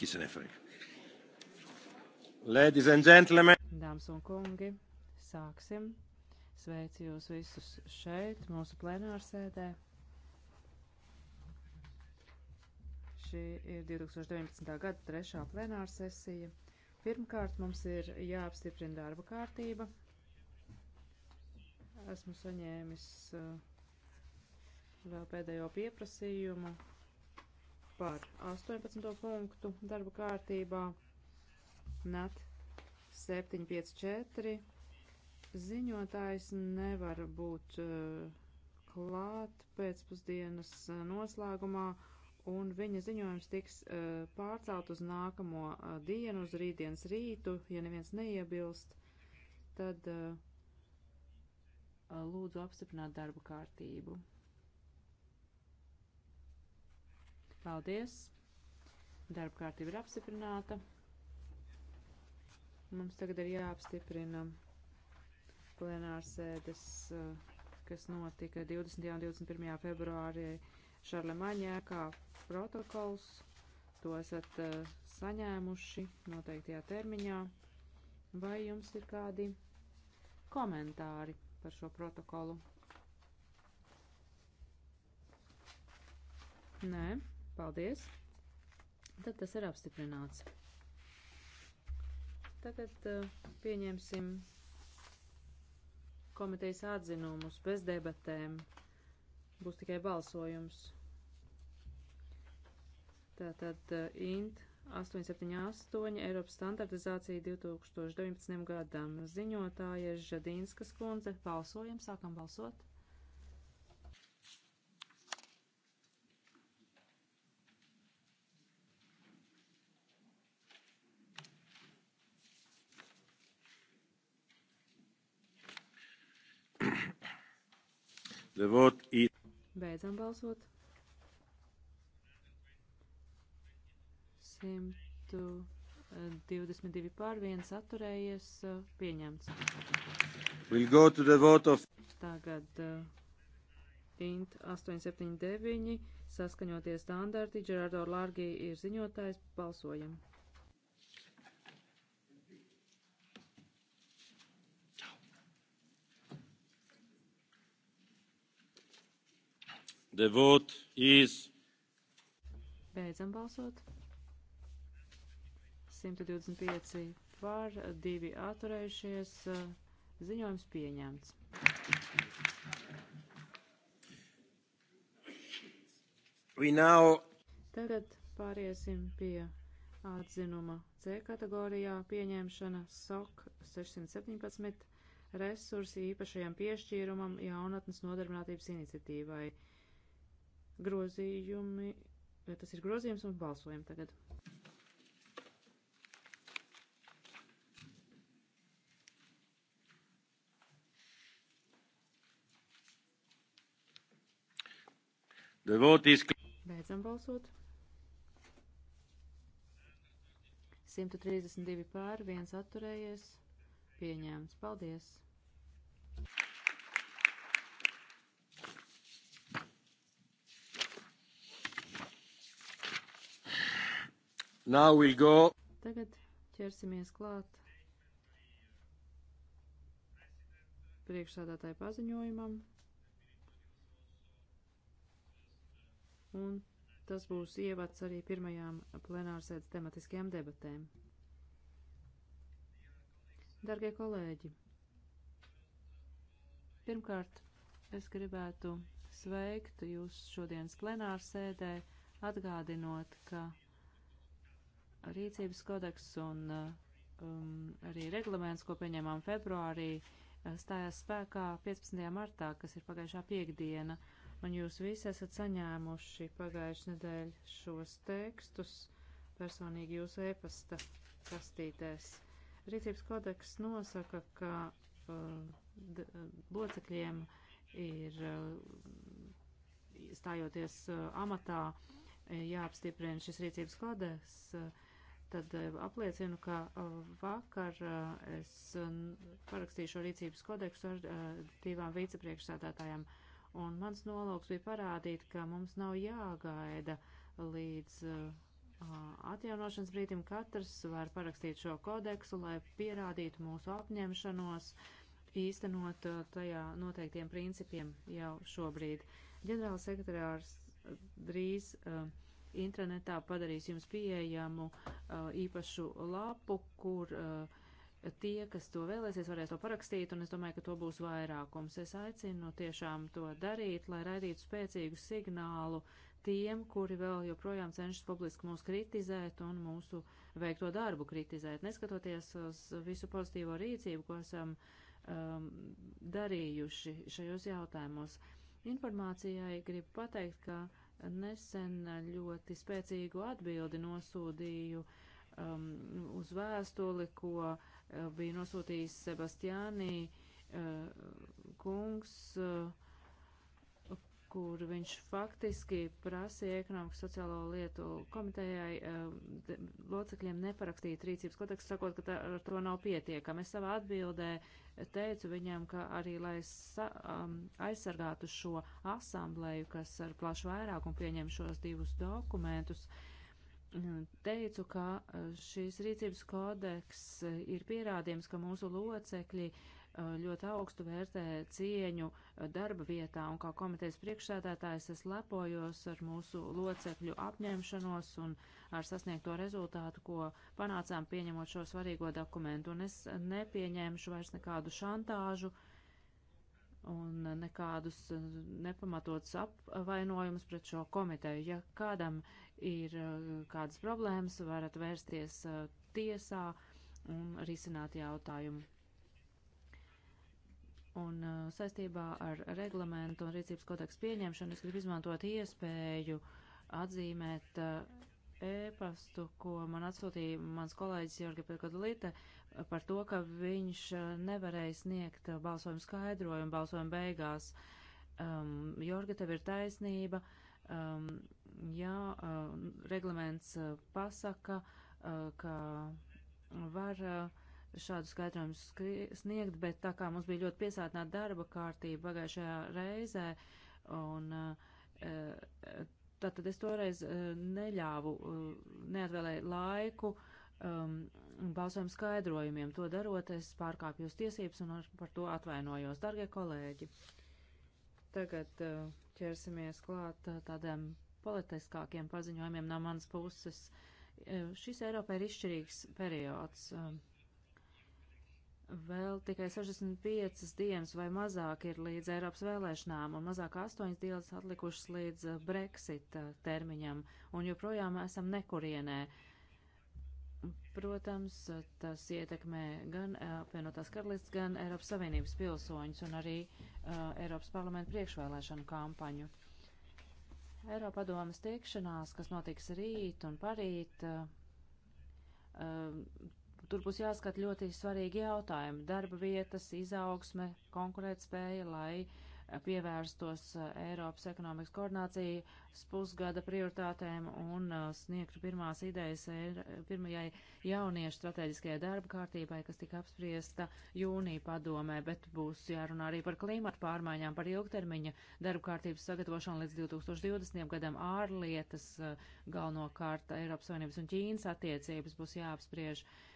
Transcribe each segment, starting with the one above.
Dāmas un kungi, sāksim. Sveicu jūs visus šeit, mūsu plenārsēdē. Šī ir 2019. gada trešā plenārsesija. Pirmkārt, mums ir jāapstiprina darba kārtība. Esmu saņēmis uh, vēl pēdējo pieprasījumu par 18. punktu darba kārtībā NAT 754. Ziņotājs nevar būt eh, klāt pēcpusdienas eh, noslēgumā, un viņa ziņojums tiks eh, pārcelt uz nākamo dienu, uz rītdienas rītu, ja neviens neiebilst, tad lūdzu apstiprināt darba kārtību. Paldies! Darba kārtība ir apstiprināta. Mums tagad ir jāapstiprina plenārsēdes, eh, kas notika 20. un 21. februārī Šarlemaņā kā protokols. To esat eh, saņēmuši noteiktajā termiņā. Vai jums ir kādi komentāri par šo protokolu? Nē. Paldies. Tad tas ir apstiprināts. Tagad uh, pieņemsim komitejas atzinumus bez debatēm. Būs tikai balsojums. Tātad uh, INT 878 Eiropas standartizācija 2019. gadam. Ziņotāja Žadīnskas kundze. Balsojam, sākam balsot. The vote is. Beidzam balsot. 122 eh, pār 1 atturējies eh, pieņemts. We'll go to the vote of. Tagad uh, int 879 saskaņoties standarti. Gerardo Lārgī ir ziņotājs. Balsojam. The vote is. Beidzam balsot. 125 par, 2 atturējušies. Ziņojums pieņemts. Now... Tagad pāriesim pie atzinuma C kategorijā pieņemšana SOK 617 resursi īpašajam piešķīrumam jaunatnes nodarbinātības iniciatīvai grozījumi, eh, tas ir grozījums un balsojam tagad. Devotis. Beidzam balsot. 132 pār, viens atturējies. Pieņēmts. Paldies! We'll go... Tagad ķersimies klāt priekšsādātāju paziņojumam. Un tas būs ievads arī pirmajām plenārsēdes tematiskajām debatēm. Dargie kolēģi, pirmkārt, es gribētu sveikt jūs šodienas plenārsēdē, atgādinot, ka rīcības kodeks un uh, um, arī reglaments, ko pieņēmām februārī, uh, stājās spēkā 15. martā, kas ir pagājušā piekdiena, un jūs visi esat saņēmuši pagājušā nedēļa šos tekstus personīgi jūsu e-pasta kastītēs. Rīcības kodeks nosaka, ka uh, uh locekļiem ir uh, stājoties uh, amatā jāapstiprina šis rīcības kodeks. Uh, tad eh, apliecinu, ka eh, vakar eh, es parakstīšu rīcības kodeksu ar divām vicepriekšsādātājām. Un mans nolūks bija parādīt, ka mums nav jāgaida līdz atjaunošanas brīdim. Katrs var parakstīt šo kodeksu, lai pierādītu mūsu apņemšanos īstenot tajā noteiktiem principiem jau šobrīd. Ģenerāls sekretārs drīz uh, intranetā padarīs jums pieejamu uh, īpašu lapu, kur uh, tie, kas to vēlēsies, varēs to parakstīt, un es domāju, ka to būs vairākums. Es aicinu tiešām to darīt, lai raidītu spēcīgu signālu tiem, kuri vēl joprojām cenšas publiski mūs kritizēt un mūsu veikto darbu kritizēt, neskatoties uz visu pozitīvo rīcību, ko esam um, darījuši šajos jautājumos. Informācijai gribu pateikt, ka Nesen ļoti spēcīgu atbildi nosūdīju um, uz vēstuli, ko uh, bija nosūtījis Sebastiānī uh, kungs. Uh, kur viņš faktiski prasīja ekonomikas sociālo lietu komitejai uh, locekļiem neparakstīt rīcības kodeksu, sakot, ka tā, ar to nav pietiekami. Es savā atbildē teicu viņam, ka arī, lai sa, um, aizsargātu šo asamblēju, kas ar plašu vairākumu pieņem šos divus dokumentus, teicu, ka uh, šīs rīcības kodeks ir pierādījums, ka mūsu locekļi uh, Eh, ļoti augstu vērtē cieņu eh, darba vietā, un kā komitejas priekšsēdētājs es lepojos ar mūsu locekļu apņemšanos un ar sasniegto rezultātu, ko panācām pieņemot šo svarīgo dokumentu, un es nepieņemšu vairs nekādu šantāžu un nekādus eh, nepamatotus apvainojumus pret šo komiteju. Ja kādam ir kādas problēmas, varat vērsties tiesā un risināt jautājumu. Un uh, saistībā ar reglamentu un rīcības kodeksu pieņemšanu es gribu izmantot iespēju atzīmēt uh, ēpastu, ko man atsūtīja mans kolēģis Jorgi Pekadlīte par to, ka viņš uh, nevarēja sniegt uh, balsojumu skaidrojumu balsojumu beigās. Um, Jorga, tev ir taisnība. Um, jā, uh, reglaments uh, pasaka, uh, ka var. Uh, šādu skaidrojumu sniegt, bet tā kā mums bija ļoti piesātināta darba kārtība pagājušajā reizē, un tātad eh, eh, es toreiz eh, neļāvu, neatvēlēju laiku um, balsojumu skaidrojumiem. To darot, es pārkāpju jūs tiesības un par to atvainojos. Dargie kolēģi, tagad ķersimies klāt tādiem politiskākiem paziņojumiem no manas puses. Šis Eiropā ir izšķirīgs periods. Um, vēl tikai 65 dienas vai mazāk ir līdz Eiropas vēlēšanām un mazāk 8 dienas atlikušas līdz uh, Brexit uh, termiņam, un joprojām esam nekurienē. Protams, uh, tas ietekmē gan apvienotās karalists, gan Eiropas Savienības pilsoņus un arī uh, Eiropas parlamenta priekšvēlēšanu kampaņu. Eiropadomas tikšanās, kas notiks rīt un parīt, uh, tur būs jāskat ļoti svarīgi jautājumi - darba vietas, izaugsme, konkurētspēja, lai eh, pievērstos eh, Eiropas ekonomikas koordinācijas pusgada prioritātēm un eh, sniegtu pirmās idejas pirmajai jauniešu strateģiskajai darba kārtībai, kas tika apspriesta jūnija padomē, bet būs jārunā arī par klimatu pārmaiņām, par ilgtermiņa darba kārtības sagatavošanu līdz 2020. gadam ārlietas, galvenokārt Eiropas Savienības un Ķīnas attiecības būs jāapspriež. Uh,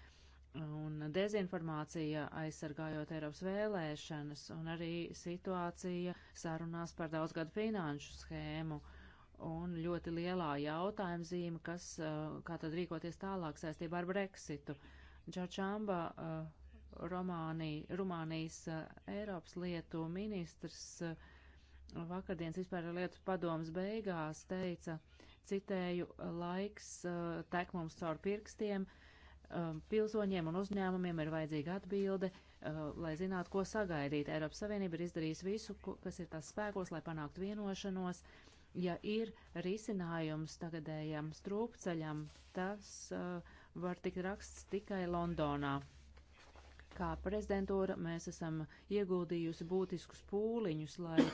un dezinformācija aizsargājot Eiropas vēlēšanas, un arī situācija sarunās par daudzgadu finanšu schēmu, un ļoti lielā jautājuma zīme, kas, uh, kā tad rīkoties tālāk saistībā ar Brexitu. Džačamba, uh, Romānī, Rumānijas uh, Eiropas lietu ministrs vakardienas vispār lietu padomas beigās teica, citēju, laiks tek mums caur pirkstiem, uh, Um, pilsoņiem un uzņēmumiem ir vajadzīga atbilde, uh, lai zinātu, ko sagaidīt. Eiropas Savienība ir izdarījusi visu, kas ir tās spēkos, lai panāktu vienošanos. Ja ir risinājums tagadējam strūkceļam, tas uh, var tikt raksts tikai Londonā. Kā prezidentūra mēs esam ieguldījusi būtiskus pūliņus, lai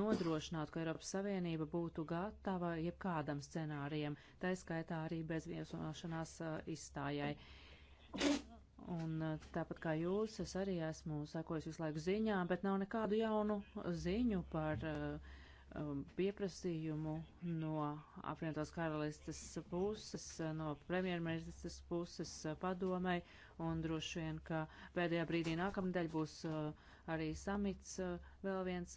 nodrošinātu, ka Eiropas Savienība būtu gatava jebkādam scenārijam, tā skaitā arī bezviesošanās izstājai. Un tāpat kā jūs, es arī esmu sakojis visu laiku ziņām, bet nav nekādu jaunu ziņu par uh, Um, pieprasījumu no apvienotās karalistes puses, no premjerministras puses uh, padomai, un droši vien, ka pēdējā brīdī nākamnedēļ būs uh, arī samits uh, vēl viens.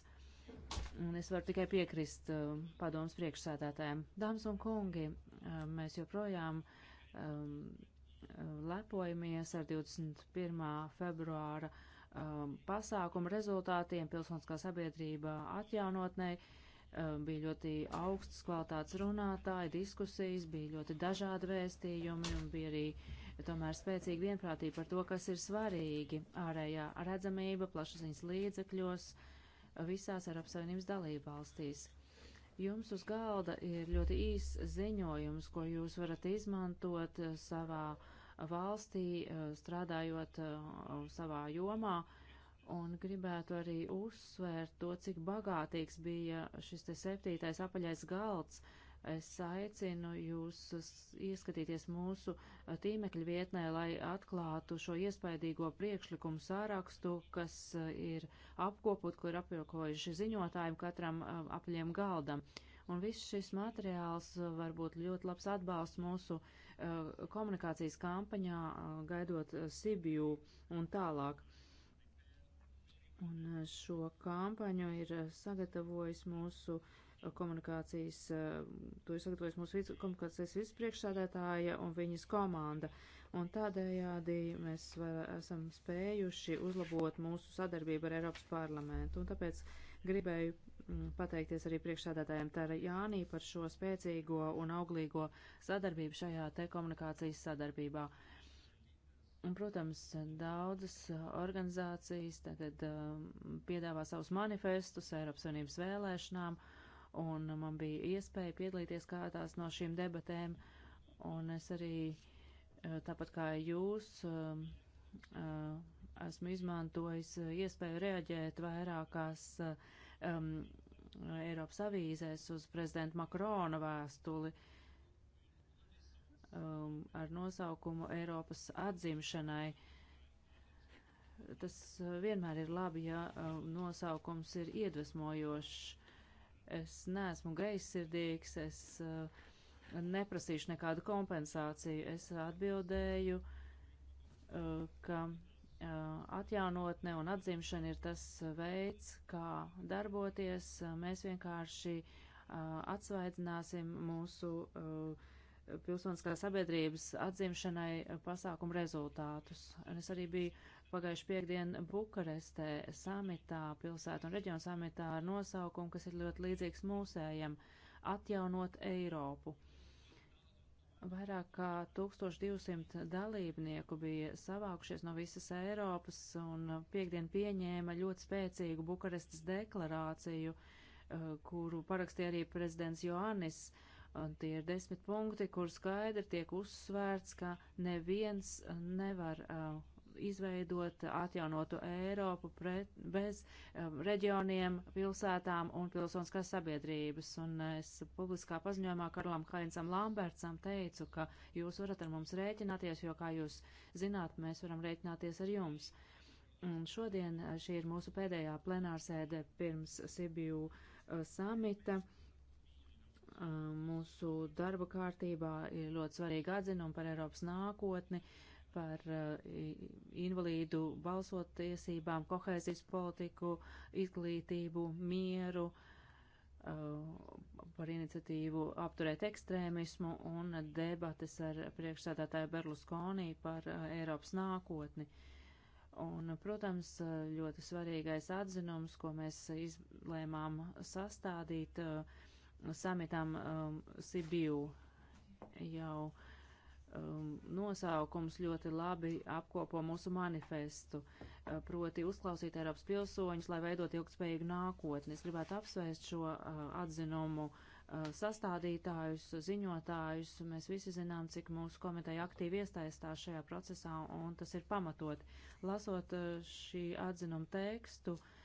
Un es varu tikai piekrist um, padomus priekšsēdētājiem. Dāmas un kungi, mēs joprojām um, lepojamies ar 21. februāra um, pasākumu rezultātiem pilsoniskā sabiedrība atjaunotnei bija ļoti augstas kvalitātes runātāji, diskusijas, bija ļoti dažādi vēstījumi un bija arī tomēr spēcīga vienprātība par to, kas ir svarīgi - ārējā redzamība, plašsaziņas līdzekļos, visās Eiropas Savienības dalība valstīs. Jums uz galda ir ļoti īs ziņojums, ko jūs varat izmantot savā valstī, strādājot savā jomā un gribētu arī uzsvērt to, cik bagātīgs bija šis te septītais apaļais galds. Es aicinu jūs ieskatīties mūsu tīmekļa vietnē, lai atklātu šo iespaidīgo priekšlikumu sārakstu, kas ir apkopot, ko ir apjokojuši ziņotājiem katram apaļiem galdam. Un viss šis materiāls var būt ļoti labs atbalsts mūsu uh, komunikācijas kampaņā, uh, gaidot Sibiju un tālāk. Un eh, šo kampaņu ir eh, sagatavojis mūsu eh, komunikācijas, to ir sagatavojis mūsu vic, komunikācijas vicepriekšsādātāja un viņas komanda. Un tādējādi mēs var, esam spējuši uzlabot mūsu sadarbību ar Eiropas parlamentu. Un tāpēc gribēju mm, pateikties arī priekšsādātājiem Tarjānī par šo spēcīgo un auglīgo sadarbību šajā te komunikācijas sadarbībā. Uh, Un, protams, daudzas organizācijas tagad um, piedāvā savus manifestus Eiropas Savienības vēlēšanām, un man bija iespēja piedalīties kādās no šīm debatēm, un es arī, uh, tāpat kā jūs, um, uh, esmu izmantojis uh, iespēju reaģēt vairākās um, Eiropas avīzēs uz prezidenta Makrona vēstuli. Uh, um, ar nosaukumu Eiropas atzimšanai. Tas uh, vienmēr ir labi, ja um, nosaukums ir iedvesmojošs. Es neesmu greizsirdīgs, es uh, neprasīšu nekādu kompensāciju. Es atbildēju, uh, ka uh, atjaunotne un atzimšana ir tas veids, kā darboties. Mēs vienkārši uh, atsvaidzināsim mūsu uh, pilsoniskā sabiedrības atzimšanai pasākumu rezultātus. Un es arī biju pagājuši piekdien Bukarestē samitā, pilsētu un reģionu samitā ar nosaukumu, kas ir ļoti līdzīgs mūsējiem - atjaunot Eiropu. Vairāk kā 1200 dalībnieku bija savākušies no visas Eiropas un piekdien pieņēma ļoti spēcīgu Bukarestas deklarāciju, eh, kuru parakstīja arī prezidents Joannis. Uh, Un tie ir desmit punkti, kur skaidri tiek uzsvērts, ka neviens nevar uh, izveidot atjaunotu Eiropu pret, bez um, reģioniem, pilsētām un pilsoniskās sabiedrības. Un es publiskā paziņojumā Karlam Hainsam Lambertsam teicu, ka jūs varat ar mums rēķināties, jo, kā jūs zināt, mēs varam rēķināties ar jums. Un šodien uh, šī ir mūsu pēdējā plenārsēde pirms Sibiju uh, samita. Uh, Mūsu darba kārtībā ir ļoti svarīgi atzinumi par Eiropas nākotni, par invalīdu balsot tiesībām, kohēzijas politiku, izglītību, mieru, par iniciatīvu apturēt ekstrēmismu un debates ar priekšsādātāju Berluskonī par Eiropas nākotni. Un, protams, ļoti svarīgais atzinums, ko mēs izlēmām sastādīt, uh, samitam um, Sibiu jau um, nosaukums ļoti labi apkopo mūsu manifestu, uh, proti uzklausīt Eiropas pilsoņus, lai veidot ilgspējīgu nākotni. Es gribētu apsvēst šo uh, atzinumu uh, sastādītājus, ziņotājus. Mēs visi zinām, cik mūsu komiteja aktīvi iesaistās šajā procesā, un tas ir pamatot. Lasot uh, šī atzinuma tekstu, uh,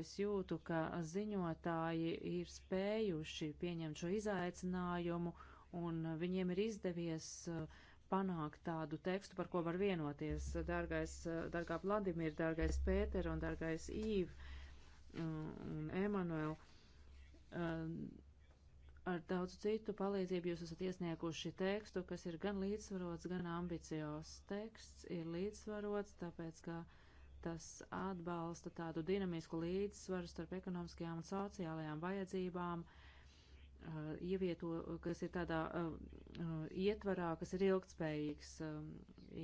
es jūtu, ka ziņotāji ir spējuši pieņemt šo izaicinājumu un viņiem ir izdevies uh, panākt tādu tekstu, par ko var vienoties. Dargais, uh, dargā Vladimir, dargais Pēter un dargais Īv mm, un Emanuel. Uh, ar daudz citu palīdzību jūs esat iesnieguši tekstu, kas ir gan līdzsvarots, gan ambiciozs. Teksts ir līdzsvarots, tāpēc, ka uh, Tas atbalsta tādu dinamisku līdzsvaru starp ekonomiskajām un sociālajām vajadzībām, uh, ievieto, kas ir tādā uh, uh ietvarā, kas ir ilgtspējīgs. Um,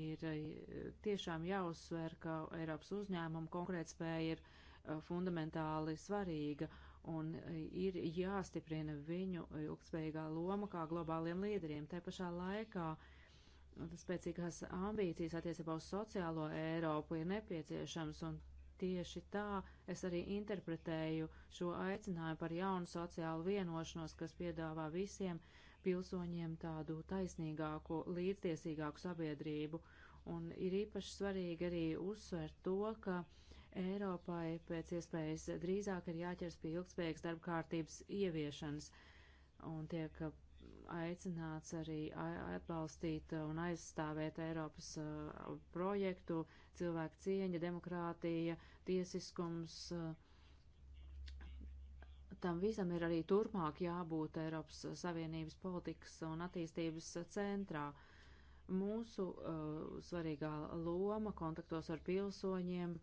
ir uh, tiešām jāuzsver, ka Eiropas uzņēmumu konkurētspēja ir uh, fundamentāli svarīga un ir jāstiprina viņu ilgtspējīgā loma kā globāliem līderiem. Te pašā laikā uh, spēcīgās ambīcijas attiecībā uz sociālo Eiropu ir nepieciešams, un tieši tā es arī interpretēju šo aicinājumu par jaunu sociālu vienošanos, kas piedāvā visiem pilsoņiem tādu taisnīgāku, līdztiesīgāku sabiedrību. Un ir īpaši svarīgi arī uzsvērt to, ka Eiropai pēc iespējas drīzāk ir jāķers pie ilgspējīgas darba kārtības ieviešanas un tiek aicināts arī atbalstīt un aizstāvēt Eiropas uh, projektu cilvēku cieņa, demokrātija, tiesiskums. Tam visam ir arī turpmāk jābūt Eiropas Savienības politikas un attīstības centrā. Mūsu uh, svarīgā loma kontaktos ar pilsoņiem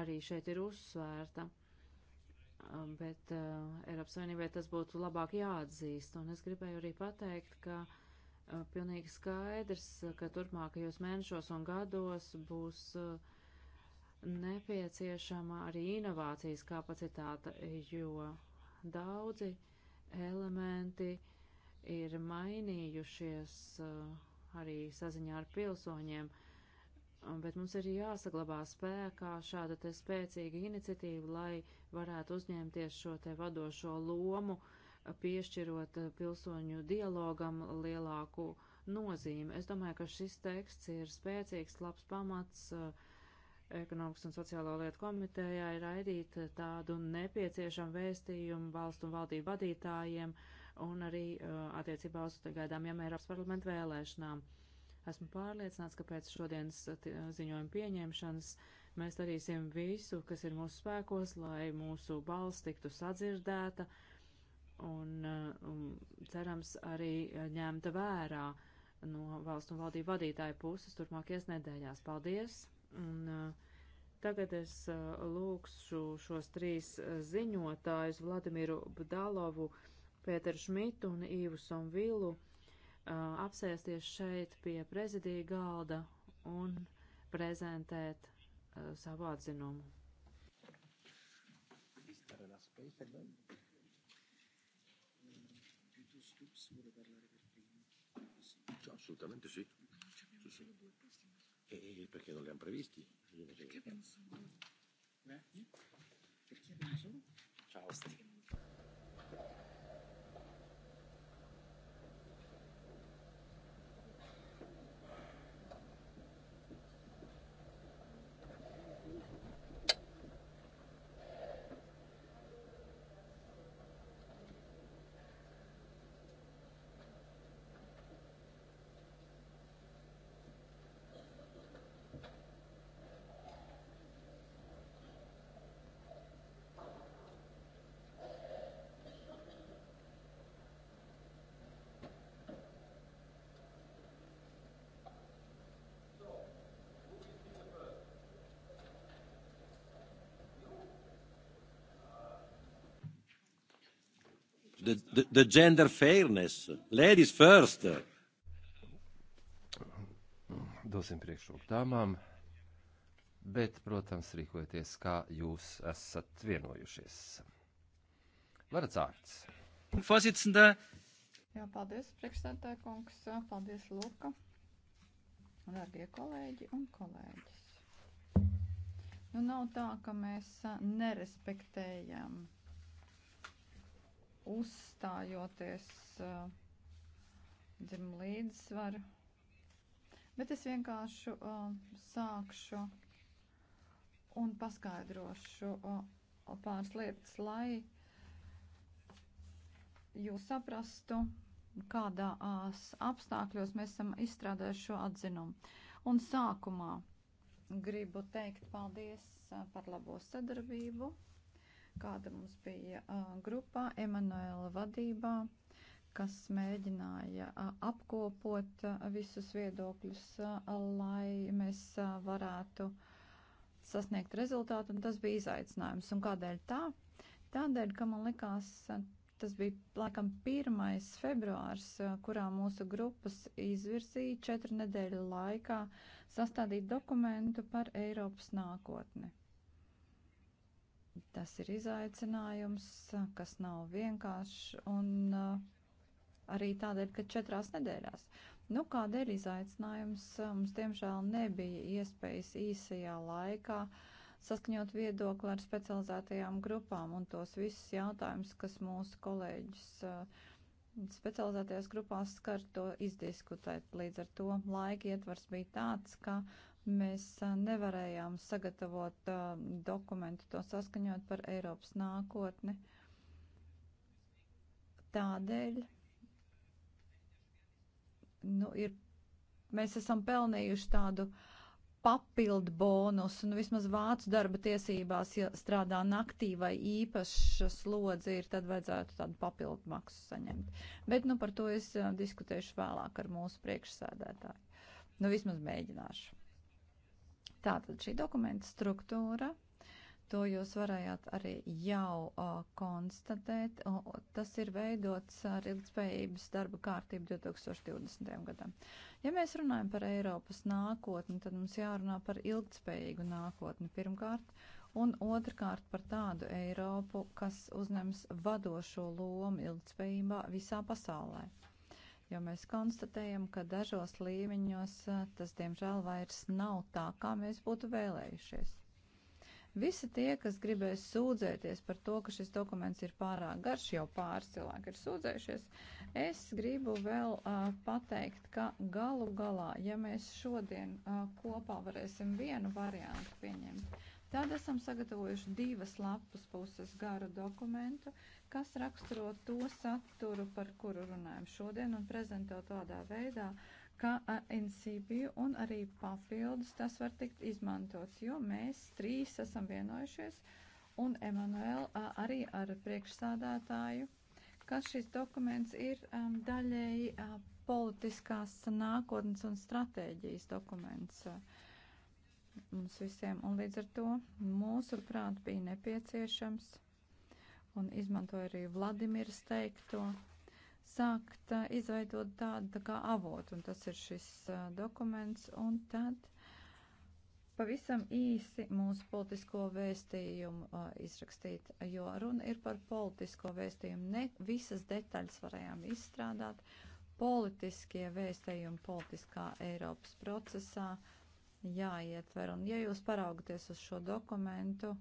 arī šeit ir uzsvērta. Uh, Um, bet uh, Eiropas Savienībai tas būtu labāk jāatzīst. Un es gribēju arī pateikt, ka uh, pilnīgi skaidrs, ka turpmākajos mēnešos un gados būs uh, nepieciešama arī inovācijas kapacitāte, jo daudzi elementi ir mainījušies uh, arī saziņā ar pilsoņiem. Uh, bet mums ir jāsaglabā spēkā šāda te spēcīga iniciatīva, lai varētu uzņemties šo te vadošo lomu, piešķirot eh, pilsoņu dialogam lielāku nozīmi. Es domāju, ka šis teksts ir spēcīgs, labs pamats eh, ekonomikas un sociālo lietu komitejai raidīt eh, tādu nepieciešamu vēstījumu valstu un valdību vadītājiem un arī attiecībā uz gaidāmiem Eiropas parlamentu vēlēšanām. Esmu pārliecināts, ka pēc šodienas uh, uh, ziņojuma pieņemšanas mēs darīsim visu, kas ir mūsu spēkos, lai mūsu balss tiktu sadzirdēta un um, cerams arī ņemta vērā no valstu un valdību vadītāju puses turpmākajās nedēļās. Paldies! Un, uh, Tagad es lūkšu šos trīs ziņotājus, Vladimiru Bdalovu, Pēteru Šmitu un Īvu Somvilu, apsēsties šeit pie prezidija galda un prezentēt uh, savu atzinumu. Assolutamente sì. sì, sì. E, e perché non li hanno previsti? Perché abbiamo solo? Eh? Perché abbiamo solo? Ciao. Perché the, the, the gender fairness. Ladies first. Dosim priekšroku dāmām, bet, protams, rīkojieties, kā jūs esat vienojušies. Varat sākt. Fosicenda. Jā, paldies, priekšstādātāja kungs. Paldies, Luka. Darbie kolēģi un kolēģis. Nu, nav tā, ka mēs nerespektējam uzstājoties uh, eh, dzimu līdzsvaru. Bet es vienkārši uh, eh, sākšu un paskaidrošu uh, pāris lietas, lai jūs saprastu, kādās apstākļos mēs esam izstrādājuši šo atzinumu. Un sākumā gribu teikt paldies par labo sadarbību kāda mums bija grupā Emanuela vadībā, kas mēģināja apkopot visus viedokļus, lai mēs varētu sasniegt rezultātu, un tas bija izaicinājums. Un kādēļ tā? Tādēļ, ka man likās, tas bija laikam 1. februārs, kurā mūsu grupas izvirzīja četru nedēļu laikā sastādīt dokumentu par Eiropas nākotni. Tas ir izaicinājums, kas nav vienkāršs un uh, arī tādēļ, ka četrās nedēļās. Nu, kādēļ izaicinājums mums diemžēl nebija iespējas īsajā laikā saskaņot viedokli ar specializētajām grupām un tos visus jautājumus, kas mūsu kolēģis uh, specializētajās grupās skar to izdiskutēt. Līdz ar to laika ietvars bija tāds, ka Mēs nevarējām sagatavot dokumentu, to saskaņot par Eiropas nākotni. Tādēļ nu, ir, mēs esam pelnījuši tādu papildu bonusu, nu vismaz vācu darba tiesībās, ja strādā naktī vai īpašas slodzi ir, tad vajadzētu tādu papildu maksu saņemt. Bet, nu, par to es diskutēšu vēlāk ar mūsu priekšsēdētāju. Nu, vismaz mēģināšu. Tātad šī dokumenta struktūra, to jūs varējāt arī jau uh, konstatēt, uh, tas ir veidots ar ilgspējības darba kārtību 2020. gadam. Ja mēs runājam par Eiropas nākotni, tad mums jārunā par ilgspējīgu nākotni pirmkārt, un otrkārt par tādu Eiropu, kas uzņems vadošo lomu ilgspējībā visā pasaulē jo mēs konstatējam, ka dažos līmeņos tas, diemžēl, vairs nav tā, kā mēs būtu vēlējušies. Visi tie, kas gribēs sūdzēties par to, ka šis dokuments ir pārāk garš, jau pāris cilvēki ir sūdzējušies, es gribu vēl uh, pateikt, ka galu galā, ja mēs šodien uh, kopā varēsim vienu variantu pieņemt, Tad esam sagatavojuši divas lapas puses garu dokumentu, kas raksturo to saturu, par kuru runājam šodien un prezentē tādā veidā, ka NCB un arī papildus tas var tikt izmantots, jo mēs trīs esam vienojušies un Emanuēl arī ar priekšsādātāju, ka šis dokuments ir um, daļēji uh, politiskās nākotnes un stratēģijas dokuments. Uh, mums visiem, un līdz ar to mūsu prāt bija nepieciešams, un izmantoja arī Vladimirs teikto, sākt uh, izveidot tādu tā kā avotu, un tas ir šis uh, dokuments, un tad pavisam īsi mūsu politisko vēstījumu uh, izrakstīt, jo runa ir par politisko vēstījumu. Ne visas detaļas varējām izstrādāt, politiskie vēstījumi politiskā Eiropas procesā. Uh, jāietver. Un ja jūs paraugaties uz šo dokumentu,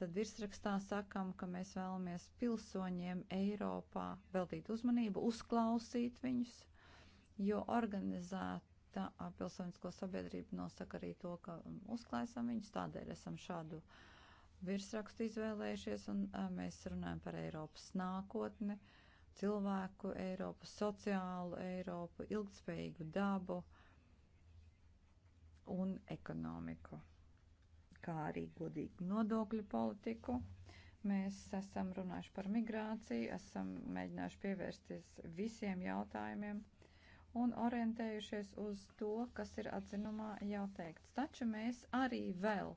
tad virsrakstā sakam, ka mēs vēlamies pilsoņiem Eiropā veltīt uzmanību, uzklausīt viņus, jo organizēta pilsonisko sabiedrība nosaka arī to, ka uzklausām viņus, tādēļ esam šādu virsrakstu izvēlējušies un mēs runājam par Eiropas nākotni cilvēku Eiropu, sociālu Eiropu, ilgtspējīgu dabu. Uh, un ekonomiku, kā arī godīgu nodokļu politiku. Mēs esam runājuši par migrāciju, esam mēģinājuši pievērsties visiem jautājumiem un orientējušies uz to, kas ir atzinumā jau teikts. Taču mēs arī vēl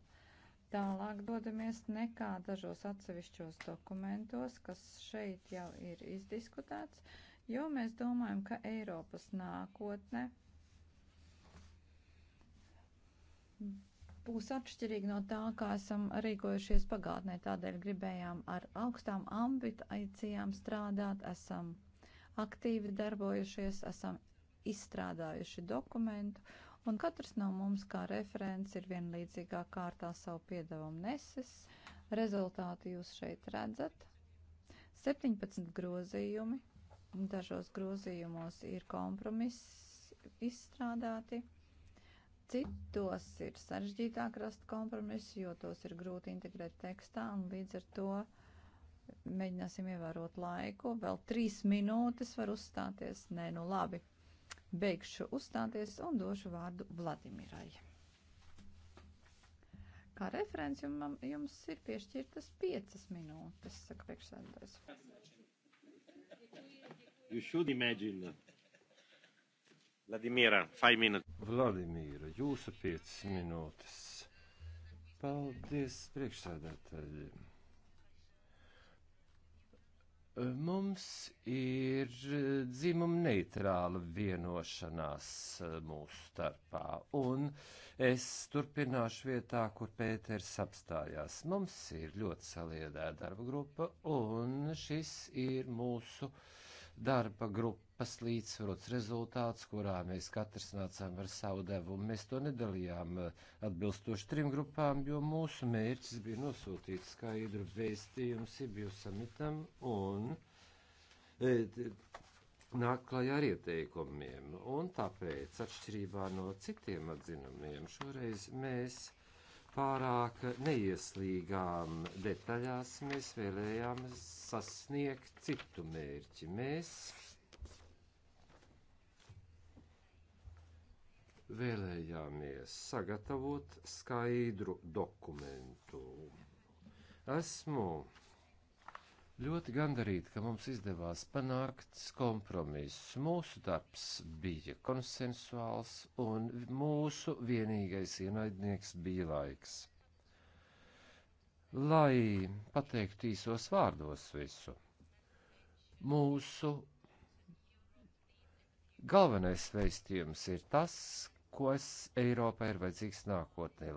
tālāk dodamies nekā dažos atsevišķos dokumentos, kas šeit jau ir izdiskutēts, jo mēs domājam, ka Eiropas nākotne būs atšķirīgi no tā, kā esam rīkojušies pagātnē. Tādēļ gribējām ar augstām ambīcijām strādāt, esam aktīvi darbojušies, esam izstrādājuši dokumentu, un katrs no mums kā referents ir vienlīdzīgā kārtā savu piedevumu neses. Rezultāti jūs šeit redzat. 17 grozījumi, dažos grozījumos ir kompromiss izstrādāti Citos ir sarežģītāk rast kompromisu, jo tos ir grūti integrēt tekstā, un līdz ar to mēģināsim ievērot laiku. Vēl trīs minūtes var uzstāties. Nē, nu labi. Beigšu uzstāties un došu vārdu Vladimirai. Kā referents jums, jums ir piešķirtas piecas minūtes, saka priekšsēdētājs. You should imagine. Vladimīra, 5 minūtes. Vladimīra, jūsu 5 minūtes. Paldies, priekšsēdētāji. Mums ir dzimuma neitrāla vienošanās mūsu starpā, un es turpināšu vietā, kur Pēters apstājās. Mums ir ļoti saliedēta darba grupa, un šis ir mūsu darba grupa grupas līdzsvarots rezultāts, kurā mēs katrs nācām ar savu devumu. Mēs to nedalījām eh, atbilstoši trim grupām, jo mūsu mērķis bija nosūtīt skaidru vēstījumu Sibiju samitam un et, eh, nāk klajā ar ieteikumiem. Un tāpēc, atšķirībā no citiem atzinumiem, šoreiz mēs pārāk neieslīgām detaļās, mēs vēlējām sasniegt citu mērķi. Mēs vēlējāmies sagatavot skaidru dokumentu. Esmu ļoti gandarīti, ka mums izdevās panākt kompromisu. Mūsu darbs bija konsensuāls un mūsu vienīgais ienaidnieks bija laiks. Lai pateiktu īsos vārdos visu, mūsu galvenais veistījums ir tas, kas Eiropā ir vajadzīgs nākotnē.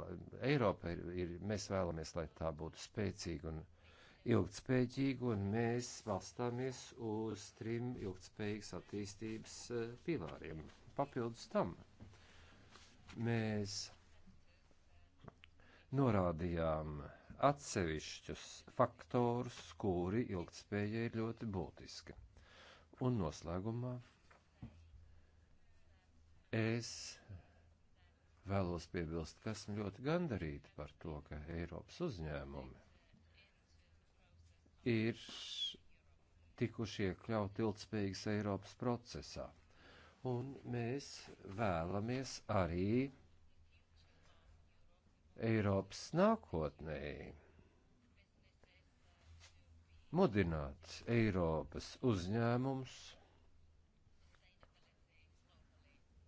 Eiropa ir, ir, mēs vēlamies, lai tā būtu spēcīga un ilgtspējīga, un mēs valstāmies uz trim ilgtspējīgas attīstības eh, pilāriem. Papildus tam mēs norādījām atsevišķus faktorus, kuri ilgtspējai ir ļoti būtiski. Un noslēgumā es Vēlos piebilst, ka esmu ļoti gandarīti par to, ka Eiropas uzņēmumi ir tikuši iekļauti ilgspējīgas Eiropas procesā. Un mēs vēlamies arī Eiropas nākotnē mudināt Eiropas uzņēmumus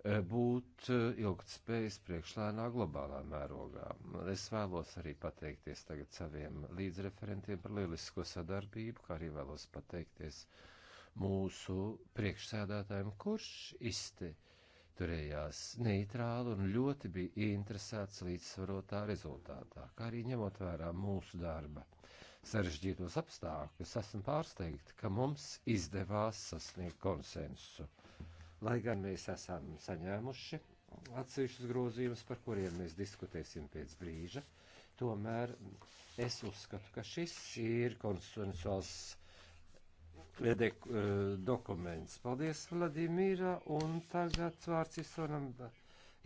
Eh, būt eh, ilgtspējas priekšlēnā globālā mērogā. Es vēlos arī pateikties tagad saviem līdzreferentiem par lielisko sadarbību, kā arī vēlos pateikties mūsu priekšsēdētājiem, kurš izte turējās neitrāli un ļoti bija interesēts līdzsvarotā rezultātā, kā arī ņemot vērā mūsu darba sarežģītos apstākļus, esmu pārsteigta, ka mums izdevās sasniegt konsensu Lai gan mēs esam saņēmuši atsevišķus grozījumus, par kuriem mēs diskutēsim pēc brīža, tomēr es uzskatu, ka šis ir konsensuāls eh, eh, dokuments. Paldies, Vladimīra, un tagad vārds Isonam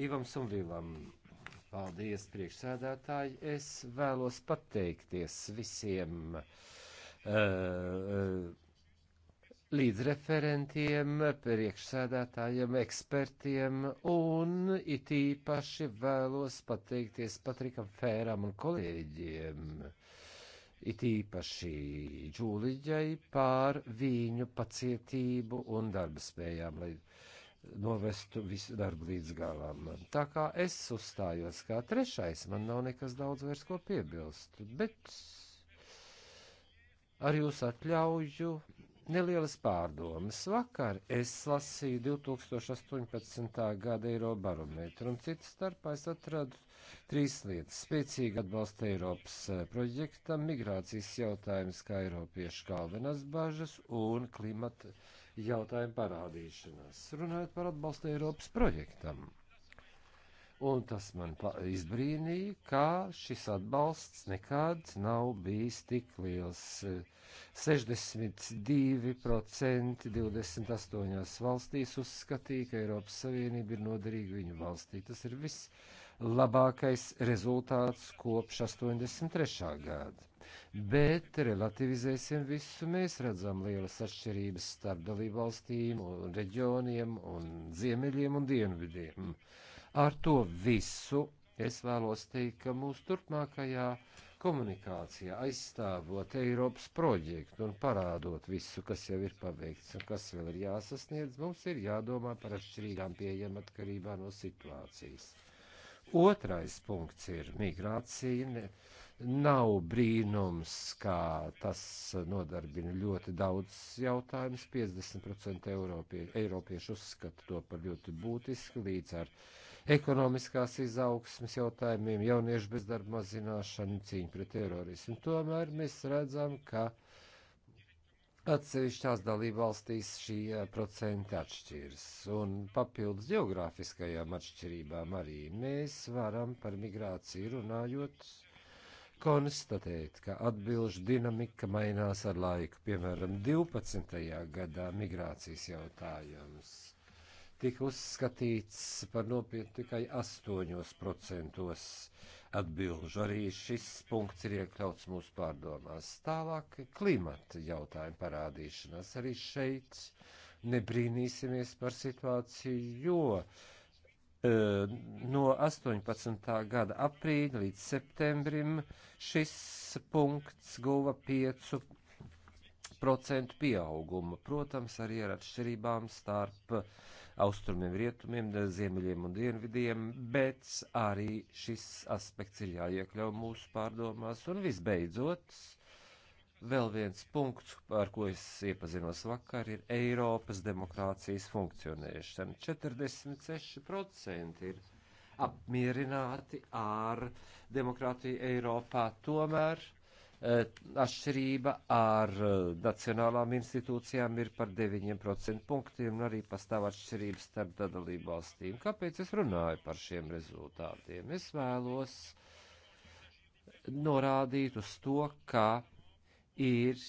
Ivam Sumvilam. Paldies, priekšsēdētāji. Es vēlos pateikties visiem. Uh, uh, līdzreferentiem, priekšsēdētājiem, ekspertiem un it īpaši vēlos pateikties Patrikam Fēram un kolēģiem, it īpaši Džūliģai pār viņu pacietību un darba spējām, lai novestu visu darbu līdz galam. Tā kā es uzstājos kā trešais, man nav nekas daudz vairs ko piebilst, bet ar jūsu atļauju Nelielas pārdomas. Vakar es lasīju 2018. gada eiro barometru un citu starpā es atradu trīs lietas. Spēcīgi atbalsta Eiropas eh, projektam, migrācijas jautājums kā Eiropiešu galvenās bažas un klimata jautājumu parādīšanās. Runājot par atbalstu Eiropas projektam. Un tas man izbrīnīja, kā šis atbalsts nekad nav bijis tik liels. 62% 28 valstīs uzskatīja, ka Eiropas Savienība ir noderīga viņu valstī. Tas ir viss labākais rezultāts kopš 83. gada. Bet relativizēsim visu. Mēs redzam lielas atšķirības starp dalībvalstīm, un reģioniem, un ziemeļiem un dienvidiem. Uh, Ar to visu es vēlos teikt, ka mūsu turpmākajā komunikācijā aizstāvot Eiropas projektu un parādot visu, kas jau ir paveikts un kas vēl ir jāsasniedz, mums ir jādomā par atšķirīgām pieejam atkarībā no situācijas. Otrais punkts ir migrācija. Ne, nav brīnums, kā tas nodarbina ļoti daudz jautājumus. 50% Eiropie, Eiropiešu uzskata to par ļoti būtisku līdz ar uh, ekonomiskās izaugsmas jautājumiem, jauniešu bezdarba mazināšanu, cīņu pret terorismu. Tomēr mēs redzam, ka atsevišķās dalība valstīs šie eh, procenti atšķiras. Un papildus geogrāfiskajām atšķirībām arī mēs varam par migrāciju runājot konstatēt, ka atbilžu dinamika mainās ar laiku. Piemēram, 12. gadā migrācijas jautājums tika uzskatīts par nopietnu tikai 8% atbilžu. Arī šis punkts ir iekļauts mūsu pārdomās. Tālāk klimata jautājuma parādīšanās. Arī šeit nebrīnīsimies par situāciju, jo uh, no 18. gada aprīļa līdz septembrim šis punkts guva 5 procentu pieaugumu, protams, arī ar atšķirībām starp uh, austrumiem, rietumiem, ziemeļiem un dienvidiem, bet arī šis aspekts ir jāiekļau mūsu pārdomās. Un visbeidzot, vēl viens punkts, ar ko es iepazinos vakar, ir Eiropas demokrācijas funkcionēšana. 46% ir apmierināti ar demokrātiju Eiropā, tomēr Eh, atšķirība ar eh, nacionālām institūcijām ir par 9% punktiem un arī pastāv atšķirības starp dalību valstīm. Kāpēc es runāju par šiem rezultātiem? Es vēlos norādīt uz to, ka ir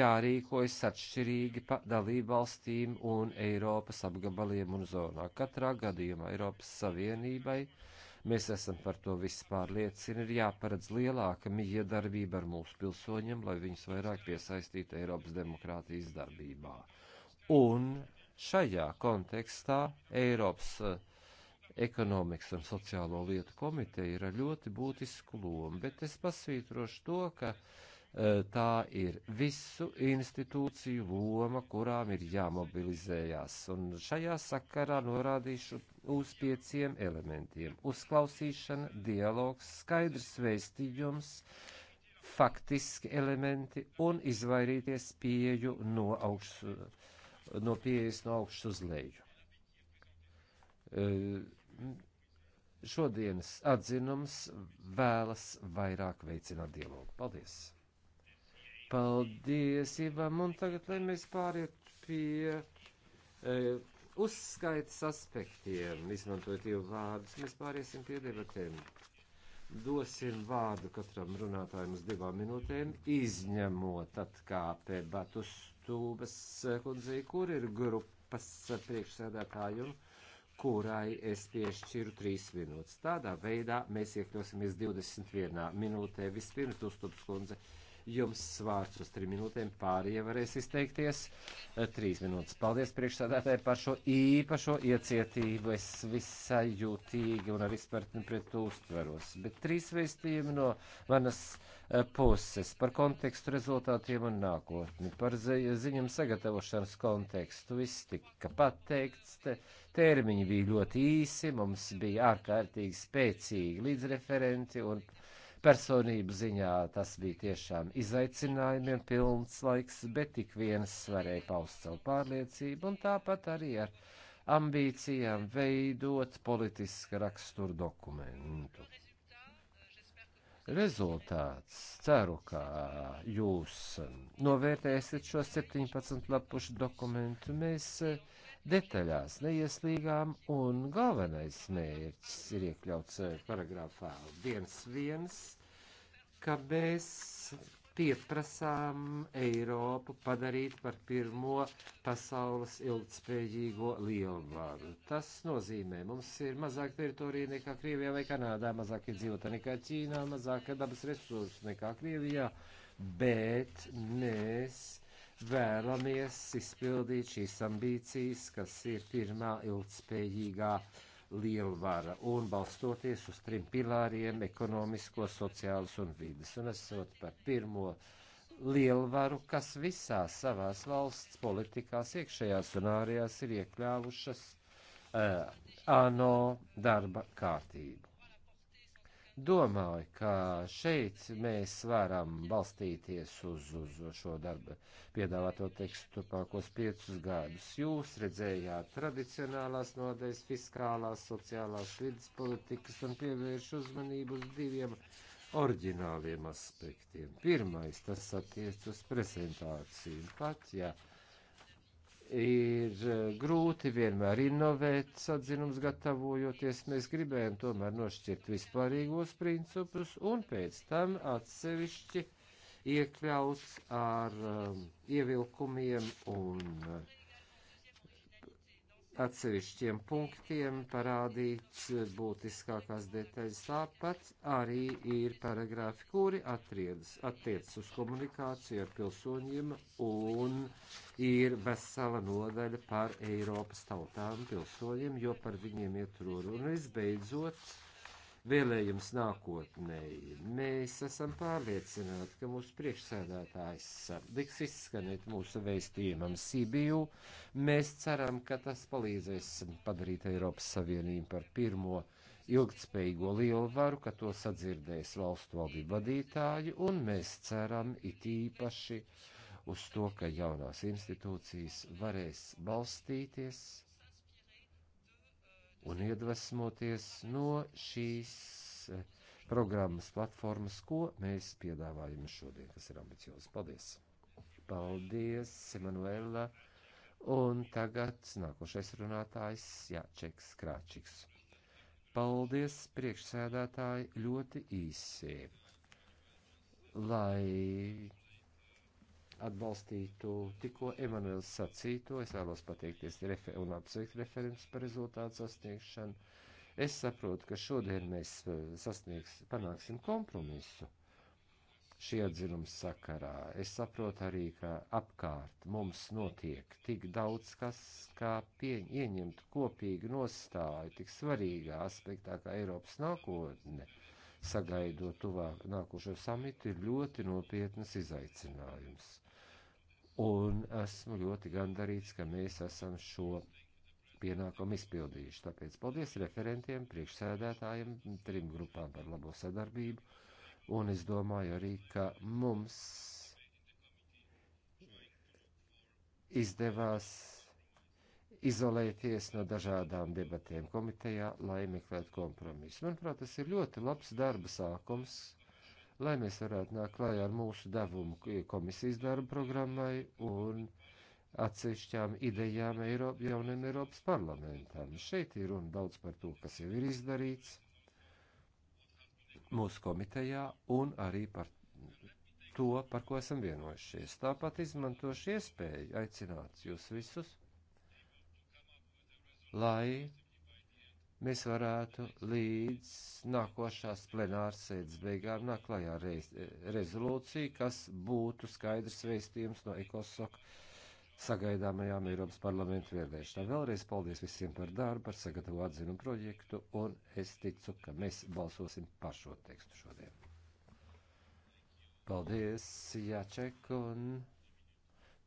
jārīkojas atšķirīgi pa dalību valstīm un Eiropas apgabaliem un zonā. Katrā gadījumā Eiropas Savienībai uh, Mēs esam par to viss pārliecini. Ir jāparedz lielāka miedarbība ar mūsu pilsoņiem, lai viņus vairāk piesaistītu Eiropas demokrātijas darbībā. Un šajā kontekstā Eiropas uh, ekonomikas un sociālo lietu komiteja ir ar ļoti būtisku lomu, bet es pasvītrošu to, ka uh, tā ir visu institūciju loma, kurām ir jāmobilizējās. Un šajā sakarā norādīšu uz pieciem elementiem - uzklausīšana, dialogs, skaidrs vēstījums, faktiski elementi un izvairīties pieju no, augšu, no pieejas no augšas uz leju. E, šodienas atzinums vēlas vairāk veicināt dialogu. Paldies! Paldies, Ivam, un tagad, lai mēs pāriet pie. E, uzskaitas aspektiem, izmantojot jau vārdus, mēs pāriesim pie debatēm. Dosim vārdu katram runātājam uz divām minūtēm, izņemot atkāpē Batus Tūbas eh, kundzī, kur ir grupas priekšsēdētājiem, kurai es piešķiru trīs minūtes. Tādā veidā mēs iekļosimies 21 minūtē. Vispirms Tūstups kundze. Uh, jums vārds uz trim minūtēm, pārējie varēs izteikties. Eh, trīs minūtes. Paldies priekšsādātāji par šo īpašo iecietību. Es visai jūtīgi un ar izpratni pret to uztveros. Bet trīs veistījumi no manas eh, puses par kontekstu rezultātiem un nākotni, par ziņam sagatavošanas kontekstu. Viss tika pateikts, te, termiņi bija ļoti īsi, mums bija ārkārtīgi spēcīgi līdzreferenti un personību ziņā tas bija tiešām izaicinājumiem pilns laiks, bet ik viens varēja paust savu pārliecību un tāpat arī ar ambīcijām veidot politiska rakstura dokumentu. Rezultāts ceru, ka jūs novērtēsiet šo 17 lapušu dokumentu. Mēs uh, detaļās neieslīgām, un galvenais mērķis ir iekļauts eh, paragrāfā 1.1, ka mēs pieprasām Eiropu padarīt par pirmo pasaules ilgtspējīgo lielvaru. Tas nozīmē, mums ir mazāk teritorija nekā Krievijā vai Kanādā, mazāk iedzīvotā nekā Ķīnā, mazāk dabas resursu nekā Krievijā, bet mēs vēlamies izpildīt šīs ambīcijas, kas ir pirmā ilgspējīgā lielvara un balstoties uz trim pilāriem - ekonomisko, sociālus un vidas. Un esot par pirmo lielvaru, kas visās savās valsts politikās, iekšējās un ārējās ir iekļāvušas uh, ANO darba kārtību. Domāju, ka šeit mēs varam balstīties uz, uz šo darbu piedāvāto tekstu turpmākos piecus gadus. Jūs redzējāt tradicionālās nodaļas, fiskālās, sociālās vidas politikas un pievērš uzmanību uz diviem orģināliem aspektiem. Pirmais, tas attiec uz prezentāciju. Pat, ja ir eh, grūti vienmēr inovēt, sadzinums gatavojoties. Mēs gribējam tomēr nošķirt vispārīgos principus un pēc tam atsevišķi iekļauts ar um, ievilkumiem un uh, atsevišķiem punktiem parādīts būtiskākās detaļas. Tāpat arī ir paragrāfi, kuri attiecas uz komunikāciju ar pilsoņiem un ir vesela nodaļa par Eiropas tautām pilsoņiem, jo par viņiem iet runa. Un visbeidzot, vēlējums nākotnēji. Mēs esam pārliecināti, ka mūsu priekšsēdētājs liks izskanēt mūsu veistījumam Sibiju. Mēs ceram, ka tas palīdzēs padarīt Eiropas Savienību par pirmo ilgtspējīgo lielvaru, ka to sadzirdēs valstu valdību vadītāji, un mēs ceram it īpaši uz to, ka jaunās institūcijas varēs balstīties un iedvesmoties no šīs eh, programmas platformas, ko mēs piedāvājam šodien, kas ir ambiciozs. Paldies! Paldies, Emanuela! Un tagad nākošais runātājs Jāčeks Krāčiks. Paldies, priekšsēdētāji, ļoti īsi. Lai atbalstītu tikko Emanuels sacīto. Es vēlos pateikties refer un apsveikt referents par rezultātu sasniegšanu. Es saprotu, ka šodien mēs eh, sasniegs, panāksim kompromisu šī atzinuma sakarā. Es saprotu arī, ka apkārt mums notiek tik daudz kas, kā pieņ, ieņemt kopīgu nostāju tik svarīgā aspektā kā Eiropas nākotne sagaidot tuvāk nākošo samitu, ir ļoti nopietnas izaicinājums un esmu ļoti gandarīts, ka mēs esam šo pienākumu izpildījuši. Tāpēc paldies referentiem, priekšsēdētājiem, trim grupām par labo sadarbību, un es domāju arī, ka mums izdevās izolēties no dažādām debatēm komitejā, lai meklētu kompromisu. Manuprāt, tas ir ļoti labs darba sākums, lai mēs varētu nākt klājā ar mūsu devumu komisijas darba programmai un atsevišķām idejām Eiropa, jauniem Eiropas parlamentam. Šeit ir runa daudz par to, kas jau ir izdarīts mūsu komitejā un arī par to, par ko esam vienojušies. Tāpat izmantošu iespēju aicināt jūs visus, lai mēs varētu līdz nākošās plenārsēdes beigām nāk klajā reiz, rezolūcija, kas būtu skaidrs veistījums no ECOSOC sagaidāmajām Eiropas parlamentu vēlēšanām. Vēlreiz paldies visiem par darbu, par sagatavo atzinu projektu, un es ticu, ka mēs balsosim par šo tekstu šodien. Paldies, Jāček, un.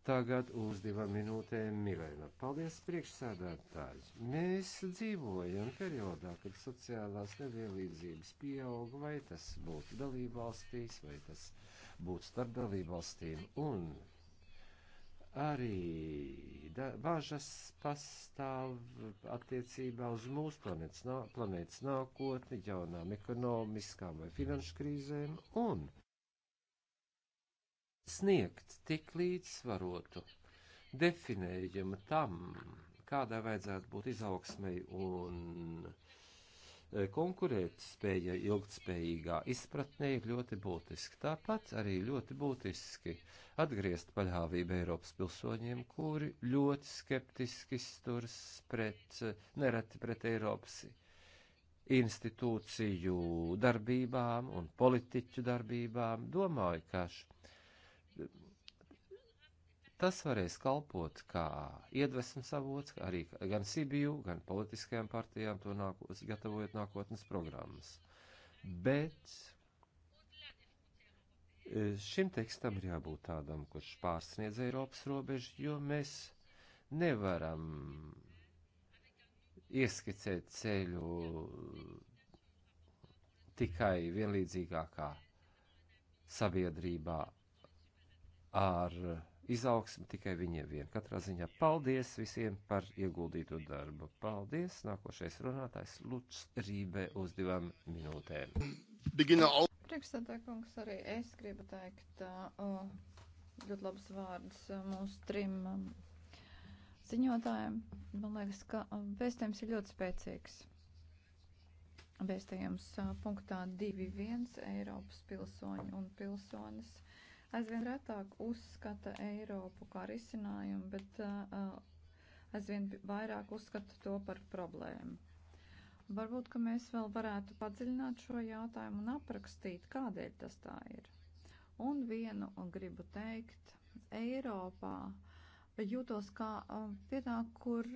Tagad uz divām minūtēm Milēna. Paldies, priekšsēdētāji. Mēs dzīvojam periodā, kad sociālās nevienlīdzības pieaug, vai tas būtu dalībvalstīs, vai tas būtu starp dalībvalstīm. Un arī da, bažas pastāv attiecībā uz mūsu planētas, nā, planētas nākotni, jaunām ekonomiskām vai finanšu krīzēm. Un sniegt tik līdzsvarotu definējumu tam, kādai vajadzētu būt izaugsmai un e, konkurēt spēja ilgtspējīgā izpratnē ir ļoti būtiski. Tāpat arī ļoti būtiski atgriezt paļāvību Eiropas pilsoņiem, kuri ļoti skeptiski sturs pret, e, nereti pret Eiropas institūciju darbībām un politiķu darbībām. Domāju, ka šī Tas varēs kalpot kā iedvesmas avots arī gan Sibiju, gan politiskajām partijām, to nākos, gatavojot nākotnes programmas. Bet e, šim tekstam ir jābūt tādam, kurš pārsniedz Eiropas robežu, jo mēs nevaram ieskicēt ceļu tikai vienlīdzīgākā sabiedrībā ar izaugsmi tikai viņiem vien. Katrā ziņā paldies visiem par ieguldīto darbu. Paldies! Nākošais runātājs Luts Rībe uz divām minūtēm. Priekšstādā kungs arī es gribu teikt uh, ļoti labus vārdus uh, mūsu trim um, ziņotājiem. Man liekas, ka uh, vēstījums ir ļoti spēcīgs. Vēstījums uh, punktā 2.1 Eiropas pilsoņi un pilsonis aizvien retāk uzskata Eiropu kā risinājumu, bet uh, aizvien vairāk uzskata to par problēmu. Varbūt, ka mēs vēl varētu padziļināt šo jautājumu un aprakstīt, kādēļ tas tā ir. Un vienu un gribu teikt, Eiropā jūtos kā vietā, kur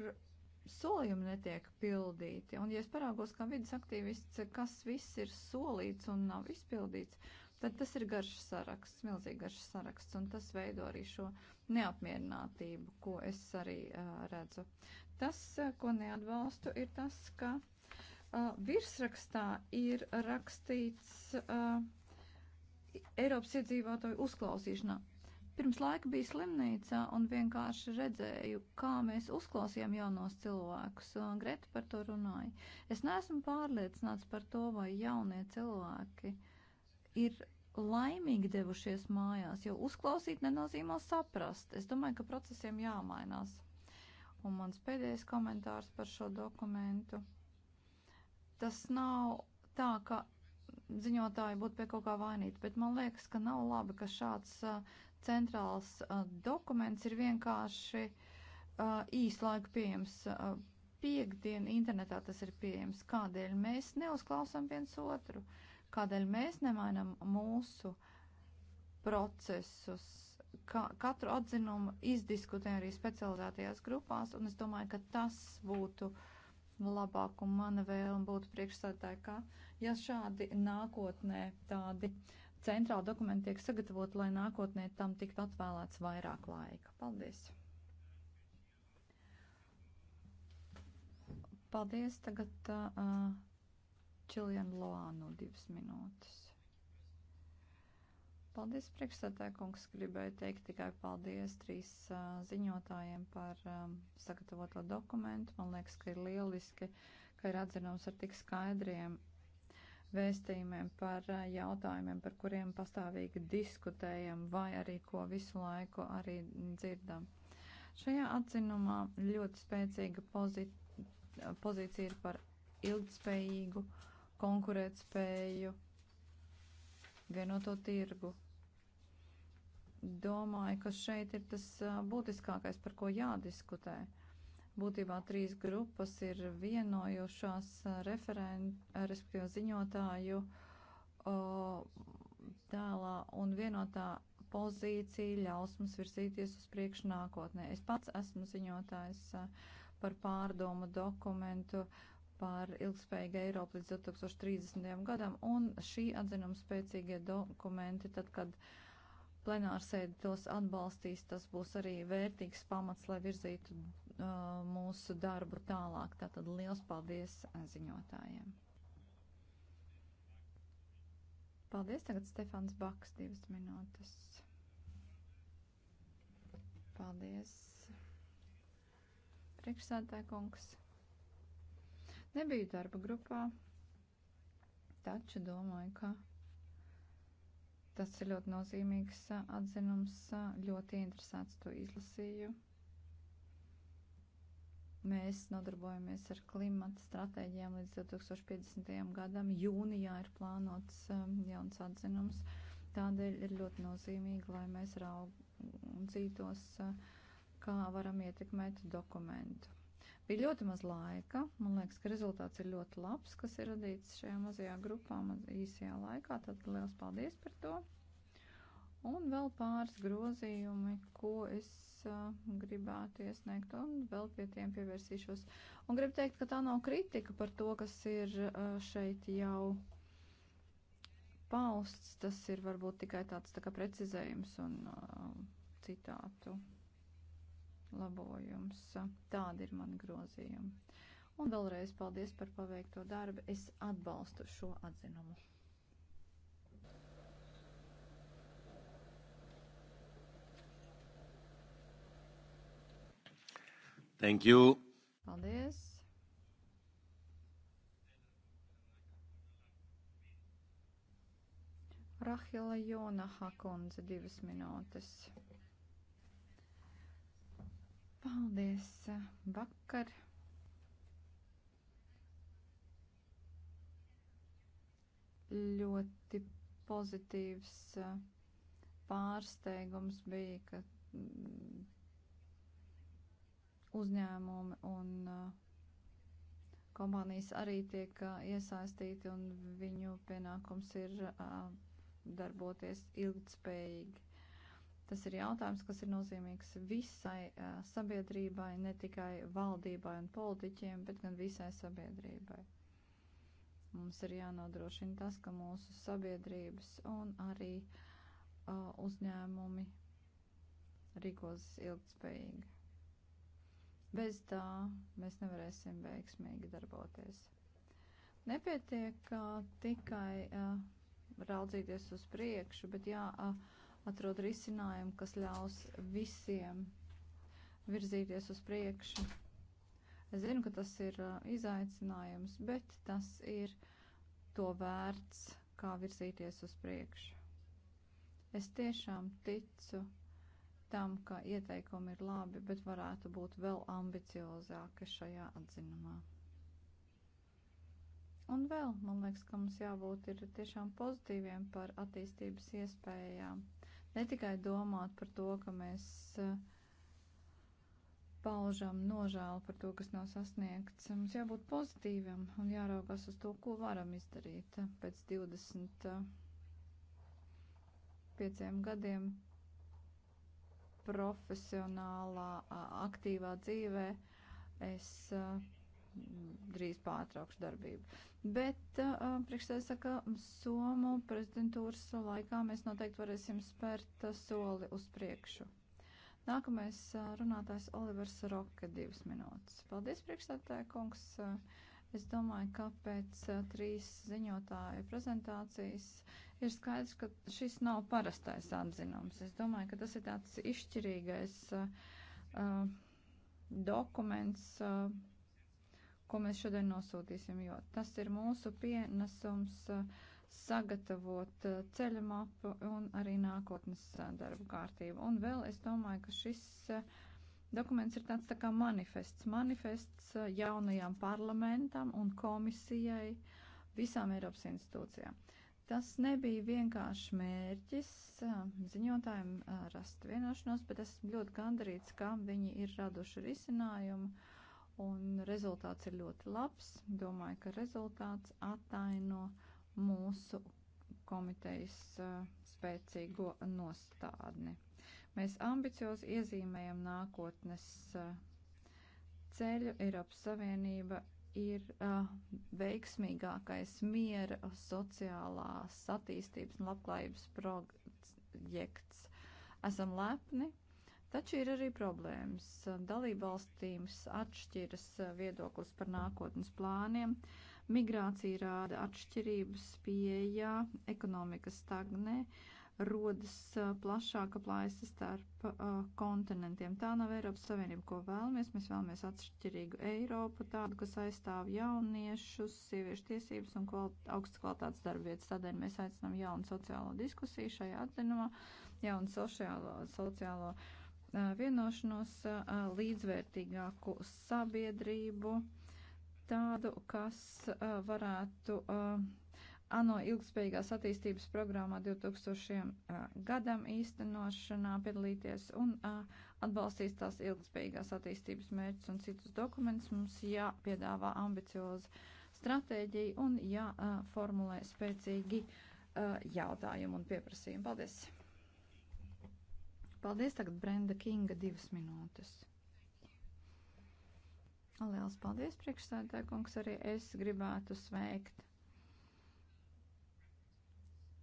solījumi netiek pildīti. Un, ja es paraugos kā vidas aktīvists, kas viss ir solīts un nav izpildīts, Tad tas ir garš saraksts, milzīgi garš saraksts, un tas veido arī šo neapmierinātību, ko es arī uh, redzu. Tas, ko neatbalstu, ir tas, ka uh, virsrakstā ir rakstīts uh, Eiropas iedzīvotāju uzklausīšanā. Pirms laika bija slimnīcā un vienkārši redzēju, kā mēs uzklausījām jaunos cilvēkus, un Greta par to runāja. Es neesmu pārliecināts par to, vai jaunie cilvēki uh, ir laimīgi devušies mājās, jo uzklausīt nenozīmē saprast. Es domāju, ka procesiem jāmainās. Un mans pēdējais komentārs par šo dokumentu. Tas nav tā, ka ziņotāji būtu pie kaut kā vainīti, bet man liekas, ka nav labi, ka šāds uh, centrāls uh, dokuments ir vienkārši uh, īslaika pieejams. Uh, Piektdien internetā tas ir pieejams. Kādēļ mēs neuzklausām viens otru? Uh, Kādēļ mēs nemainam mūsu procesus? Ka katru atzinumu izdiskutējam arī specializētajās grupās, un es domāju, ka tas būtu labāk, un mana vēlme būtu priekšstādāja, ka ja šādi nākotnē tādi centrāli dokumenti tiek sagatavot, lai nākotnē tam tiktu atvēlēts vairāk laika. Paldies! Paldies! Tagad uh, Čilienu Loānu divas minūtes. Paldies, priekšsētāja kungs. Gribēju teikt tikai paldies trīs uh, ziņotājiem par um, sagatavoto dokumentu. Man liekas, ka ir lieliski, ka ir atzinums ar tik skaidriem vēstījumiem par uh, jautājumiem, par kuriem pastāvīgi diskutējam vai arī ko visu laiku arī dzirdam. Šajā atzinumā ļoti spēcīga pozit pozīcija ir par ilgspējīgu uh, konkurētspēju, vienoto tirgu. Domāju, ka šeit ir tas būtiskākais, par ko jādiskutē. Būtībā trīs grupas ir vienojušās referentu, respektīvi ziņotāju o, tēlā un vienotā pozīcija ļaus mums virzīties uz priekšu nākotnē. Es pats esmu ziņotājs par pārdomu dokumentu par ilgspējīgu Eiropu līdz 2030. gadam, un šī atzinuma spēcīgie dokumenti, tad, kad plenārsēdi tos atbalstīs, tas būs arī vērtīgs pamats, lai virzītu uh, mūsu darbu tālāk. Tātad liels paldies ziņotājiem! Paldies, tagad Stefans Baks, divas minūtes. Paldies. Priekšsādātā kungs. Nebiju darba grupā, taču domāju, ka tas ir ļoti nozīmīgs atzinums, ļoti interesants to izlasīju. Mēs nodarbojamies ar klimata stratēģijām līdz 2050. gadam. Jūnijā ir plānots jauns atzinums. Tādēļ ir ļoti nozīmīgi, lai mēs raudzītos, kā varam ietekmēt dokumentu. Bija ļoti maz laika. Man liekas, ka rezultāts ir ļoti labs, kas ir radīts šajā mazajā grupā, maz īsajā laikā. Tad liels paldies par to. Un vēl pāris grozījumi, ko es uh, gribētu iesniegt, un vēl pie tiem pievērsīšos. Un gribu teikt, ka tā nav kritika par to, kas ir uh, šeit jau pausts. Tas ir varbūt tikai tāds tā kā precizējums un uh, citātu labojums. Tāda ir mana grozījuma. Un vēlreiz paldies par paveikto darbu. Es atbalstu šo atzinumu. Thank you. Paldies. Rahila Jonaha kundze divas minūtes. Paldies! Vakar ļoti pozitīvs uh, pārsteigums bija, ka mm, uzņēmumi un uh, kompānijas arī tiek uh, iesaistīti un viņu pienākums ir darboties ilgtspējīgi. Tas ir jautājums, kas ir nozīmīgs visai uh, sabiedrībai, ne tikai valdībai un politiķiem, bet gan visai sabiedrībai. Mums ir jānodrošina tas, ka mūsu sabiedrības un arī uh, uzņēmumi rīkos ilgspējīgi. Bez tā mēs nevarēsim veiksmīgi darboties. Nepietiek uh, tikai uh, raudzīties uz priekšu, bet jā. Uh, atrod risinājumu, kas ļaus visiem virzīties uz priekšu. Es zinu, ka tas ir izaicinājums, bet tas ir to vērts, kā virzīties uz priekšu. Es tiešām ticu tam, ka ieteikumi ir labi, bet varētu būt vēl ambiciozāki šajā atzinumā. Un vēl, man liekas, ka mums jābūt ir tiešām pozitīviem par attīstības iespējām Ne tikai domāt par to, ka mēs eh, paužam nožēlu par to, kas nav sasniegts. Mums jābūt pozitīviem un jāraugās uz to, ko varam izdarīt pēc 25 eh, gadiem profesionālā, aktīvā dzīvē. Es uh, drīz pārtraukšu darbību. Bet uh, priekšsēdē saka, Somu prezidentūras laikā mēs noteikti varēsim spērt uh, soli uz priekšu. Nākamais uh, runātājs Olivers Roke, divas minūtes. Paldies, priekšsēdē, kungs. Uh, Es domāju, ka pēc uh, trīs ziņotāju prezentācijas ir skaidrs, ka šis nav parastais atzinums. Es domāju, ka tas ir tāds izšķirīgais uh, uh dokuments uh, ko mēs šodien nosūtīsim, jo tas ir mūsu pienesums eh, sagatavot eh, ceļu mapu un arī nākotnes eh, darbu kārtību. Un vēl es domāju, ka šis dokuments ir tāds tā kā manifests. Manifests jaunajām parlamentam un komisijai visām Eiropas institūcijām. Tas nebija vienkārši mērķis ziņotājiem rast vienošanos, bet esmu ļoti gandarīts, ka viņi ir raduši risinājumu Un rezultāts ir ļoti labs. Domāju, ka rezultāts ataino mūsu komitejas eh, spēcīgo nostādni. Mēs ambiciozi iezīmējam nākotnes eh, ceļu. Eiropas Savienība ir uh, veiksmīgākais miera, sociālās attīstības un labklājības projekts. Esam lepni Taču ir arī problēmas. Dalībvalstīs atšķiras viedoklis par nākotnes plāniem, migrācija rāda atšķirības pieejā, ekonomika stagnē, rodas plašāka plaisa starp uh, kontinentiem. Tā nav Eiropas Savienība, ko vēlamies. Mēs vēlamies atšķirīgu Eiropu, tādu, kas aizstāv jauniešus, sieviešu tiesības un kvalit augstas kvalitātes darbvietas. Tādēļ mēs aicinām jaunu sociālo diskusiju šajā atzinumā, jaunu sociālo, sociālo uh, vienošanos līdzvērtīgāku sabiedrību, tādu, kas varētu ANO ilgspējīgās attīstības programmā 2000 gadam īstenošanā piedalīties un atbalstīs tās ilgspējīgās attīstības mērķus un citus dokumentus. Mums jāpiedāvā ambicioza stratēģija un jāformulē spēcīgi jautājumi un pieprasījumi. Paldies! Paldies tagad Brenda Kinga divas minūtes. Liels paldies, priekšsēdētāj kungs, arī es gribētu sveikt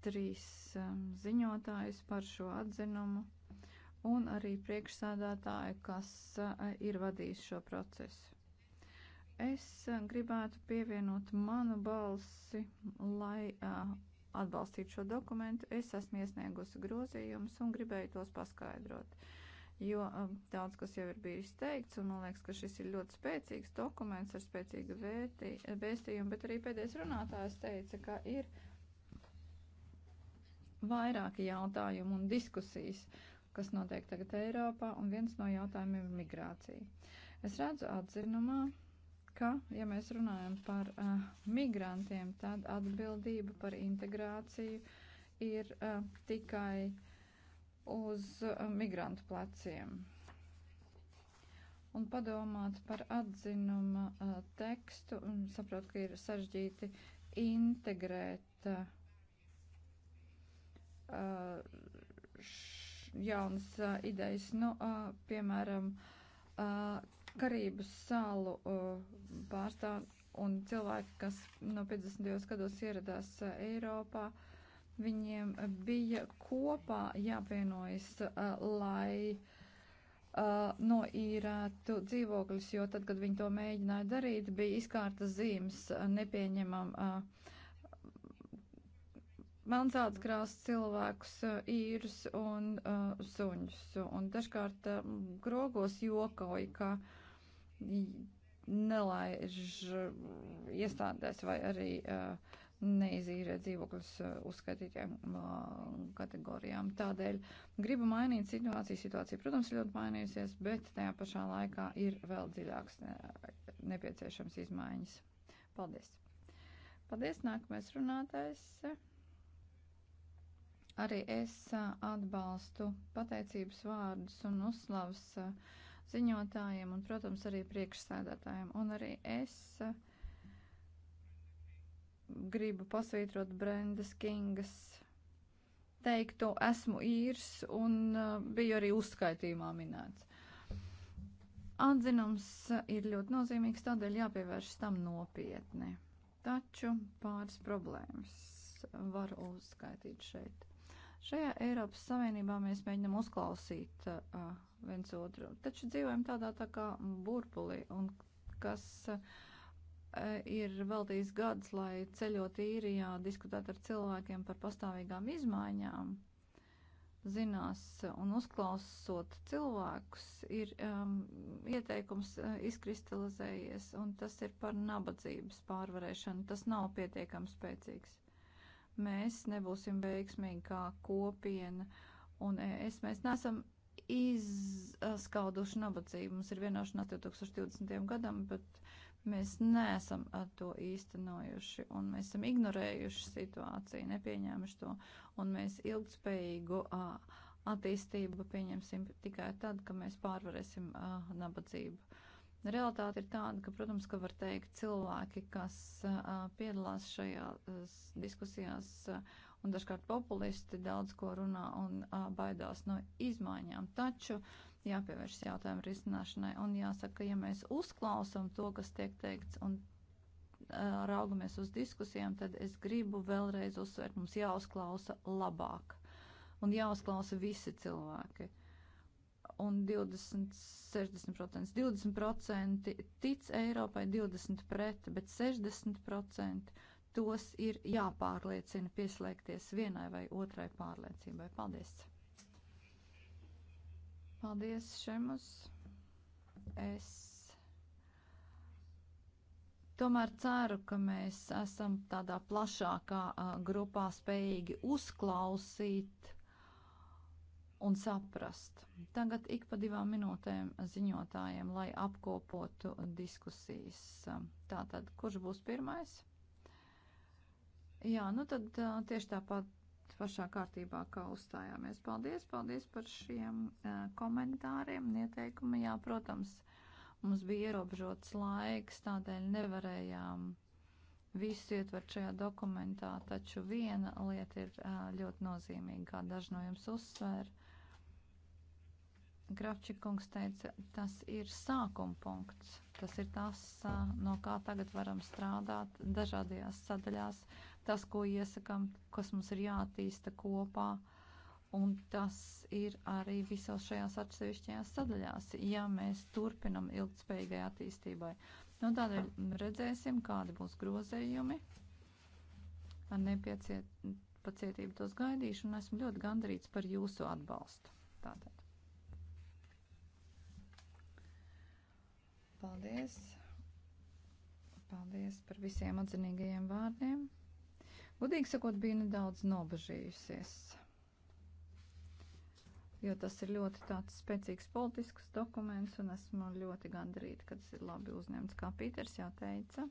trīs um, ziņotājus par šo atzinumu un arī priekšsēdētāju, kas uh, ir vadījis šo procesu. Es uh, gribētu pievienot manu balsi, lai uh, atbalstīt šo dokumentu. Es esmu iesniegusi grozījumus un gribēju tos paskaidrot. Jo um, daudz kas jau ir bijis teikts, un man liekas, ka šis ir ļoti spēcīgs dokuments ar spēcīgu vērtī, vēstījumu, bet arī pēdējais runātājs teica, ka ir vairāki jautājumi un diskusijas, kas notiek tagad Eiropā, un viens no jautājumiem ir migrācija. Es redzu atzinumā, ka, ja mēs runājam par uh, migrantiem, tad atbildība par integrāciju ir uh, tikai uz uh, migrantu pleciem. Un padomāt par atzinuma uh, tekstu, un saprot, ka ir sažģīti integrēt uh, š, jaunas uh, idejas, nu, uh, piemēram, uh, Karību salu pārstāv uh, un cilvēki, kas no 50. gados ieradās uh, Eiropā, viņiem bija kopā jāpienojas, uh, lai noīrētu dzīvokļus, jo tad, kad viņi to mēģināja darīt, bija izkārtas zīmes nepieņemam melnzāles krāsas cilvēkus, īrus un uh, suņus. Un dažkārt uh, grogos jokoja, ka uh, nelaiž eh, iestādēs vai arī uh, neizīrē dzīvokļus eh, uzskaitītiem kategorijām. Tādēļ gribu mainīt situāciju. Situācija, protams, ir ļoti mainījusies, bet tajā pašā laikā ir vēl dziļāks nepieciešams izmaiņas. Paldies! Paldies, nākamais runātājs. Arī es atbalstu pateicības vārdus un uzslavas uh, ziņotājiem un, protams, arī priekšsēdētājiem. Un arī es eh, gribu pasvītrot Brendas Kingas teikto, esmu īrs un eh, biju arī uzskaitījumā minēts. Atzinums eh, ir ļoti nozīmīgs, tādēļ jāpievērš tam nopietni. Taču pāris problēmas var uzskaitīt šeit. Šajā Eiropas Savienībā mēs mēģinam uzklausīt uh, viens otru. Taču dzīvojam tādā tā kā burbulī, un kas e, ir veltījis gads, lai ceļot īrijā, diskutēt ar cilvēkiem par pastāvīgām izmaiņām, zinās un uzklausot cilvēkus, ir um, ieteikums uh, izkristalizējies, un tas ir par nabadzības pārvarēšanu. Tas nav pietiekami spēcīgs. Mēs nebūsim veiksmīgi kā kopiena, un e, es mēs nesam izskauduši nabadzību. Mums ir vienošanās 2020. gadam, bet mēs neesam to īstenojuši un mēs esam ignorējuši situāciju, nepieņēmuši to. Un mēs ilgspējīgu attīstību pieņemsim tikai tad, kad mēs pārvarēsim nabadzību. Realitāte ir tāda, ka, protams, ka var teikt cilvēki, kas piedalās šajās diskusijās. A, un dažkārt populisti daudz ko runā un uh, baidās no izmaiņām. Taču jāpievērš jautājumu risināšanai un jāsaka, ja mēs uzklausam to, kas tiek teikts un uh, raugamies uz diskusijām, tad es gribu vēlreiz uzsvērt, mums jāuzklausa labāk un jāuzklausa visi cilvēki un 20, 60%. 20% tic Eiropai, 20% pret, bet 60% tos ir jāpārliecina pieslēgties vienai vai otrai pārliecībai. Paldies! Paldies, Šemus! Es tomēr ceru, ka mēs esam tādā plašākā grupā spējīgi uzklausīt un saprast. Tagad ik pa divām minūtēm ziņotājiem, lai apkopotu diskusijas. Tātad, kurš būs pirmais? Jā, nu tad tieši tāpat pašā kārtībā, kā uzstājāmies. Paldies, paldies par šiem komentāriem un ieteikumiem. Jā, protams, mums bija ierobežots laiks, tādēļ nevarējām visu ietvert šajā dokumentā, taču viena lieta ir ļoti nozīmīga, kā daži no jums uzsvēra. Grafčikungs teica, tas ir sākuma punkts. Tas ir tas, no kā tagad varam strādāt dažādajās sadaļās, tas, ko iesakam, kas mums ir jātīsta kopā. Un tas ir arī visos šajās atsevišķajās sadaļās, ja mēs turpinam ilgspējīgai attīstībai. Nu, tādēļ redzēsim, kādi būs grozējumi. Ar nepacietību tos gaidīšu un esmu ļoti gandarīts par jūsu atbalstu. Tātad. Paldies. Paldies par visiem atzinīgajiem vārdiem. Gudīgi sakot, biju nedaudz nobežījusies, jo tas ir ļoti tāds spēcīgs politisks dokuments, un esmu ļoti gandrīta, ka tas ir labi uzņemts, kā Pīters jau teica.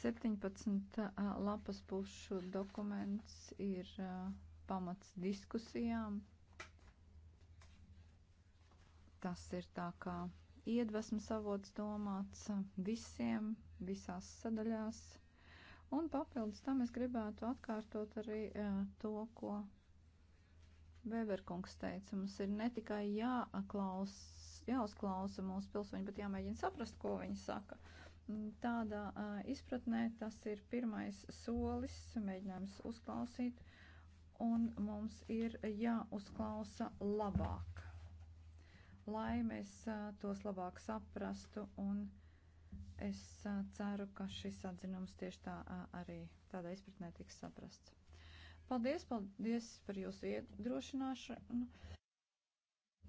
17 lapas pušu dokuments ir pamats diskusijām. Tas ir tā kā iedvesmas avots domāts visiem, visās sadaļās. Un papildus tam es gribētu atkārtot arī uh, to, ko Weberkungs teica. Mums ir ne tikai jāklaus, jāuzklausa mūsu pilsoņi, bet jāmēģina saprast, ko viņi saka. Tādā uh, izpratnē tas ir pirmais solis, mēģinājums uzklausīt, un mums ir jāuzklausa labāk lai mēs tos labāk saprastu, un es ceru, ka šis atzinums tieši tā arī tādā izpratnē tiks saprasts. Paldies, paldies par jūsu iedrošināšanu.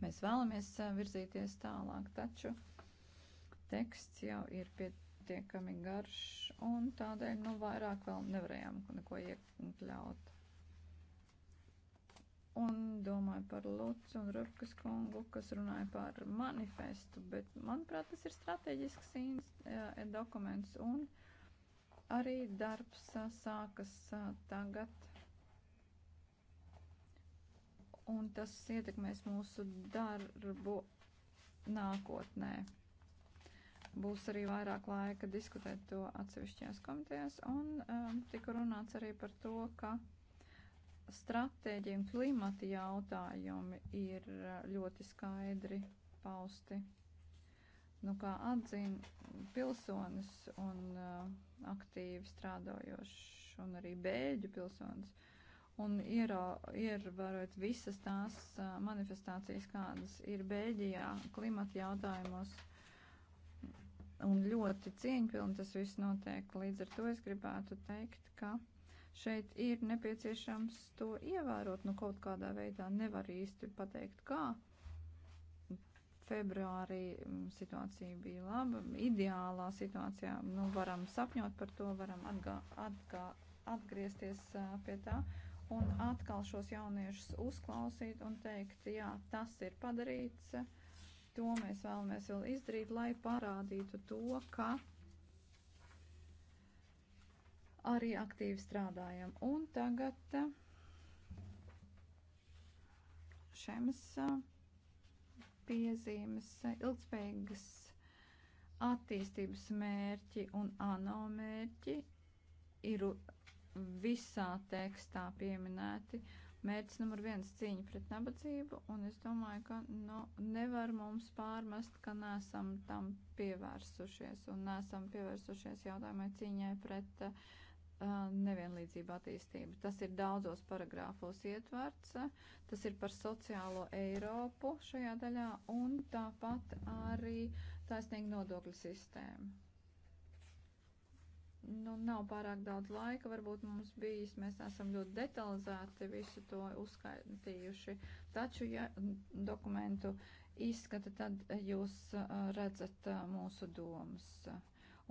Mēs vēlamies virzīties tālāk, taču teksts jau ir pietiekami garš, un tādēļ nu vairāk vēl nevarējām neko iekļaut un domāju par Lutsu un Rupkas kungu, kas runāja par manifestu, bet, manuprāt, tas ir strateģisks e, e, dokuments un arī darbs e, sākas tagad. Un tas ietekmēs mūsu darbu nākotnē. Būs arī vairāk laika diskutēt to atsevišķajās komitejās, un um, tika runāts arī par to, ka uh, stratēģija un klimata jautājumi ir eh, ļoti skaidri pausti. Nu, kā atzina pilsonis un uh, aktīvi strādojošs un arī bēļu pilsonis, un ievērojot visas tās uh, manifestācijas, kādas ir Bēļģijā klimata jautājumos, un ļoti cieņpilni tas viss notiek. Līdz ar to es gribētu teikt, ka Šeit ir nepieciešams to ievērot, nu kaut kādā veidā nevar īsti pateikt, kā. Februārī mm, situācija bija laba, ideālā situācijā, nu varam sapņot par to, varam atgā, atgā, atgriezties pie tā un atkal šos jauniešus uzklausīt un teikt, jā, tas ir padarīts, to mēs vēlamies vēl izdarīt, lai parādītu to, ka arī aktīvi strādājam. Un tagad eh, šemas eh, piezīmes eh, ilgspējīgas attīstības mērķi un ANO mērķi ir visā tekstā pieminēti. Mērķis numur viens - cīņa pret nabadzību, un es domāju, ka nu, nevar mums pārmest, ka nesam tam pievērsušies un nesam pievērsušies jautājumai cīņai pret uh, nevienlīdzība attīstība. Tas ir daudzos paragrāfos ietverts, tas ir par sociālo Eiropu šajā daļā un tāpat arī taisnīga nodokļu sistēma. Nu, nav pārāk daudz laika, varbūt mums bijis, mēs esam ļoti detalizēti visu to uzskaitījuši, taču, ja dokumentu izskata, tad jūs redzat mūsu domas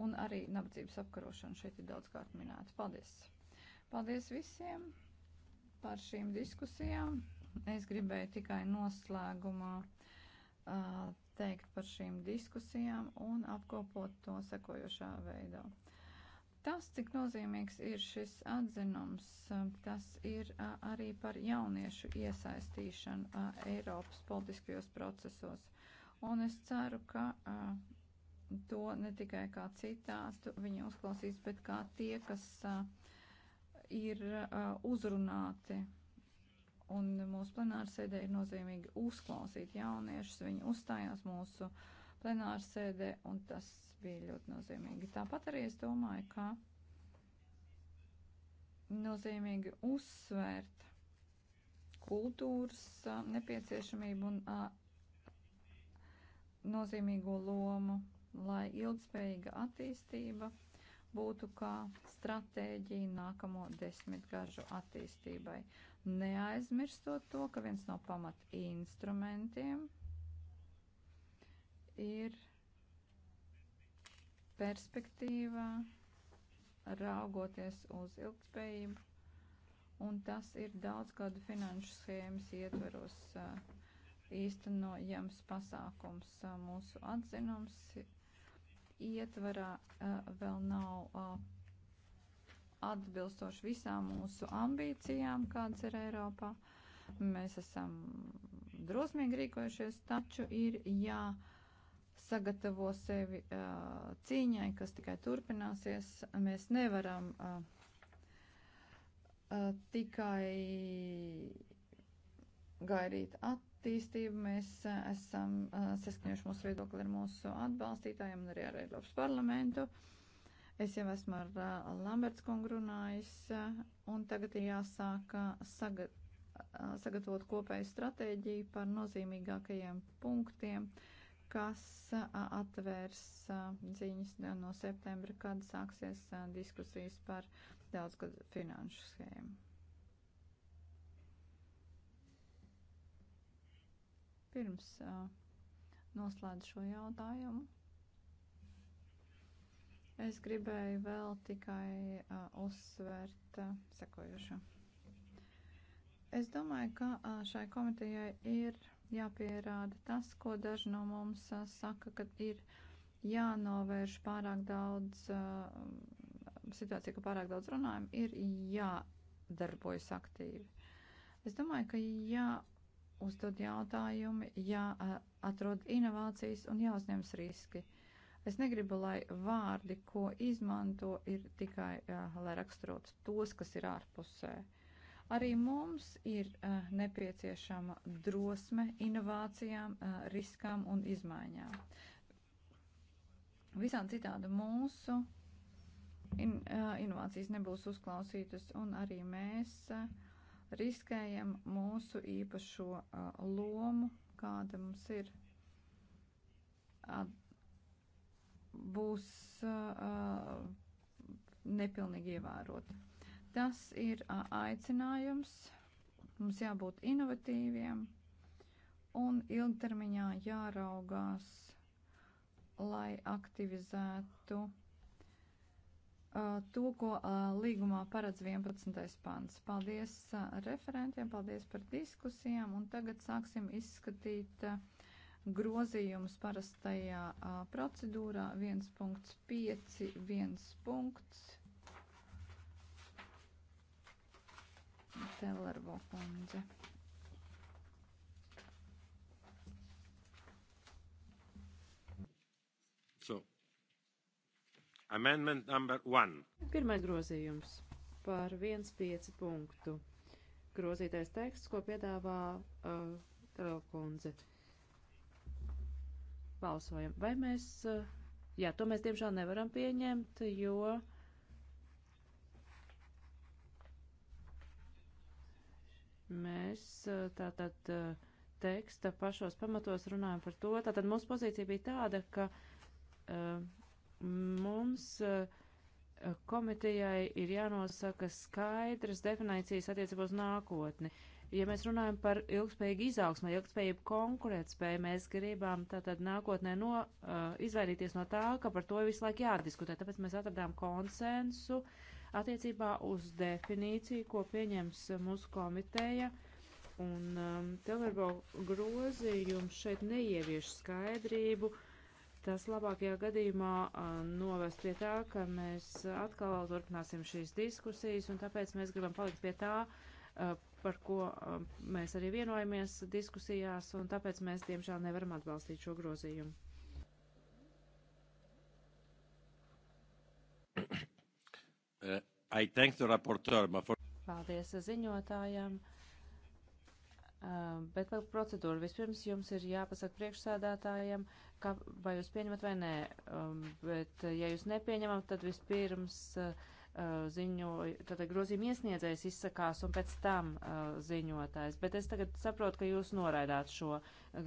un arī nabadzības apkarošana šeit ir daudzkārt minēta. Paldies! Paldies visiem par šīm diskusijām. Es gribēju tikai noslēgumā uh, teikt par šīm diskusijām un apkopot to sekojošā veidā. Tas, cik nozīmīgs ir šis atzinums, tas ir arī par jauniešu iesaistīšanu Eiropas politiskajos procesos. Un es ceru, ka to ne tikai kā citātu viņi uzklausīs, bet kā tie, kas uh, ir uh, uzrunāti. Un mūsu plenārsēdē ir nozīmīgi uzklausīt jauniešus. Viņi uzstājās mūsu plenārsēdē, un tas bija ļoti nozīmīgi. Tāpat arī es domāju, ka nozīmīgi uzsvērt kultūras uh, nepieciešamību un uh, nozīmīgo lomu lai ilgspējīga attīstība būtu kā stratēģija nākamo desmitgažu attīstībai. Neaizmirstot to, ka viens no pamat instrumentiem ir perspektīva raugoties uz ilgspējību, un tas ir daudz kādu finanšu schēmas ietveros īstenojams pasākums. Mūsu atzinums ietvarā eh, vēl nav eh, atbilstoši visām mūsu ambīcijām, kādas ir Eiropā. Mēs esam drosmīgi rīkojušies, taču ir jāsagatavo sevi uh, cīņai, kas tikai turpināsies. Mēs nevaram uh, uh, tikai gaidīt at attīstību. Mēs esam saskaņojuši mūsu viedokli ar mūsu atbalstītājiem un arī ar Eiropas parlamentu. Es jau esmu ar Lamberts kungu runājis, un tagad ir jāsāk sagat, sagatavot kopēju stratēģiju par nozīmīgākajiem punktiem, kas atvērs ziņas no septembra, kad sāksies diskusijas par daudzgadu finanšu schēmu. Pirms noslēdz šo jautājumu. Es gribēju vēl tikai uh, uzsvērt uh, sekojušo. Es domāju, ka uh, šai komitejai ir jāpierāda tas, ko daži no mums uh, saka, ka ir jānovērš pārāk daudz, uh, situācija, ka pārāk daudz runājam, ir jādarbojas aktīvi. Es domāju, ka jā. Ja uzdod jautājumi, jāatrod inovācijas un jāuzņems riski. Es negribu, lai vārdi, ko izmanto, ir tikai, jā, lai raksturotu tos, kas ir ārpusē. Arī mums ir uh, nepieciešama drosme inovācijām, uh, riskām un izmaiņām. Visādi citādi mūsu in, uh, inovācijas nebūs uzklausītas un arī mēs. Uh, riskējam mūsu īpašo lomu, kāda mums ir. Būs nepilnīgi ievērota. Tas ir aicinājums. Mums jābūt inovatīviem un ilgtermiņā jāraugās, lai aktivizētu to, ko līgumā paredz 11. pants. Paldies referentiem, paldies par diskusijām, un tagad sāksim izskatīt grozījumus parastajā procedūrā 1.5, 1 punkts. Tellervo kundze. Amendment number one. Pirmais grozījums par 1,5 punktu. Grozītais teksts, ko piedāvā uh, Karelkundze. Balsojam. Vai mēs, uh, jā, to mēs diemžēl nevaram pieņemt, jo. Mēs uh, tātad uh, teksta pašos pamatos runājam par to. Tātad mūsu pozīcija bija tāda, ka uh, Mums eh, komitejai ir jānosaka skaidras definīcijas attiecībā uz nākotni. Ja mēs runājam par ilgspējīgu izaugsmu, ilgspējību konkurētspēju, mēs gribam tātad nākotnē no, uh, izvairīties no tā, ka par to visu laiku jādiskutē. Tāpēc mēs atradām konsensu attiecībā uz definīciju, ko pieņems eh, mūsu komiteja. Un um, Telerbo grozījums šeit neievieš skaidrību. Uh, Tas labākajā gadījumā novest pie tā, ka mēs atkal turpināsim šīs diskusijas, un tāpēc mēs gribam palikt pie tā, par ko mēs arī vienojamies diskusijās, un tāpēc mēs, diemžēl, nevaram atbalstīt šo grozījumu. Eh, for... Paldies ziņotājiem. Eh, bet vēl procedūra. Vispirms jums ir jāpasaka priekšsēdētājiem, uh, kā, vai jūs pieņemat vai nē. Um, bet, uh, ja jūs nepieņemat, tad vispirms uh, uh ziņo, tad grozījuma iesniedzējs izsakās un pēc tam uh, ziņotājs. Bet es tagad saprotu, ka jūs noraidāt šo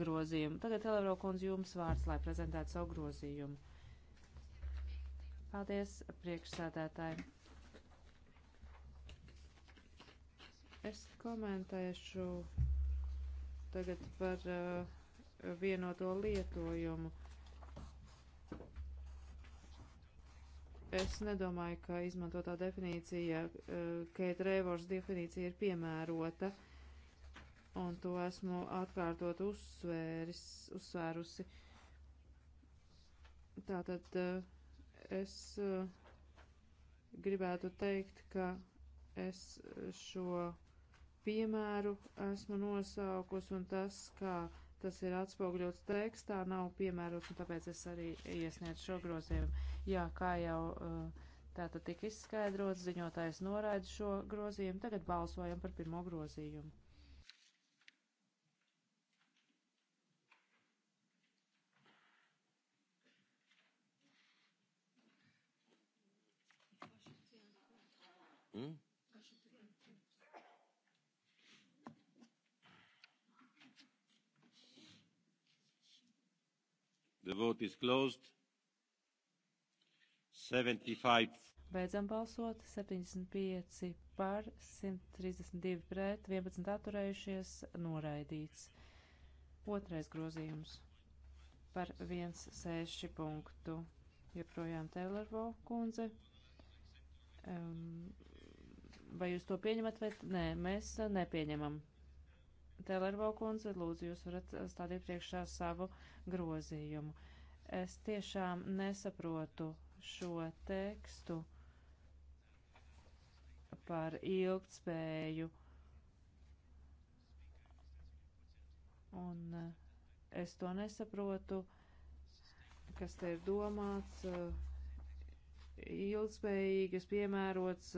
grozījumu. Tagad, Elevro kundze, jums vārds, lai prezentētu savu grozījumu. Paldies, priekšsādētāji. Es komentēšu tagad par. Uh, vienoto lietojumu. Es nedomāju, ka izmantotā definīcija, eh, Keita Reivors definīcija ir piemērota, un to esmu atkārtot uzsvēris, uzsvērusi. Tātad eh, es eh, gribētu teikt, ka es šo piemēru esmu nosaukus un tas, kā Tas ir atspoguļots tekstā, nav piemērots, un tāpēc es arī iesniedzu šo grozījumu. Jā, kā jau uh, tā tad tika izskaidrots, ziņotājs noraida šo grozījumu, tagad balsojam par pirmo grozījumu. Mm. The vote is closed. 75. Beidzam balsot. 75 par, 132 pret, 11 atturējušies, noraidīts. Otrais grozījums par 1,6 punktu. Joprojām Teilervo kundze. Um, vai jūs to pieņemat vai nē? Mēs uh, nepieņemam Telervo kundze, lūdzu, jūs varat eh, stādīt priekšā savu grozījumu. Es tiešām nesaprotu šo tekstu par ilgtspēju. Un eh, es to nesaprotu, kas te ir domāts eh, ilgspējīgas, piemērots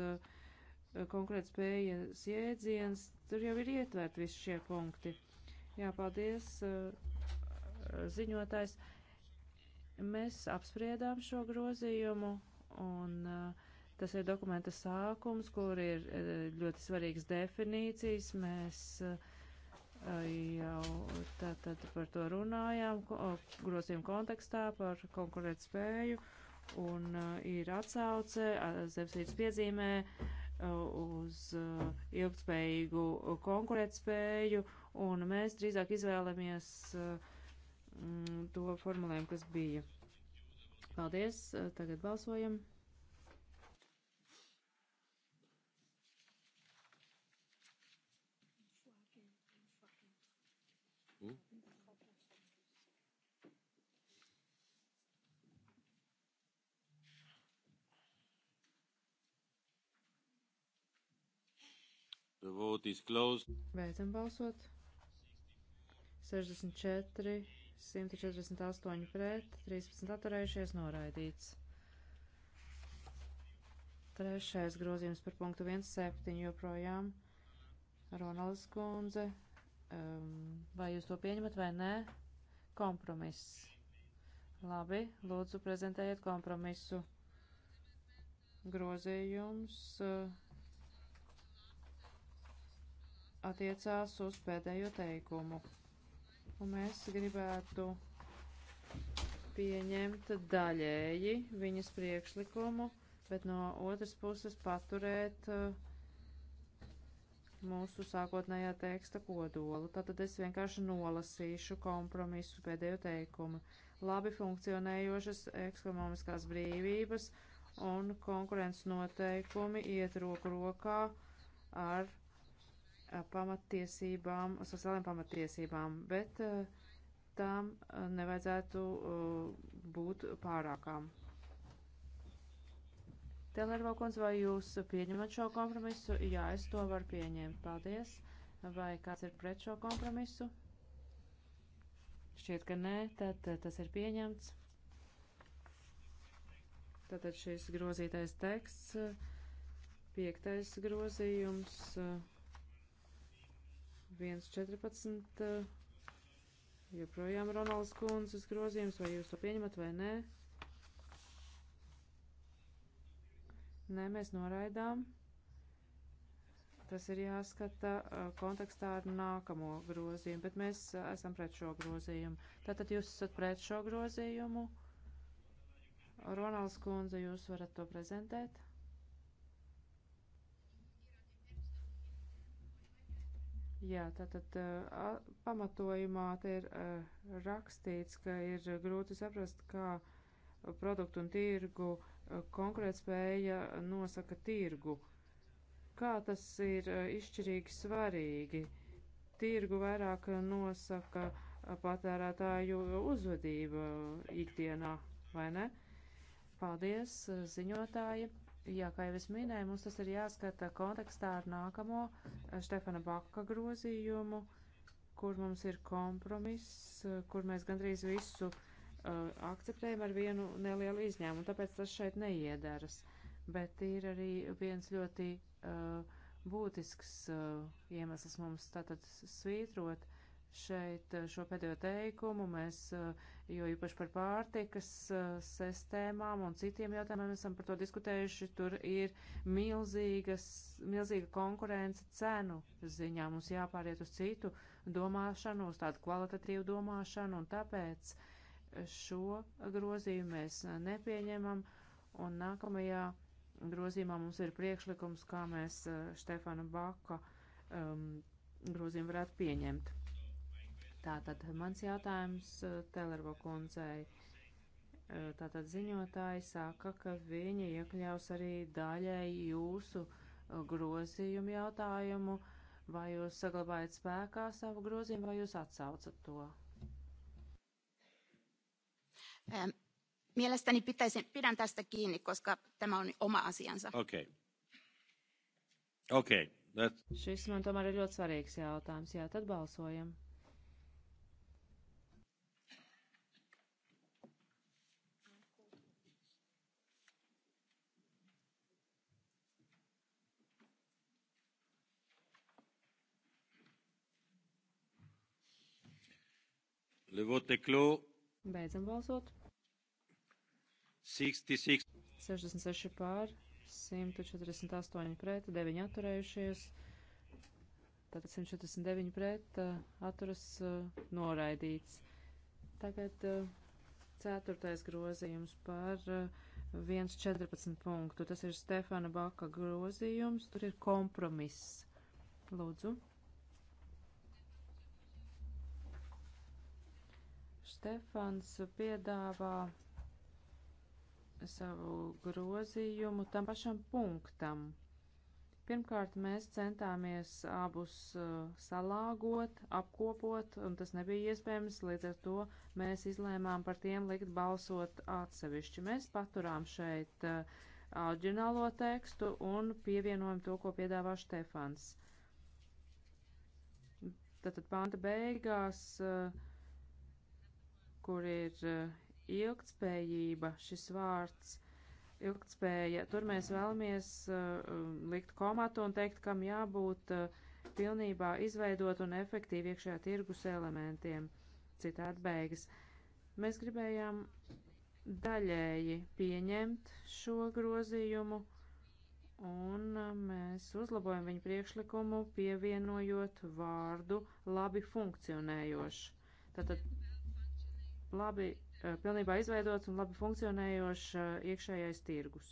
konkrēts spējas jēdziens, Tur jau ir ietverti visi šie punkti. Jā, paldies, uh, ziņotājs. Mēs apspriedām šo grozījumu, un uh, tas ir dokumenta sākums, kur ir uh, ļoti svarīgas definīcijas. Mēs jau tātad par to runājām, grozījumu kontekstā par konkurētspēju, un ir atsauce, zemesvītas piezīmē uz uh, ilgspējīgu konkurētspēju, un mēs drīzāk izvēlamies uh, mm, to formulējumu, kas bija. Paldies, uh, tagad balsojam. Vote is closed. Beidzam balsot. 64, 148 pret, 13 atturējušies, noraidīts. Trešais grozījums par punktu 1.7 joprojām. Ronalds Kunze, um, vai jūs to pieņemat vai nē? Kompromiss. Labi, lūdzu prezentējiet kompromisu. Grozījums. Uh, attiecās uz pēdējo teikumu. Un mēs gribētu pieņemt daļēji viņas priekšlikumu, bet no otras puses paturēt uh, mūsu sākotnējā teksta kodolu. Tātad es vienkārši nolasīšu kompromisu pēdējo teikumu. Labi funkcionējošas ekonomiskās brīvības un konkurences noteikumi iet roku rokā ar pamattiesībām, sociālajām pamattiesībām, bet tām nevajadzētu būt pārākām. Telervalkons, vai jūs pieņemat šo kompromisu? Jā, es to varu pieņemt. Paldies. Vai kāds ir pret šo kompromisu? Šķiet, ka nē, tad tas ir pieņemts. Tātad šis grozītais teksts, piektais grozījums. Uh, 1.14. Eh, joprojām Ronalds kundzes grozījums, vai jūs to pieņemat vai nē? Nē, mēs noraidām. Tas ir jāskata eh, kontekstā ar nākamo grozījumu, bet mēs eh, esam pret šo grozījumu. Tātad jūs esat pret šo grozījumu. Ronalds kundze, jūs varat to prezentēt? Jā, tātad uh, pamatojumā te ir uh, rakstīts, ka ir grūti saprast, kā produktu un tirgu uh, konkurētspēja nosaka tirgu. Kā tas ir uh, izšķirīgi svarīgi? Tirgu vairāk nosaka uh, patērētāju uzvedība ikdienā, vai ne? Paldies, ziņotāji! Jā, kā jau es minēju, mums tas ir jāskata kontekstā ar nākamo eh, Štefana Baka grozījumu, kur mums ir kompromiss, eh, kur mēs gandrīz visu uh, akceptējam ar vienu nelielu izņēmumu, tāpēc tas šeit neiedaras. Bet ir arī viens ļoti uh, būtisks uh, iemesls mums tātad svītrot šeit eh, šo pēdējo teikumu. Mēs, eh, jo īpaši par pārtikas eh, sistēmām un citiem jautājumiem esam par to diskutējuši, tur ir milzīgas, milzīga konkurence cenu ziņā. Mums jāpāriet uz citu domāšanu, uz tādu kvalitatīvu domāšanu, un tāpēc šo grozījumu mēs nepieņemam, un nākamajā grozījumā mums ir priekšlikums, kā mēs Štefana Baka um, grozījumu varētu pieņemt. Tātad mans jautājums eh, Telervo kundzei. Eh, tātad ziņotāji saka, ka viņi iekļaus arī daļēji jūsu eh, grozījumu jautājumu. Vai jūs saglabājat spēkā savu grozījumu, vai jūs atsaucat to? Ähm, mielestäni pitäisin, pidän tästä kiinni, koska tämä on oma asiansa. Okay. Okay, that... Šis man tomēr ir ļoti svarīgs jautājums. Jā, tad balsojam. Le vote est clos. Beidzam balsot. 66. 66 pār, 148 pret, 9 atturējušies. Tātad 149 pret, eh, atturas eh, noraidīts. Tagad eh, ceturtais grozījums par 1.14 punktu. Tas ir Stefana Baka grozījums. Tur ir kompromiss. Lūdzu. Stefans piedāvā savu grozījumu tam pašam punktam. Pirmkārt, mēs centāmies abus uh, salāgot, apkopot, un tas nebija iespējams, līdz ar to mēs izlēmām par tiem likt balsot atsevišķi. Mēs paturām šeit uh, oriģinālo tekstu un pievienojam to, ko piedāvā Štefans. Tātad panta beigās. Uh, kur ir eh, ilgtspējība, šis vārds ilgtspēja, tur mēs vēlamies eh, likt komatu un teikt, kam jābūt eh, pilnībā izveidot un efektīvi iekšējā tirgus elementiem. Citādi beigas. Mēs gribējām daļēji pieņemt šo grozījumu, un mēs uzlabojam viņu priekšlikumu, pievienojot vārdu labi funkcionējoši. Tātad labi eh, pilnībā izveidots un labi funkcionējošs eh, iekšējais tirgus.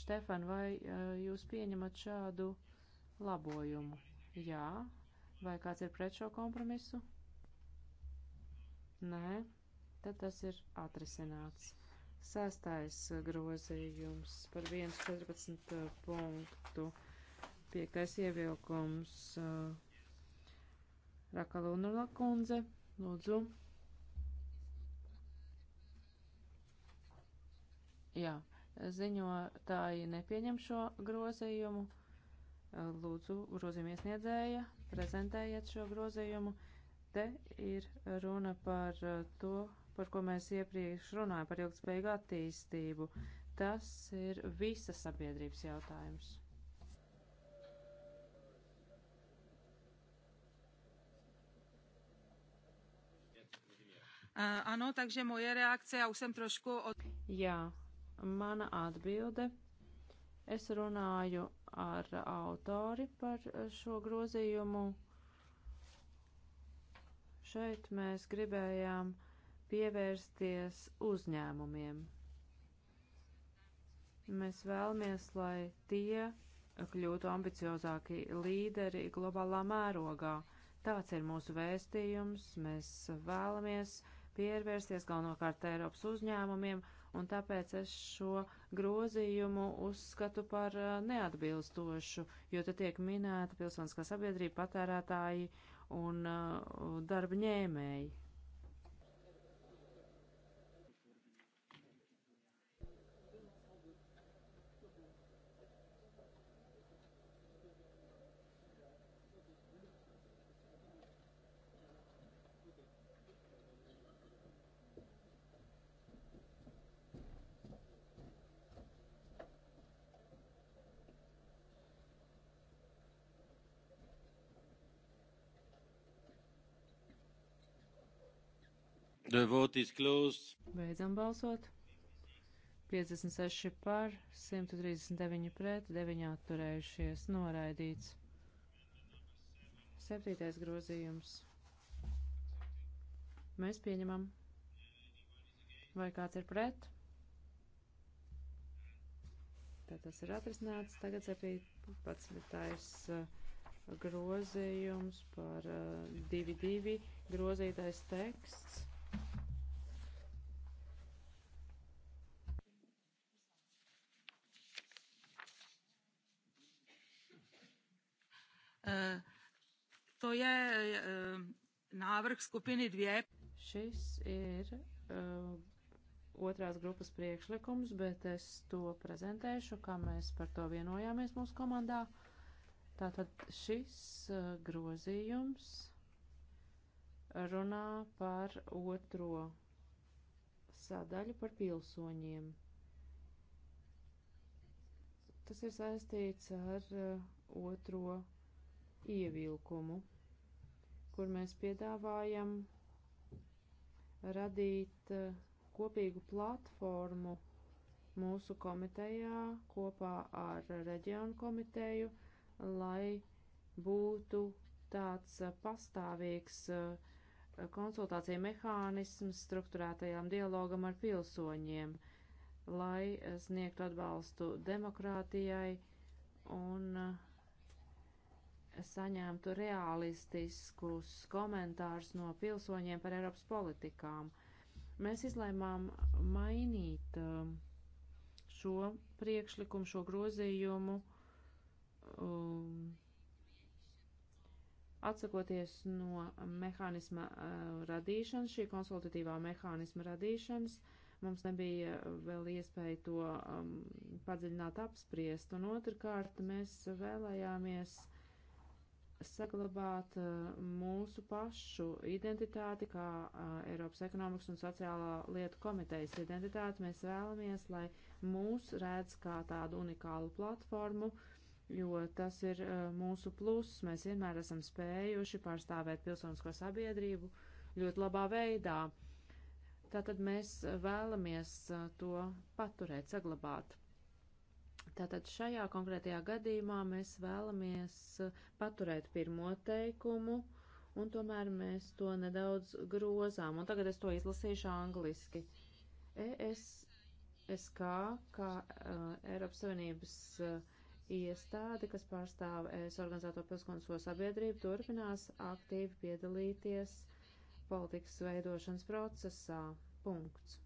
Štefan, vai eh, jūs pieņemat šādu labojumu? Jā. Vai kāds ir pret šo kompromisu? Nē. Tad tas ir atrisināts. Sestais grozījums par 1.14 punktu. Piektais ievilkums. Uh, Rakalūna kundze, lūdzu. Jā, ziņotāji nepieņem šo grozījumu. Lūdzu, grozījuma iesniedzēja, prezentējiet šo grozījumu. Te ir runa par uh, to, par ko mēs iepriekš runājam, par ilgspējīgu attīstību. Tas ir visas sabiedrības jautājums. E, ano, takže moje reakce, jau jsem trošku. Od... Jā, mana atbilde. Es runāju ar autori par šo grozījumu. Šeit mēs gribējām pievērsties uzņēmumiem. Mēs vēlamies, lai tie kļūtu ambiciozāki līderi globālā mērogā. Tāds ir mūsu vēstījums. Mēs vēlamies uh, pievērsties galvenokārt Eiropas uzņēmumiem, un tāpēc es šo grozījumu uzskatu par eh, neatbilstošu, jo te tiek minēta pilsoniskā sabiedrība, patērētāji un eh, darba ņēmēji. The vote is closed. Beidzam balsot. 56 par, 139 pret, 9 atturējušies, noraidīts. Septītais grozījums. Mēs pieņemam. Vai kāds ir pret? Tad tas ir atrisināts. Tagad 17. Uh, grozījums par 2.2. Uh, grozītais teksts. je eh, návrh skupiny dvě. Šis ir uh, otrās grupas priekšlikums, bet es to prezentēšu, kā mēs par to vienojāmies mūsu komandā. Tātad šis uh, grozījums runā par otro sadaļu par pilsoņiem. Tas ir saistīts ar uh, otro ievilkumu kur mēs piedāvājam radīt eh, kopīgu platformu mūsu komitejā kopā ar reģionu komiteju, lai būtu tāds eh, pastāvīgs eh, konsultācija mehānisms struktūrētajām dialogam ar pilsoņiem, lai sniegtu atbalstu demokrātijai un uh, saņemtu realistiskus komentārus no pilsoņiem par Eiropas politikām. Mēs izlēmām mainīt um, šo priekšlikumu, šo grozījumu, um, atsakoties no mehānisma uh, radīšanas, šī konsultatīvā mehānisma radīšanas. Mums nebija vēl iespēja to um, padziļināt apspriest, un otrkārt mēs vēlējāmies uh, saglabāt eh, mūsu pašu identitāti, kā eh, Eiropas ekonomikas un sociālā lietu komitejas identitāti. Mēs vēlamies, lai mūs redz kā tādu unikālu platformu, jo tas ir eh, mūsu pluss. Mēs vienmēr esam spējuši pārstāvēt pilsonisko sabiedrību ļoti labā veidā. Tātad mēs vēlamies to paturēt, saglabāt. Tātad šajā konkrētajā gadījumā mēs vēlamies uh, paturēt pirmo teikumu, un tomēr mēs to nedaudz grozām. Un tagad es to izlasīšu angliski. ESSK, kā uh, Eiropas Savienības uh, iestāde, kas pārstāv ES organizēto pilsonisko sabiedrību, turpinās aktīvi piedalīties politikas veidošanas procesā. Punkts.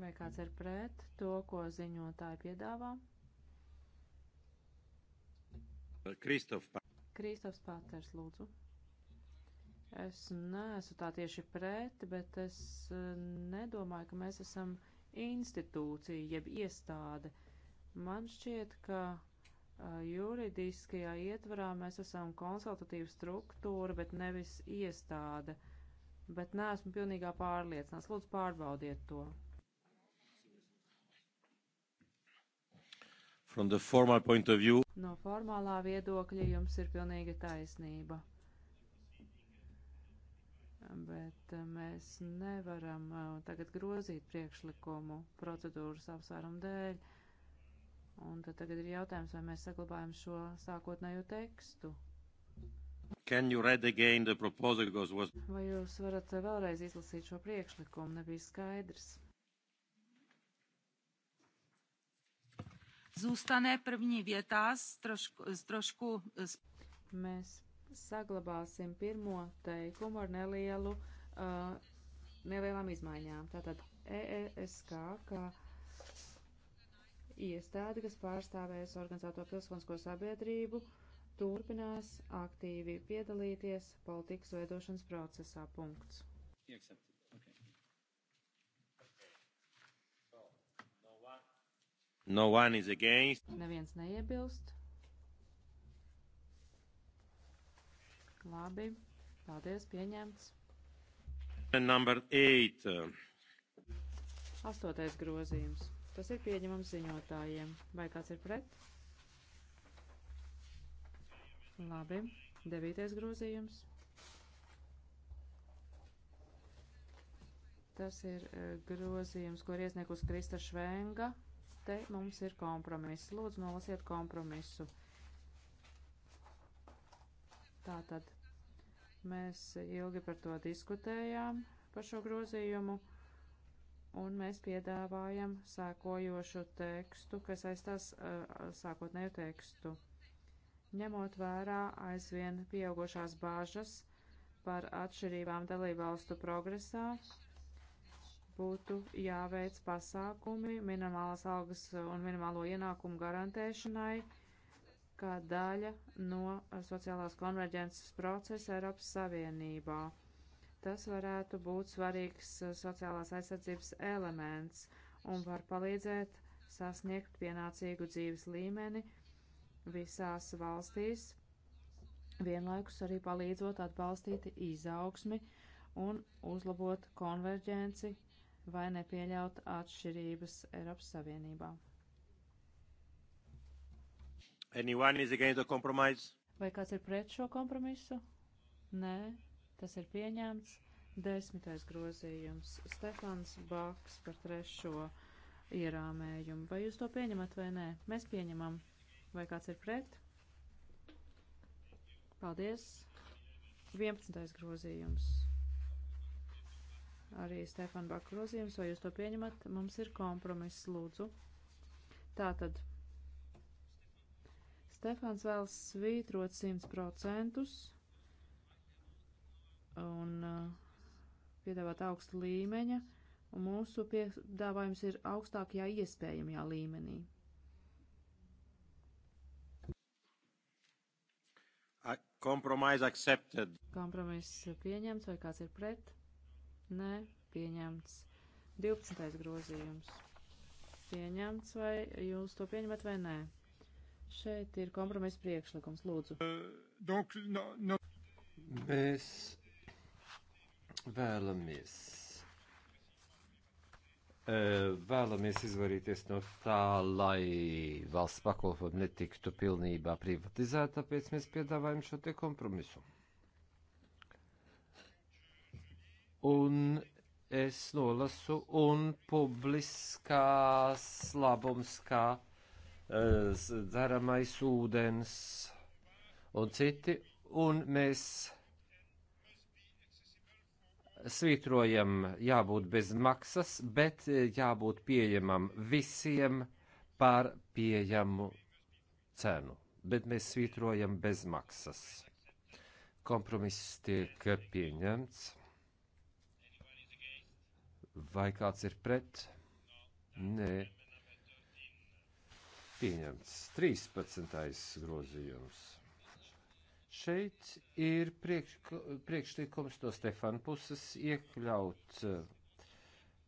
Vai kāds ir pret to, ko ziņotāji piedāvā? Kristof Kristofs Pāters, lūdzu. Es neesmu tā tieši pret, bet es eh, nedomāju, ka mēs esam institūcija, jeb iestāde. Man šķiet, ka eh, juridiskajā ietvarā mēs esam konsultatīva struktūra, bet nevis iestāde bet neesmu pilnīgā pārliecināts. Lūdzu, pārbaudiet to. View... No formālā viedokļa jums ir pilnīga taisnība. Bet eh, mēs nevaram eh, tagad grozīt priekšlikumu procedūras apsvērumu dēļ. Un tad tagad ir jautājums, vai mēs saglabājam šo sākotnējo tekstu. Was... Vai jūs varat vēlreiz izlasīt šo priekšlikumu? Nebija skaidrs. Zůstane první věta z trošku, z trošku... Mēs saglabāsim pirmo teikumu ar nelielu, uh, nelielām izmaiņām. Tātad EESK, kā iestāde, kas pārstāvēs organizēto pilsonisko sabiedrību, uh, turpinās aktīvi piedalīties politikas veidošanas procesā. Punkts. No one is against. Neviens neiebilst. Labi. Paldies, pieņemts. And number eight. Astotais grozījums. Tas ir pieņemams ziņotājiem. Vai kāds ir pret? Labi. Devītais grozījums. Tas ir e, grozījums, ko ir iesniegus Krista Švenga. Te mums ir kompromiss. Lūdzu, nolasiet kompromisu. Tātad mēs ilgi par to diskutējām, par šo grozījumu, un mēs piedāvājam sēkojošu tekstu, kas aizstās uh, e, sākotnēju tekstu ņemot vērā aizvien pieaugušās bāžas par atšķirībām dalībvalstu progresā, būtu jāveic pasākumi minimālās algas un minimālo ienākumu garantēšanai, kā daļa no sociālās konverģences procesa Eiropas Savienībā. Tas varētu būt svarīgs sociālās aizsardzības elements un var palīdzēt sasniegt pienācīgu dzīves līmeni, visās valstīs, vienlaikus arī palīdzot atbalstīt izaugsmi un uzlabot konverģenci vai nepieļaut atšķirības Eiropas Savienībā. Vai kāds ir pret šo kompromisu? Nē, tas ir pieņemts. Desmitais grozījums. Stefans Baks par trešo ierāmējumu. Vai jūs to pieņemat vai nē? Mēs pieņemam. Vai kāds ir pret? Paldies. 11. grozījums. Arī Stefan Baku grozījums, vai jūs to pieņemat? Mums ir kompromiss, lūdzu. Tātad. Stefans vēlas svītrot 100% un uh, piedāvāt augstu līmeņa, un mūsu piedāvājums ir augstākajā iespējamajā līmenī. Compromise accepted. Kompromiss pieņemts vai kāds ir pret? Nē, pieņemts. 12. grozījums. Pieņemts vai jūs to pieņemat vai nē? Šeit ir kompromiss priekšlikums, lūdzu. Uh, donc, no, no. Mēs vēlamies vēlamies izvairīties no tā, lai valsts pakalpojumi netiktu pilnībā privatizēti, tāpēc mēs piedāvājam šo te kompromisu. Un es nolasu un publiskās labums kā dzeramais ūdens un citi, un mēs svītrojam jābūt bez maksas, bet eh, jābūt pieejamam visiem par pieejamu cenu. Bet mēs svītrojam bez maksas. Kompromiss tiek pieņemts. Vai kāds ir pret? Nē. Pieņemts 13. grozījums. Šeit ir priekš, priekšlikums no Stefana puses iekļaut eh,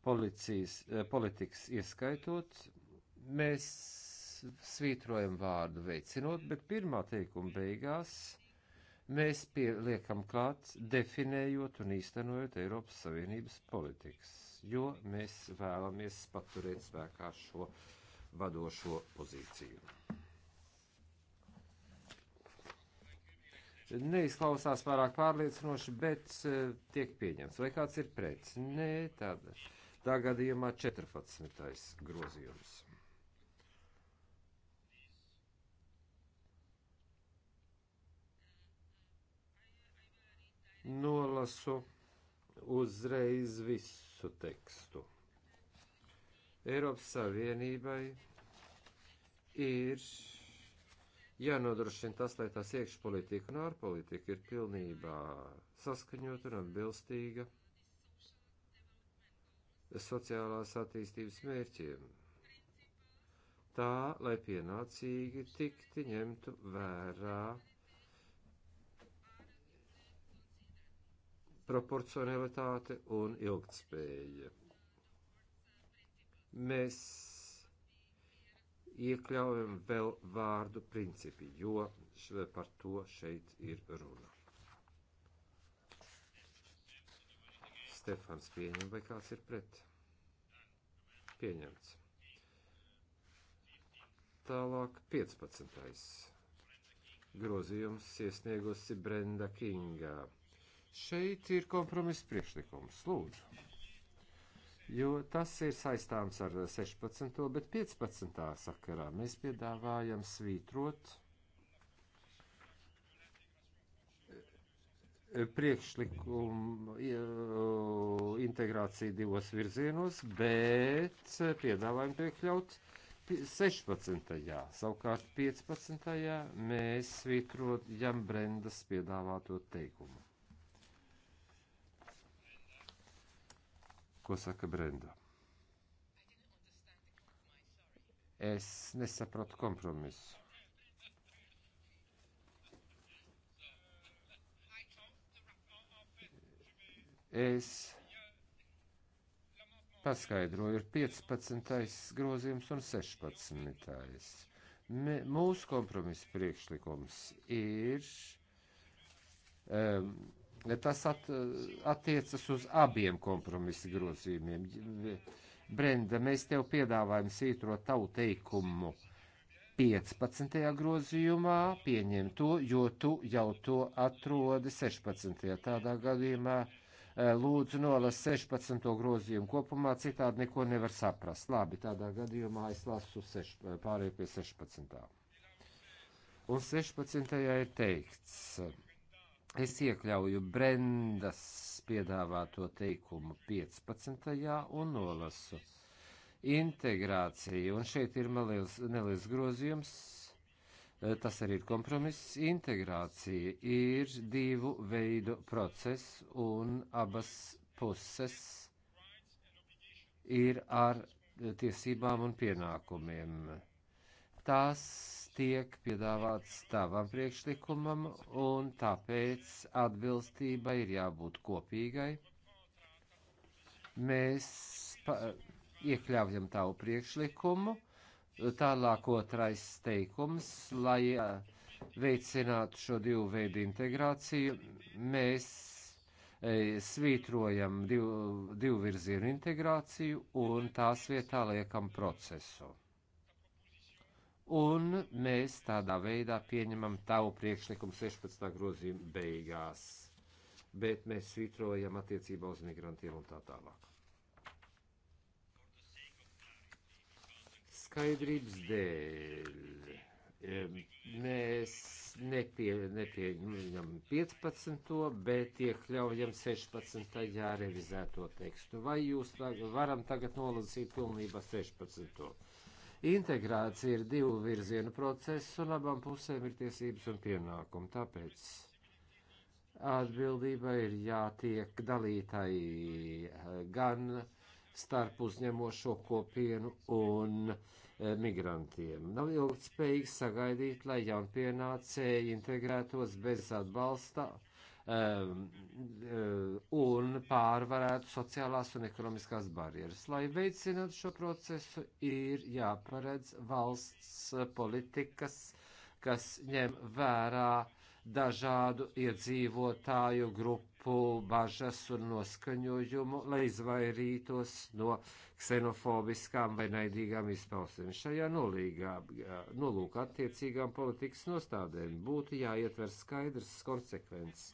policijas, eh, politikas ieskaitot. Mēs svītrojam vārdu veicinot, bet pirmā teikuma beigās mēs pieliekam klāt, definējot un īstenojot Eiropas Savienības politikas, jo mēs vēlamies paturēt spēkā šo vadošo pozīciju. neizklausās pārāk pārliecinoši, bet eh, tiek pieņemts. Vai kāds ir pret? Nē, tāda. Tā gadījumā 14. grozījums. Nolasu uzreiz visu tekstu. Eiropas Savienībai ir jānodrošina tas, lai tās iekšpolitika un ārpolitika ir pilnībā saskaņot un atbilstīga sociālās attīstības mērķiem tā, lai pienācīgi tikti ņemtu vērā proporcionalitāte un ilgtspēja. Mēs iekļaujam vēl vārdu principi, jo par to šeit ir runa. Stefans pieņem, vai kāds ir pret? Pieņemts. Tālāk 15. grozījums iesniegusi Brenda Kingā. Šeit ir kompromiss priekšlikums. Lūdzu! jo tas ir saistāms ar 16. bet 15. sakarā mēs piedāvājam svītrot eh, priekšlikumu eh, integrāciju divos virzienos, bet piedāvājam piekļaut 16. Savukārt 15. mēs svītrojam Brendas piedāvāto teikumu. ko saka Brenda. Es nesapratu kompromisu. Es paskaidroju, ir 15. grozījums un 16. Me, mūsu kompromisa priekšlikums ir um, Tas at, attiecas uz abiem kompromisa grozījumiem. Brenda, mēs tev piedāvājam svītro tavu teikumu 15. grozījumā, pieņem to, jo tu jau to atrodi 16. tādā gadījumā. E, lūdzu, nolas 16. grozījumu kopumā, citādi neko nevar saprast. Labi, tādā gadījumā es lasu seš, e, pārēju pie 16. Un 16. ir teikts Es iekļauju Brendas piedāvāto teikumu 15. un nolasu integrācija, un šeit ir neliels, neliels grozījums, eh, tas arī ir kompromiss. Integrācija ir divu veidu process, un abas puses ir ar tiesībām un pienākumiem. Tās tiek piedāvāts tavam priekšlikumam, un tāpēc atbilstībai ir jābūt kopīgai. Mēs pa, iekļaujam tavu priekšlikumu, tālāk otrais teikums, lai veicinātu šo divu veidu integrāciju, mēs e, svītrojam divu, divu virzienu integrāciju un tās vietā liekam procesu un mēs tādā veidā pieņemam tavu priekšlikumu 16. grozījuma beigās, bet mēs svitrojam attiecībā uz migrantiem un tā tālāk. Skaidrības dēļ mēs nepie, nepieņemam 15. bet iekļaujam 16. revizēto tekstu. Vai jūs varam tagad nolasīt pilnībā 16. Integrācija ir divu virzienu process, un abām pusēm ir tiesības un pienākumi. Tāpēc atbildība ir jātiek dalītai eh, gan starp uzņemošo kopienu un eh, migrantiem. Nav ilgtspējīgi sagaidīt, lai jaunpienācēji integrētos bez atbalsta Um, um, un pārvarētu sociālās un ekonomiskās barjeras. Lai veicinātu šo procesu, ir jāparedz valsts politikas, kas ņem vērā dažādu iedzīvotāju grupu bažas un noskaņojumu, lai izvairītos no ksenofobiskām vai naidīgām izpausmēm. Šajā nolīgā, nolūkā attiecīgām politikas nostādēm būtu jāietver skaidrs konsekvences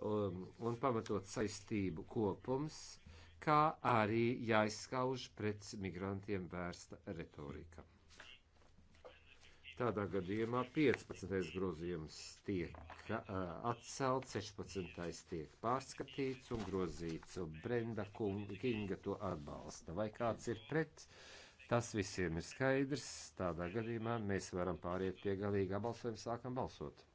un, um, un pamatot saistību kopums, kā arī jāizskauž pret migrantiem vērsta retorika. Tādā gadījumā 15. grozījums tiek uh, atcelt, 16. tiek pārskatīts un grozīts, un Brenda Kinga to atbalsta. Vai kāds ir pret? Tas visiem ir skaidrs. Tādā gadījumā mēs varam pāriet pie galīgā balsojuma, sākam balsot.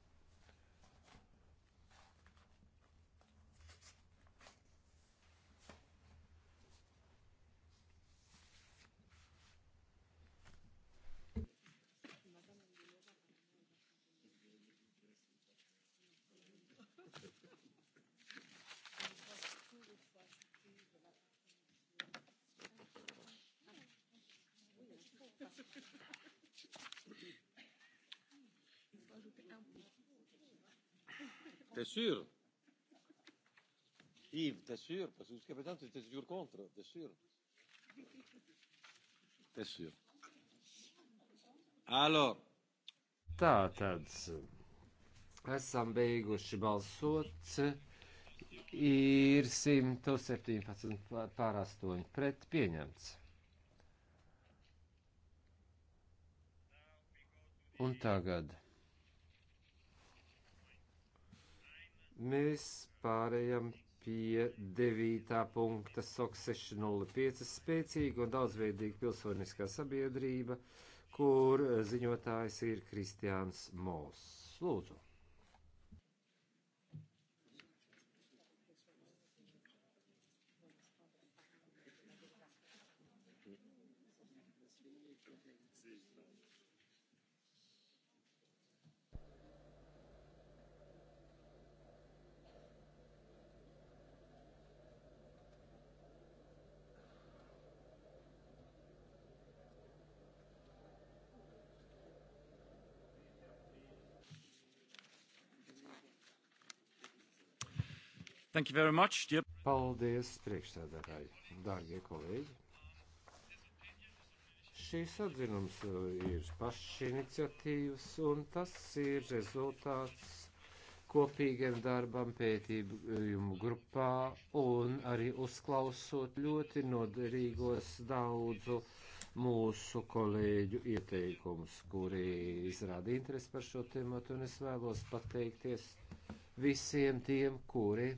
sûr, parce que jusqu'à présent, tu étais toujours contre, t'es sûr. T'es sûr. Alors. Tā tad esam beiguši balsot. Ir 117 pār 8 pret pieņemts. Un tagad mēs pārējām pie 9. punkta SOC 605 spēcīga un daudzveidīga pilsoniskā sabiedrība, kur ziņotājs ir Kristiāns Mos. Lūdzu. Thank you very much. Dear... Paldies, priekšsēdētāji, dārgie kolēģi. Šīs atzinums uh, ir pašiniciatīvas, un tas ir rezultāts kopīgiem darbam pētījumu grupā un arī uzklausot ļoti noderīgos daudzu mūsu kolēģu ieteikumus, kuri izrāda interesi par šo tematu, un es vēlos pateikties visiem tiem, kuri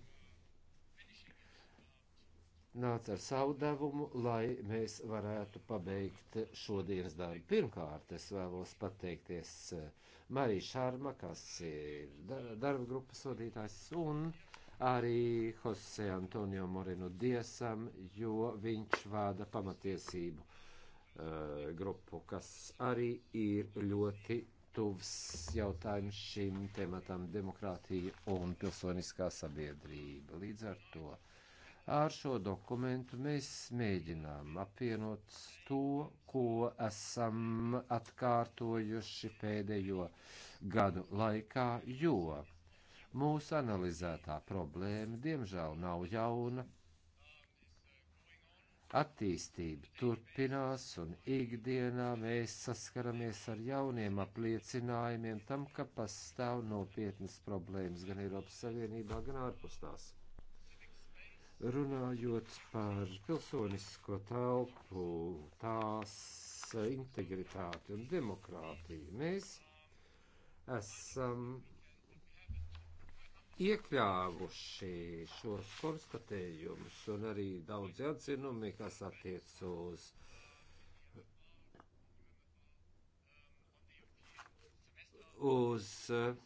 nāca ar savu devumu, lai mēs varētu pabeigt šodienas darbu. Pirmkārt, es vēlos pateikties eh, Marija Šarma, kas ir darba grupas vadītājs, un arī Jose Antonio Moreno Diesam, jo viņš vada pamatiesību uh, grupu, kas arī ir ļoti tuvs jautājums šim tematam - demokrātija un pilsoniskā sabiedrība. Līdz ar to Ar šo dokumentu mēs mēģinām apvienot to, ko esam atkārtojuši pēdējo gadu laikā, jo mūsu analizētā problēma, diemžēl, nav jauna. Attīstība turpinās, un ikdienā mēs saskaramies ar jauniem apliecinājumiem tam, ka pastāv nopietnas problēmas gan Eiropas Savienībā, gan ārpus tās. Runājot par pilsonisko telpu, tās integritāti un demokrātiju, mēs esam iekļāvuši šos konstatējumus un arī daudzi atzinumi, kas attiec uz uz eh,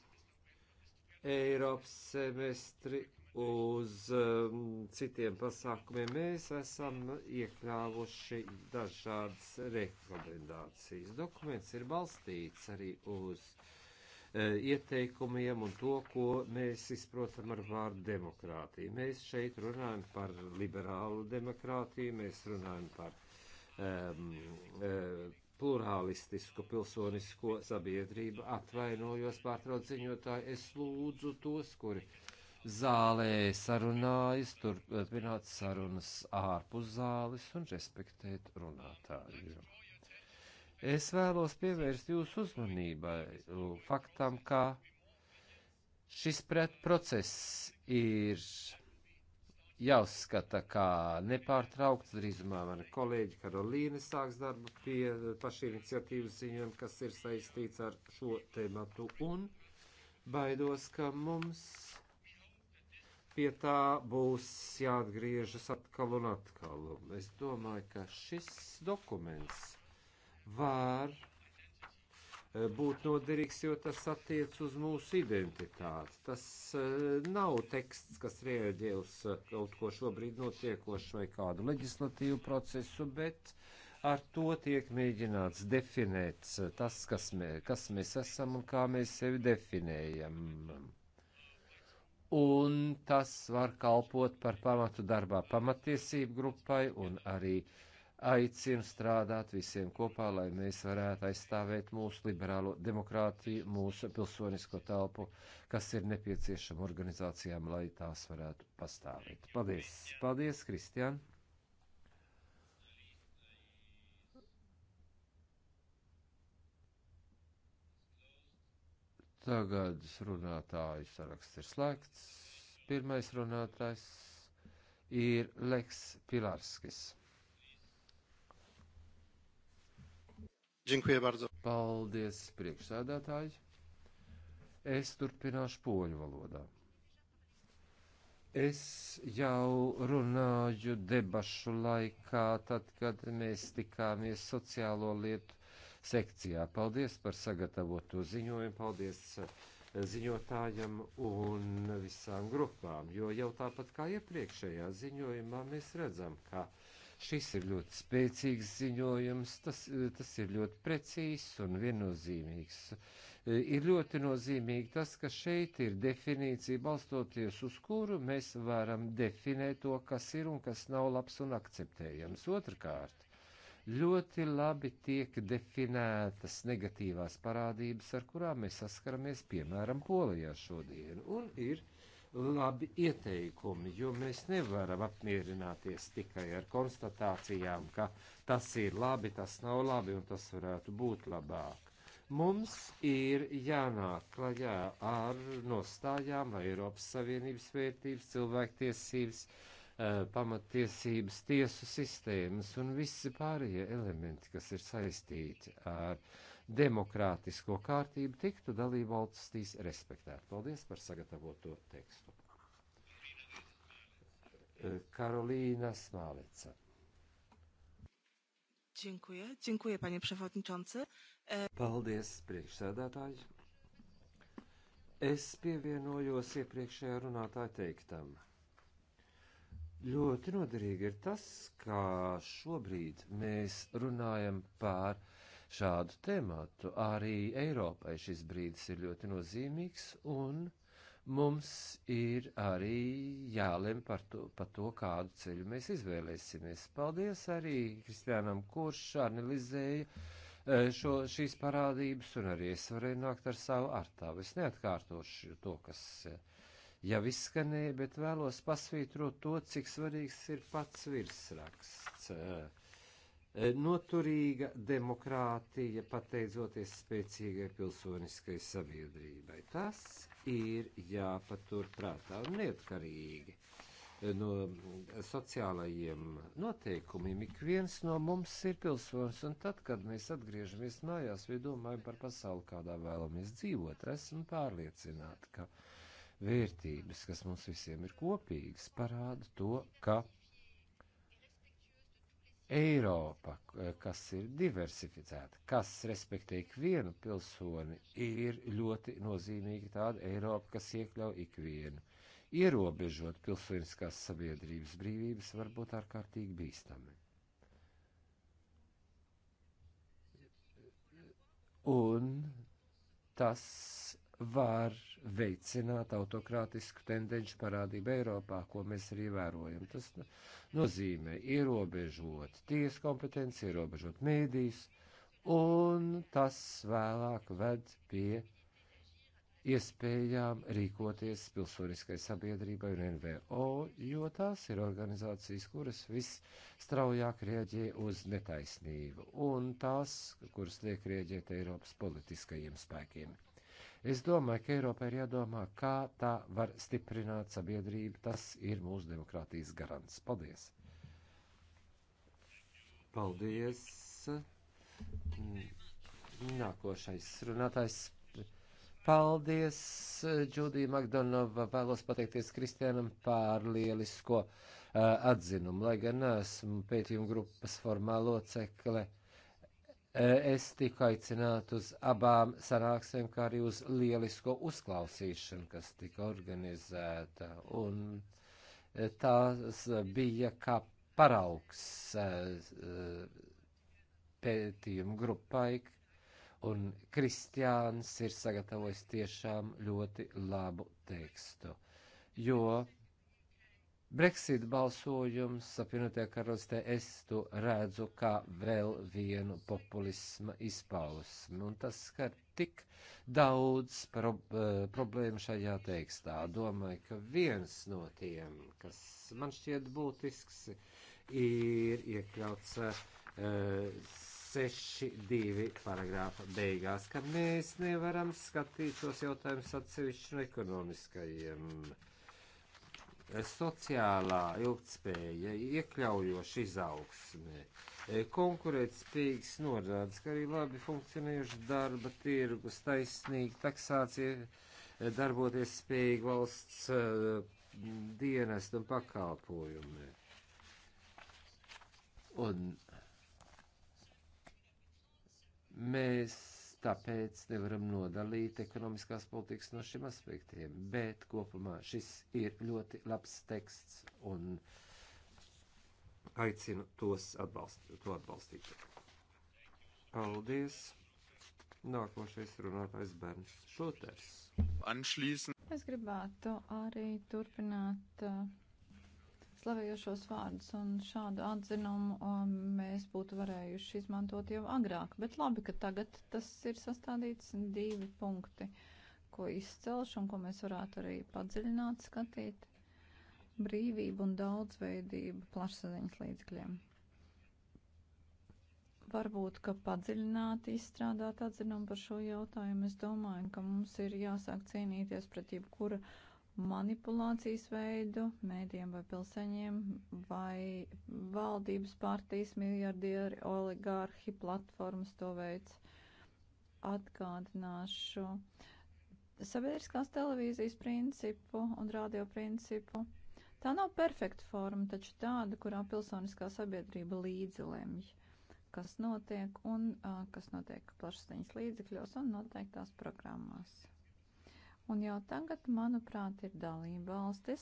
Eiropas semestri uz um, citiem pasākumiem, mēs esam iekļāvuši dažādas rekomendācijas. Dokuments ir balstīts arī uz uh, ieteikumiem un to, ko mēs izprotam ar vārdu demokrātija. Mēs šeit runājam par liberālu demokrātiju, mēs runājam par um, uh, plurālistisku pilsonisko sabiedrību. Atvainojos pārtrauciņotāji, es lūdzu tos, kuri uh, zālē sarunājas, turpināt sarunas ārpus zāles un respektēt runātāju. Es vēlos pievērst jūsu uzmanībai faktam, ka šis pretprocess ir jāuzskata kā nepārtraukts. Drīzumā mana kolēģi Karolīna sāks darbu pie pašiniciatīvas ziņojuma, kas ir saistīts ar šo tematu, un baidos, ka mums pie tā būs jāatgriežas atkal un atkal. Es domāju, ka šis dokuments var eh, būt noderīgs, jo tas attiec uz mūsu identitāti. Tas eh, nav teksts, kas rēģē uz eh, kaut ko šobrīd notiekošu vai kādu leģislatīvu procesu, bet ar to tiek mēģināts definēt tas, kas, mē, kas mēs esam un kā mēs sevi definējam un tas var kalpot par pamatu darbā pamatiesību grupai un arī aicinu strādāt visiem kopā, lai mēs varētu aizstāvēt mūsu liberālo demokrātiju, mūsu pilsonisko telpu, kas ir nepieciešama organizācijām, lai tās varētu pastāvēt. Paldies! Paldies, Kristian! Tagad runātāju saraksts ir slēgts. Pirmais runātājs ir Leks Pilārskis. Dziękuję bardzo. Paldies, priekšsēdētāji. Es turpināšu poļu valodā. Es jau runāju debašu laikā, tad, kad mēs tikāmies sociālo lietu sekcijā. Paldies par sagatavoto ziņojumu, paldies eh, ziņotājam un visām grupām, jo jau tāpat kā iepriekšējā ziņojumā mēs redzam, ka šis ir ļoti spēcīgs ziņojums, tas, eh, tas ir ļoti precīzs un viennozīmīgs. Eh, ir ļoti nozīmīgi tas, ka šeit ir definīcija balstoties uz kuru mēs varam definēt to, kas ir un kas nav labs un akceptējams. Otrkārt, ļoti labi tiek definētas negatīvās parādības, ar kurām mēs saskaramies, piemēram, Polijā šodien. Un ir labi ieteikumi, jo mēs nevaram apmierināties tikai ar konstatācijām, ka tas ir labi, tas nav labi un tas varētu būt labāk. Mums ir jānāk klajā ar nostājām, lai Eiropas Savienības vērtības, cilvēktiesības, uh, Eh, pamatiesības tiesu sistēmas un visi pārējie elementi, kas ir saistīti ar demokrātisko kārtību, tiktu dalību valstīs respektēt. Paldies par sagatavoto tekstu. Eh, Karolīna Smāleca. Dziękuję, dziękuję panie przewodniczący. Eh, Paldies, priekšsēdētāji. Es pievienojos iepriekšējā runātāja teiktam. Ļoti noderīgi ir tas, kā šobrīd mēs runājam pār šādu tēmātu. Arī Eiropai šis brīdis ir ļoti nozīmīgs, un mums ir arī jālem par to, par to kādu ceļu mēs izvēlēsimies. Paldies arī Kristiānam, kurš analizēja e, šo, šīs parādības, un arī es varēju nākt ar savu artāvu. Es neatkārtošu to, kas. Uh, jau izskanēja, bet vēlos pasvītrot to, cik svarīgs ir pats virsraksts. E, noturīga demokrātija, pateicoties spēcīgai pilsoniskai sabiedrībai. Tas ir jāpatur prātā un neatkarīgi e, no sociālajiem noteikumiem. Ik viens no mums ir pilsonis, un tad, kad mēs atgriežamies mājās, vai domājam par pasauli, kādā vēlamies dzīvot, esmu pārliecināta, ka vērtības, kas mums visiem ir kopīgas, parāda to, ka Eiropa, eh, kas ir diversificēta, kas respektē ikvienu pilsoni, ir ļoti nozīmīga tāda Eiropa, kas iekļauj ikvienu. Ierobežot pilsoniskās sabiedrības brīvības var būt ārkārtīgi bīstami. Un tas var veicināt autokrātisku tendenci parādību Eiropā, ko mēs arī vērojam. Tas nozīmē ierobežot tiesu kompetenci, ierobežot mēdīs, un tas vēlāk ved pie iespējām rīkoties pilsoniskai sabiedrībai un NVO, jo tās ir organizācijas, kuras visstraujāk rieģē uz netaisnību un tās, kuras liek rieģēt Eiropas politiskajiem spēkiem. Es domāju, ka Eiropai ir jādomā, kā tā var stiprināt sabiedrību. Tas ir mūsu demokrātijas garants. Paldies! Paldies! Nākošais runātājs. Paldies, Džudija Makdonova. Vēlos pateikties Kristianam par lielisko uh, atzinumu, lai gan esmu pētījuma grupas formā locekle. Uh, Es tiku aicināts uz abām sanāksmēm, kā arī uz lielisko uzklausīšanu, kas tika organizēta. Un e, tās bija kā paraugs e, e, pētījumu grupai, un Kristiāns ir sagatavojis tiešām ļoti labu tekstu, jo Brexit balsojums apvienotajā karalistē es to redzu kā vēl vienu populisma izpausmi, un tas skar tik daudz pro, eh, problēmu šajā tekstā. Domāju, ka viens no tiem, kas man šķiet būtisks, ir iekļauts uh, eh, 6.2. paragrāfa beigās, ka mēs nevaram skatīt šos jautājumus atsevišķi no ekonomiskajiem. Uh, sociālā ilgtspēja, iekļaujoša izaugsme, e, konkurētspējīgs norādes, ka arī labi funkcionējuši darba tirgus, taisnīgi taksācija, e, darboties spējīgi valsts e, dienestu un pakalpojumi. Un mēs tāpēc nevaram nodalīt ekonomiskās politikas no šiem aspektiem. Bet kopumā šis ir ļoti labs teksts un aicinu tos atbalst, to atbalstīt. Paldies! Nākošais runātājs bērns Šuters. Es gribētu arī turpināt uh, slavējošos vārdus, un šādu atzinumu um, mēs būtu varējuši izmantot jau agrāk. Bet labi, ka tagad tas ir sastādīts divi punkti, ko izcelšu un ko mēs varētu arī padziļināt, skatīt brīvību un daudzveidību plašsaziņas līdzekļiem. Varbūt, ka padziļināti izstrādāt atzinumu par šo jautājumu, es domāju, ka mums ir jāsāk cīnīties pret jebkura. Ja manipulācijas veidu mēdiem vai pilsēņiem vai valdības partijas miljardieri, oligārhi, platformas to veids. Atgādināšu sabiedriskās televīzijas principu un radio principu. Tā nav perfekta forma, taču tāda, kurā pilsoniskā sabiedrība līdzlemj, kas notiek un uh, kas notiek plašsaziņas līdzekļos un noteiktās programmās. Un jau tagad, manuprāt, ir dalība valstis,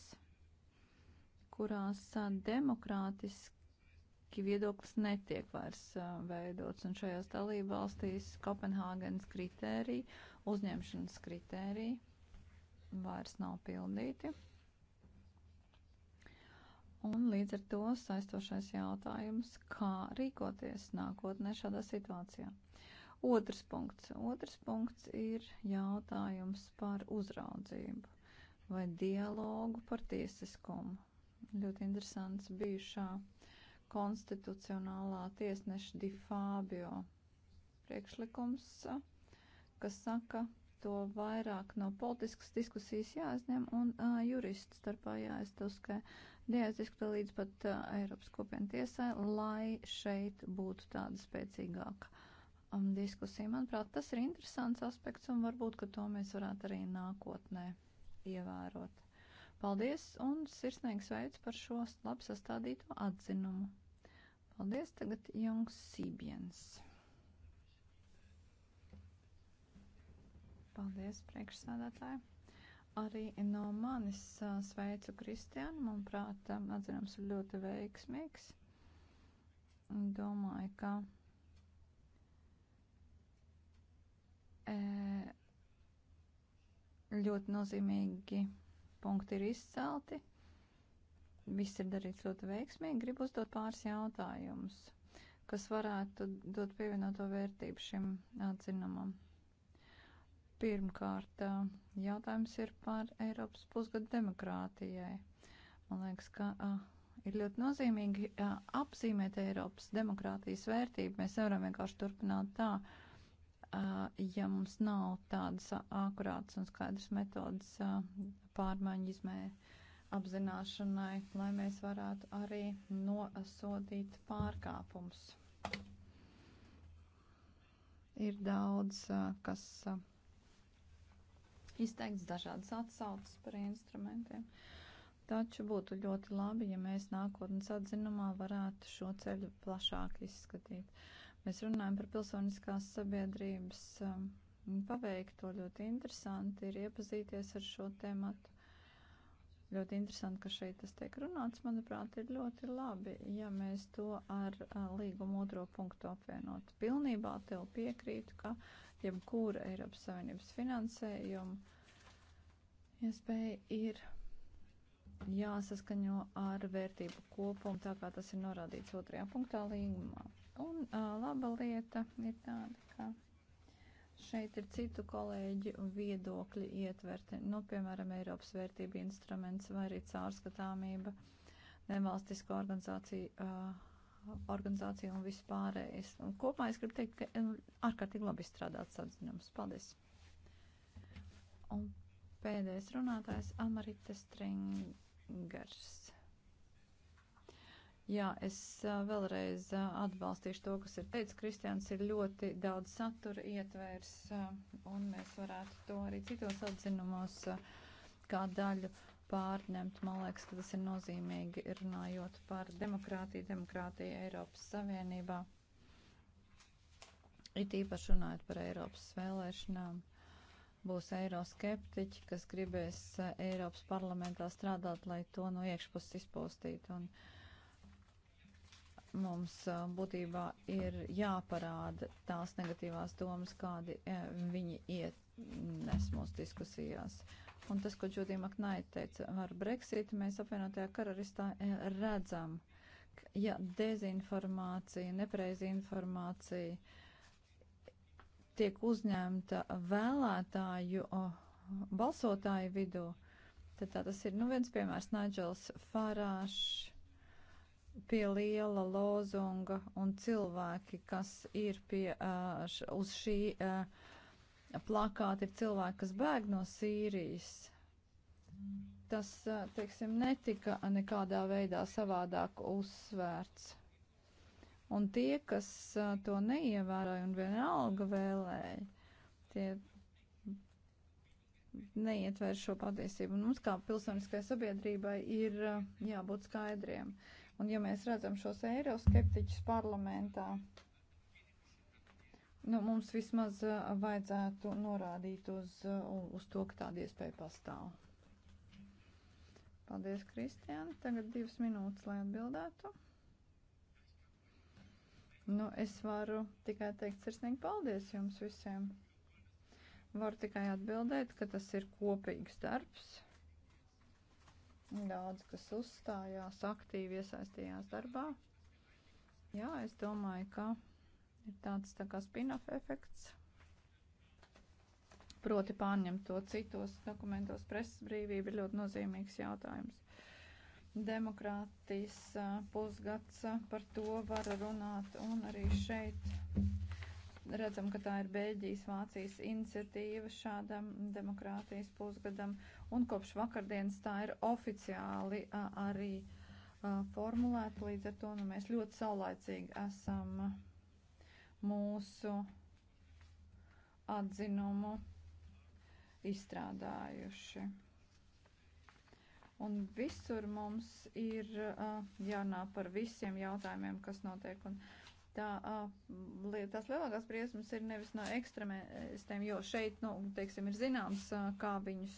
kurās demokrātiski viedoklis netiek vairs veidots. Un šajās dalība valstīs Kopenhāgenes kritērija, uzņemšanas kritērija vairs nav pildīti. Un līdz ar to saistošais jautājums, kā rīkoties nākotnē šādā situācijā. Otrs punkts. Otrs punkts ir jautājums par uzraudzību vai dialogu par tiesiskumu. Ļoti interesants bijušā konstitucionālā tiesneša Difābio priekšlikums, kas saka, to vairāk no politiskas diskusijas jāizņem un uh, juristu starpā jāizturas, ka jāizdiskutē līdz pat uh, Eiropas kopienu tiesai, lai šeit būtu tāda spēcīgāka uh, um, diskusiju. Manuprāt, tas ir interesants aspekts un varbūt, ka to mēs varētu arī nākotnē ievērot. Paldies un sirsnīgs veids par šo labi sastādīto atzinumu. Paldies tagad Jungs Sībiens. Paldies, priekšsādātāji. Arī no manis sveicu Kristiānu. Manuprāt, atzinums ir ļoti veiksmīgs. Domāju, ka ļoti nozīmīgi punkti ir izcelti. Viss ir darīts ļoti veiksmīgi. Gribu uzdot pāris jautājumus, kas varētu dot pievienoto vērtību šim atzinumam. Pirmkārt, jautājums ir par Eiropas pusgadu demokrātijai. Man liekas, ka uh, ir ļoti nozīmīgi uh, apzīmēt Eiropas demokrātijas vērtību. Mēs nevaram vienkārši turpināt tā, uh, ja mums nav tādas akurātas un skaidras metodas pārmaiņu izmēra apzināšanai, lai mēs varētu arī nosodīt pārkāpums. Ir daudz, kas izteikts dažādas atsauces par instrumentiem. Taču būtu ļoti labi, ja mēs nākotnes atzinumā varētu šo ceļu plašāk izskatīt. Uh, Mēs runājam par pilsoniskās sabiedrības um, paveikto. Ļoti interesanti ir iepazīties ar šo tematu. Ļoti interesanti, ka šeit tas tiek runāts, manuprāt, ir ļoti labi, ja mēs to ar uh, līgumu otro punktu apvienot. Pilnībā tev piekrītu, ka jebkura Eiropas Savienības finansējuma iespēja ir jāsaskaņo ar vērtību kopumu, tā kā tas ir norādīts otrajā punktā līgumā. Un uh, laba lieta ir tāda, ka šeit ir citu kolēģu viedokļi ietverti, nu, piemēram, Eiropas vērtība instruments vai arī caurskatāmība, nevalstisko organizāciju. Uh, organizācija un vispārējais. Un kopumā es gribu teikt, ka ārkārtīgi labi izstrādāts atzinums. Paldies! Un pēdējais runātājs Amarita Stringers. Jā, es vēlreiz atbalstīšu to, kas ir teicis. Kristians ir ļoti daudz satura ietvērs, un mēs varētu to arī citos atzinumos kā daļu pārņemt. Man liekas, ka tas ir nozīmīgi runājot par demokrātiju, demokrātiju Eiropas Savienībā. It īpaši runājot par Eiropas vēlēšanām būs eiroskeptiķi, kas gribēs Eiropas parlamentā strādāt, lai to no iekšpuses izpostītu. Un mums būtībā ir jāparāda tās negatīvās domas, kādi viņi ietnes mūsu diskusijās. Un tas, ko Džudija Maknaita teica ar Brexit, mēs apvienotajā karalistā redzam, ka ja dezinformācija, nepareiza informācija tiek uzņemta vēlētāju balsotāju vidū, tad tā tas ir, nu, viens piemērs, Nigels Farāšs pie liela lozunga un cilvēki, kas ir pie, uh, š, uz šī uh, plakāta, ir cilvēki, kas bēg no Sīrijas. Tas, uh, teiksim, netika nekādā veidā savādāk uzsvērts. Un tie, kas uh, to neievēroja un vienalga vēlēja, tie neietver šo patiesību. Un mums kā pilsoniskai sabiedrībai ir jābūt skaidriem. Uh, Un ja mēs redzam šos eiroskeptiķus parlamentā, nu, mums vismaz eh, vajadzētu norādīt uz, eh, uz to, ka tāda iespēja pastāv. Paldies, Kristiāna. Tagad divas minūtes, lai atbildētu. Nu, es varu tikai teikt sirsnīgi paldies jums visiem. Varu tikai atbildēt, ka tas ir kopīgs darbs. Daudz, kas uzstājās, aktīvi iesaistījās darbā. Jā, es domāju, ka ir tāds tā kā spin-off efekts. Proti pārņemt to citos dokumentos. Preses brīvība ir ļoti nozīmīgs jautājums. Demokrātijas eh, pusgads eh, par to var runāt un arī šeit redzam, ka tā ir Bēļģijas, Vācijas iniciatīva šādam demokrātijas pusgadam, un kopš vakardienas tā ir oficiāli arī formulēta, līdz ar to nu, mēs ļoti saulaicīgi esam mūsu atzinumu izstrādājuši. Un visur mums ir uh, jārunā par visiem jautājumiem, kas notiek. Un, uh, tā, tās lielākās briesmas ir nevis no ekstremistiem, jo šeit, nu, teiksim, ir zināms, kā viņus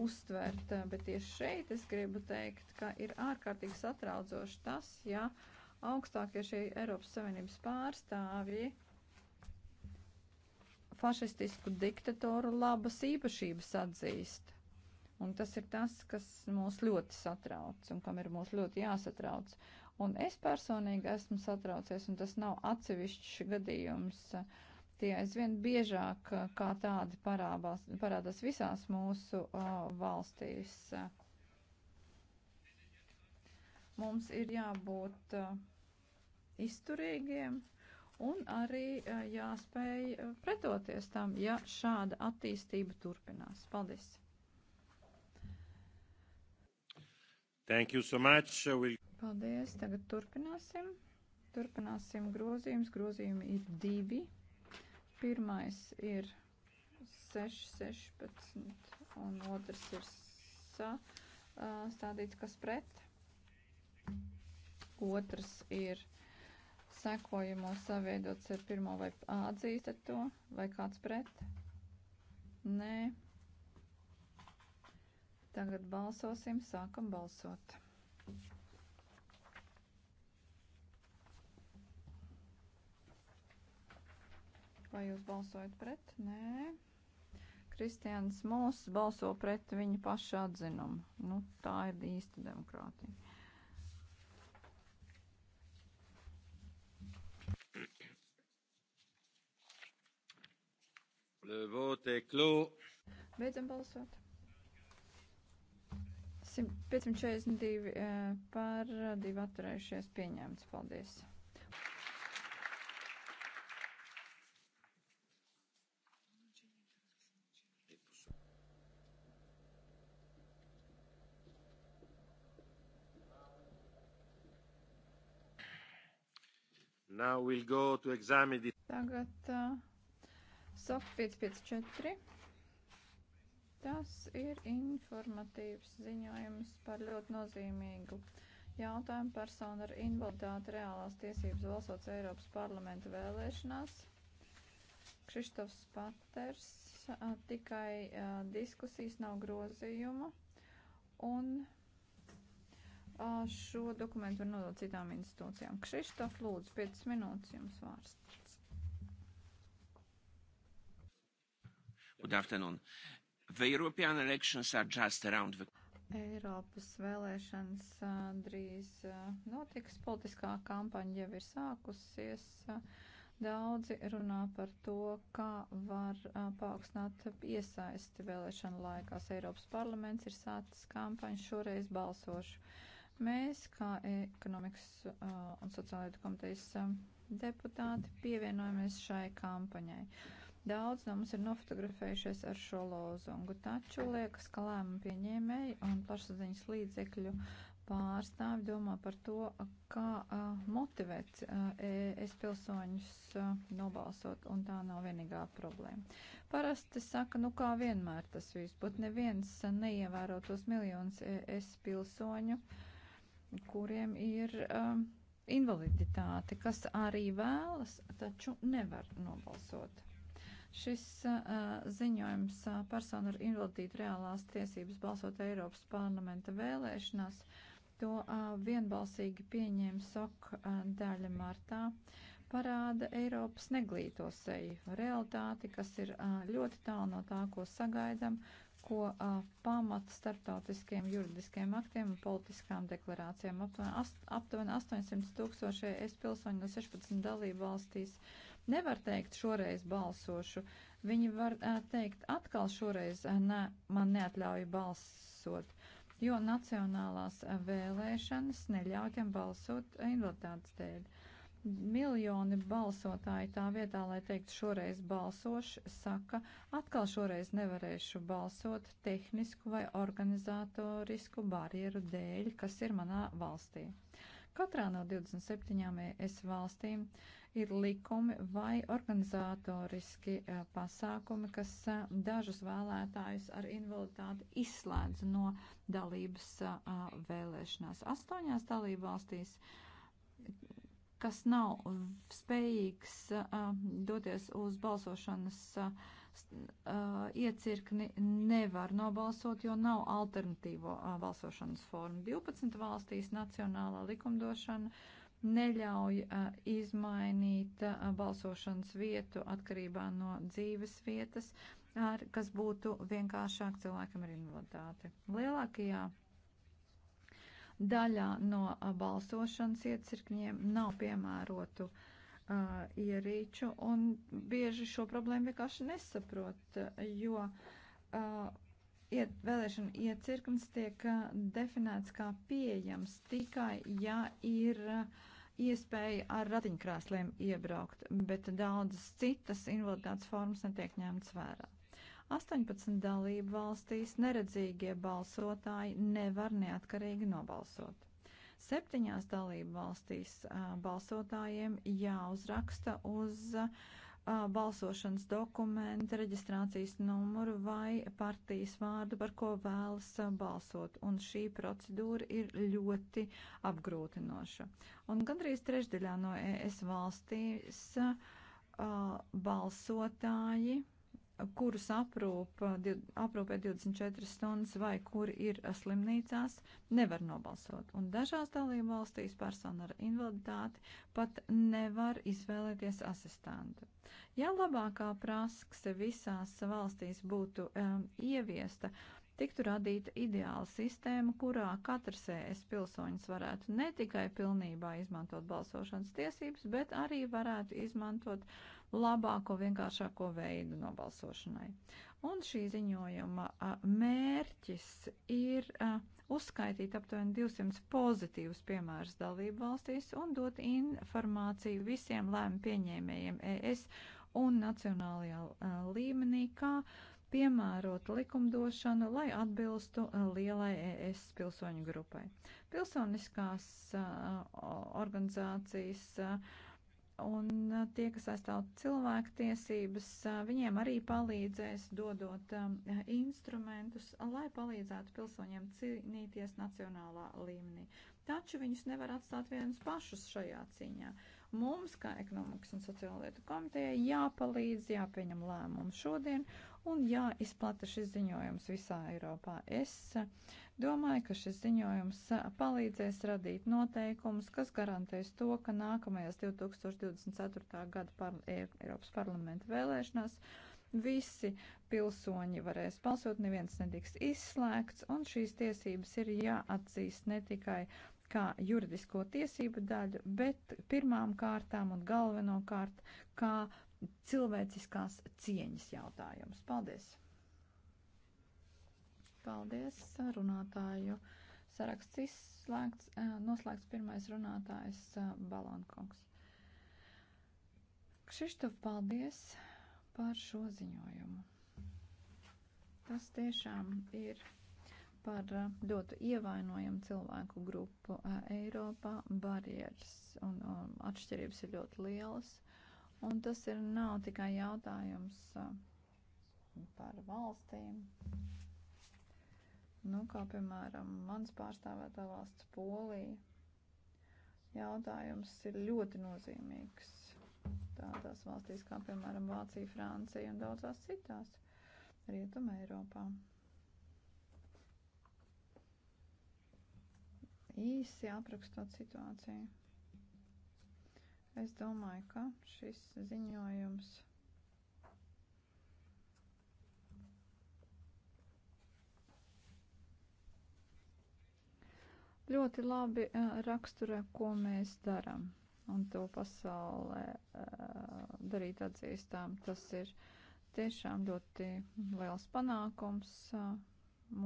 uztvert, bet tieši šeit es gribu teikt, ka ir ārkārtīgi satraucoši tas, ja augstākie šī Eiropas Savienības pārstāvji fašistisku diktatoru labas īpašības atzīst. Un tas ir tas, kas mūs ļoti satrauc un kam ir mūs ļoti jāsatrauc. Un es personīgi esmu satraucies, un tas nav atsevišķs gadījums. Tie aizvien biežāk eh, kā tādi parābās, parādās visās mūsu uh, valstīs. Mums ir jābūt uh, izturīgiem un arī uh, jāspēj pretoties tam, ja šāda attīstība turpinās. Paldies! Thank you so much. We'll... Paldies. Tagad turpināsim. Turpināsim grozījums. Grozījumi ir divi. Pirmais ir 6.16 un otrs ir sa, uh, stādīts, kas pret. Otrs ir sekojamo saviedots ar pirmo vai atzīstat to, vai kāds pret. Nē. Tagad balsosim, sākam balsot. Thank you. Vai jūs balsojat pret? Nē. Kristians Mūss balso pret viņa paša atzinumu. Nu, tā ir īsta demokrātija. Le vote est clos. Beidzam balsot. 542 eh, par, 2 atturējušies pieņemts. Paldies. We'll Tagad uh, SOP 554. Tas ir informatīvs ziņojums par ļoti nozīmīgu jautājumu personu ar invaliditāti reālās tiesības valsots Eiropas parlamenta vēlēšanās. Kristofs Paters, uh, tikai uh, diskusijas nav grozījuma un Šo dokumentu var nodot citām institūcijām. Kristof, lūdzu, 5 minūtes jums vārds. Good afternoon. The European elections are just around the Eiropas vēlēšanas drīz notiks, politiskā kampaņa jau ir sākusies. Daudzi runā par to, kā var paaugstināt iesaisti vēlēšanu laikās. Eiropas parlaments ir sācis kampaņu, šoreiz balsošu. Mēs, kā ekonomikas uh, un sociālajā komitejas um, deputāti, pievienojamies šai kampaņai. Daudz no mums ir nofotografējušies ar šo lozungu, taču liekas, ka lēmumu pieņēmēji un plašsaziņas līdzekļu pārstāvi domā par to, kā uh, motivēt uh, es pilsoņus uh, nobalsot, un tā nav vienīgā problēma. Parasti saka, nu kā vienmēr tas viss, bet neviens neievēro tos miljonus e, es pilsoņu. Uh, kuriem ir um, invaliditāte, kas arī vēlas, taču nevar nobalsot. Šis uh, ziņojums uh, personu ar invaliditāti reālās tiesības balsot Eiropas parlamenta vēlēšanās, to uh, vienbalsīgi pieņēma SOK uh, daļa martā, parāda Eiropas neglīto seju realitāti, kas ir uh, ļoti tālu no tā, ko sagaidām, uh, ko uh, pamat starptautiskiem juridiskiem aktiem un politiskām deklarācijām. Aptuveni 800 tūkstoši es pilsoņi no 16 dalību valstīs nevar teikt šoreiz balsošu. Viņi var uh, teikt atkal šoreiz uh, ne, man neatļauj balsot, jo nacionālās vēlēšanas neļauj viņiem balsot invaliditātes dēļ. Miljoni balsotāji tā vietā, lai teikt šoreiz balsošu, saka, atkal šoreiz nevarēšu balsot tehnisku vai organizatorisku barjeru dēļ, kas ir manā valstī. Katrā no 27 ES valstīm ir likumi vai organizatoriski eh, pasākumi, kas eh, dažus vēlētājus ar invaliditāti izslēdz no dalības eh, vēlēšanās. Astoņās dalību valstīs uh, kas nav spējīgs doties uz balsošanas iecirkni, nevar nobalsot, jo nav alternatīvo balsošanas formu. 12 valstīs nacionālā likumdošana neļauj izmainīt balsošanas vietu atkarībā no dzīves vietas, ar, kas būtu vienkāršāk cilvēkam ar invaliditāti. Lielākajā Daļā no balsošanas iecirkņiem nav piemērotu uh, ierīču, un bieži šo problēmu vienkārši nesaprot, jo uh, iet, vēlēšana iecirknis tiek uh, definēts kā pieejams tikai, ja ir. Uh, iespēja ar ratiņkrēsliem iebraukt, bet daudzas citas invaliditātes formas netiek ņemtas vērā. 18 dalību valstīs neredzīgie balsotāji nevar neatkarīgi nobalsot. Septiņās dalību valstīs balsotājiem jāuzraksta uz balsošanas dokumenta, reģistrācijas numuru vai partijas vārdu, par ko vēlas balsot. Un šī procedūra ir ļoti apgrūtinoša. Un gandrīz trešdaļā no ES valstīs uh, balsotāji kurus aprūp, eh, aprūpē 24 stundas vai kuri ir eh, slimnīcās, nevar nobalsot. Un dažās dalību valstīs persona ar invaliditāti pat nevar izvēlēties asistentu. Ja labākā prakse visās valstīs būtu um, ieviesta, tiktu radīta ideāla sistēma, kurā katrs ES pilsoņis varētu ne tikai pilnībā izmantot balsošanas tiesības, bet arī varētu izmantot uh, labāko, vienkāršāko veidu nobalsošanai. Un šī ziņojuma mērķis ir uzskaitīt aptuveni 200 pozitīvus piemērus dalību valstīs un dot informāciju visiem lēmu pieņēmējiem ES un nacionālajā līmenī, kā piemērot likumdošanu, lai atbilstu lielai ES pilsoņu grupai. Pilsoniskās organizācijas uh, un tie, kas aizstāv cilvēku tiesības, viņiem arī palīdzēs dodot instrumentus, lai palīdzētu pilsoņiem cīnīties nacionālā līmenī. Taču viņus nevar atstāt vienus pašus šajā cīņā. Mums, kā ekonomikas un sociālietu komitejai, jāpalīdz, jāpieņem lēmumu šodien un jāizplata šis ziņojums visā Eiropā. Es eh, domāju, ka šis ziņojums eh, palīdzēs radīt noteikumus, kas garantēs to, ka nākamajās 2024. gada par e, Eiropas parlamenta vēlēšanās visi pilsoņi varēs balsot, neviens netiks izslēgts, un šīs tiesības ir jāatzīst ne tikai kā juridisko tiesību daļu, bet pirmām kārtām un galvenokārt kā cilvēciskās cieņas jautājums. Paldies! Paldies runātāju. Saraksts izslēgts, eh, noslēgts pirmais runātājs eh, Balonkungs. Kšištof, paldies par šo ziņojumu. Tas tiešām ir par eh, ļoti ievainojumu cilvēku grupu Eiropā. Barjeras un um, atšķirības ir ļoti lielas Un tas ir nav tikai jautājums uh, par valstīm. Nu, kā piemēram, mans pārstāvētā valsts Polija. Jautājums ir ļoti nozīmīgs tādās valstīs kā, piemēram, Vācija, Francija un daudzās citās Rietuma Eiropā. Īsi aprakstot situāciju. Es domāju, ka šis ziņojums ļoti labi raksturē, ko mēs darām un to pasaulē darīt atzīstām. Tas ir tiešām ļoti liels panākums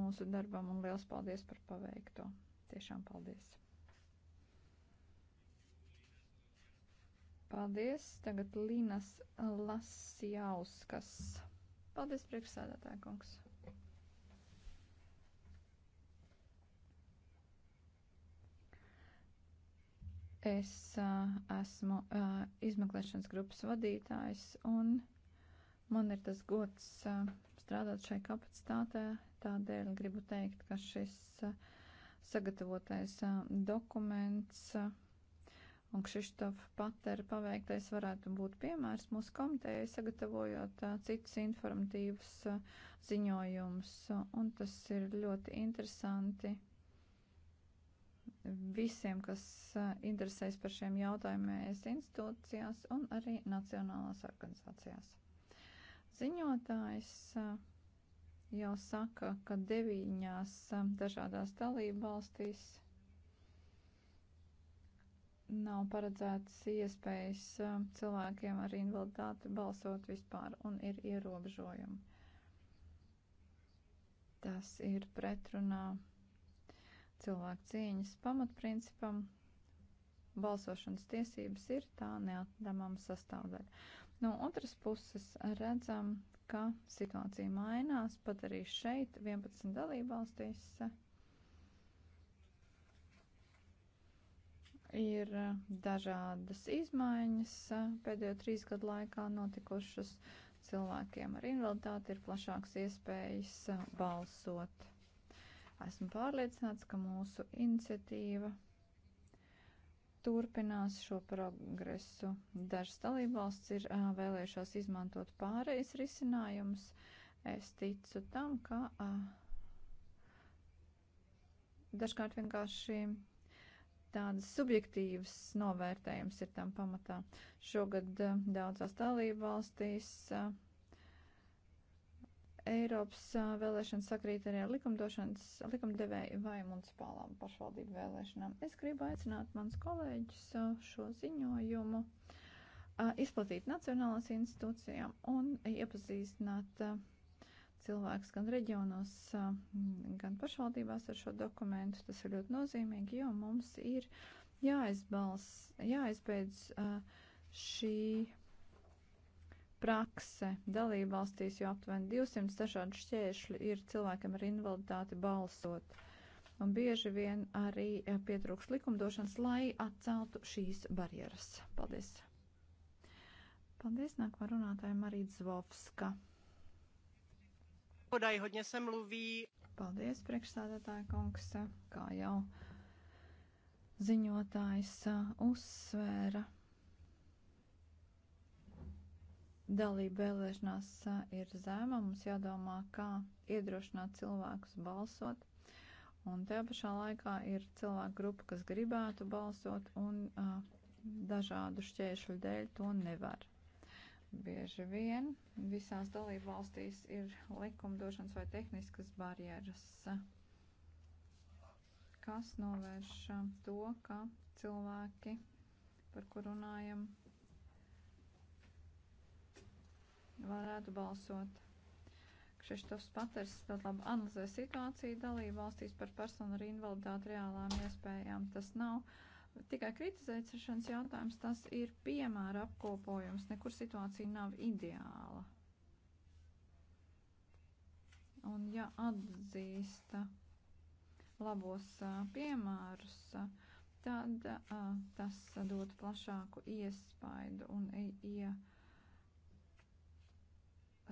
mūsu darbam un liels paldies par paveikto. Tiešām paldies! Paldies. Tagad Linas Lasjauskas. Paldies, priekšsēdētāja kungs. Es uh, esmu uh, izmeklēšanas grupas vadītājs un man ir tas gods uh, strādāt šai kapacitātē. Tādēļ gribu teikt, ka šis uh, sagatavotais uh, dokuments. Uh, Un Kšištof Patera paveiktais varētu būt piemērs mūsu komitejai, sagatavojot citus informatīvus ziņojumus. Un tas ir ļoti interesanti visiem, kas interesēs par šiem jautājumiem ES institūcijās un arī nacionālās organizācijās. Ziņotājs jau saka, ka deviņās dažādās dalību valstīs nav paredzētas iespējas um, cilvēkiem ar invaliditāti balsot vispār un ir ierobežojumi. Tas ir pretrunā cilvēku cieņas pamatprincipam. Balsošanas tiesības ir tā neatdamama sastāvdaļa. No otras puses redzam, ka situācija mainās, pat arī šeit 11 dalībvalstīs ir eh, dažādas izmaiņas eh, pēdējo trīs gadu laikā notikušas. Cilvēkiem ar invaliditāti ir plašāks iespējas eh, balsot. Esmu pārliecināts, ka mūsu iniciatīva turpinās šo progresu. Dažas dalībvalsts ir vēlējušās izmantot pārejas risinājumus. Es ticu tam, ka dažkārt vienkārši tādas subjektīvas novērtējums ir tam pamatā. Šogad eh, daudzās dalību valstīs eh, Eiropas eh, vēlēšanas sakrīt arī ar likumdošanas, likumdevēju vai municipālām pašvaldību vēlēšanām. Es gribu aicināt mans kolēģis šo ziņojumu izplatīt nacionālās institūcijām un iepazīstināt uh, cilvēks gan reģionos, gan pašvaldībās ar šo dokumentu. Tas ir ļoti nozīmīgi, jo mums ir jāizbals, jāizbeidz šī prakse dalībvalstīs, jo aptuveni 200 dažādu šķēršļu ir cilvēkam ar invaliditāti balsot. Un bieži vien arī pietrūks likumdošanas, lai atceltu šīs barjeras. Paldies! Paldies, nākamā runātāja Marīta Zvovska. Podai, hodně se mluví. Paldies, priekšstādātāja kungs, kā jau ziņotājs uzsvēra. Dalība vēlēšanās ir zema, mums jādomā, kā iedrošināt cilvēkus balsot. Un tajā pašā laikā ir cilvēku grupa, kas gribētu balsot un uh, dažādu šķēršļu dēļ to nevar. Bieži vien visās dalību valstīs ir likumdošanas vai tehniskas barjeras, kas novērš to, ka cilvēki, par kur runājam, varētu balsot. Kšištofs Paters ļoti labi analizē situāciju dalību valstīs par personu ar invaliditāti reālām iespējām. Tas nav tikai kritizēšanas jautājums, tas ir piemēra apkopojums, nekur situācija nav ideāla. Un ja atzīsta labos piemērus, tad a, tas dod plašāku iespaidu un ie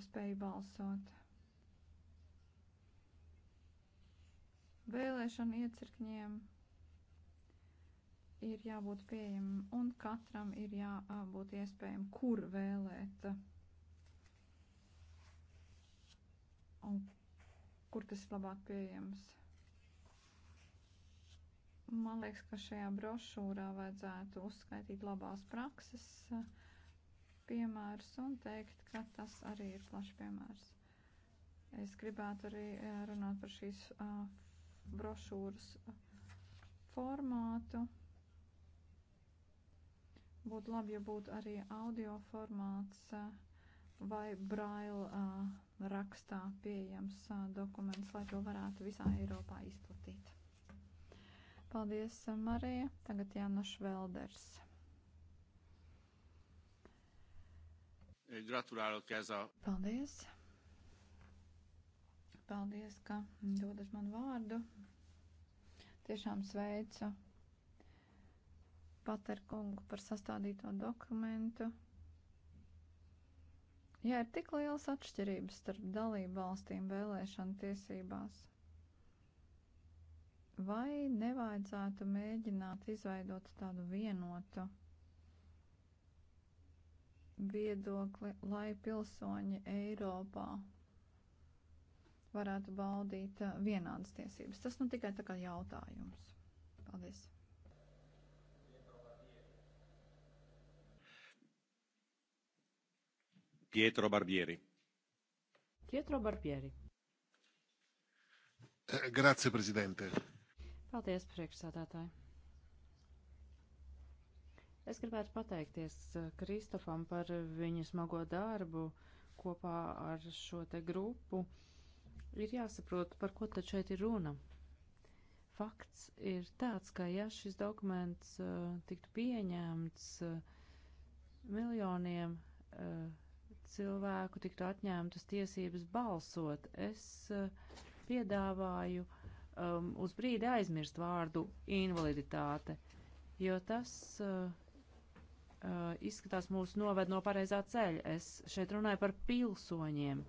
spēju balsot. Vēlēšana iecirkņiem ir jābūt pieejamam un katram ir jābūt iespējam, kur vēlēt un kur tas ir labāk pieejams. Man liekas, ka šajā brošūrā vajadzētu uzskaitīt labās prakses eh, piemērus un teikt, ka tas arī ir plašs piemērs. Es gribētu arī eh, runāt par šīs eh, brošūras formātu Būtu labi, ja būtu arī audio formāts eh, vai braila eh, rakstā pieejams eh, dokuments, lai to varētu visā Eiropā izplatīt. Paldies, Marija. Tagad Jānis Velders. Gratulálok ez a... Paldies. Paldies, ka dodat man vārdu. Tiešām sveicu Paterkungu par sastādīto dokumentu. Ja ir tik liels atšķirības starp dalību valstīm vēlēšana tiesībās, vai nevajadzētu mēģināt izveidot tādu vienotu viedokli, lai pilsoņi Eiropā varētu baudīt uh, vienādas tiesības? Tas nu tikai tā kā jautājums. Paldies! Pietro Barbieri. Pietro Barbieri. Eh, grazie, prezidente. Paldies, priekšsādātāji. Es gribētu pateikties eh, Kristofam par viņa smago darbu kopā ar šo te grupu. Ir jāsaprot, par ko tad šeit ir runa. Fakts ir tāds, ka ja šis dokuments uh, tiktu pieņemts uh, miljoniem uh, cilvēku tiktu atņemtas tiesības balsot. Es eh, piedāvāju um, uz brīdi aizmirst vārdu invaliditāte, jo tas uh, uh, izskatās mūs noved no pareizā ceļa. Es šeit runāju par pilsoņiem,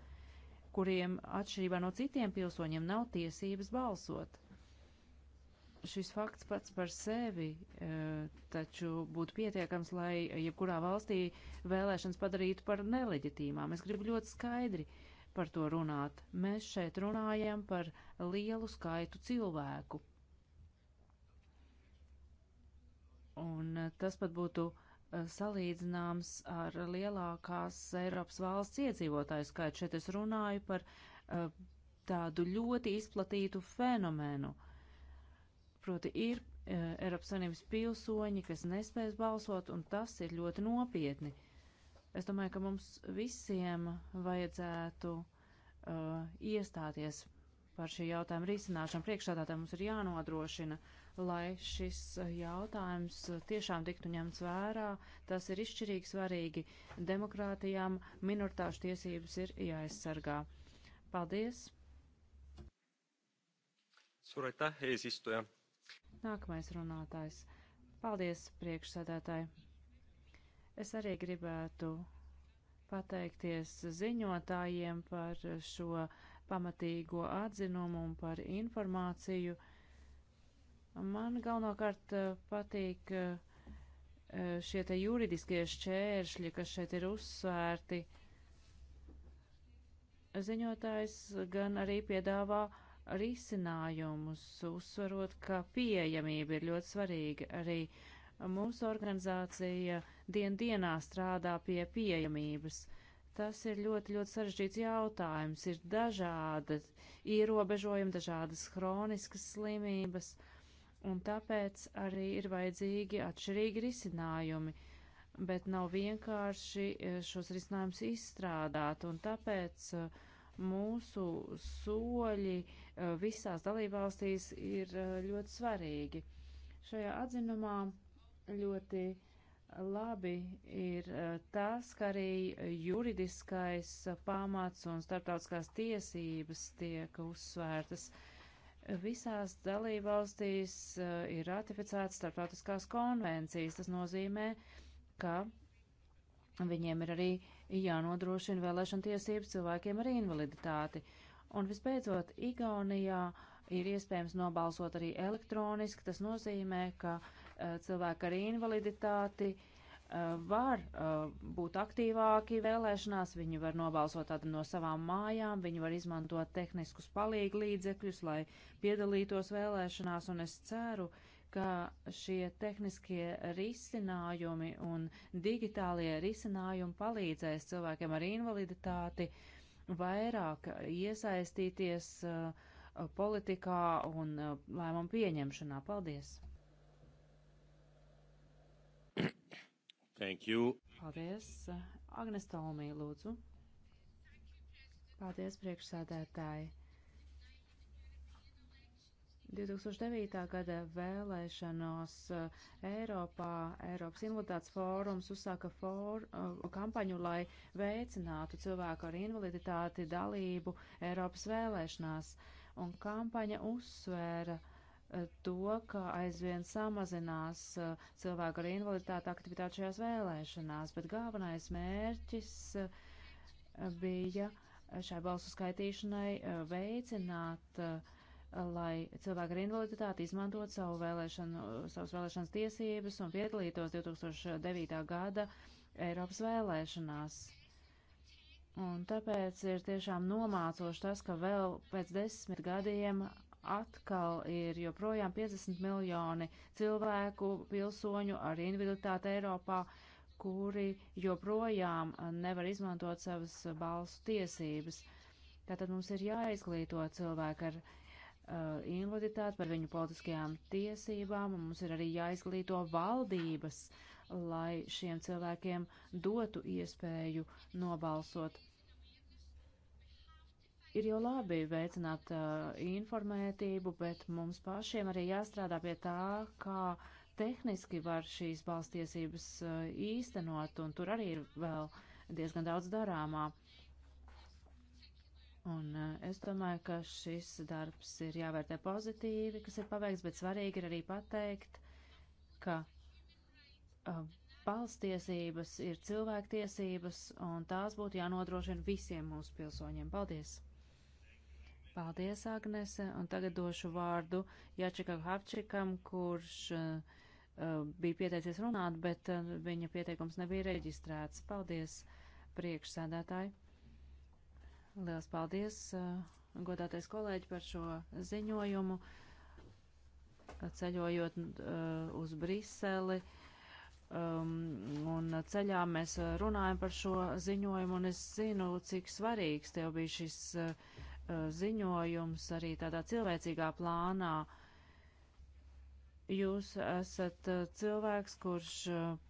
kuriem atšķirībā no citiem pilsoņiem nav tiesības balsot šis fakts pats par sevi e, taču būtu pietiekams, lai jebkurā valstī vēlēšanas padarītu par neleģitīmām. Es gribu ļoti skaidri par to runāt. Mēs šeit runājam par lielu skaitu cilvēku. Un e, tas pat būtu e, salīdzināms ar lielākās Eiropas valsts iedzīvotāju skaitu. Šeit es runāju par tādu ļoti izplatītu fenomenu. Uh, Proti ir e, Eiropas Savienības pilsoņi, kas nespēs balsot, un tas ir ļoti nopietni. Es domāju, ka mums visiem vajadzētu uh, iestāties par šī jautājuma risināšanu. Priekšstādātājiem mums ir jānodrošina, lai šis jautājums tiešām tiktu ņemts vērā. Tas ir izšķirīgi svarīgi. Demokrātijām minoritāšu tiesības ir jāaizsargā. Paldies! Suur aitäh, eesistuja! Nākamais runātājs. Paldies, priekšsēdētāji. Es arī gribētu pateikties ziņotājiem par šo pamatīgo atzinumu un par informāciju. Man galvenokārt eh, patīk eh, šie te juridiskie šķēršļi, kas šeit ir uzsvērti. Ziņotājs gan arī piedāvā uh, risinājumus, uzsverot, ka pieejamība ir ļoti svarīga. Arī mūsu organizācija dien dienā strādā pie pieejamības. Tas ir ļoti, ļoti sarežģīts jautājums. Ir dažādi ierobežojumi, dažādas hroniskas slimības, un tāpēc arī ir vajadzīgi atšķirīgi risinājumi, bet nav vienkārši eh, šos risinājumus izstrādāt, un tāpēc uh, mūsu soļi eh, visās dalībvalstīs ir eh, ļoti svarīgi. Šajā atzinumā ļoti labi ir eh, tas, ka arī juridiskais pamats un starptautiskās tiesības tiek uzsvērtas. Visās dalībvalstīs ir ratificētas starptautiskās konvencijas. Tas nozīmē, ka viņiem ir arī uh, jānodrošina vēlēšana tiesības cilvēkiem ar invaliditāti. Un visbeidzot, Igaunijā ir iespējams nobalsot arī elektroniski. Tas nozīmē, ka uh, cilvēki ar invaliditāti uh, var uh, būt aktīvāki vēlēšanās, viņi var nobalsot tātad no savām mājām, viņi var izmantot tehniskus palīgu līdzekļus, lai piedalītos vēlēšanās, un es ceru, uh, ka šie tehniskie risinājumi un digitālie risinājumi palīdzēs cilvēkiem ar invaliditāti vairāk iesaistīties uh, politikā un uh, lēmumu pieņemšanā. Paldies! Thank you. Paldies. Agnes Talmī, lūdzu. Paldies, priekšsēdētāji. 2009. gada vēlēšanos eh, Eiropā Eiropas invaliditātes fórums uzsāka for, eh, kampaņu, lai veicinātu cilvēku ar invaliditāti dalību Eiropas vēlēšanās. Un kampaņa uzsvēra eh, to, ka aizvien samazinās cilvēku ar invaliditāti aktivitāti šajās vēlēšanās, bet galvenais mērķis bija šai balsu skaitīšanai veicināt uh, lai cilvēki ar invaliditāti izmantot savu vēlēšanu, savas vēlēšanas tiesības un piedalītos 2009. gada Eiropas vēlēšanās. Un tāpēc ir tiešām nomācoši tas, ka vēl pēc desmit gadiem atkal ir joprojām 50 miljoni cilvēku, pilsoņu ar invaliditāti Eiropā, kuri joprojām nevar izmantot savas balsu tiesības. Tātad mums ir jāizglīto cilvēki ar uh, invaliditāti, par viņu politiskajām tiesībām, un mums ir arī jāizglīto valdības, lai šiem cilvēkiem dotu iespēju nobalsot. Ir jau labi veicināt uh, informētību, bet mums pašiem arī jāstrādā pie tā, kā tehniski var šīs balstiesības uh, īstenot, un tur arī ir vēl diezgan daudz darāmā. Uh, Un eh, es domāju, ka šis darbs ir jāvērtē pozitīvi, kas ir paveikts, bet svarīgi ir arī pateikt, ka eh, balstiesības ir cilvēktiesības, un tās būtu jānodrošina visiem mūsu pilsoņiem. Paldies! Paldies, Agnese, un tagad došu vārdu Jačikam Havčikam, kurš uh, bija pieteicies runāt, bet uh, viņa pieteikums nebija reģistrēts. Paldies, priekšsēdētāji! Liels paldies, uh, godātais kolēģi, par šo ziņojumu. Ceļojot uh, uz Briseli um, un ceļā mēs uh, runājam par šo ziņojumu, un es zinu, cik svarīgs tev bija šis ziņojums arī tādā cilvēcīgā plānā. Jūs esat cilvēks, kurš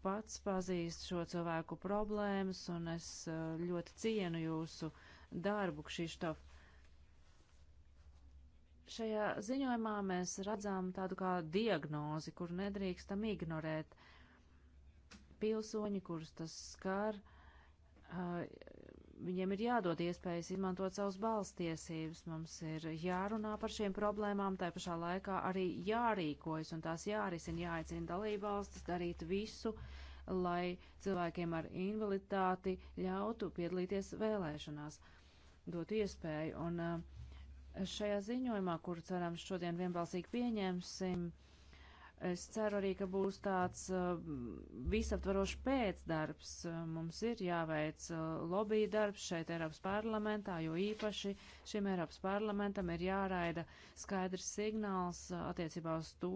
pats pazīst šo cilvēku problēmas, un es ļoti cienu jūsu uh, darbu, Kšištof. Šajā ziņojumā mēs redzam tādu kā diagnozi, kur nedrīkstam ignorēt pilsoņi, kurus tas skar. Uh, viņiem ir jādod iespējas izmantot savus balstiesības, mums ir jārunā par šiem problēmām, tā pašā laikā arī jārīkojas un tās jārisina, jāicina dalībvalstis darīt visu, lai cilvēkiem ar invaliditāti ļautu piedalīties vēlēšanās. Uh, dot iespēju. Un eh, šajā ziņojumā, kuru cerams šodien vienbalsīgi pieņemsim, es ceru arī, ka būs tāds eh, visaptvarošs pēcdarbs. Mums ir jāveic eh, lobby darbs šeit Eiropas parlamentā, jo īpaši šim Eiropas parlamentam ir jāraida skaidrs signāls attiecībā uz to,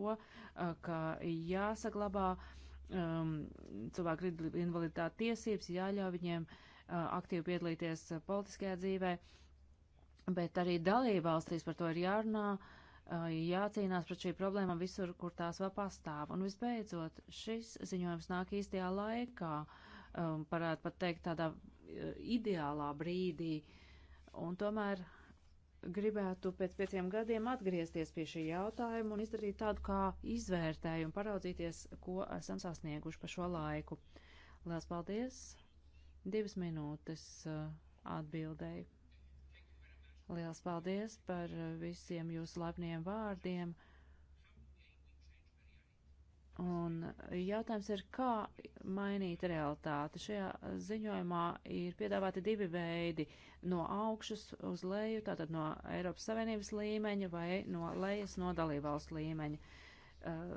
ka jāsaglabā um, cilvēku invaliditāti tiesības, jāļauj viņiem uh, aktīvi piedalīties politiskajā dzīvē, bet arī dalībvalstīs par to ir jārunā, jācīnās pret šī problēma visur, kur tās vēl pastāv. Un visbeidzot, šis ziņojums nāk īstajā laikā, parāda pat teikt tādā ideālā brīdī, un tomēr gribētu pēc pieciem gadiem atgriezties pie šī jautājuma un izdarīt tādu kā izvērtējumu, paraudzīties, ko esam sasnieguši pa šo laiku. Lielas paldies! Divas minūtes uh, atbildēji. Liels paldies par uh, visiem jūsu labniem vārdiem. Un jautājums ir, kā mainīt realitāti. Šajā ziņojumā ir piedāvāti divi veidi - no augšas uz leju, tātad no Eiropas Savienības līmeņa vai no lejas no dalībvalsts līmeņa. Uh,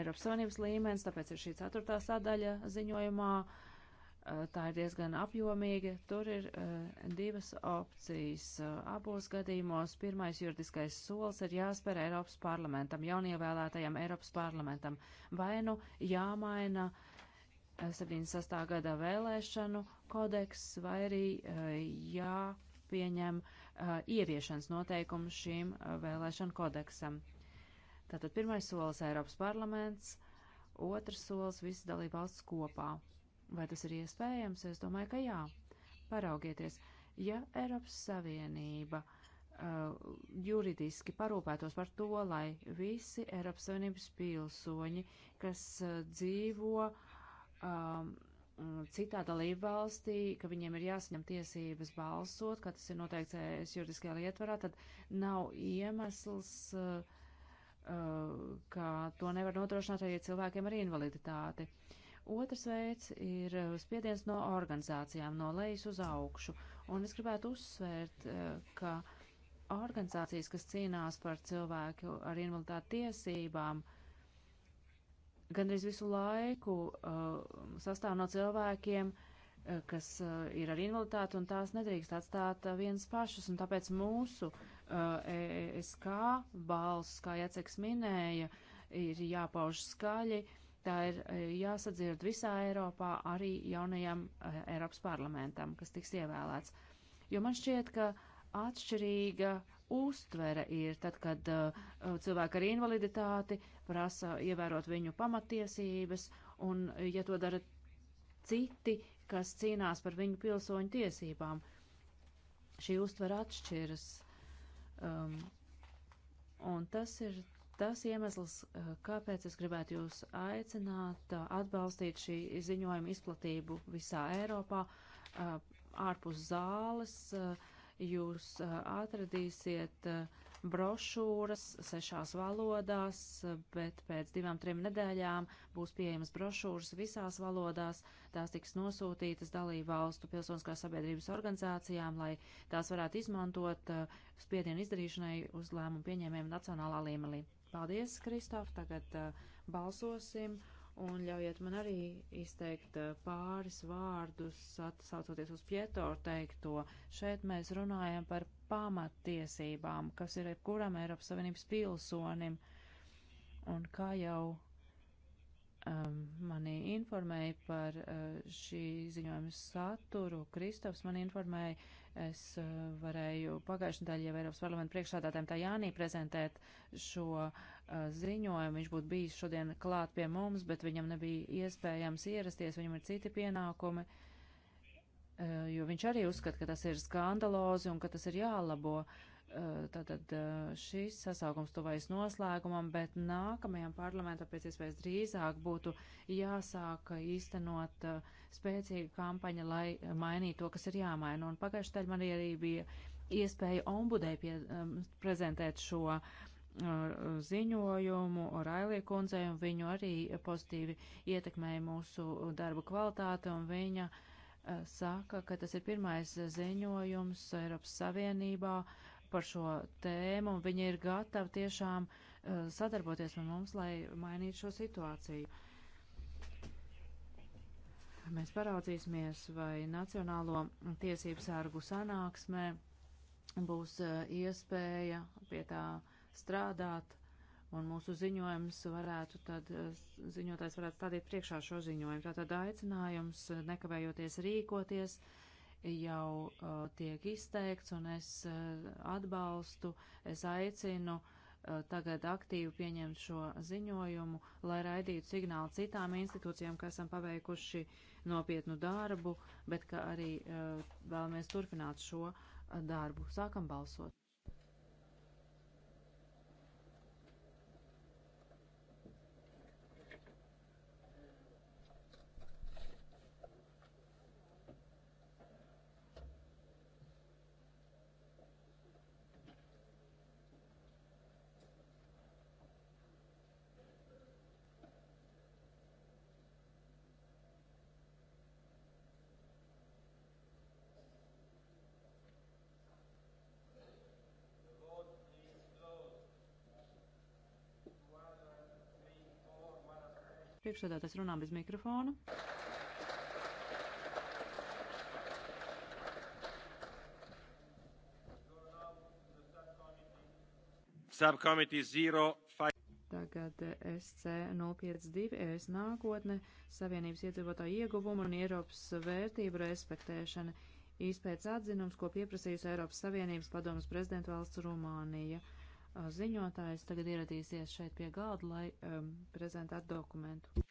Eiropas Savienības līmenis, tāpēc ir šī ceturtā sadaļa ziņojumā. Uh, Eh, tā ir diezgan apjomīga. Tur ir uh, divas opcijas. Uh, abos gadījumos pirmais juridiskais solis ir jāspēr Eiropas parlamentam, jaunievēlētajam Eiropas parlamentam. Vai nu jāmaina 76. gadā vēlēšanu kodeks, vai arī uh, jāpieņem ieviešanas noteikumu šīm vēlēšanu kodeksam. Tātad pirmais solis Eiropas parlaments, otrs solis visas dalībvalsts kopā. Vai tas ir iespējams? Es domāju, ka jā. Paraugieties, ja Eiropas Savienība uh, juridiski parūpētos par to, lai visi Eiropas Savienības pilsoņi, kas uh, dzīvo um, citā dalība valstī, ka viņiem ir jāsaņem tiesības balsot, kā tas ir noteikts ES juridiskajā lietvarā, tad nav iemesls, uh, uh, ka to nevar nodrošināt arī cilvēkiem ar invaliditāti. Uh, Otrs veids ir uh, spiediens no organizācijām, no lejas uz augšu. Un es gribētu uzsvērt, uh, ka organizācijas, kas cīnās par cilvēku ar invaliditāti tiesībām, gandrīz visu laiku uh, sastāv no cilvēkiem, uh, kas uh, ir ar invaliditāti, un tās nedrīkst atstāt uh, viens pašas. Un tāpēc mūsu ESK balss, kā Jaceks minēja, ir jāpauž skaļi Tā ir e, jāsadzird visā Eiropā, arī jaunajam e, Eiropas parlamentam, kas tiks ievēlēts. Jo man šķiet, ka atšķirīga uztvere ir tad, kad uh, cilvēki ar invaliditāti prasa ievērot viņu pamatiesības, un ja to dara citi, kas cīnās par viņu pilsoņu tiesībām, šī uztvere atšķiras. Um, un tas ir Tas iemesls, eh, kāpēc es gribētu jūs aicināt eh, atbalstīt šī ziņojuma izplatību visā Eiropā, eh, ārpus zāles, jūs atradīsiet brošūras sešās valodās, bet pēc divām, trim nedēļām būs pieejamas brošūras visās valodās. Tās tiks nosūtītas dalību valstu pilsoniskās sabiedrības organizācijām, lai tās varētu izmantot spiedienu izdarīšanai uz lēmumu pieņēmējumu nacionālā līmenī. Paldies, Kristof. Tagad uh, balsosim. Un ļaujiet man arī izteikt uh, pāris vārdus, atsaucoties uz Pietoru teikto. Šeit mēs runājam par pamattiesībām, kas ir jebkuram Eiropas Savienības pilsonim. Un kā jau um, mani informēja par uh, šī ziņojuma saturu, Kristofs mani informēja, Es eh, varēju pagājušajā nedēļā jau Eiropas parlamenta priekšsādātājiem Tajānī prezentēt šo eh, ziņojumu. Viņš būtu bijis šodien klāt pie mums, bet viņam nebija iespējams ierasties, viņam ir citi pienākumi, eh, jo viņš arī uzskata, ka tas ir skandalozi un ka tas ir jālabo. Uh, Eh, tātad eh, šīs sasaukums tuvojas noslēgumam, bet nākamajam parlamentam pēc iespējas drīzāk būtu jāsāk īstenot eh, spēcīga kampaņa, lai mainītu to, kas ir jāmaina. Un pagājušajā daļā man arī bija iespēja ombudē pie, um, prezentēt šo ziņojumu Railie kundzei, un viņu arī pozitīvi ietekmēja mūsu darbu kvalitāte, un viņa uh, saka, ka tas ir pirmais ziņojums Eiropas Savienībā uh, par šo tēmu, un viņi ir gatavi tiešām eh, sadarboties ar mums, lai mainītu šo situāciju. Mēs paraudzīsimies, vai Nacionālo tiesību sārgu sanāksmē būs eh, iespēja pie tā strādāt, un mūsu ziņojums varētu tad, eh, ziņotājs varētu stādīt priekšā šo ziņojumu. Tātad aicinājums nekavējoties rīkoties, uh, jau uh, tiek izteikts, un es uh, atbalstu, es aicinu uh, tagad aktīvi pieņemt šo ziņojumu, lai raidītu signālu citām institūcijām, ka esam paveikuši nopietnu darbu, bet ka arī uh, vēlamies turpināt šo uh, darbu. Sākam balsot! Priekšsēdētājs runā bez mikrofona. Tagad SC 052 ES nākotne, Savienības iedzīvotāju ieguvumu un Eiropas vērtību respektēšana. Īspēc atzinums, ko pieprasījusi Eiropas Savienības padomas prezidenta valsts Rumānija ziņotājs tagad ieradīsies šeit pie galda, lai um, prezentētu dokumentu.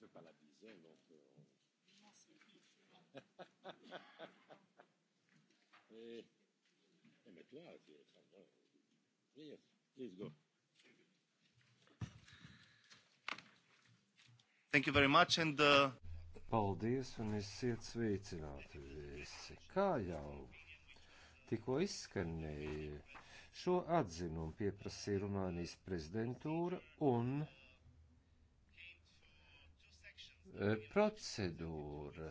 c'est pas la dizaine, donc. Euh, on... et, et mais toi, tu es très bien. Yes, please go. Thank you very much and. Uh... Paldies un esiet sveicināti visi. Kā jau tikko izskanēja, šo atzinumu pieprasīja Rumānijas prezidentūra un. Procedūra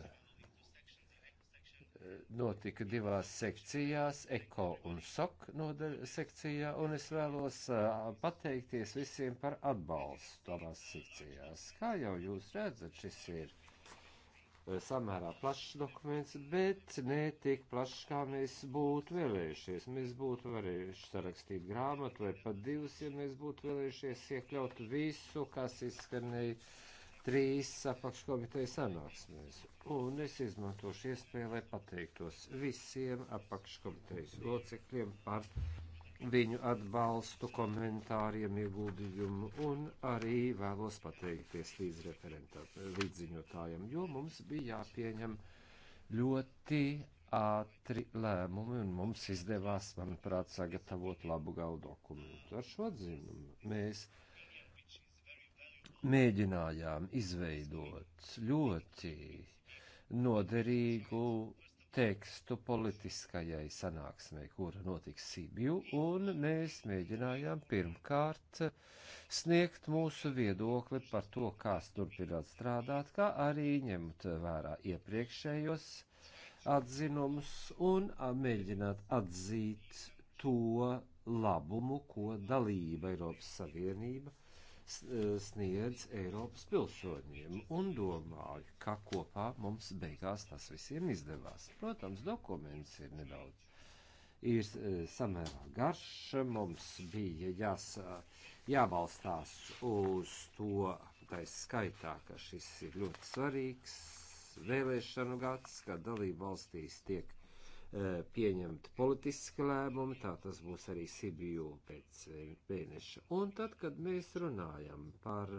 notika divās sekcijās, eko un sok nodaļa sekcijā, un es vēlos uh, pateikties visiem par atbalstu abās sekcijās. Kā jau jūs redzat, šis ir uh, samērā plašs dokuments, bet ne tik plašs, kā mēs būtu vēlējušies. Mēs būtu varējuši sarakstīt grāmatu vai pat divus, ja mēs būtu vēlējušies iekļaut visu, kas izskanēja trīs apakškomitejas sanāksmēs. Un es izmantošu iespēju, lai pateiktos visiem apakškomitejas locekļiem par viņu atbalstu, komentāriem, ieguldījumu un arī vēlos pateikties līdzziņotājiem, jo mums bija jāpieņem ļoti ātri lēmumi un mums izdevās, manuprāt, sagatavot labu galvu dokumentu. Ar šo atzinumu mēs mēģinājām izveidot ļoti noderīgu tekstu politiskajai sanāksmei, kura notiks Sibju, un mēs mēģinājām pirmkārt sniegt mūsu viedokli par to, kā turpināt strādāt, kā arī ņemt vērā iepriekšējos atzinumus un mēģināt atzīt to labumu, ko dalība Eiropas Savienība Eh, sniedz Eiropas pilsoņiem un domāju, ka kopā mums beigās tas visiem izdevās. Protams, dokuments ir nedaudz. Ir eh, samērā garš, mums bija jās, eh, jābalstās uz to, tā skaitā, ka šis ir ļoti svarīgs vēlēšanu gads, kad dalību valstīs tiek Eh, pieņemt politiski lēmumi, tā tas būs arī Sibiju pēc eh, mēneša. Un tad, kad mēs runājam par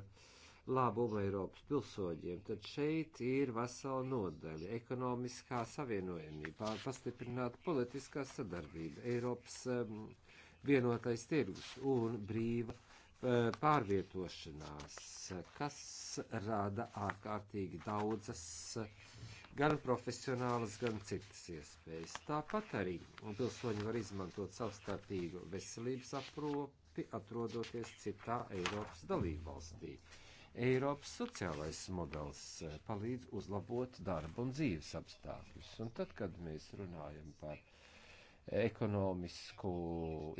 labumu Eiropas pilsoņiem, tad šeit ir vesela nodaļa - ekonomiskā savienojamība, pastiprināta politiskā sadarbība, Eiropas um, vienotais tirgus un brīva uh, pārvietošanās, kas rada ārkārtīgi daudzas uh, gan profesionālas, gan citas iespējas. Tāpat arī pilsoņi var izmantot savstarpīgu veselības aprūpi, atrodoties citā Eiropas dalībvalstī. Eiropas sociālais modelis eh, palīdz uzlabot darbu un dzīves apstākļus. Un tad, kad mēs runājam par ekonomisku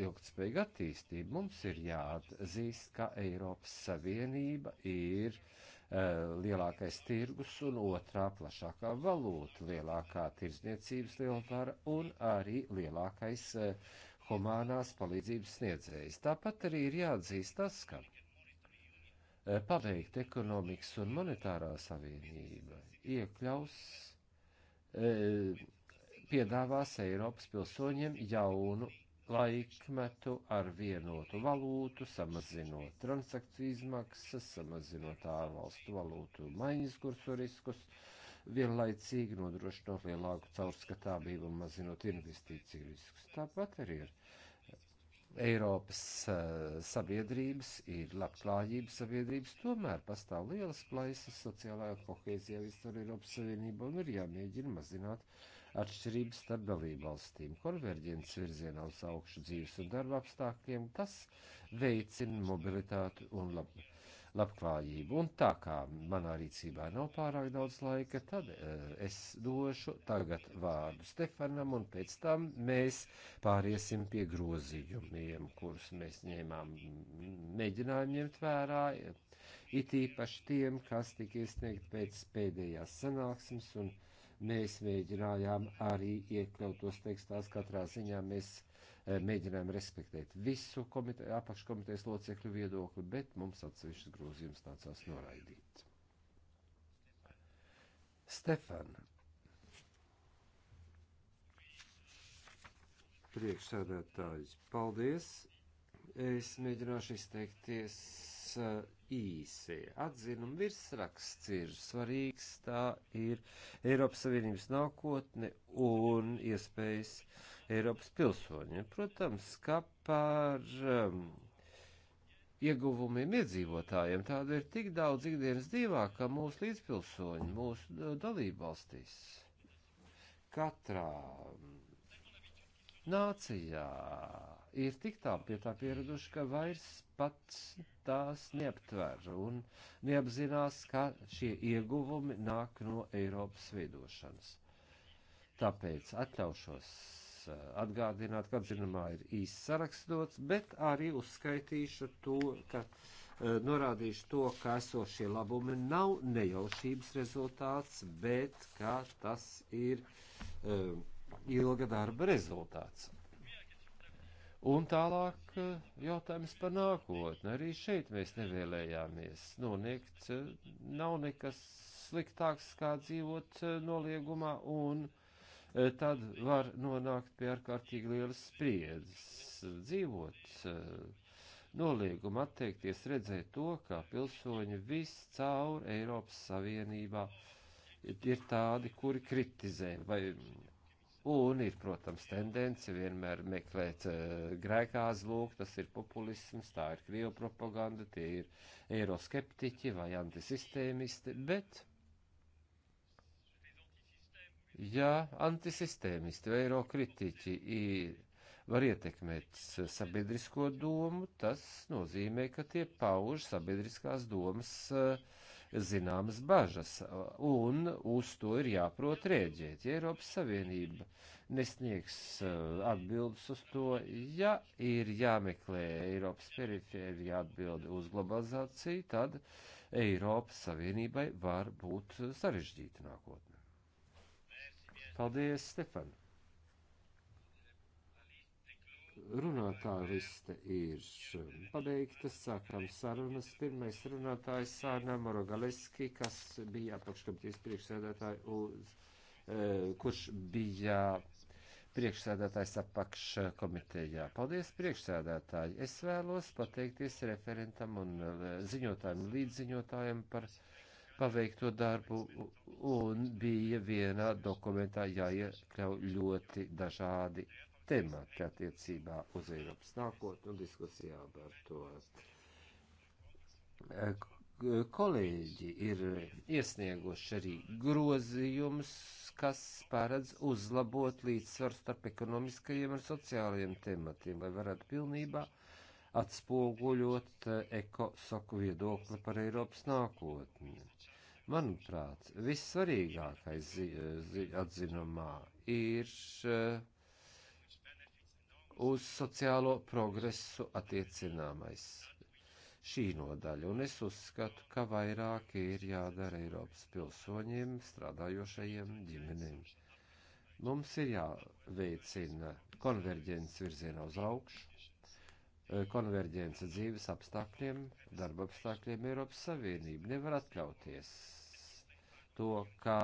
ilgtspējīgu attīstību, mums ir jāatzīst, ka Eiropas Savienība ir uh, Eh, lielākais tirgus un otrā plašākā valūta, lielākā tirzniecības lielvara un arī lielākais eh, humānās palīdzības sniedzējs. Tāpat arī ir jāatzīst tas, ka eh, pabeigt ekonomikas un monetārā savienība iekļaus, piedāvās Eiropas pilsoņiem jaunu laikmetu ar vienotu valūtu, samazinot transakciju izmaksas, samazinot ārvalstu valūtu maiņas kursu riskus, vienlaicīgi nodrošinot lielāku caurskatāmību un mazinot investīciju riskus. Tāpat arī ir Eiropas uh, sabiedrības, ir labklājības sabiedrības, tomēr pastāv lielas plaisas sociālajā kohēzijā visur Eiropas Savienībā un ir jāmēģina mazināt uh, atšķirības starp dalību valstīm, konverģences virzienā uz augšu dzīves un darba apstākļiem, tas veicina mobilitāti un lab, labklājību. Un tā kā manā rīcībā nav pārāk daudz laika, tad uh, es došu tagad vārdu Stefanam un pēc tam mēs pāriesim pie grozījumiem, kurus mēs ņēmām, mēģinājām ņemt vērā it īpaši tiem, kas tika iesniegt pēc pēdējās sanāksmes un Mēs mēģinājām arī iekļaut tos tekstās. Katrā ziņā mēs eh, mēģinājām respektēt visu komite, apakškomitejas locekļu viedokli, bet mums atsevišķas grozījums nācās noraidīt. Stefana. Priekšsēdētājs, paldies! Es mēģināšu izteikties eh, īsi. Atzinuma virsraksts ir svarīgs, tā ir Eiropas Savienības nākotne un iespējas Eiropas pilsoņiem. Protams, kā par um, ieguvumiem iedzīvotājiem tāda ir tik daudz ikdienas dzīvā, ka mūsu līdzpilsoņi, mūsu dalībvalstīs, katrā um, nācijā ir tik tālu pie tā pieraduši, ka vairs pat tās neaptver un neapzinās, ka šie ieguvumi nāk no Eiropas veidošanas. Tāpēc atļaušos eh, atgādināt, ka apzinumā ir īsts sarakstots, bet arī uzskaitīšu to, ka eh, norādīšu to, ka esošie labumi nav nejaušības rezultāts, bet ka tas ir um, ilga darba rezultāts. Un tālāk eh, jautājums par nākotni. Arī šeit mēs nevēlējāmies noniegt. Eh, nav nekas sliktāks, kā dzīvot eh, noliegumā, un tad var nonākt pie ārkārtīgi lielas spriedzes. Dzīvot nolieguma atteikties redzēt to, kā pilsoņi viss caur Eiropas Savienībā ir tādi, kuri kritizē vai Un ir, protams, tendence vienmēr meklēt uh, eh, grēkāzi lūk, tas ir populisms, tā ir krievu propaganda, tie ir eiroskeptiķi vai antisistēmisti, bet ja antisistēmisti vai eirokritiķi ir, var ietekmēt sabiedrisko domu, tas nozīmē, ka tie pauž sabiedriskās domas uh, zināmas bažas, un uz to ir jāprot rēģēt. Ja Eiropas Savienība nesniegs eh, atbildes uz to, ja ir jāmeklē Eiropas perifērija atbildi uz globalizāciju, tad Eiropas Savienībai var būt sarežģīta nākotne. Paldies, Stefan! runātāju liste ir pabeigta, sākam sarunas. Pirmais runātājs Sārnā Morogaleski, kas bija apakškomitejas priekšsēdētāji, uz, e, kurš bija priekšsēdētājs apakškomitejā. Paldies, priekšsēdētāji! Es vēlos pateikties referentam un e, ziņotājiem, līdziņotājiem par paveikto darbu un bija vienā dokumentā jāiekļauj ļoti dažādi temati attiecībā uz Eiropas nākotni un diskusijām par to. Kolēģi ir iesnieguši arī grozījumus, kas paredz uzlabot līdzsvaru starp ekonomiskajiem un sociālajiem tematiem, lai varētu pilnībā atspoguļot eh, ekosoku viedokli par Eiropas nākotni. Manuprāt, vissvarīgākais atzinumā ir uh, uz sociālo progresu attiecināmais šī nodaļa, un es uzskatu, ka vairāk ir jādara Eiropas pilsoņiem, strādājošajiem ģimenēm. Mums ir jāveicina konverģence virzienā uz augšu, eh, konverģence dzīves apstākļiem, darba apstākļiem Eiropas Savienība nevar atļauties to, kā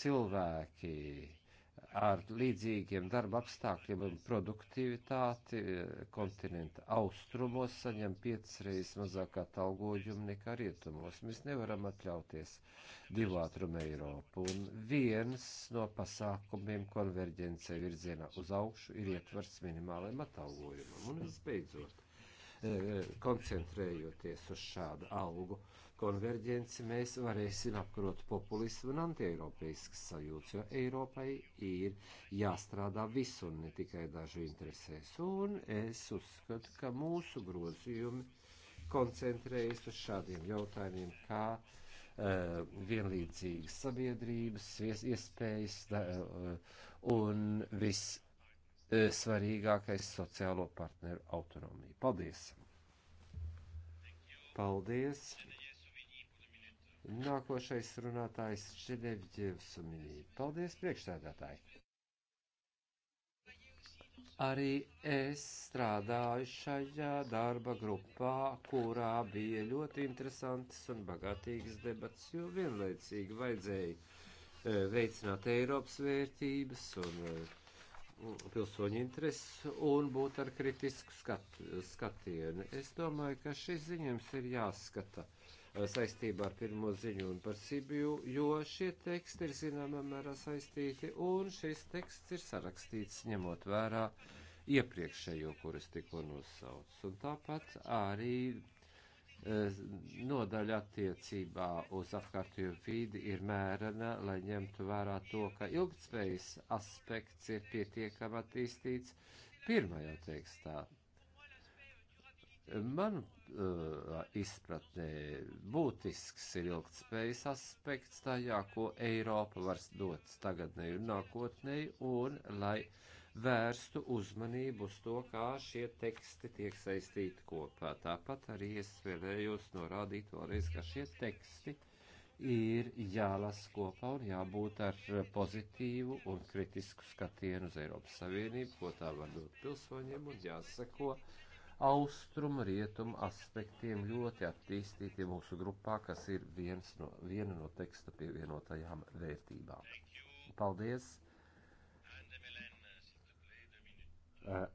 cilvēki ar līdzīgiem darba apstākļiem un produktivitāti eh, kontinenta austrumos saņem piecas reizes mazāk atalgojumu nekā rietumos. Mēs nevaram atļauties divu ātrumu Eiropu. Un viens no pasākumiem konverģencē virzienā uz augšu ir ietvers minimālajiem atalgojumam. Un visbeidzot, eh, koncentrējoties uz šādu algu konverģenci mēs varēsim apkarot populismu un antieiropeiskas sajūtas, jo Eiropai ir jāstrādā visu un ne tikai dažu interesēs. Un es uzskatu, ka mūsu grozījumi koncentrējas uz šādiem jautājumiem, kā uh, vienlīdzīgas sabiedrības, iespējas uh, un viss eh, svarīgākais sociālo partneru autonomija. Paldies! Paldies! Nākošais runātājs Šķeļevģievs Minī. Paldies, priekšsēdētāji! Arī es strādāju šajā darba grupā, kurā bija ļoti interesants un bagātīgs debats, jo vienlaicīgi vajadzēja e, veicināt Eiropas vērtības un e, pilsoņu intereses un būt ar kritisku skat, skatienu. Es domāju, ka šis ziņojums ir jāskata. E, Eh, saistībā ar pirmo ziņu un par Sibiju, jo šie teksti ir zināmā mērā saistīti un šis teksts ir sarakstīts ņemot vērā iepriekšējo, kuras tikko nosauc. Un tāpat arī eh, nodaļa attiecībā uz apkārtējo vīdi ir mērena, lai ņemtu vērā to, ka ilgtspējas aspekts ir pietiekami attīstīts pirmajā tekstā. Man uh, izpratnē būtisks ir ilgtspējas aspekts tajā, ko Eiropa var dot tagadnē un nākotnē, un lai vērstu uzmanību uz to, kā šie teksti tiek saistīti kopā. Tāpat arī es vēlējos norādīt vēlreiz, ka šie teksti ir jālas kopā un jābūt ar pozitīvu un kritisku skatienu uz Eiropas Savienību, ko tā var dot pilsoņiem un jāsako. Uh, austrumu rietumu aspektiem ļoti attīstīti mūsu grupā, kas ir viens no, viena no teksta pievienotajām vērtībām. Paldies! Uh,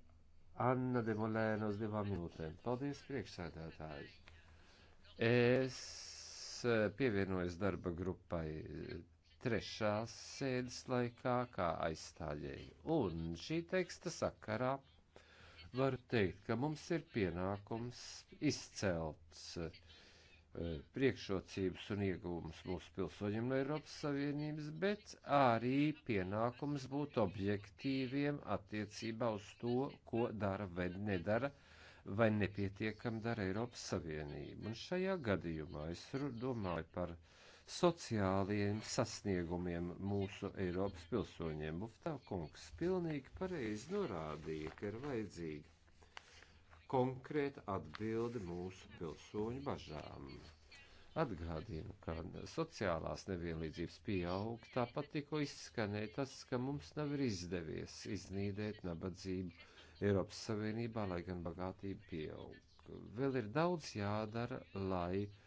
Anna de Molēna uz divām minūtēm. Paldies, priekšsēdētāji! Es eh, pievienojos darba grupai eh, trešās sēdes laikā kā aizstājēji, un šī teksta sakarā varu teikt, ka mums ir pienākums izcelt eh, priekšrocības un ieguvumus mūsu pilsoņiem no Eiropas Savienības, bet arī pienākums būt objektīviem attiecībā uz to, ko dara vai nedara vai nepietiekam dara Eiropas Savienība. Un šajā gadījumā es domāju par uh, sociāliem sasniegumiem mūsu Eiropas pilsoņiem. Muftā kungs pilnīgi pareizi norādīja, ka ir vajadzīga konkrēta atbilde mūsu pilsoņu bažām. Atgādinu, ka sociālās nevienlīdzības pieaug, tāpat tikko izskanēja tas, ka mums nav ir izdevies iznīdēt nabadzību Eiropas Savienībā, lai gan bagātība pieaug. Vēl ir daudz jādara, lai uh,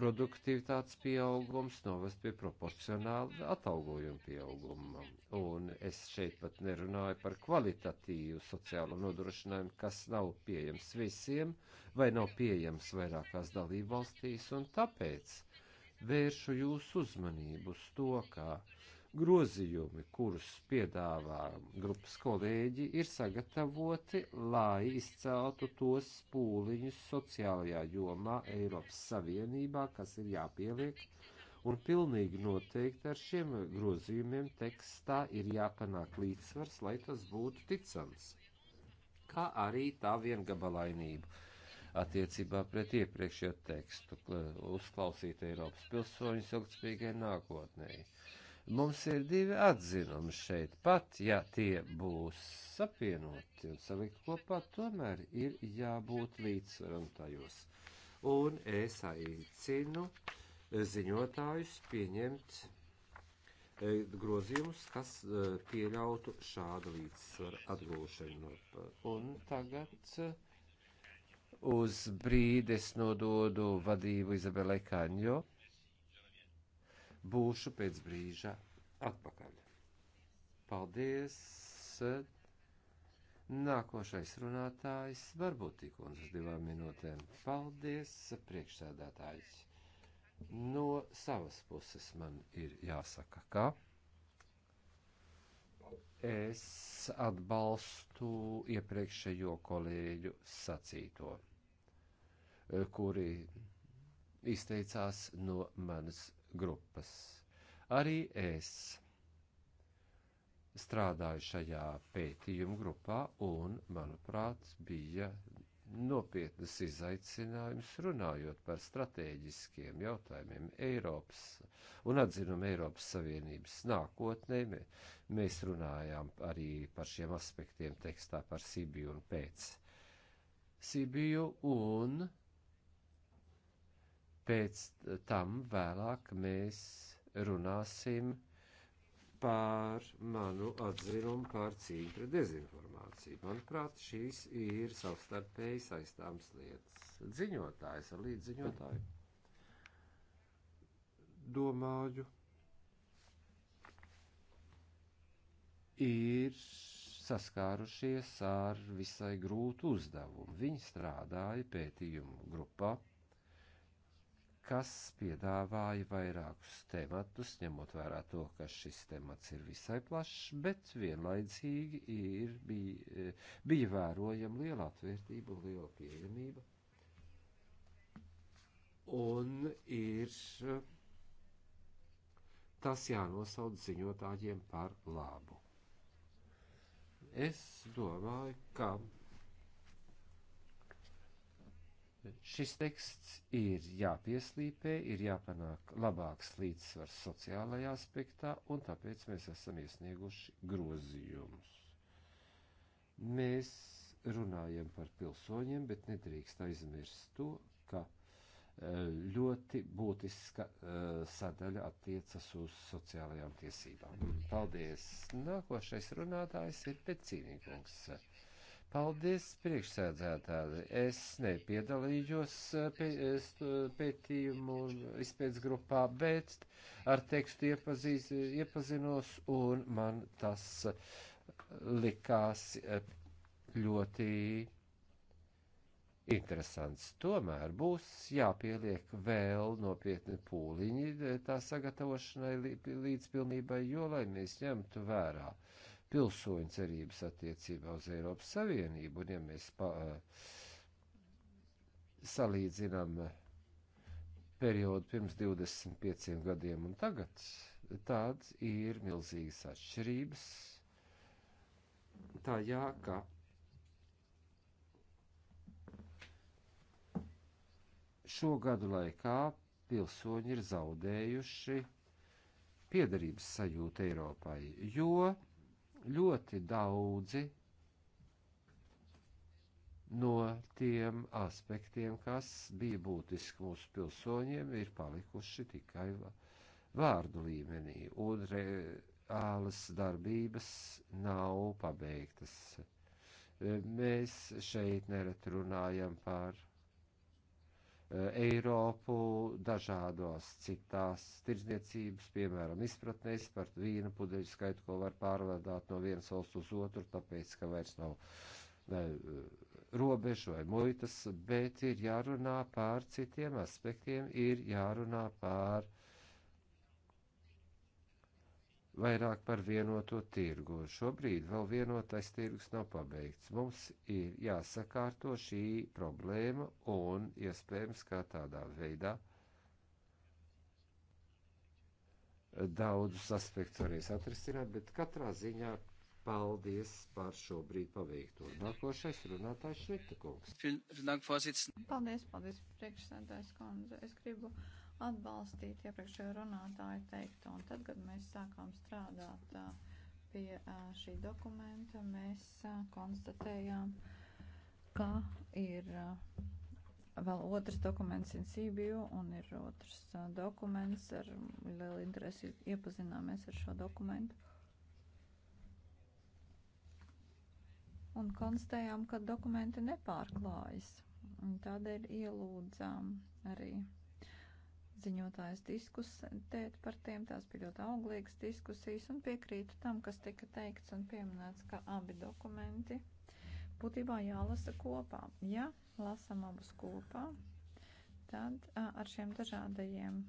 produktivitātes pieaugums novest pie proporcionāla atalgojuma pieauguma. Un es šeit pat nerunāju par kvalitatīvu sociālo nodrošinājumu, kas nav pieejams visiem vai nav pieejams vairākās dalībvalstīs, un tāpēc vēršu jūsu uzmanību uz to, ka grozījumi, kurus piedāvā grupas kolēģi, ir sagatavoti, lai izceltu tos pūliņus sociālajā jomā Eiropas Savienībā, kas ir jāpieliek, un pilnīgi noteikti ar šiem grozījumiem tekstā ir jāpanāk līdzsvars, lai tas būtu ticams, kā arī tā viengabalainība attiecībā pret iepriekšējo tekstu, uzklausīt Eiropas pilsoņus ilgspējīgai nākotnēji Mums ir divi atzinumi šeit, pat ja tie būs sapienoti un salikt kopā, tomēr ir jābūt līdzsvaram tajos. Un es aicinu ziņotājus pieņemt e, grozījumus, kas e, pieļautu šādu līdzsvaru atgūšanu. Un tagad e, uz brīdi es nododu vadību Izabelai Kaņo būšu pēc brīža atpakaļ. Paldies! Nākošais runātājs varbūt tik un uz divām minūtēm. Paldies, priekšsēdētājs. No savas puses man ir jāsaka, ka es atbalstu iepriekšējo kolēģu sacīto, kuri izteicās no manas grupas. Arī es strādāju šajā pētījumu grupā un, manuprāt, bija nopietnas izaicinājums runājot par stratēģiskiem jautājumiem Eiropas un atzinumu Eiropas Savienības nākotnē. Mēs runājām arī par šiem aspektiem tekstā par Sibiju un pēc Sibiju un pēc tam vēlāk mēs runāsim par manu atzinumu par cīņu pret dezinformāciju. Manuprāt, šīs ir savstarpēji saistāmas lietas. Ziņotājs ar līdziņotāju. Domāju, ir saskārušies ar visai grūtu uzdevumu. Viņi strādāja pētījumu grupā kas piedāvāja vairākus tematus, ņemot vērā to, ka šis temats ir visai plašs, bet vienlaicīgi ir, bija, e, bija vērojama liela atvērtība un liela pieejamība. Un ir e, tas jānosauc ziņotājiem par labu. Es domāju, ka Šis teksts ir jāpieslīpē, ir jāpanāk labāks līdzsvars sociālajā aspektā, un tāpēc mēs esam iesnieguši grozījumus. Mēs runājam par pilsoņiem, bet nedrīkst aizmirst to, ka e, ļoti būtiska e, sadaļa attiecas uz sociālajām tiesībām. Paldies! Nākošais runātājs ir Pecīnīgs. Paldies, priekšsēdzētāji. Es nepiedalījos eh, eh, pētījumu izpēc grupā, bet ar tekstu iepazīs, iepazinos un man tas eh, likās ļoti interesants. Tomēr būs jāpieliek vēl nopietni pūliņi tā sagatavošanai līdz pilnībai, jo lai mēs ņemtu vērā. Uh, pilsoņu cerības attiecībā uz Eiropas Savienību, un ja mēs pa, eh, salīdzinām eh, periodu pirms 25 gadiem un tagad, tāds ir milzīgas atšķirības. Tā jā, ka šo gadu laikā pilsoņi ir zaudējuši piedarības sajūtu Eiropai, jo ļoti daudzi no tiem aspektiem, kas bija būtiski mūsu pilsoņiem, ir palikuši tikai vārdu līmenī, un reālas darbības nav pabeigtas. Mēs šeit nereti runājam par Eh, Eiropu dažādos citās tirdzniecības, piemēram, izpratnēs par vīnu pudeļu skaitu, ko var pārvadāt no vienas valsts uz otru, tāpēc, ka vairs nav ne, eh, robežu vai muitas, bet ir jārunā pār citiem aspektiem, ir jārunā pār uh, vairāk par vienoto tirgu. Šobrīd vēl vienotais tirgus nav pabeigts. Mums ir jāsakārto šī problēma un iespējams, kā tādā veidā daudzus aspektus varēs atrisināt, bet katrā ziņā paldies par šobrīd paveikto. Nākošais runātājs Švita kungs. Paldies, paldies, priekšsēdājs kundze. Es gribu uh, atbalstīt iepriekšējo runātāju teikto. Un tad, kad mēs sākām strādāt pie šī dokumenta, mēs konstatējām, ka ir vēl otrs dokuments Insībiju un ir otrs dokuments ar lielu interesi iepazināmies ar šo dokumentu. Un konstatējām, ka dokumenti nepārklājas. Tādēļ ielūdzām arī ziņotājs diskusēt par tiem. Tās bija ļoti auglīgas diskusijas un piekrītu tam, kas tika teikts un pieminēts, ka abi dokumenti būtībā jālasa kopā. Ja lasam abus kopā, tad a, ar šiem dažādajiem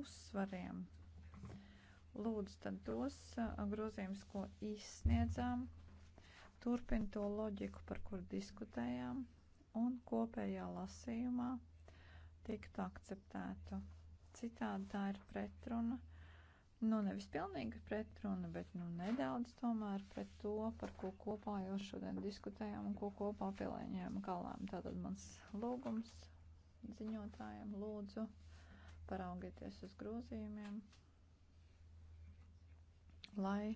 uzsvariem lūdzu tad tos grozījumus, ko izsniedzām, turpin to loģiku, par kur diskutējām, un kopējā lasījumā tiktu akceptēta. Citādi tā ir pretruna. Nu, nevis pilnīga pretruna, bet nu, nedaudz tomēr pret to, par ko kopā jau šodien diskutējām un ko kopā pielēņojām kalām. Tātad mans lūgums ziņotājiem lūdzu paraugieties uz grozījumiem, lai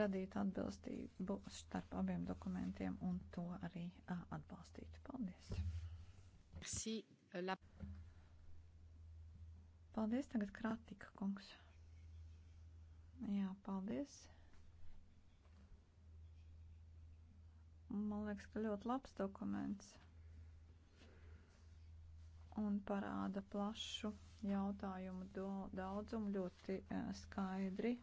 radīt atbilstību starp abiem dokumentiem un to arī a, atbalstīt. Paldies! Merci. La... Paldies, tagad Kratika kungs. Jā, paldies. Man liekas, ka ļoti labs dokuments un parāda plašu jautājumu daudzumu ļoti skaidri.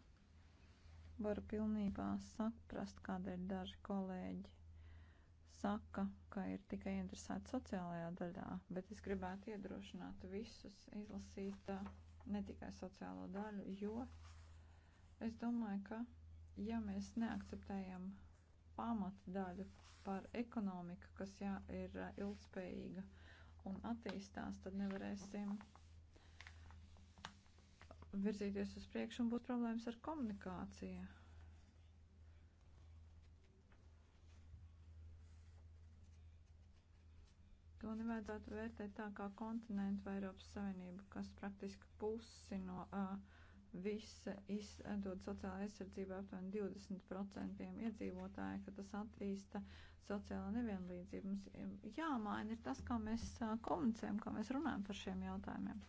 Varu pilnībā saprast, kādēļ daži kolēģi saka, ka ir tikai interesēti sociālajā daļā, bet es gribētu iedrošināt visus izlasīt eh, ne tikai sociālo daļu, jo es domāju, ka ja mēs neakceptējam pamata daļu par ekonomiku, kas jā, ir eh, ilgspējīga un attīstās, tad nevarēsim virzīties uz priekšu un būt problēmas ar komunikāciju. to nevajadzētu vērtēt tā kā kontinentu vai Eiropas Savienību, kas praktiski pusi no uh, visa izdod sociālā aizsardzība aptuveni 20% iedzīvotāji, ka tas attīsta sociālā nevienlīdzība. Mums jāmaina ir tas, kā mēs uh, komunicējam, kā mēs runājam par šiem jautājumiem.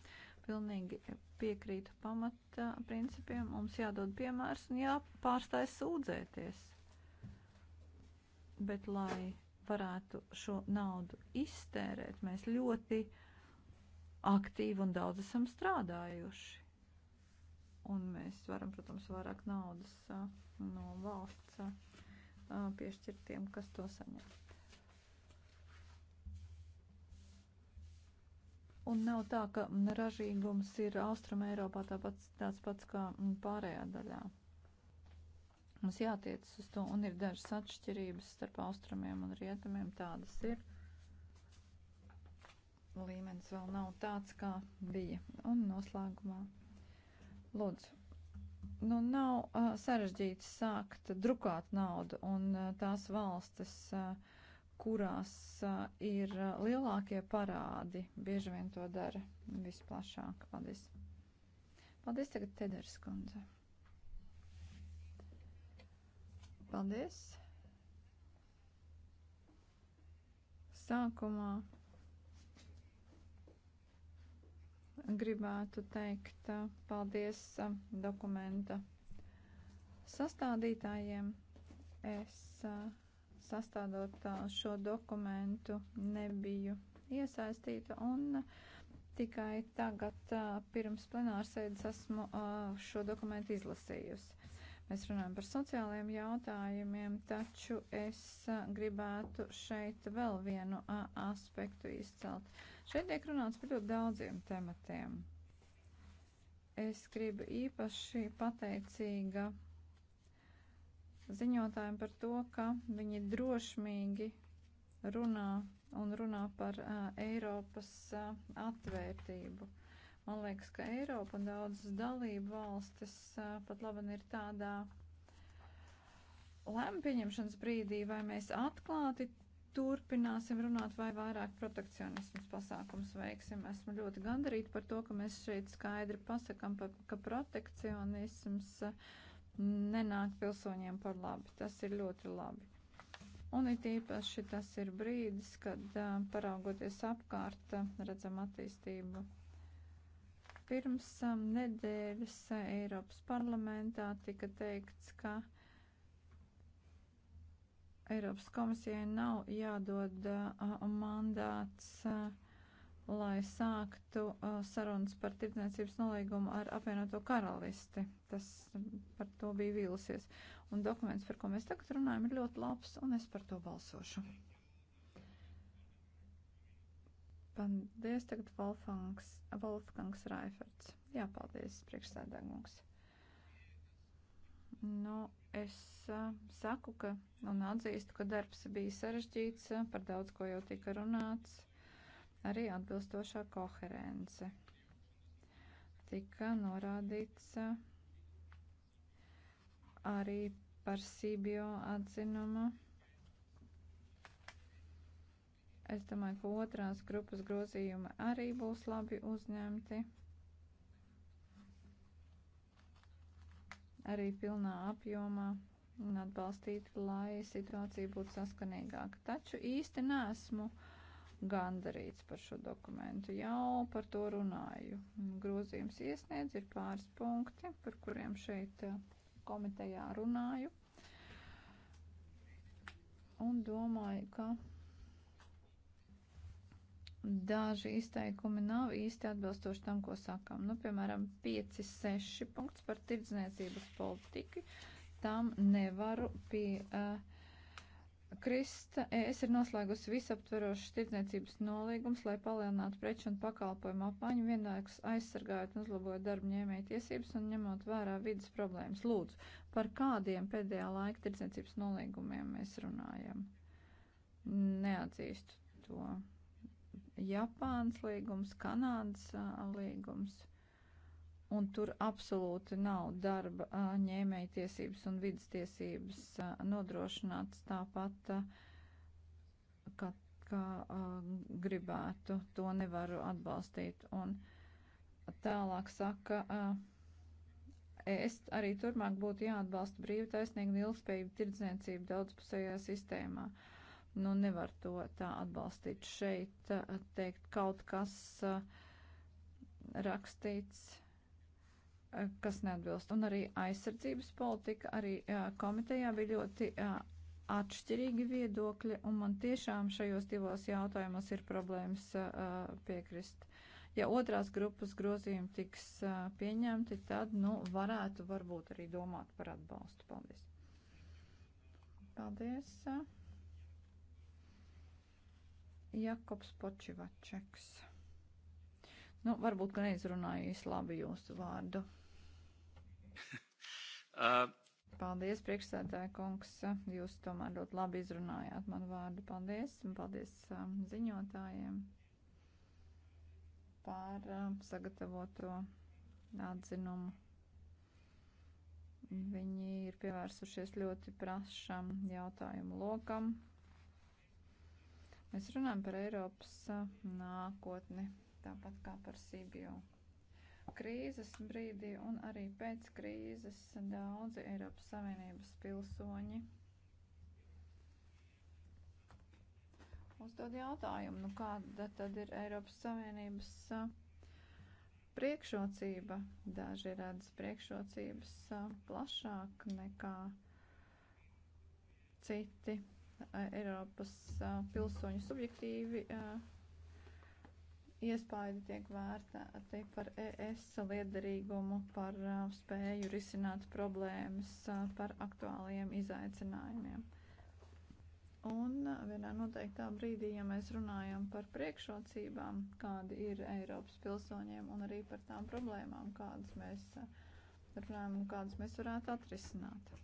Pilnīgi piekrītu pamata principiem, mums jādod piemērs un jāpārstāj sūdzēties. Bet lai varētu šo naudu iztērēt. Mēs ļoti aktīvi un daudz esam strādājuši. Un mēs varam, protams, vairāk naudas no valsts piešķirt tiem, kas to saņem. Un nav tā, ka ražīgums ir Austrum Eiropā tāpat, tāds pats kā pārējā daļā. Mums jātiec uz to, un ir dažas atšķirības starp austrumiem un rietumiem, tādas ir. Līmenis vēl nav tāds, kā bija. Un noslēgumā. Lūdzu, nu, nav uh, sarežģīti sākt drukāt naudu un uh, tās valstis, uh, kurās uh, ir uh, lielākie parādi, bieži vien to dara visplašāk. Paldies. Paldies tagad Tederskundze. Paldies! Sākumā gribētu teikt paldies dokumenta sastādītājiem. Es sastādot šo dokumentu nebiju iesaistīta un tikai tagad pirms plenārsēdes esmu šo dokumentu izlasījusi. Mēs runājam par sociālajiem jautājumiem, taču es gribētu šeit vēl vienu aspektu izcelt. Šeit tiek runāts par ļoti daudziem tematiem. Es gribu īpaši pateicīga ziņotājiem par to, ka viņi drošmīgi runā un runā par uh, Eiropas uh, atvērtību. Uh, Man liekas, ka Eiropa un daudzas dalību valstis pat labi ir tādā lēma pieņemšanas brīdī, vai mēs atklāti turpināsim runāt vai vairāk protekcionismas pasākums veiksim. Esmu ļoti gandarīta par to, ka mēs šeit skaidri pasakam, ka protekcionisms nenāk pilsoņiem par labi. Tas ir ļoti labi. Un it īpaši tas ir brīdis, kad paraugoties apkārt, redzam attīstību Pirms um, nedēļas uh, Eiropas parlamentā tika teikts, ka Eiropas komisijai nav jādod uh, mandāts, uh, lai sāktu uh, sarunas par tirdzniecības nolīgumu ar apvienoto karalisti. Tas um, par to bija vīlusies. Un dokuments, par ko mēs tagad runājam, ir ļoti labs, un es par to balsošu. Paldies, tagad Wolfgangs, Wolfgangs Raiferts. Jā, paldies, priekšsēdētājs. Nu, es uh, saku, ka un atzīstu, ka darbs bija sarežģīts, eh, par daudz ko jau tika runāts, arī atbilstošā koherence. Tika norādīts uh, arī par Sībio atzinumu Es domāju, ka otrās grupas grozījumi arī būs labi uzņemti. Arī pilnā apjomā un atbalstīt, lai situācija būtu saskanīgāka. Taču īsti nesmu gandarīts par šo dokumentu. Jau par to runāju. Grozījums iesniedz ir pāris punkti, par kuriem šeit eh, komitejā runāju. Un domāju, ka daži izteikumi nav īsti atbilstoši tam, ko sakām. Nu, piemēram, 5-6 punkts par tirdzniecības politiku. Tam nevaru pie. Uh, eh, Krista, es ir noslēgusi visaptverošas tirdzniecības nolīgums, lai palielinātu preču un pakalpojumu apmaiņu, vienlaikus aizsargājot un uzlabojot darba ņēmēju tiesības un ņemot vērā vidas problēmas. Lūdzu, par kādiem pēdējā laika tirdzniecības nolīgumiem mēs runājam? Neatzīstu to. Japānas līgums, Kanādas līgums. Un tur absolūti nav darba ņēmēja tiesības un vidas tiesības nodrošināts tāpat, kā, kā gribētu. To nevaru atbalstīt. Un tālāk saka, es arī turmāk būtu jāatbalsta brīvtaisnīga un ilgspējīga tirdzniecība daudzpusējā sistēmā. Uh, Nu, nevar to tā atbalstīt šeit, teikt kaut kas rakstīts, kas neatbilst. Un arī aizsardzības politika, arī komitejā bija ļoti atšķirīgi viedokļi, un man tiešām šajos divos jautājumos ir problēmas uh, piekrist. Ja otrās grupas grozījumi tiks uh, pieņemti, tad, nu, varētu varbūt arī domāt par atbalstu. Paldies! Paldies! Uh. Jakobs Počivačeks. Nu, varbūt, ka neizrunāju labi jūsu vārdu. Uh. Paldies, priekšsēdētāja kungs. Jūs tomēr ļoti labi izrunājāt manu vārdu. Paldies, un paldies um, ziņotājiem par um, sagatavoto atzinumu. Viņi ir pievērsušies ļoti prašam jautājumu lokam. Mēs runājam par Eiropas nākotni, tāpat kā par Sibiju. Krīzes brīdī un arī pēc krīzes daudzi Eiropas Savienības pilsoņi uzdod jautājumu, nu kāda tad ir Eiropas Savienības priekšrocība. Daži redz priekšrocības plašāk nekā citi Eiropas pilsoņu subjektīvi iespaidi tiek vērtēti par ES liederīgumu, par spēju risināt problēmas, par aktuāliem izaicinājumiem. Un vienā noteiktā brīdī, ja mēs runājam par priekšrocībām, kādi ir Eiropas pilsoņiem un arī par tām problēmām, kādas mēs runājam un kādas mēs varētu atrisināt.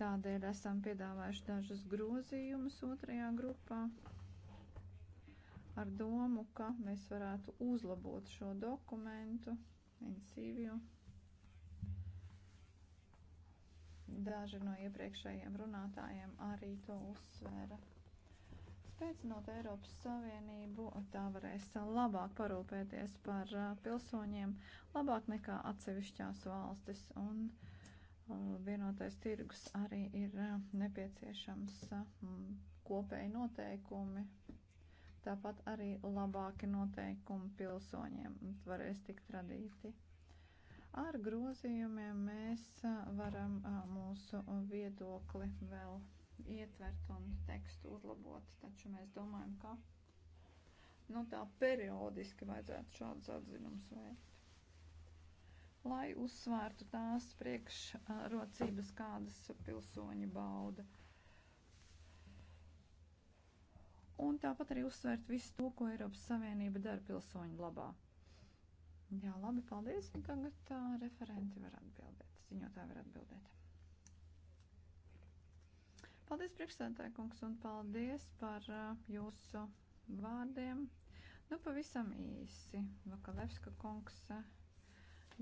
Tādēļ esam piedāvājuši dažus grozījumus otrajā grupā ar domu, ka mēs varētu uzlabot šo dokumentu, insīviju. Daži no iepriekšējiem runātājiem arī to uzsvēra. Spēcinot Eiropas Savienību, tā varēs labāk parūpēties par uh, pilsoņiem, labāk nekā atsevišķās valstis un valstis vienotais tirgus arī ir eh, nepieciešams eh, kopēji noteikumi, tāpat arī labāki noteikumi pilsoņiem varēs tikt radīti. Ar grozījumiem mēs eh, varam mūsu viedokli vēl ietvert un tekstu uzlabot, taču mēs domājam, ka nu, tā periodiski vajadzētu šādus atzinumus veikt lai uzsvērtu tās priekšrocības, kādas pilsoņi bauda. Un tāpat arī uzsvērt visu to, ko Eiropas Savienība dara pilsoņu labā. Jā, labi, paldies. Tagad uh, referenti var atbildēt, ziņotāji var atbildēt. Paldies, priekšsēdētāji kungs, un paldies par uh, jūsu vārdiem. Nu, pavisam īsi, Vakalevska kungs. Uh,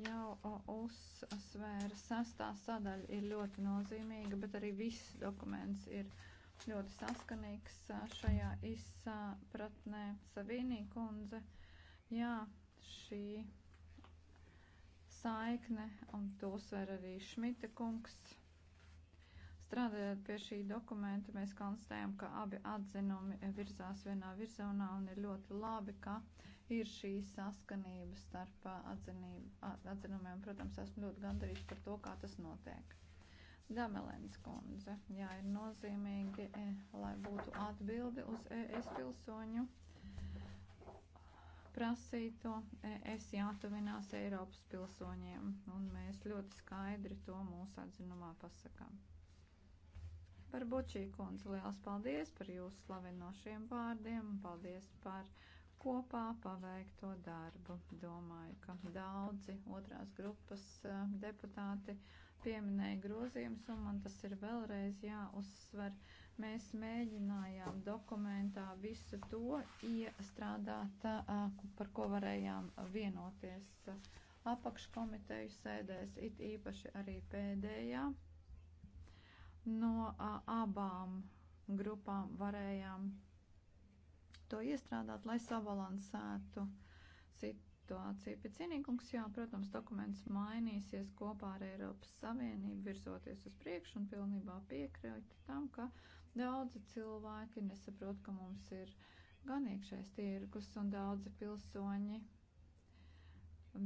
jau uzsvēra sastā sadaļa ir ļoti nozīmīga, bet arī viss dokuments ir ļoti saskanīgs šajā izpratnē. Savīnī kundze, jā, šī saikne, un to uzsver arī Šmita kungs. Strādājot pie šī dokumenta, mēs konstatējam, ka abi atzinumi virzās vienā virzienā un ir ļoti labi, ka uh, ir šī saskanība starp atzinumiem. Protams, esmu ļoti gandarīts par to, kā tas notiek. Gamelēns kundze, jā, ir nozīmīgi, e, lai būtu atbildi uz ES pilsoņu prasīto, es jātuvinās Eiropas pilsoņiem, un mēs ļoti skaidri to mūsu atzinumā pasakām. Par Bučī kundzi liels paldies par jūsu slavinošiem vārdiem, paldies par uh, kopā paveikto darbu. Domāju, ka daudzi otrās grupas eh, deputāti pieminēja grozījumus, un man tas ir vēlreiz jāuzsver. Mēs mēģinājām dokumentā visu to iestrādāt, eh, par ko varējām vienoties apakškomiteju sēdēs, it īpaši arī pēdējā. No abām grupām varējām to iestrādāt, lai sabalansētu situāciju. Pēc cienīgums, jā, protams, dokuments mainīsies kopā ar Eiropas Savienību, virzoties uz priekšu un pilnībā piekrīt tam, ka daudzi cilvēki nesaprot, ka mums ir gan iekšējais tirgus un daudzi pilsoņi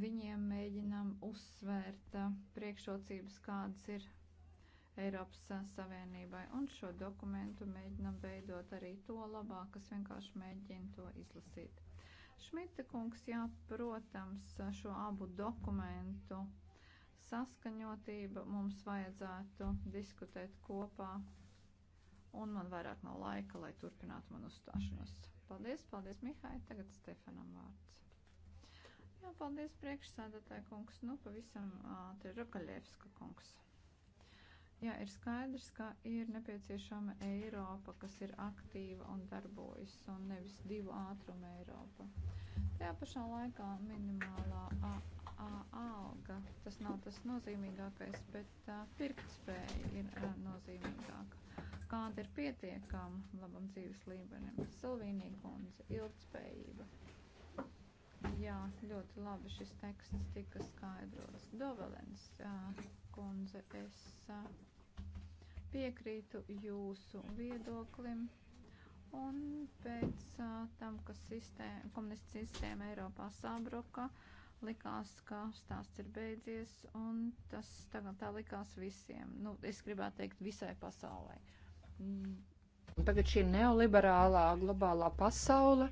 viņiem mēģinam uzsvērt priekšrocības, kādas ir Eiropas Savienībai. Un šo dokumentu mēģinam veidot arī to labāk, kas vienkārši mēģina to izlasīt. Šmita kungs, jā, protams, šo abu dokumentu saskaņotība mums vajadzētu diskutēt kopā. Un man vairāk nav laika, lai turpinātu manu uzstāšanos. Paldies, paldies, Mihai. Tagad Stefanam vārds. Jā, paldies priekšsēdētāji kungs. Nu, pavisam ātri Rakaļievska kungs. Jā, ir skaidrs, ka ir nepieciešama Eiropa, kas ir aktīva un darbojas, un nevis divu ātrumu Eiropa. Tajā pašā laikā minimālā a, a, alga, tas nav tas nozīmīgākais, bet a, pirktspēja ir a, nozīmīgāka. Kāda ir pietiekama labam dzīves līmenim? Silvīnija kundze, ilgtspējība. Jā, ļoti labi šis teksts tika skaidrots. Dovelens kundze, es. A, Piekrītu jūsu viedoklim. Un pēc tam, ka sistēma, komunistiskā sistēma Eiropā sabruka, likās, ka stāsts ir beidzies, un tas tagad tā likās visiem. Nu, es gribētu teikt, visai pasaulē. Mm. Un tagad šī neoliberālā globālā pasaule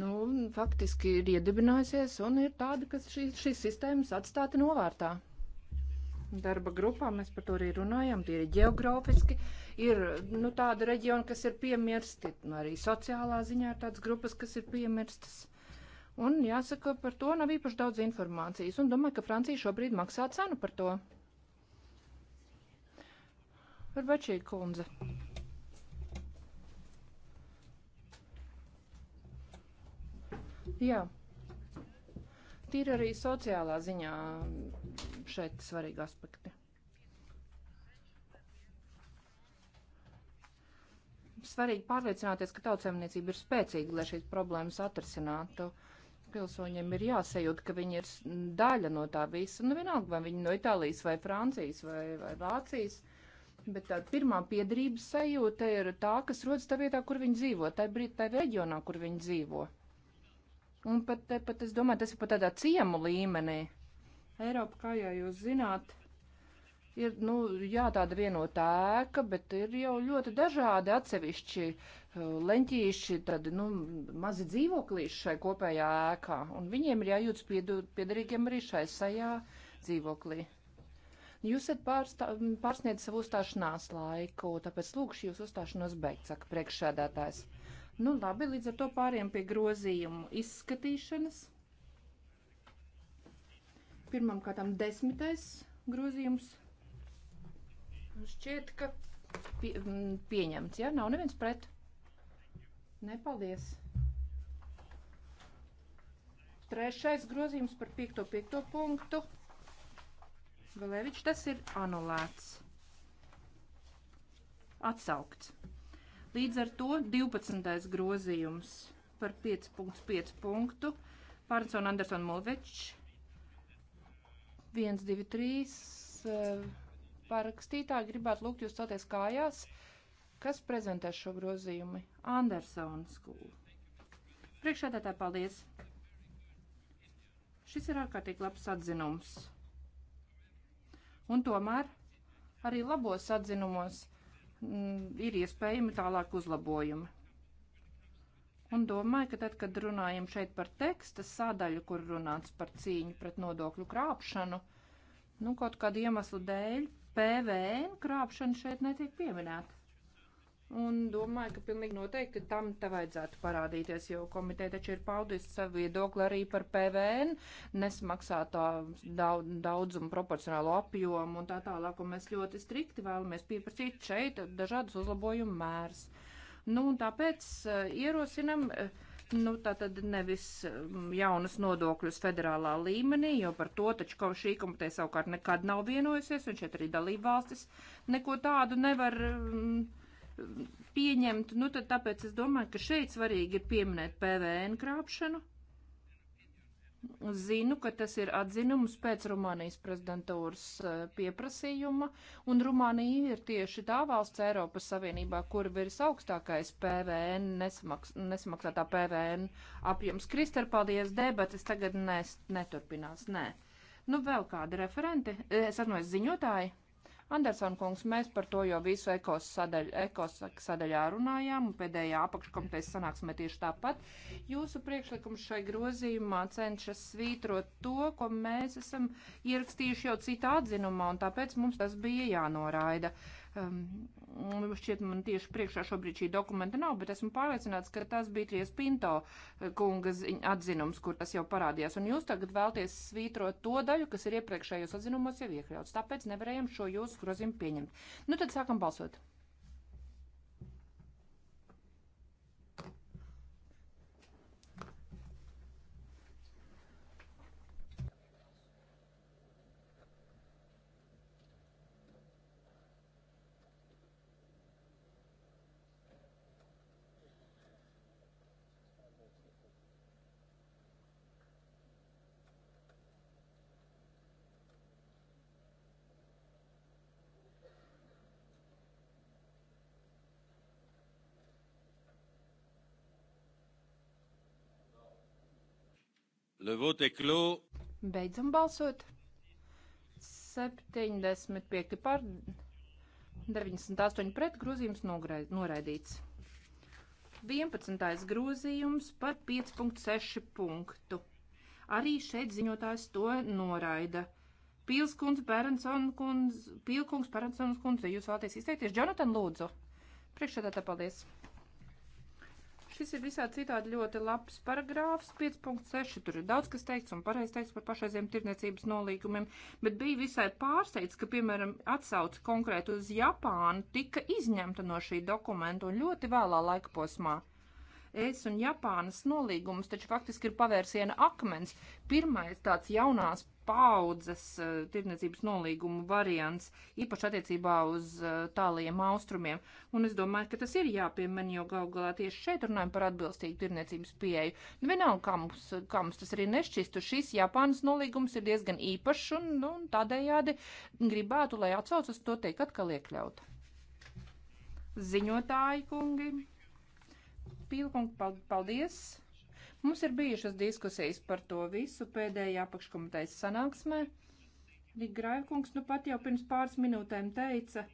nu, faktiski ir iedibinājusies un ir tāda, ka šī, šīs sistēmas atstāta novārtā darba grupā, mēs par to arī runājam, tie ir geogrāfiski, ir nu, tāda reģiona, kas ir piemirsti, nu, arī sociālā ziņā ir tādas grupas, kas ir piemirstas. Un jāsaka, par to nav īpaši daudz informācijas, un domāju, ka Francija šobrīd maksā cenu par to. Varbūt šī kundze. Jā. Yeah. Tīri arī sociālā ziņā šeit svarīgi aspekti. Svarīgi pārliecināties, ka tautsēmniecība ir spēcīga, lai šīs problēmas atrisinātu. Pilsoņiem ir jāsajūt, ka viņi ir daļa no tā visa. Nu, vienalga, vai viņi no Itālijas vai Francijas vai, vai Vācijas. Bet tā pirmā piedarības sajūta ir tā, kas rodas tā vietā, kur viņi dzīvo, tajā brīdī, tajā reģionā, kur viņi dzīvo. Un pat, pat es domāju, tas ir pat tādā ciemu līmenī. Eiropa, kā jau jūs zināt, ir, nu, jā, tāda vienota ēka, bet ir jau ļoti dažādi atsevišķi uh, leņķīši, tad, nu, mazi dzīvoklīši šai kopējā ēkā, un viņiem ir jājūtas piederīgiem arī šai sajā dzīvoklī. Jūs esat pārstā, pārsniedz savu uzstāšanās laiku, tāpēc lūkšu jūs uzstāšanos beigt, saka priekšsēdētājs. Nu labi, līdz ar to pāriem pie grozījumu izskatīšanas. Pirmam kārtām desmitais grozījums. Nu, šķiet, ka pie, pieņemts, ja? Nav neviens pret. Nepaldies. Trešais grozījums par piekto piekto punktu. Galēvičs tas ir anulēts. Atsaukts. Līdz ar to 12. grozījums par 5.5 punktu. Pārcona Andersona Mulvečs. 1, 2, 3. Eh, Pārakstītāji gribētu lūgt jūs stoties kājās. Kas prezentēs šo grozījumu? Andersons skolu. Priekšādātā paldies. Šis ir ārkārtīgi labs atzinums. Un tomēr arī labos atzinumos Mm, ir iespējami tālāk uzlabojumi. Un domāju, ka tad, kad runājam šeit par teksta sadaļu, kur runāts par cīņu pret nodokļu krāpšanu, nu, kaut kādu iemeslu dēļ PVN krāpšana šeit netiek pieminēta. Un domāju, ka pilnīgi noteikti tam te vajadzētu parādīties, jo komiteja taču ir paudusi savu viedokli arī par PVN, nesmaksātā daudz, daudzumu proporcionālo apjomu un tā tālāk, un mēs ļoti strikti vēlamies pieprasīt šeit dažādas uzlabojumu mērs. Nu, un tāpēc uh, ierosinam. Uh, Nu, tā tad nevis mm, jaunas nodokļus federālā līmenī, jo par to taču šī komiteja savukārt nekad nav vienojusies, un šeit arī dalība valstis neko tādu nevar mm, pieņemtu. Nu, tad tāpēc es domāju, ka šeit svarīgi ir pieminēt PVN krāpšanu. Zinu, ka tas ir atzinums pēc Rumānijas prezidentūras e, pieprasījuma, un Rumānija ir tieši tā valsts Eiropas Savienībā, kur virs augstākais PVN, nesmaks, nesmaksātā PVN apjoms. Krister, paldies, debatas tagad nes, neturpinās, nē. Nu, vēl kādi referenti, es atnojos ziņotāji. Anderson kungs, mēs par to jau visu ekos, sadaļ, ekos sadaļā runājām, un pēdējā apakškomitejas sanāksmē tieši tāpat. Jūsu priekšlikums šai grozījumā cenšas svītrot to, ko mēs esam ierakstījuši jau citā atzinumā, un tāpēc mums tas bija jānoraida. Uh, Um, šķiet, man tieši priekšā šobrīd šī dokumenta nav, bet esmu pārliecināts, ka tas bija Tries Pinto e, kunga atzinums, kur tas jau parādījās. Un jūs tagad vēlties svītrot to daļu, kas ir iepriekšējos atzinumos jau iekļauts. Tāpēc nevarējam šo jūsu grozījumu pieņemt. Nu tad sākam balsot. Le vote est clos. Beidzam balsot. 75 par 98 pret grozījums noraidīts. 11. grozījums par 5.6 punktu. Arī šeit ziņotājs to noraida. Pīlskundze, Pērensons kundze, Pīlkungs, Pērensons kundze, jūs vēlaties izteikties? Jonatan, lūdzu. Priekšsēdētā, paldies. Šis ir visā citādi ļoti labs paragrāfs, 5.6. Tur ir daudz kas teikts un pareiz teikts par pašreiziem tirniecības nolīgumiem, bet bija visai pārsteigts, ka, piemēram, atsauce konkrēti uz Japānu tika izņemta no šī dokumenta un ļoti vēlā laika posmā. Es un Japānas nolīgums taču faktiski ir pavērsiena akmens. Pirmais tāds jaunās paudzes eh, tirdzniecības nolīgumu variants, īpaši attiecībā uz eh, tālajiem austrumiem. Un es domāju, ka tas ir jāpiemina, jo gal galā tieši šeit runājam par atbilstīgu tirdzniecības pieeju. Nu, vienalga, kā mums, kā mums tas arī nešķistu, šis Japānas nolīgums ir diezgan īpašs un, nu, un tādējādi gribētu, lai atsaucas to tiek atkal iekļaut. Ziņotāji kungi, pīlkungi, paldies! Mums ir bijušas diskusijas par to visu pēdējā apakškomitejas sanāksmē. Vigrājkungs nu pat jau pirms pāris minūtēm teica,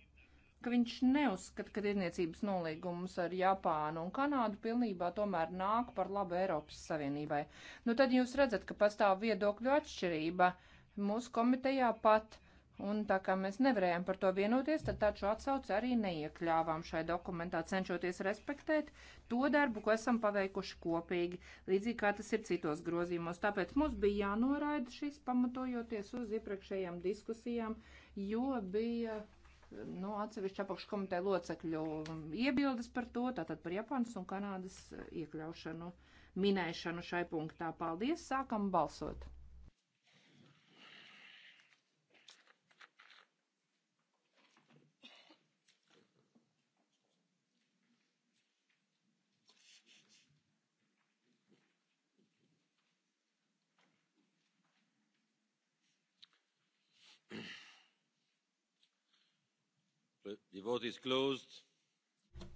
ka viņš neuzskata, ka tirniecības nolīgums ar Japānu un Kanādu pilnībā tomēr nāk par labu Eiropas Savienībai. Nu tad jūs redzat, ka pastāv viedokļu atšķirība. Mūsu komitejā pat Un tā kā mēs nevarējām par to vienoties, tad taču atsauci arī neiekļāvām šai dokumentā, cenšoties respektēt to darbu, ko esam paveikuši kopīgi, līdzīgi kā tas ir citos grozījumos. Tāpēc mums bija jānoraida šis pamatojoties uz iepriekšējām diskusijām, jo bija nu, atsevišķi apakškomiteja locekļu iebildes par to, tātad par Japānas un Kanādas iekļaušanu, minēšanu šai punktā. Paldies, sākam balsot!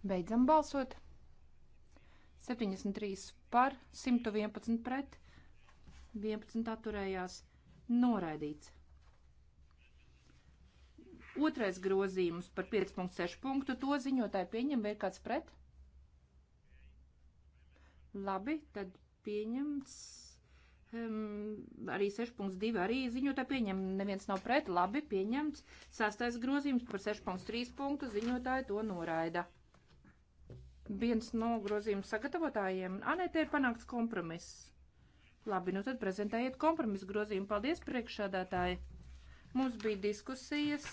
Beidzam balsot. 73 par, 111 pret, 11 atturējās, noraidīts. Otrais grozījums par 5.6 punktu, to ziņotāji pieņem, vai ir kāds pret? Labi, tad pieņemts Um, arī 6.2 arī ziņotā pieņem, neviens nav pret, labi, pieņemts. Sastais grozījums par 6.3 punktu ziņotāja to noraida. Viens no grozījuma sagatavotājiem, anē, te ir panākts kompromiss. Labi, nu tad prezentējiet kompromisu grozījumu. Paldies, priekšādātāji! Mums bija diskusijas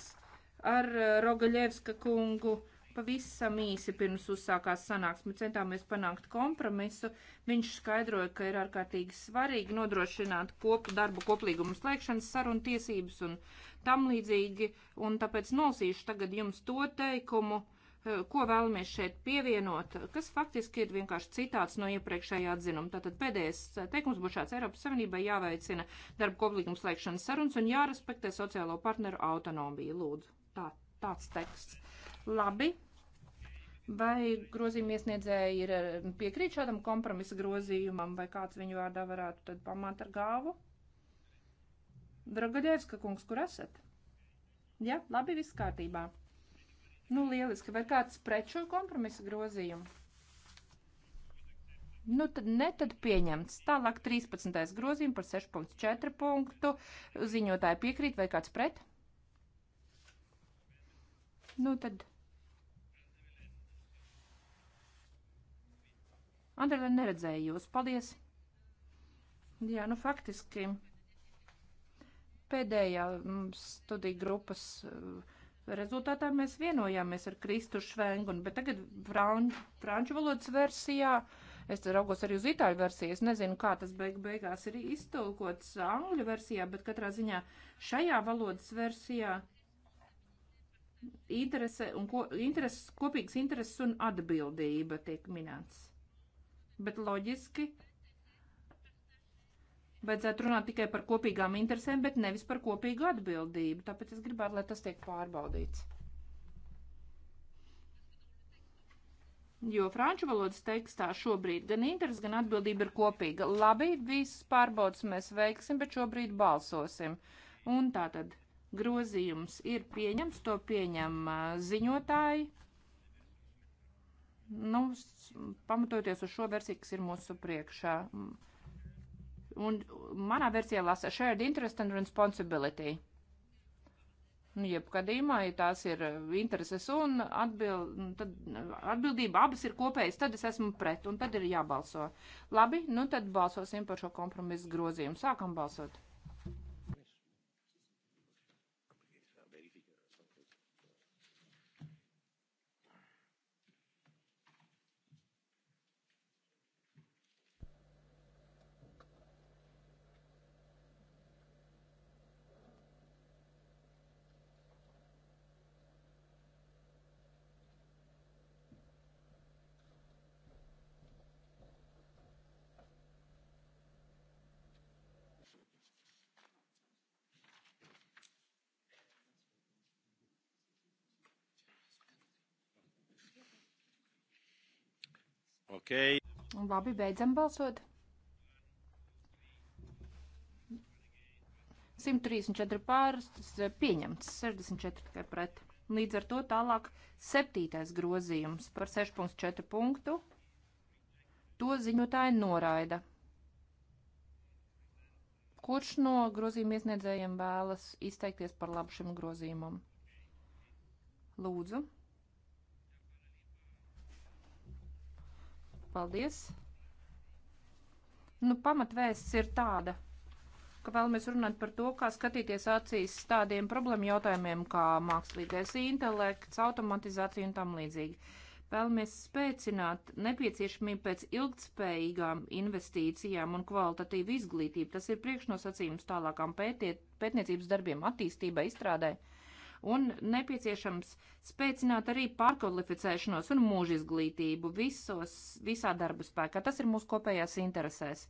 ar eh, Rogaļevska kungu Pavisam īsi pirms uzsākās sanāksme centāmies panākt kompromisu. Viņš skaidroja, ka ir ārkārtīgi svarīgi nodrošināt kop, darbu koplīgumu slēgšanas sarunu tiesības un tam līdzīgi, un tāpēc nolasīšu tagad jums to teikumu, eh, ko vēlamies šeit pievienot, kas faktiski ir vienkārši citāts no iepriekšējā atzinuma. Tātad pēdējais eh, teikums būs šāds Eiropas Savienībai jāveicina darbu koplīgumu slēgšanas sarunas un jārespektē sociālo partneru autonomiju. Lūdzu, tā, tāds teksts. Labi, Vai grozījuma iesniedzēji ir eh, piekrīt šādam kompromisa grozījumam, vai kāds viņu vārdā varētu tad pamāt ar gāvu? Dragaļevska kungs, kur esat? Jā, ja, labi, viss kārtībā. Nu, lieliski. Vai kāds pret šo kompromisa grozījumu? Nu, tad ne tad pieņemts. Tālāk 13. grozījums par 6.4 punktu. Ziņotāji piekrīt vai kāds pret? Nu, tad Andrēļ neredzēju jūs. Paldies! Jā, nu faktiski pēdējā mm, studiju grupas eh, rezultātā mēs vienojāmies ar Kristu Švengunu, bet tagad franču valodas versijā, es raugos arī uz itāļu versiju, es nezinu, kā tas beig beigās ir iztulkots angļu versijā, bet katrā ziņā šajā valodas versijā interese un ko, interes, kopīgs intereses un atbildība tiek minēts bet loģiski vajadzētu runāt tikai par kopīgām interesēm, bet nevis par kopīgu atbildību. Tāpēc es gribētu, lai tas tiek pārbaudīts. Jo franču valodas tekstā šobrīd gan interesi, gan atbildība ir kopīga. Labi, visas pārbaudas mēs veiksim, bet šobrīd balsosim. Un tā tad grozījums ir pieņems, to pieņem ziņotāji. Nu, pamatojoties uz šo versiju, kas ir mūsu priekšā. Un manā versijā lasa shared interest and responsibility. Nu, jebkadījumā, ja tās ir intereses un atbild, nu, tad atbildība abas ir kopējas, tad es esmu pret, un tad ir jābalso. Labi, nu tad balsosim par šo kompromisu grozījumu. Sākam balsot. Okay. Un labi, beidzam balsot. 134 pāris pieņemts, 64 tikai pret. Līdz ar to tālāk septītais grozījums par 6.4 punktu. To ziņotāji noraida. Kurš no grozījuma iesniedzējiem vēlas izteikties par labu šim grozījumam? Lūdzu. Paldies! Nu, pamatvēsts ir tāda, ka vēlamies runāt par to, kā skatīties acīs tādiem problēmu jautājumiem kā mākslīgais intelekts, automatizācija un tam līdzīgi. Vēlamies spēcināt nepieciešamību pēc ilgtspējīgām investīcijām un kvalitatīvu izglītību. Tas ir priekšnosacījums tālākām pētiet, pētniecības darbiem, attīstībai, izstrādai un nepieciešams spēcināt arī pārkvalificēšanos un mūža izglītību visos, visā darba spēkā. Tas ir mūsu kopējās interesēs.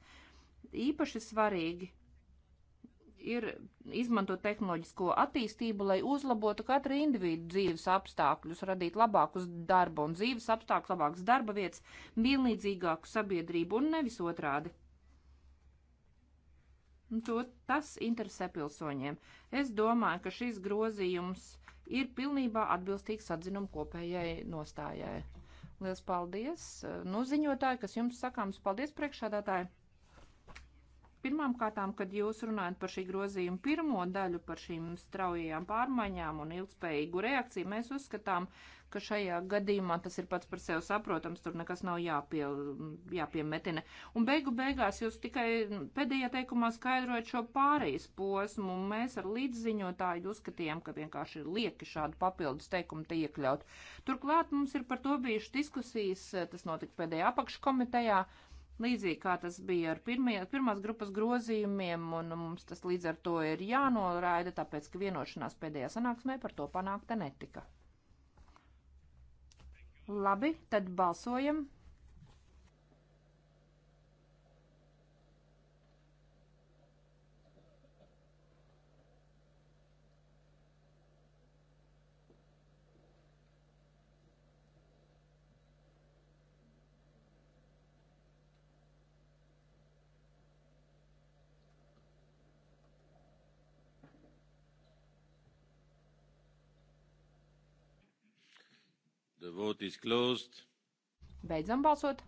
Īpaši svarīgi ir izmantot tehnoloģisko attīstību, lai uzlabotu katru individu dzīves apstākļus, radīt labākus darba un dzīves apstākļus, labākas darba vietas, vienlīdzīgāku sabiedrību un nevis otrādi. To, tas interesē pilsoņiem. Es domāju, ka šis grozījums ir pilnībā atbilstīgs atzinumu kopējai nostājai. Lielas paldies! Eh, nu, ziņotāji, kas jums sakāms, paldies priekšādātāji! Pirmām kārtām, kad jūs runājat par šī grozījuma pirmo daļu, par šīm straujajām pārmaiņām un ilgspējīgu reakciju, mēs uzskatām, uh, ka šajā gadījumā tas ir pats par sevi saprotams, tur nekas nav jāpie, jāpiemetina. Un beigu beigās jūs tikai pēdējā teikumā skaidrojat šo pārejas posmu, un mēs ar līdziņotāju uzskatījām, ka vienkārši ir lieki šādu papildus teikumu te iekļaut. Turklāt mums ir par to bijušas diskusijas, tas notika pēdējā apakškomitejā. Līdzīgi kā tas bija ar pirmie, pirmās grupas grozījumiem, un mums tas līdz ar to ir jānoraida, tāpēc, ka vienošanās pēdējā sanāksmē par to panākta netika. Labi, tad balsojam. Vote is closed. Beidzam balsot.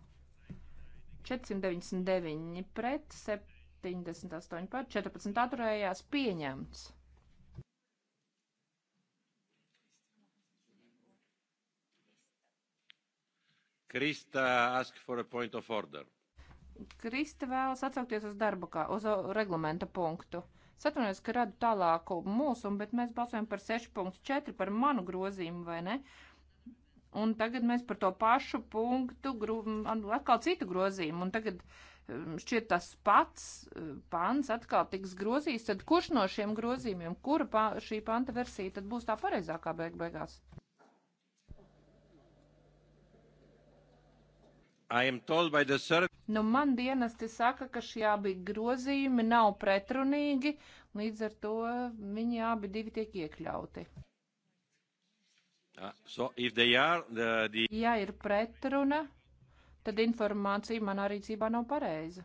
499 pret, 78 par, 14 atturējās pieņemts. Krista ask for a point of order. Krista vēlas atsaukties uz darbu, kā uz reglamenta punktu. Satunies, ka radu tālāku mūsu, bet mēs balsojam par 6.4 par manu grozījumu, vai ne? Uh, Un tagad mēs par to pašu punktu, gru, atkal citu grozījumu, un tagad um, šķiet tas pats uh, pants atkal tiks grozījis, tad kurš no šiem grozījumiem, kura pa, šī panta versija tad būs tā pareizākā beig beigās? Service... Nu, man dienesti saka, ka šie abi grozījumi nav pretrunīgi, līdz ar to viņi abi divi tiek iekļauti. Uh, so are, the, the... Ja ir pretruna, tad informācija manā rīcībā nav pareiza.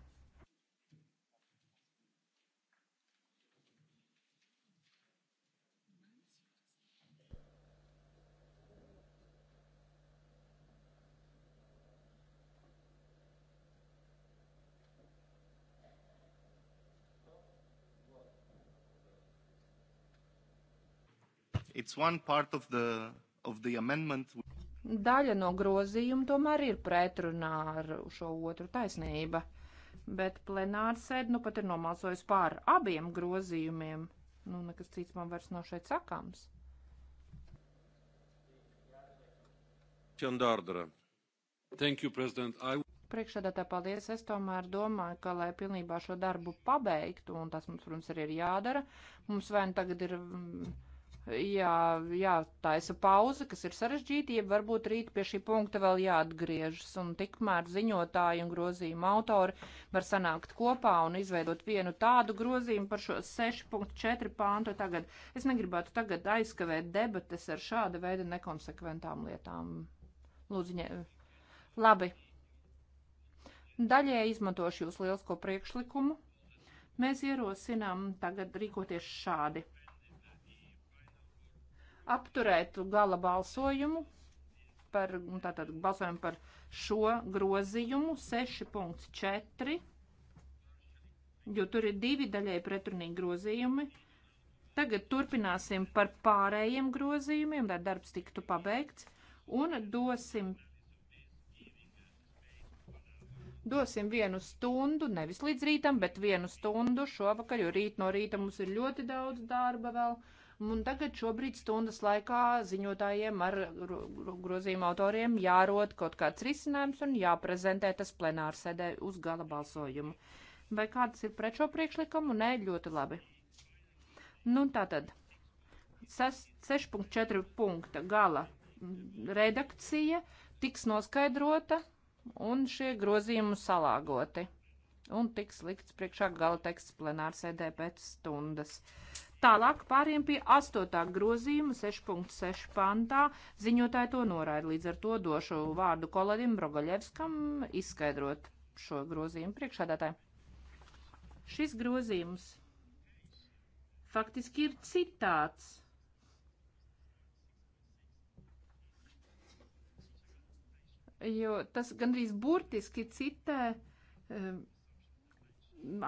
It's one part of the Daļa no grozījuma tomēr ir pretrunā ar šo otru taisnību, bet plenārs sēd nu pat ir nomalsojis pār abiem grozījumiem. Nu, nekas cits man vairs nav šeit sakāms. You, I... Priekšsēdētā paldies. Es tomēr domāju, ka, lai pilnībā šo darbu pabeigtu, un tas mums, protams, arī ir jādara, mums vien nu tagad ir. Mm, jā, jā, taisa pauze, kas ir sarežģīta, ja varbūt rīt pie šī punkta vēl jāatgriežas, un tikmēr ziņotāji un grozījuma autori var sanākt kopā un izveidot vienu tādu grozījumu par šo 6.4 pāntu tagad. Es negribētu tagad aizkavēt debates ar šāda veida nekonsekventām lietām. Lūdzu, ņē. Labi. Daļai izmantošu jūs lielisko priekšlikumu. Mēs ierosinām tagad rīkoties šādi apturēt gala balsojumu par, tātad balsojumu par šo grozījumu 6.4, jo tur ir divi daļai pretrunīgi grozījumi. Tagad turpināsim par pārējiem grozījumiem, lai darbs tiktu pabeigts, un dosim dosim vienu stundu, nevis līdz rītam, bet vienu stundu šovakar, jo rīt no rīta mums ir ļoti daudz darba vēl. Un tagad šobrīd stundas laikā ziņotājiem ar grozījuma autoriem jārod kaut kāds risinājums un jāprezentē tas plenārsēdē uz gala balsojumu. Vai kāds ir pret šo priekšlikumu? Nē, ļoti labi. Nu, tā tad 6.4. punkta gala redakcija tiks noskaidrota un šie grozījumi salāgoti un tiks likts priekšā gala teksts plenārsēdē pēc stundas. Tālāk pāriem pie 8. grozījuma 6.6 pantā. Ziņotāji to norāda. Līdz ar to došu vārdu kolēģim Brogaļevskam izskaidrot šo grozījumu priekšādātāju. Šis grozījums faktiski ir citāts. Jo tas gandrīz burtiski citē um,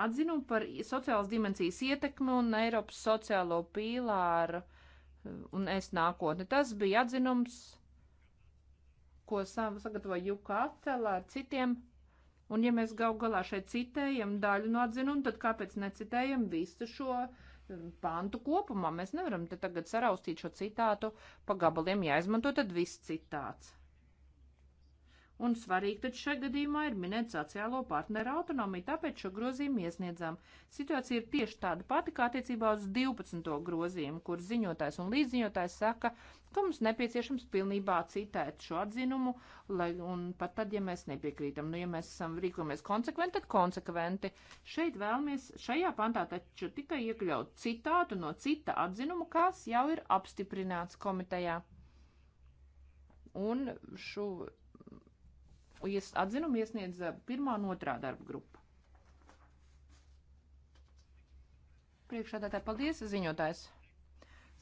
atzinumu par sociālas dimensijas ietekmi un Eiropas sociālo pīlāru eh, un es nākotni. Tas bija atzinums, ko sagatavoja Juka Atela ar citiem. Un ja mēs gal galā šeit citējam daļu no atzinuma, tad kāpēc necitējam visu šo eh, pāntu kopumā? Mēs nevaram te tagad saraustīt šo citātu pa gabaliem, jāizmanto tad viss citāts. Un svarīgi taču šajā gadījumā ir minēt sociālo partneru autonomiju, tāpēc šo grozījumu iesniedzām. Situācija ir tieši tāda pati kā attiecībā uz 12. grozījumu, kur ziņotājs un līdziņotājs saka, ka mums nepieciešams pilnībā citēt šo atzinumu, lai, un pat tad, ja mēs nepiekrītam, nu, ja mēs esam rīkojamies konsekventi, tad konsekventi. Šeit vēlamies šajā pantā taču tikai iekļaut citātu no cita atzinumu, kas jau ir apstiprināts komitejā. Un šo ies, atzinumu iesniedz pirmā un otrā darba grupa. Priekšādātāji, paldies, ziņotājs.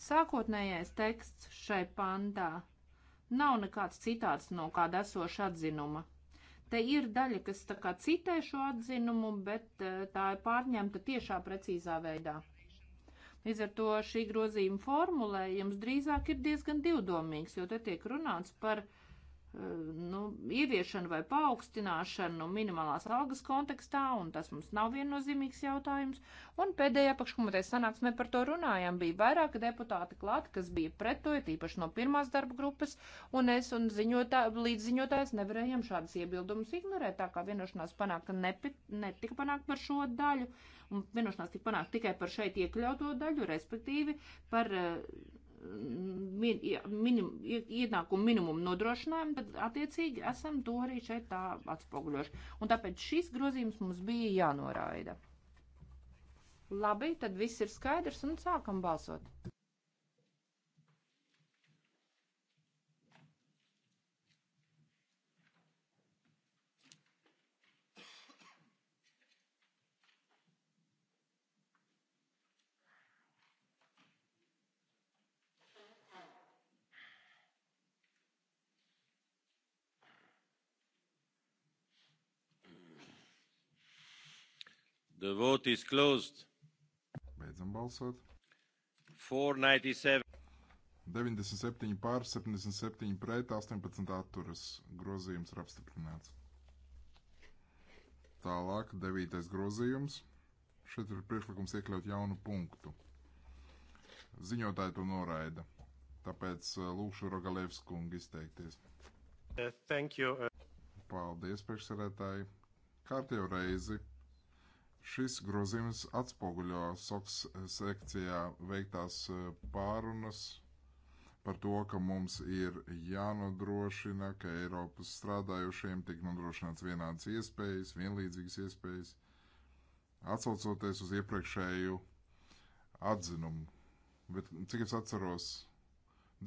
Sākotnējais teksts šai pantā nav nekāds citāts no kāda esoša atzinuma. Te ir daļa, kas tā kā citē šo atzinumu, bet tā ir pārņemta tiešā precīzā veidā. Līdz ar to šī grozījuma formulējums drīzāk ir diezgan divdomīgs, jo te tiek runāts par uh, Ehm, nu, ieviešanu vai paaugstināšanu nu, minimālās algas kontekstā, un tas mums nav viennozīmīgs jautājums. Un pēdējā pakškomitē sanāksmē par to runājām. Bija vairāki deputāti klāt, kas bija pret to, ja tīpaši no pirmās darba grupas, un es un ziņotā, līdziņotājs nevarējām šādas iebildumus ignorēt, tā kā vienošanās panākta netika panākt par šo daļu, un vienošanās tika panākt tikai par šeit iekļauto daļu, respektīvi par. Uh, min, minim, ienākumu minimumu nodrošinājumu, tad attiecīgi esam to arī šeit tā atspoguļoši. Un tāpēc šis grozījums mums bija jānoraida. Labi, tad viss ir skaidrs un sākam balsot. The vote is closed. Beidzam balsot. 497. 97 pār, 77 pret, 18 atturas. Grozījums ir apstiprināts. Tālāk, 9. grozījums. Šeit ir priekšlikums iekļaut jaunu punktu. Ziņotāji to noraida. Tāpēc eh, lūkšu Rogalevs kungu izteikties. Uh, thank you. Uh. Paldies, priekšsarētāji. Kārtējo reizi Šis grozījums atspoguļo SOX sekcijā veiktās e, pārunas par to, ka mums ir jānodrošina, ka Eiropas strādājošiem tiek nodrošināts vienādas iespējas, vienlīdzīgas iespējas, atsaucoties uz iepriekšēju atzinumu. Bet, cik es atceros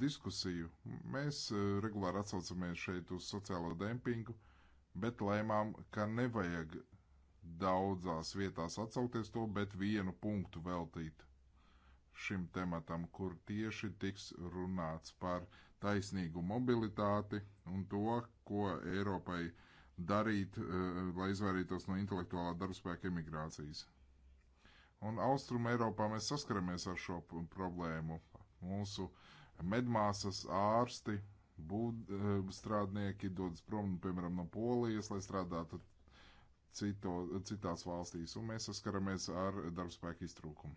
diskusiju, mēs e, regulāri atsaucamies šeit uz sociālo dempingu, bet lēmām, ka nevajag daudzās vietās atsaukties to, bet vienu punktu veltīt šim tematam, kur tieši tiks runāts par taisnīgu mobilitāti un to, ko Eiropai darīt, eh, lai izvairītos no intelektuālā darbspēka emigrācijas. Un Austrum Eiropā mēs saskaramies ar šo problēmu. Mūsu medmāsas ārsti, būd, eh, strādnieki dodas prom, nu, piemēram, no Polijas, lai strādātu cito, citās valstīs, un mēs saskaramies ar darbspēku iztrūkumu.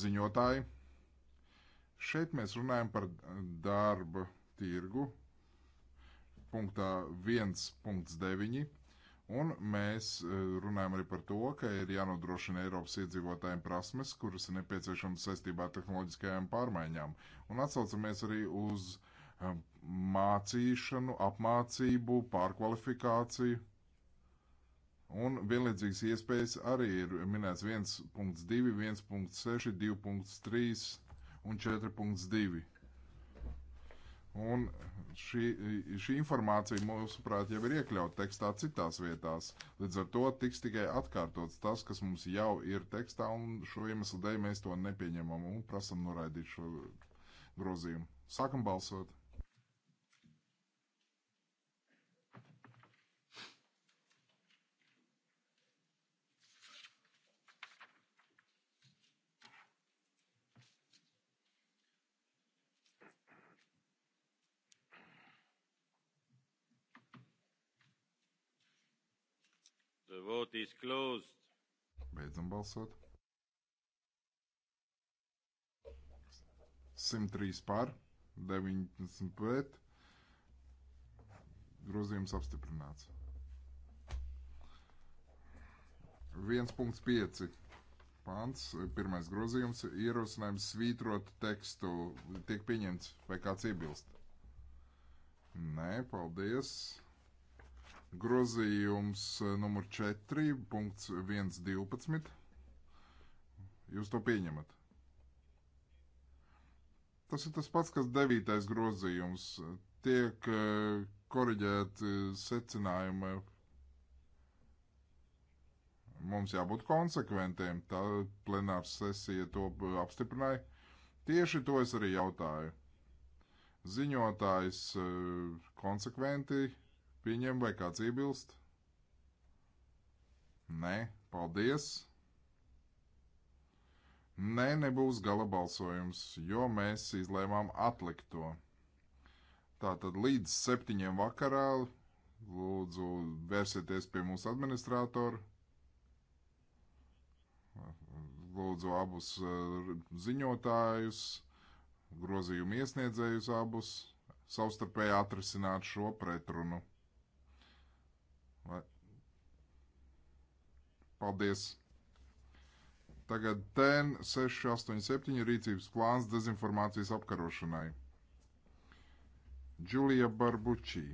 Ziņotāji, šeit mēs runājam par darba tirgu, punktā 1.9. Un mēs e, runājam arī par to, ka ir jānodrošina Eiropas iedzīvotājiem prasmes, kuras ir nepieciešamas saistībā ar tehnoloģiskajām pārmaiņām. Un atsaucamies arī uz e, mācīšanu, apmācību, pārkvalifikāciju. Un vienlīdzīgas iespējas arī ir minēts 1.2, 1.6, 2.3 un 4.2. Un šī, šī informācija, mūsuprāt, jau ir iekļauta tekstā citās vietās. Līdz ar to tiks tikai atkārtots tas, kas mums jau ir tekstā, un šo iemeslu dēļ mēs to nepieņemam un prasam noraidīt šo grozījumu. Sākam balsot! The vote is closed. Beidzam balsot. 103 par, 90 pret. Grozījums apstiprināts. 1.5 pāns, pirmais grozījums, ierosinājums svītrot tekstu. Tiek pieņemts, vai kāds iebilst? Nē, paldies grozījums eh, numur 4, punkts 1.12. Jūs to pieņemat? Tas ir tas pats, kas devītais grozījums. Tiek eh, koriģēti secinājumi. Mums jābūt konsekventiem. Tā plenārs sesija to apstiprināja. Tieši to es arī jautāju. Ziņotājs eh, konsekventi pieņem vai kāds iebilst? Nē, paldies. Nē, nebūs gala balsojums, jo mēs izlēmām atlikt to. Tātad līdz septiņiem vakarā lūdzu vērsieties pie mūsu administrātora. Lūdzu abus eh, ziņotājus, grozījumu iesniedzējus abus savstarpēji atrisināt šo pretrunu. Paldies! Tagad TN 687 rīcības plāns dezinformācijas apkarošanai. Giulia Barbucci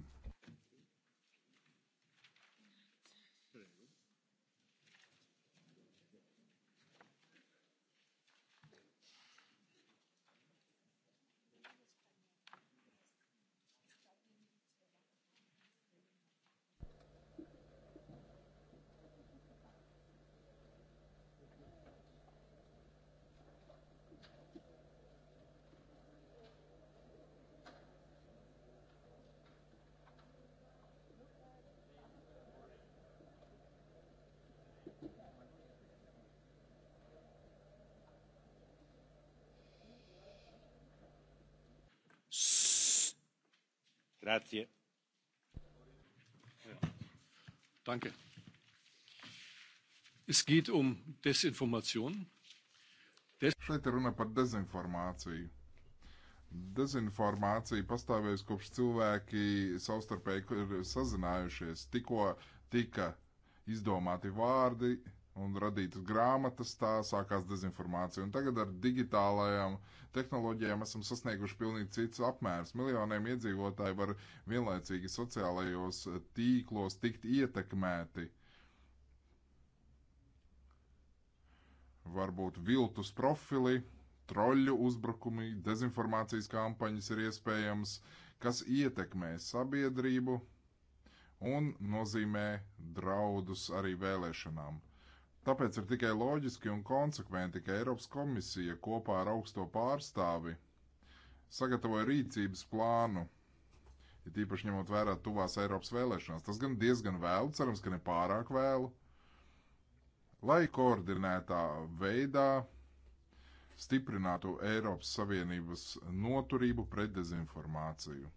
Grazie. Danke. Es geht um Desinformation. Des Šeit ir runa par dezinformāciju. Dezinformācija pastāvēs kopš cilvēki savstarpēji ir sazinājušies. Tikko tika izdomāti vārdi, un radītas grāmatas, tā sākās dezinformācija. Un tagad ar digitālajām tehnoloģijām esam sasnieguši pilnīgi cits apmērs. Miljoniem iedzīvotāji var vienlaicīgi sociālajos tīklos tikt ietekmēti. Varbūt viltus profili, troļu uzbrukumi, dezinformācijas kampaņas ir iespējams, kas ietekmē sabiedrību un nozīmē draudus arī vēlēšanām Tāpēc ir tikai loģiski un konsekventi, ka Eiropas komisija kopā ar augsto pārstāvi sagatavoja rīcības plānu, ir ja īpaši ņemot vērā tuvās Eiropas vēlēšanās. Tas gan diezgan vēlu, cerams, ka ne pārāk vēlu, lai koordinētā veidā stiprinātu Eiropas Savienības noturību pret dezinformāciju.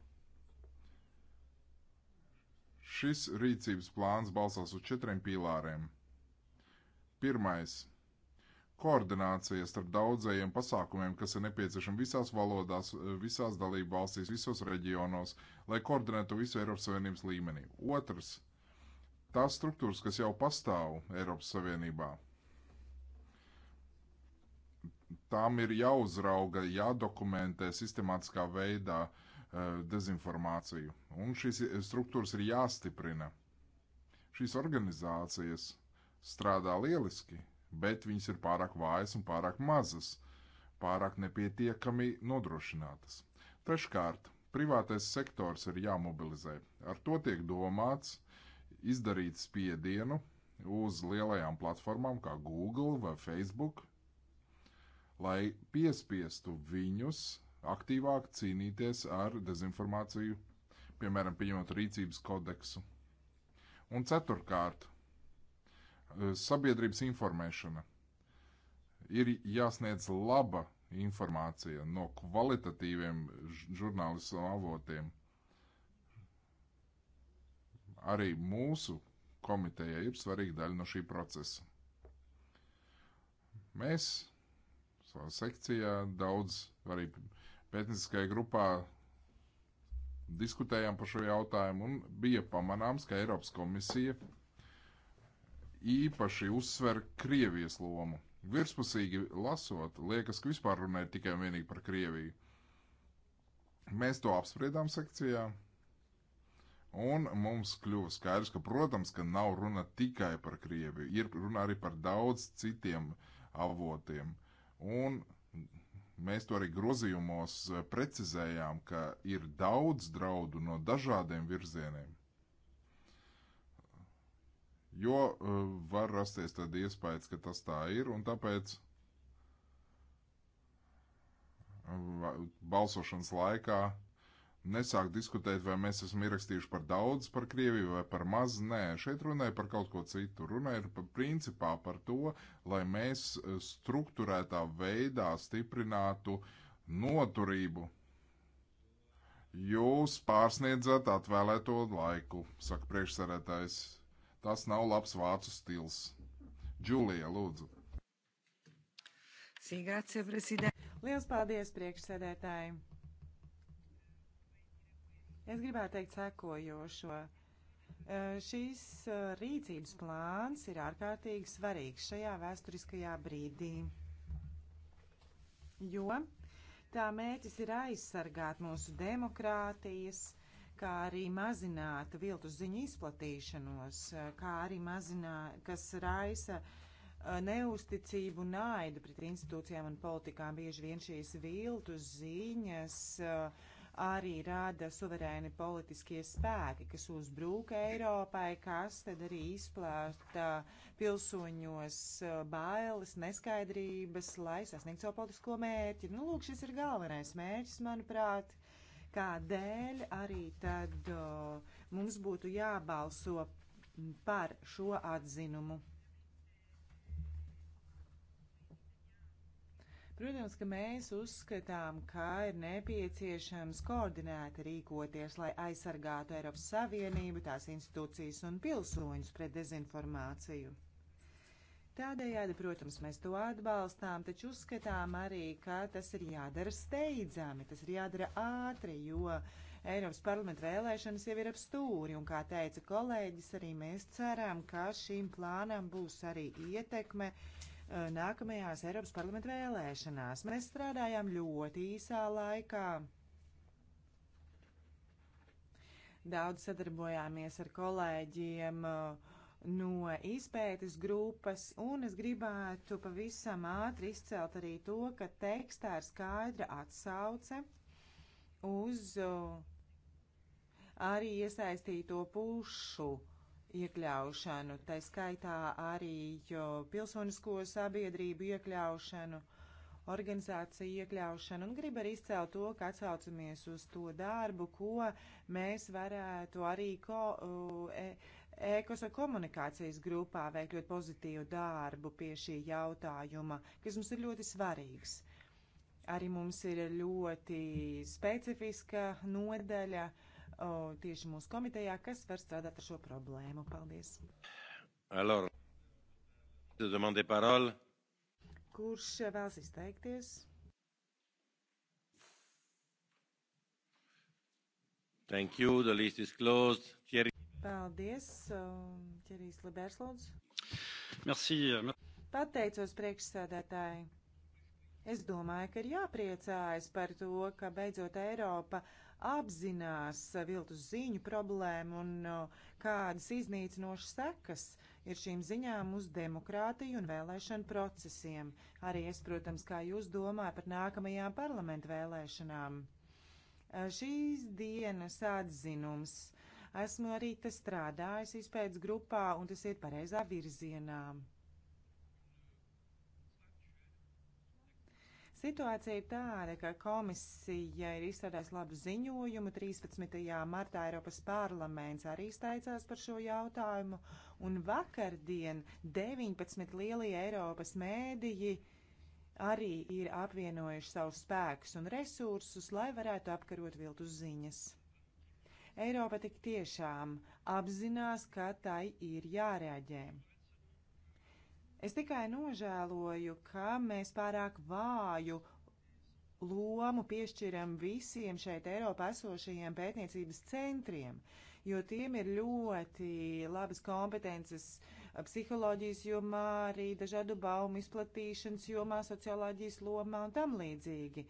Šis rīcības plāns balstās uz četriem pīlāriem Pirmais - koordinācija starp daudzajiem pasākumiem, kas ir nepieciešami visās valodās, visās dalību valstīs, visos reģionos, lai koordinētu visu Eiropas Savienības līmenī. Otrs - tās struktūras, kas jau pastāv Eiropas Savienībā. Tām ir jāuzrauga, jādokumentē sistemātiskā veidā eh, dezinformāciju. Un šīs struktūras ir jāstiprina. Šīs organizācijas strādā lieliski, bet viņas ir pārāk vājas un pārāk mazas, pārāk nepietiekami nodrošinātas. Treškārt, privātais sektors ir jāmobilizē. Ar to tiek domāts izdarīt spiedienu uz lielajām platformām kā Google vai Facebook, lai piespiestu viņus aktīvāk cīnīties ar dezinformāciju, piemēram, pieņemot rīcības kodeksu. Un ceturkārt, Eh, sabiedrības informēšana. Ir jāsniedz laba informācija no kvalitatīviem žurnālistu avotiem. Arī mūsu komiteja ir svarīga daļa no šī procesa. Mēs savā sekcijā daudz arī pētnieciskajā grupā diskutējām par šo jautājumu un bija pamanāms, ka Eiropas komisija īpaši uzsver Krievijas lomu. Virspusīgi lasot, liekas, ka vispār runāja tikai un vienīgi par Krieviju. Mēs to apspriedām sekcijā, un mums kļuva skaidrs, ka, protams, ka nav runa tikai par Krieviju, ir runa arī par daudz citiem avotiem. Un mēs to arī grozījumos precizējām, ka ir daudz draudu no dažādiem virzieniem jo eh, var rasties tad iespējas, ka tas tā ir, un tāpēc balsošanas laikā nesāk diskutēt, vai mēs esam ierakstījuši par daudz par Krieviju vai par maz. Nē, šeit runāja par kaut ko citu. Runāja par principā par to, lai mēs eh, struktūrētā veidā stiprinātu noturību. Jūs pārsniedzat atvēlēto laiku, saka priekšsarētājs Tas nav labs vācu stils. Džulija, lūdzu. Sīgācija, prezidē. Liels paldies, priekšsēdētāji. Es gribētu teikt sekojošo. Šīs rīcības plāns ir ārkārtīgi svarīgs šajā vēsturiskajā brīdī, jo tā mērķis ir aizsargāt mūsu demokrātijas, kā arī mazināt viltus ziņu izplatīšanos, eh, kā arī mazināt, kas raisa eh, neusticību, naidu pret institūcijām un politikām. Bieži vien šīs viltus ziņas eh, arī rada suverēni politiskie spēki, kas uzbrūk Eiropai, kas tad arī izplāsta pilsoņos bailes, neskaidrības, lai sasniegtu savu politisko mērķi. Nu, lūk, šis ir galvenais mērķis, manuprāt kādēļ arī tad o, mums būtu jābalso par šo atzinumu. Protams, ka mēs uzskatām, ka ir nepieciešams koordinēti rīkoties, lai aizsargātu Eiropas Savienību, tās institūcijas un pilsoņus pret dezinformāciju. Tādējādi, protams, mēs to atbalstām, taču uzskatām arī, ka tas ir jādara steidzami, tas ir jādara ātri, jo Eiropas parlamenta vēlēšanas jau ir ap stūri, un, kā teica kolēģis, arī mēs ceram, ka šīm plānām būs arī ietekme uh, nākamajās Eiropas parlamenta vēlēšanās. Mēs strādājām ļoti īsā laikā. Daudz sadarbojāmies ar kolēģiem uh, no izpētes grupas, un es gribētu pavisam ātri izcelt arī to, ka tekstā ir skaidra atsauce uz arī iesaistīto pušu iekļaušanu, tai skaitā arī pilsonisko sabiedrību iekļaušanu, organizāciju iekļaušanu, un grib arī izcelt to, ka atsaucamies uz to darbu, ko mēs varētu arī ko, uh, e, Ekosa komunikācijas grupā veik ļoti pozitīvu darbu pie šī jautājuma, kas mums ir ļoti svarīgs. Arī mums ir ļoti specifiska nodaļa o, tieši mūsu komitejā, kas var strādāt ar šo problēmu. Paldies! Alors, de demander parole. Kurš vēlas izteikties? Thank you. The list is closed. Thierry. Paldies, um, ķerīs Libērs lūdzu. Uh, merci. Pateicos priekšsēdētāji. Es domāju, ka ir jāpriecājas par to, ka beidzot Eiropa apzinās viltus ziņu problēmu un uh, kādas iznīcinošas sekas ir šīm ziņām uz demokrātiju un vēlēšanu procesiem. Arī es, protams, kā jūs domāju par nākamajām parlamentu vēlēšanām. Uh, šīs dienas atzinums Esmu arī te strādājis izpētes grupā, un tas iet pareizā virzienā. Situācija ir tāda, ka komisija ir izstrādājusi labu ziņojumu. 13. martā Eiropas parlaments arī izteicās par šo jautājumu, un vakardien 19 lielie Eiropas mēdīji arī ir apvienojuši savus spēkus un resursus, lai varētu apkarot viltus ziņas. Eiropa tik tiešām apzinās, ka tai ir jārēģē. Es tikai nožēloju, ka mēs pārāk vāju lomu piešķiram visiem šeit Eiropā esošajiem pētniecības centriem, jo tiem ir ļoti labas kompetences psiholoģijas jomā, arī dažādu baumu izplatīšanas jomā, socioloģijas lomā un tam līdzīgi.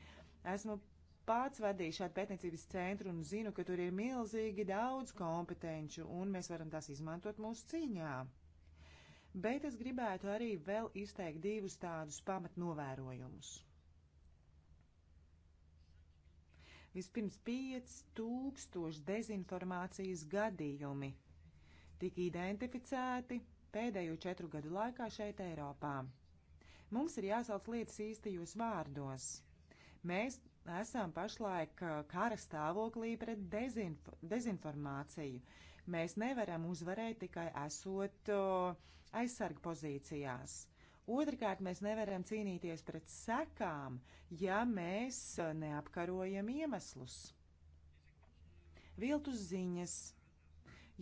Esmu pats vadīju šādu pētniecības centru un zinu, ka tur ir milzīgi daudz kompetenču un mēs varam tās izmantot mūsu cīņā. Bet es gribētu arī vēl izteikt divus tādus pamatnovērojumus. Vispirms 5000 dezinformācijas gadījumi tika identificēti pēdējo četru gadu laikā šeit Eiropā. Mums ir jāsauc lietas īstajos vārdos. Mēs esam pašlaik uh, kara stāvoklī pret dezinf dezinformāciju. Mēs nevaram uzvarēt tikai esot uh, aizsarga pozīcijās. Otrakārt, mēs nevaram cīnīties pret sekām, ja mēs uh, neapkarojam iemeslus. Viltus ziņas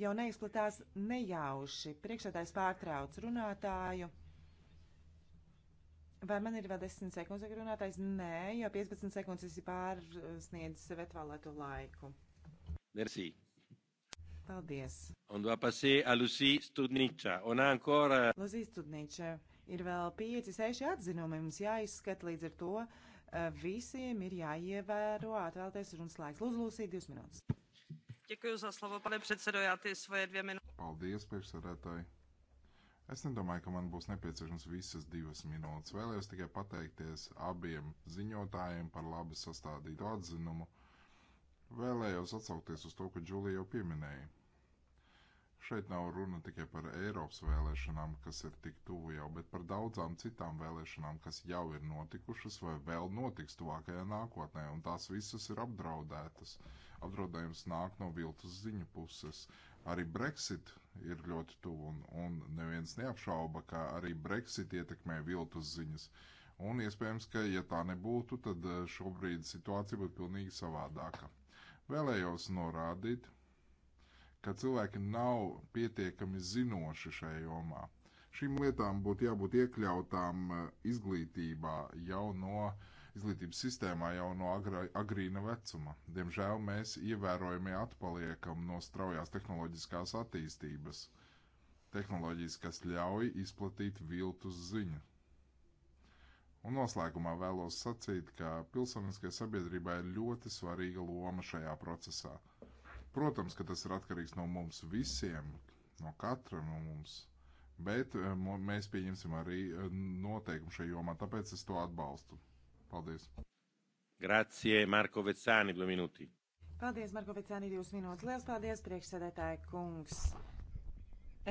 jau neizplatās nejauši. Priekšsēdājs pārtrauc runātāju. Vai man ir vēl 10 sekundes, ja runātais? Nē, jau 15 sekundes esi pārsniedzis sev atvēlēto laiku. Merci. Paldies. Un va pasē a euh, Lucy Studniča. Un ancora. Lucy Studniča. Ir vēl 5, 6 atzinumi mums jāizskata līdz ar to. Eh, visiem ir jāievēro atvēlētais runas laiks. Lūdzu, Lucy, 2 minūtes. Děkuji za slovo, pane předsedo. Já ty svoje dvě minuty. Paldies, priekšsēdētāji. Es nedomāju, ka man būs nepieciešams visas divas minūtes. Vēlējos tikai pateikties abiem ziņotājiem par labi sastādītu atzinumu. Vēlējos atsaukties uz to, ko Džulija jau pieminēja. Šeit nav runa tikai par Eiropas vēlēšanām, kas ir tik tuvu jau, bet par daudzām citām vēlēšanām, kas jau ir notikušas vai vēl notiks tuvākajā nākotnē, un tās visas ir apdraudētas. Apdraudējums nāk no viltus ziņu puses. Arī Brexit ir ļoti tuvu, un, un neviens neapšauba, ka arī Brexit ietekmē viltus ziņas. Un iespējams, ka ja tā nebūtu, tad eh, šobrīd situācija būtu pilnīgi savādāka. Vēlējos norādīt, ka cilvēki nav pietiekami zinoši šajā jomā. Šīm lietām būtu jābūt iekļautām eh, izglītībā jau no uh, izglītības sistēmā jau no agrā, agrīna vecuma. Diemžēl mēs ievērojami atpaliekam no straujās tehnoloģiskās attīstības, tehnoloģijas, kas ļauj izplatīt viltus ziņu. Un noslēgumā vēlos sacīt, ka pilsoniskai sabiedrībai ir ļoti svarīga loma šajā procesā. Protams, ka tas ir atkarīgs no mums visiem, no katra no mums bet eh, mēs pieņemsim arī eh, noteikumu šajā jomā, tāpēc es to atbalstu. Paldies! Grazie, Marko Vecāni, divi minūti. Paldies, Marko Vecāni, divas minūtes. Lielas paldies, priekšsēdētāji kungs.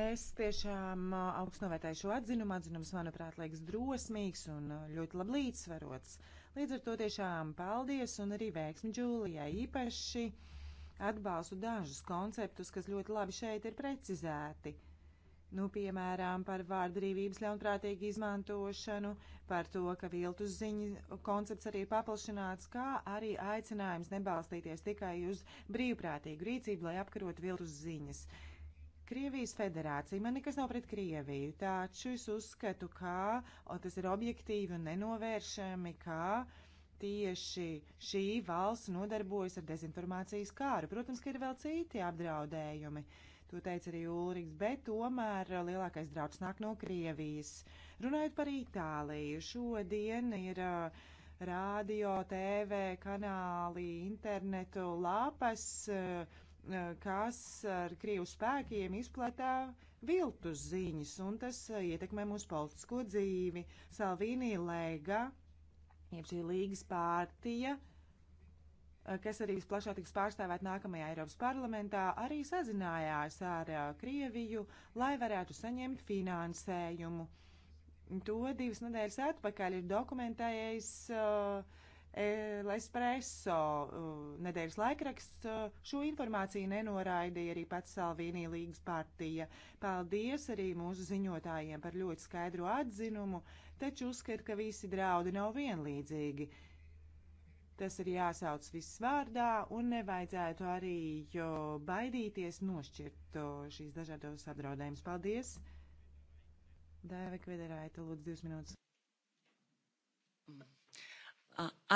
Es tiešām uh, augstu novērtēju šo atzinumu. Atzinums, manuprāt, liekas drosmīgs un uh, ļoti labi līdzsvarots. Līdz ar to tiešām paldies un arī veiksmi Džūlijai īpaši atbalstu dažus konceptus, kas ļoti labi šeit ir precizēti. Nu, piemēram, par vārdbrīvības ļaunprātīgu izmantošanu, par to, ka viltus ziņu koncepts arī ir paplašināts, kā arī aicinājums nebalstīties tikai uz brīvprātīgu rīcību, lai apkarot viltus ziņas. Krievijas federācija, man nekas nav pret Krieviju, taču es uzskatu, ka o, tas ir objektīvi un nenovēršami, kā tieši šī valsts nodarbojas ar dezinformācijas kāru. Protams, ka ir vēl citi apdraudējumi. Uh, To teica arī Ulriks, bet tomēr uh, lielākais draudz nāk no Krievijas. Runājot par Itāliju, šodien ir uh, radio, TV kanāli, internetu lapas, uh, uh, kas ar Krievu spēkiem izplatā viltus ziņas, un tas uh, ietekmē mūsu politisko dzīvi. Salvīnī Lega, jeb šī līgas pārtija, Eh, kas arī visplašāk tiks pārstāvēt nākamajā Eiropas parlamentā, arī sazinājās ar eh, Krieviju, lai varētu saņemt finansējumu. To divas nedēļas atpakaļ ir dokumentējis uh, eh, Espresso nedēļas laikraksts šo informāciju nenoraidīja arī pats Salvīnī līgas partija. Paldies arī mūsu ziņotājiem par ļoti skaidru atzinumu, taču uzskat, ka visi draudi nav vienlīdzīgi. Tas ir jāsauc viss vārdā un nevajadzētu arī baidīties nošķirt šīs dažādos apdraudējumus. Paldies! Dēve Kvederaita, lūdzu, divas minūtes.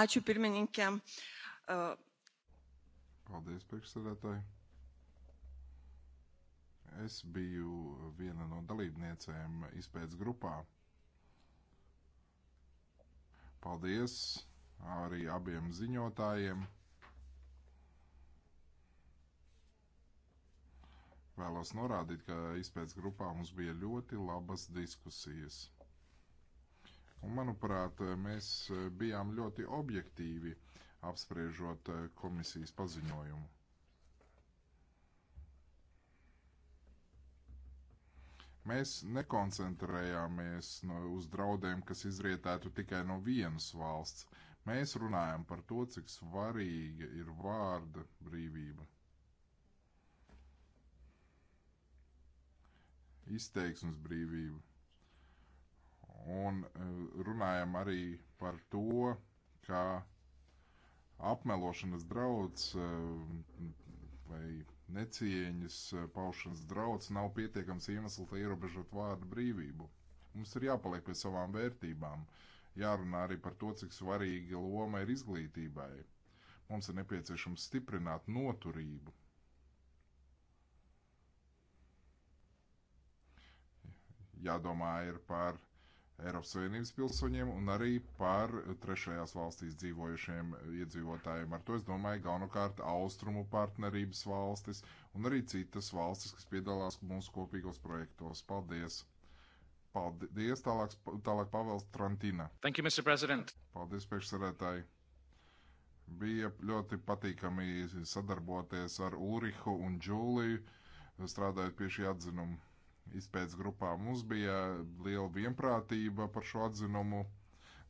Ačiū pirmininkam. Paldies, priekšsēdētāji. Es biju viena no dalībniecēm izpētes grupā. Paldies! arī abiem ziņotājiem. Vēlos norādīt, ka izpētes grupā mums bija ļoti labas diskusijas. Un, manuprāt, mēs bijām ļoti objektīvi apspriežot komisijas paziņojumu. Mēs nekoncentrējāmies uz draudiem, kas izrietētu tikai no vienas valsts. Mēs runājam par to, cik svarīga ir vārda brīvība. Izteiksmes brīvība. Un e, runājam arī par to, ka apmelošanas draudz e, vai necieņas e, paušanas draudz nav pietiekams iemesls, lai ierobežot vārdu brīvību. Mums ir jāpaliek pie savām vērtībām. Uh, jārunā arī par to, cik svarīga loma ir izglītībai. Mums ir nepieciešams stiprināt noturību. Jādomā ir par Eiropas Savienības pilsoņiem un arī par trešajās valstīs dzīvojušiem iedzīvotājiem. Ar to es domāju galvenokārt austrumu partnerības valstis un arī citas valstis, kas piedalās mūsu kopīgos projektos. Paldies! Paldies, tālāk, tālāk Pāvils Trantīna. Thank you, Mr. President. Paldies, priekšsarētāji. Bija ļoti patīkami sadarboties ar Ulrihu un Džūliju, strādājot pie šī atzinuma izpētes grupā. Mums bija liela vienprātība par šo atzinumu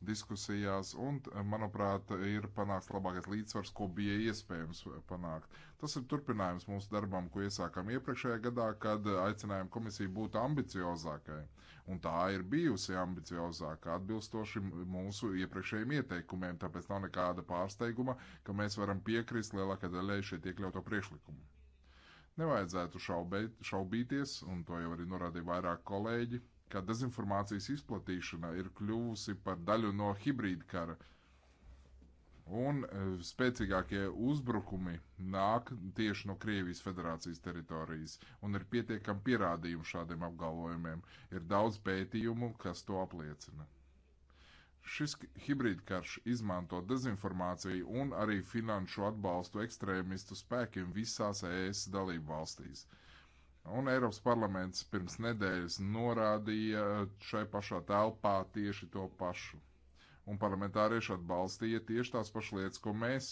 diskusijās, un, eh, manuprāt, ir panākts labākais līdzsvars, ko bija iespējams panākt. Tas ir turpinājums mūsu darbam, ko iesākām iepriekšējā gadā, kad eh, aicinājām komisiju būt ambiciozākai. Un tā ir bijusi ambiciozāka atbilstoši mūsu iepriekšējiem ieteikumiem, tāpēc nav nekāda pārsteiguma, ka mēs varam piekrist lielākai daļai šeit iekļauto priekšlikumu. Nevajadzētu šaubēt, šaubīties, un to jau arī norādīja vairāk kolēģi ka dezinformācijas izplatīšana ir kļuvusi par daļu no hibrīda kara. Un e, spēcīgākie uzbrukumi nāk tieši no Krievijas federācijas teritorijas, un ir pietiekami pierādījumi šādiem apgalvojumiem. Ir daudz pētījumu, kas to apliecina. Šis hibrīdkarš izmanto dezinformāciju un arī finanšu atbalstu ekstrēmistu spēkiem visās ES dalību valstīs. Un Eiropas parlaments pirms nedēļas norādīja šai pašā telpā tieši to pašu. Un parlamentārieši atbalstīja tieši tās pašas lietas, ko mēs,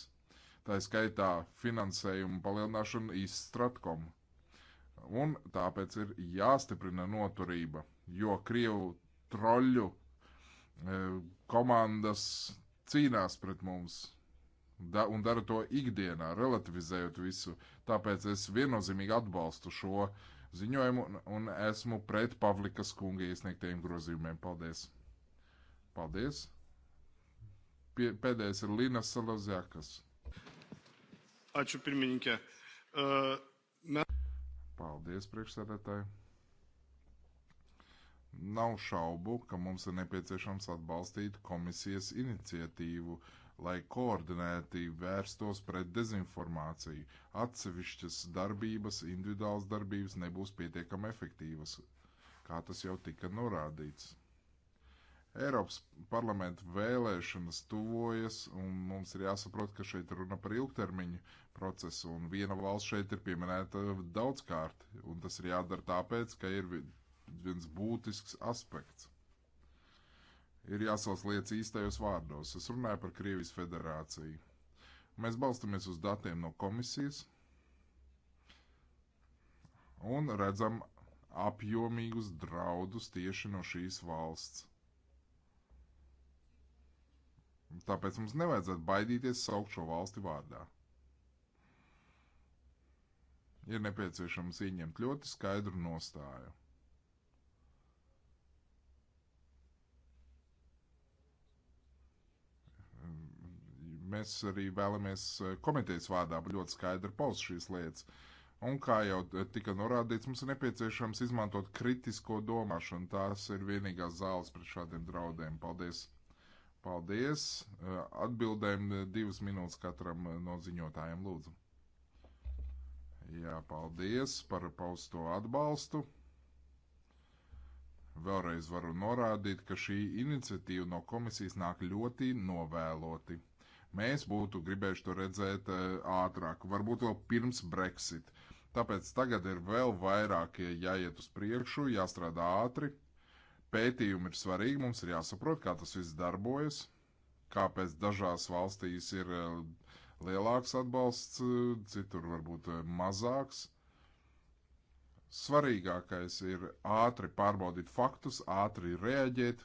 tā skaitā finansējumu palielināšanu izstratkom. Un tāpēc ir jāstiprina noturība, jo Krievu troļu e, eh, komandas cīnās pret mums da, un daru to ikdienā, relativizējot visu. Tāpēc es viennozīmīgi atbalstu šo ziņojumu un, un esmu pret Pavlikas kunga iesniegtajiem grozījumiem. Paldies! Paldies! Pie, pēdējais ir Linas Salazjakas. Ačiū pirmininkė. Uh, me... Paldies, priekšsēdētāji. Nav šaubu, ka mums ir nepieciešams atbalstīt komisijas iniciatīvu uh, lai koordinēti vērstos pret dezinformāciju. Atsevišķas darbības, individuāls darbības nebūs pietiekami efektīvas, kā tas jau tika norādīts. Eiropas parlamenta vēlēšanas tuvojas, un mums ir jāsaprot, ka šeit runa par ilgtermiņu procesu, un viena valsts šeit ir pieminēta daudzkārt, un tas ir jādara tāpēc, ka ir viens būtisks aspekts ir jāsauc lietas īstajos vārdos. Es runāju par Krievijas federāciju. Mēs balstamies uz datiem no komisijas un redzam apjomīgus draudus tieši no šīs valsts. Tāpēc mums nevajadzētu baidīties saukt šo valsti vārdā. Ir nepieciešams ieņemt ļoti skaidru nostāju. mēs arī vēlamies eh, komitejas vārdā ļoti skaidri paust šīs lietas. Un kā jau tika norādīts, mums ir nepieciešams izmantot kritisko domāšanu. Tās ir vienīgās zāles pret šādiem draudiem. Paldies! Paldies! Eh, atbildēm eh, divas minūtes katram no ziņotājiem lūdzu. Jā, paldies par pausto atbalstu. Vēlreiz varu norādīt, ka šī iniciatīva no komisijas nāk ļoti novēloti. Mēs būtu gribējuši to redzēt eh, ātrāk, varbūt vēl pirms Brexit. Tāpēc tagad ir vēl vairāk jāiet uz priekšu, jāstrādā ātri. Pētījumi ir svarīgi, mums ir jāsaprot, kā tas viss darbojas, kāpēc dažās valstīs ir eh, lielāks atbalsts, eh, citur varbūt mazāks. Svarīgākais ir ātri pārbaudīt faktus, ātri reaģēt,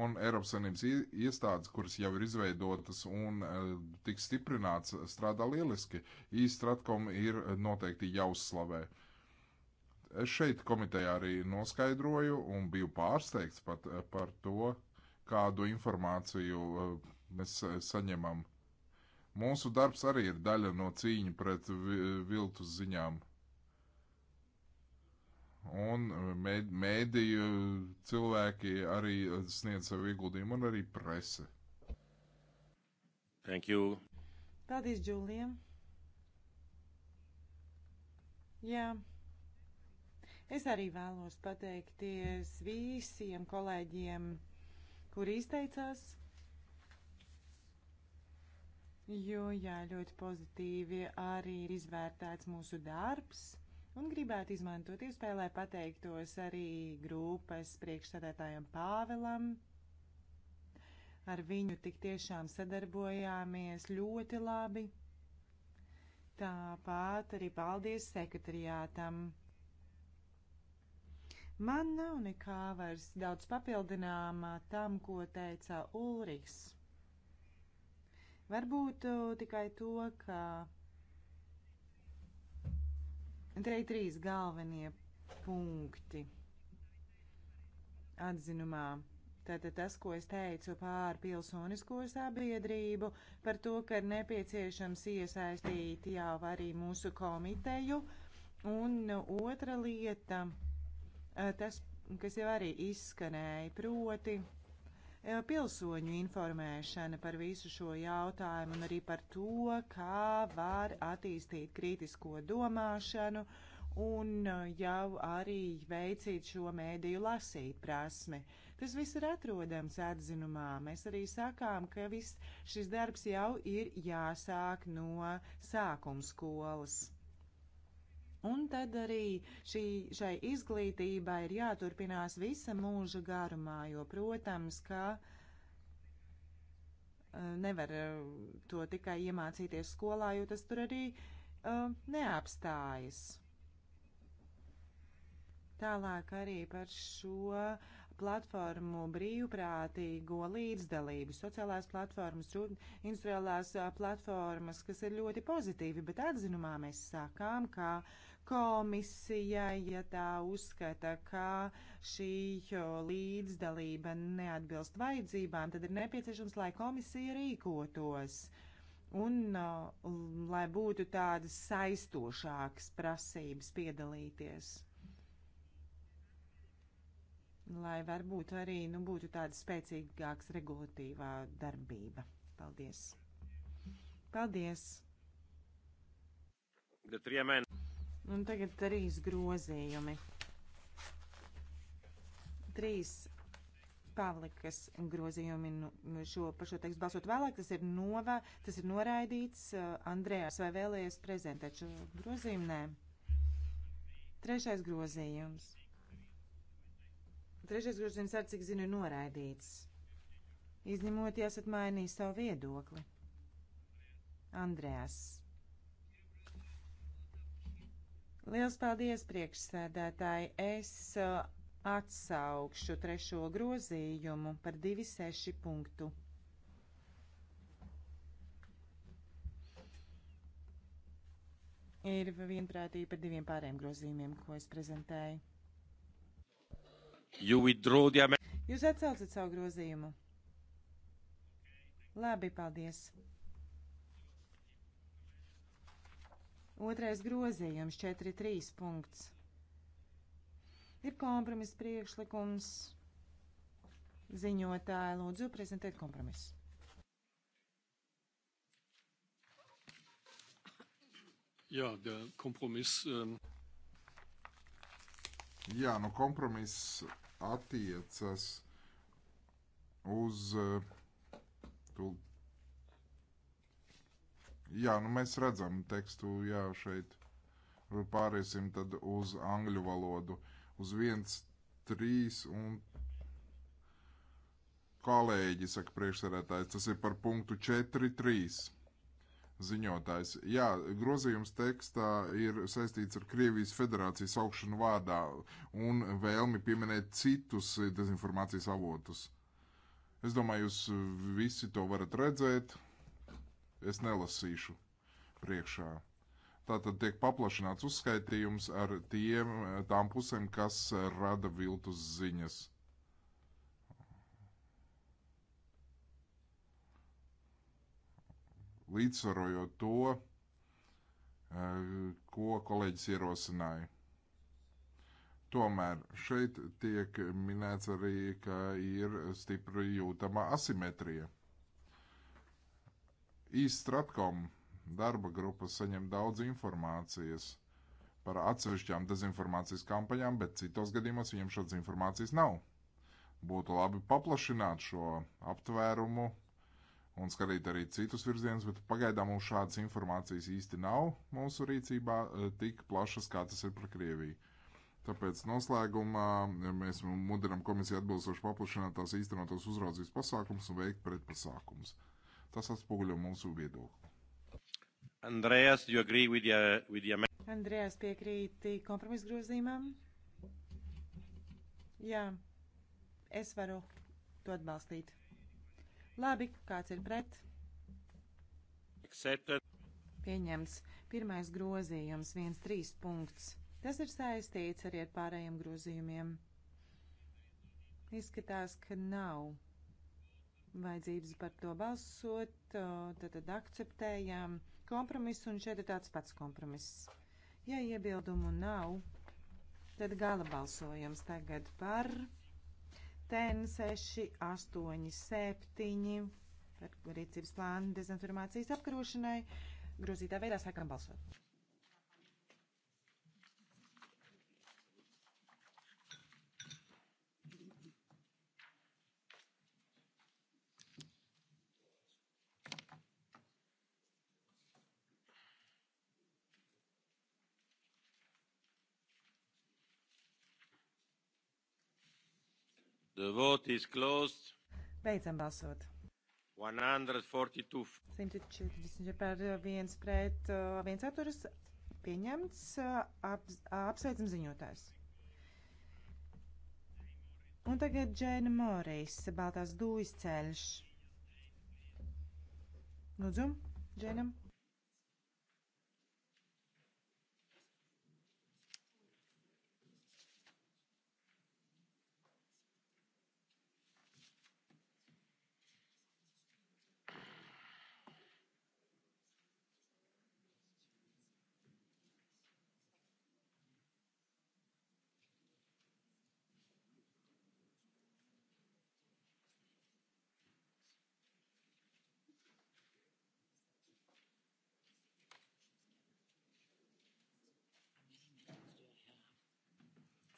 Un Eiropas Savienības iestādes, kuras jau ir izveidotas un e, tiks stiprināts, strādā lieliski. Īstratkom ir e, noteikti jāuzslavē. Es šeit komitejā arī noskaidroju un biju pārsteigts pat e, par to, kādu informāciju mēs saņemam. Mūsu darbs arī ir daļa no cīņa pret viltus ziņām un uh, mēdīju cilvēki arī uh, sniedz savu ieguldījumu, un arī prese. Thank you. Paldies, Džulija. Jā. Es arī vēlos pateikties visiem kolēģiem, kuri izteicās. Jo, jā, ļoti pozitīvi arī ir izvērtēts mūsu darbs Un gribētu izmantot iespēju, lai pateiktos arī grupas priekšsēdētājiem Pāvelam. Ar viņu tik tiešām sadarbojāmies ļoti labi. Tāpat arī paldies sekretariātam. Man nav nekā vairs daudz papildināmā tam, ko teica Ulriks. Varbūt uh, tikai to, ka Te ir trīs galvenie punkti atzinumā. Tātad tas, ko es teicu pār pilsonisko sabiedrību, par to, ka ir nepieciešams iesaistīt jau arī mūsu komiteju. Un otra lieta, eh, tas, kas jau arī izskanēja, proti Eh, pilsoņu informēšana par visu šo jautājumu un arī par to, kā var attīstīt kritisko domāšanu un eh, jau arī veicīt šo mēdīju lasīt prasmi. Tas viss ir atrodams atzinumā. Mēs arī sakām, ka viss šis darbs jau ir jāsāk no sākums skolas. Un tad arī šī, šai izglītībai ir jāturpinās visa mūža garumā, jo, protams, ka eh, nevar eh, to tikai iemācīties skolā, jo tas tur arī uh, neapstājas. Tālāk arī par šo platformu brīvprātīgo līdzdalību, sociālās platformas, industriālās platformas, kas ir ļoti pozitīvi, bet atzinumā mēs sākām, ka uh, komisijai, ja tā uzskata, ka šī līdzdalība neatbilst vajadzībām, tad ir nepieciešams, lai komisija rīkotos un lai būtu tādas saistošākas prasības piedalīties. Lai varbūt arī nu, būtu tāda spēcīgāks regulatīvā darbība. Paldies! Paldies! Un tagad trīs grozījumi. Trīs Pavlikas grozījumi nu, nu, šo, par šo tekstu balsot vēlāk. Tas ir, nova, tas ir noraidīts. Uh, Andrējas, vai vēlējies prezentēt šo grozījumu? Nē. Trešais grozījums. Trešais grozījums, ar cik zinu, ir noraidīts. Izņemot, ja esat mainījis savu viedokli. Andrējas. Liels paldies, priekšsēdētāji! Es uh, atsaukšu trešo grozījumu par 2,6 punktu. Ir vienprātība par diviem pārējiem grozījumiem, ko es prezentēju. Jūs atsaucat savu grozījumu. Labi, paldies! Otrais grozījums 4.3. punkts. Ir kompromiss priekšlikums. Ziņotāji, lūdzu, prezentēt kompromisu. Jā, der Kompromiss. Ähm Jā, nu kompromiss attiecas uz uh, Jā, nu mēs redzam tekstu, jā, šeit nu, pāriesim tad uz angļu valodu. Uz 1, 3 un kolēģi, saka priekšsarētājs, tas ir par punktu 4, 3 ziņotājs. Jā, grozījums tekstā ir saistīts ar Krievijas federācijas augšanu vārdā un vēlmi pieminēt citus dezinformācijas avotus. Es domāju, jūs visi to varat redzēt es nelasīšu priekšā. Tātad tiek paplašināts uzskaitījums ar tiem, tām pusēm, kas rada viltus ziņas. Līdzsvarojot to, eh, ko kolēģis ierosināja. Tomēr šeit tiek minēts arī, ka ir stipri jūtama asimetrija. Īstratkom darba grupa saņem daudz informācijas par atsevišķām dezinformācijas kampaņām, bet citos gadījumos viņiem šādas informācijas nav. Būtu labi paplašināt šo aptvērumu un skatīt arī citus virzienus, bet pagaidām mums šādas informācijas īsti nav mūsu rīcībā eh, tik plašas, kā tas ir par Krieviju. Tāpēc noslēgumā ja mēs mudinām komisiju atbilstoši paplašināt tās īstenotos uzraudzības pasākumus un veikt pretpasākumus. Tas atspoguļo mūsu viedokli. Andrejas, you agree with the, with the Andrejas piekrīti kompromisu grozījumam? Jā, es varu to atbalstīt. Labi, kāds ir pret? Accepted. Pieņems pirmais grozījums, viens trīs punkts. Tas ir saistīts arī ar pārējiem grozījumiem. Izskatās, ka nav vajadzības par to balsot, tad, tad akceptējām kompromisu, un šeit ir tāds pats kompromiss. Ja iebildumu nav, tad gala balsojums tagad par TEN 6, 8, 7, par rīcības plānu dezinformācijas apkarošanai. Grozītā veidā sākam balsot. The vote is closed. Beidzam balsot. 142. 142 par 1 eh, pret 1 eh, atturas pieņemts eh, ap, apsveicam ziņotājs. Un tagad Džēna Morijs, Baltās dūjas ceļš. Lūdzu, Džēnam.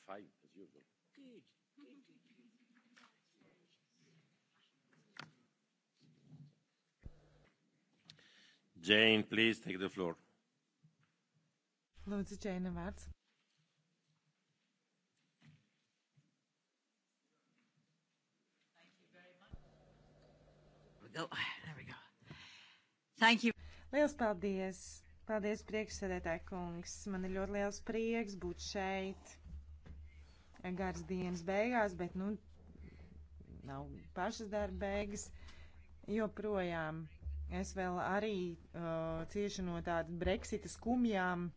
fine, as usual. Good. Good, good, good. Jane, please take the floor. Lūdzu, Džeina vārds. There we go. Thank you. Liels paldies! Paldies, priekšsēdētāji kungs! Man ir ļoti liels prieks būt šeit garas dienas beigās, bet, nu, nav pašas darba beigas joprojām. Es vēl arī uh, cieši no tādas Brexita skumjām.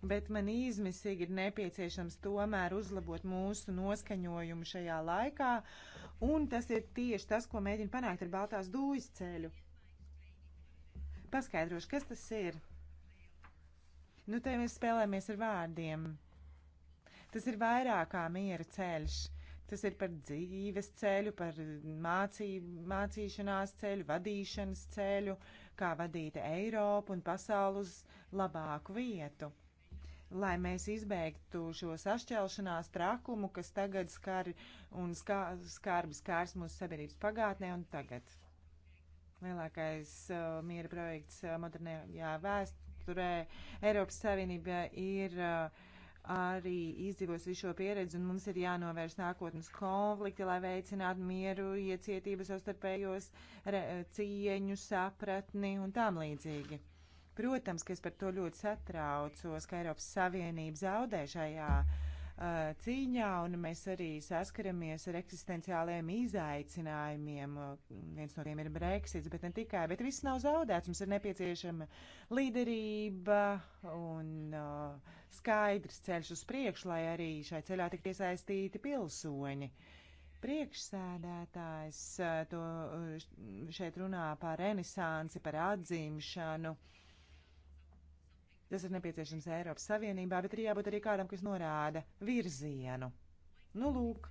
Bet man izmisīgi ir nepieciešams tomēr uzlabot mūsu noskaņojumu šajā laikā, un tas ir tieši tas, ko mēģinu panākt ar Baltās dūjas ceļu. Paskaidrošu, kas tas ir. Nu, te mēs spēlēmies ar vārdiem. Tas ir vairāk kā miera ceļš. Tas ir par dzīves ceļu, par mācī, mācīšanās ceļu, vadīšanas ceļu, kā vadīt Eiropu un pasauli uz labāku vietu. Lai mēs izbeigtu šo sašķelšanās trakumu, kas tagad skar un skā, skarbi skārs mūsu sabiedrības pagātnē un tagad. Lielākais uh, miera projekts uh, modernajā vēst, jāstrukturē. Eiropas Savienība ir uh, arī izdzīvos visu šo pieredzi, un mums ir jānovērš nākotnes konflikti, lai veicinātu mieru, iecietību savstarpējos cieņu, sapratni un tām līdzīgi. Protams, ka es par to ļoti satraucos, ka Eiropas Savienība zaudē šajā uh, Eh, cīņā, un mēs arī saskaramies ar eksistenciāliem izaicinājumiem. Viens no tiem ir Brexits, bet ne tikai, bet viss nav zaudēts. Mums ir nepieciešama līderība un uh, skaidrs ceļš uz priekšu, lai arī šai ceļā tik iesaistīti pilsoņi. Priekšsēdētājs eh, to šeit runā par renesansi, par atzimšanu. Uh, Tas ir nepieciešams Eiropas Savienībā, bet ir jābūt arī kādam, kas norāda virzienu. Nu, lūk,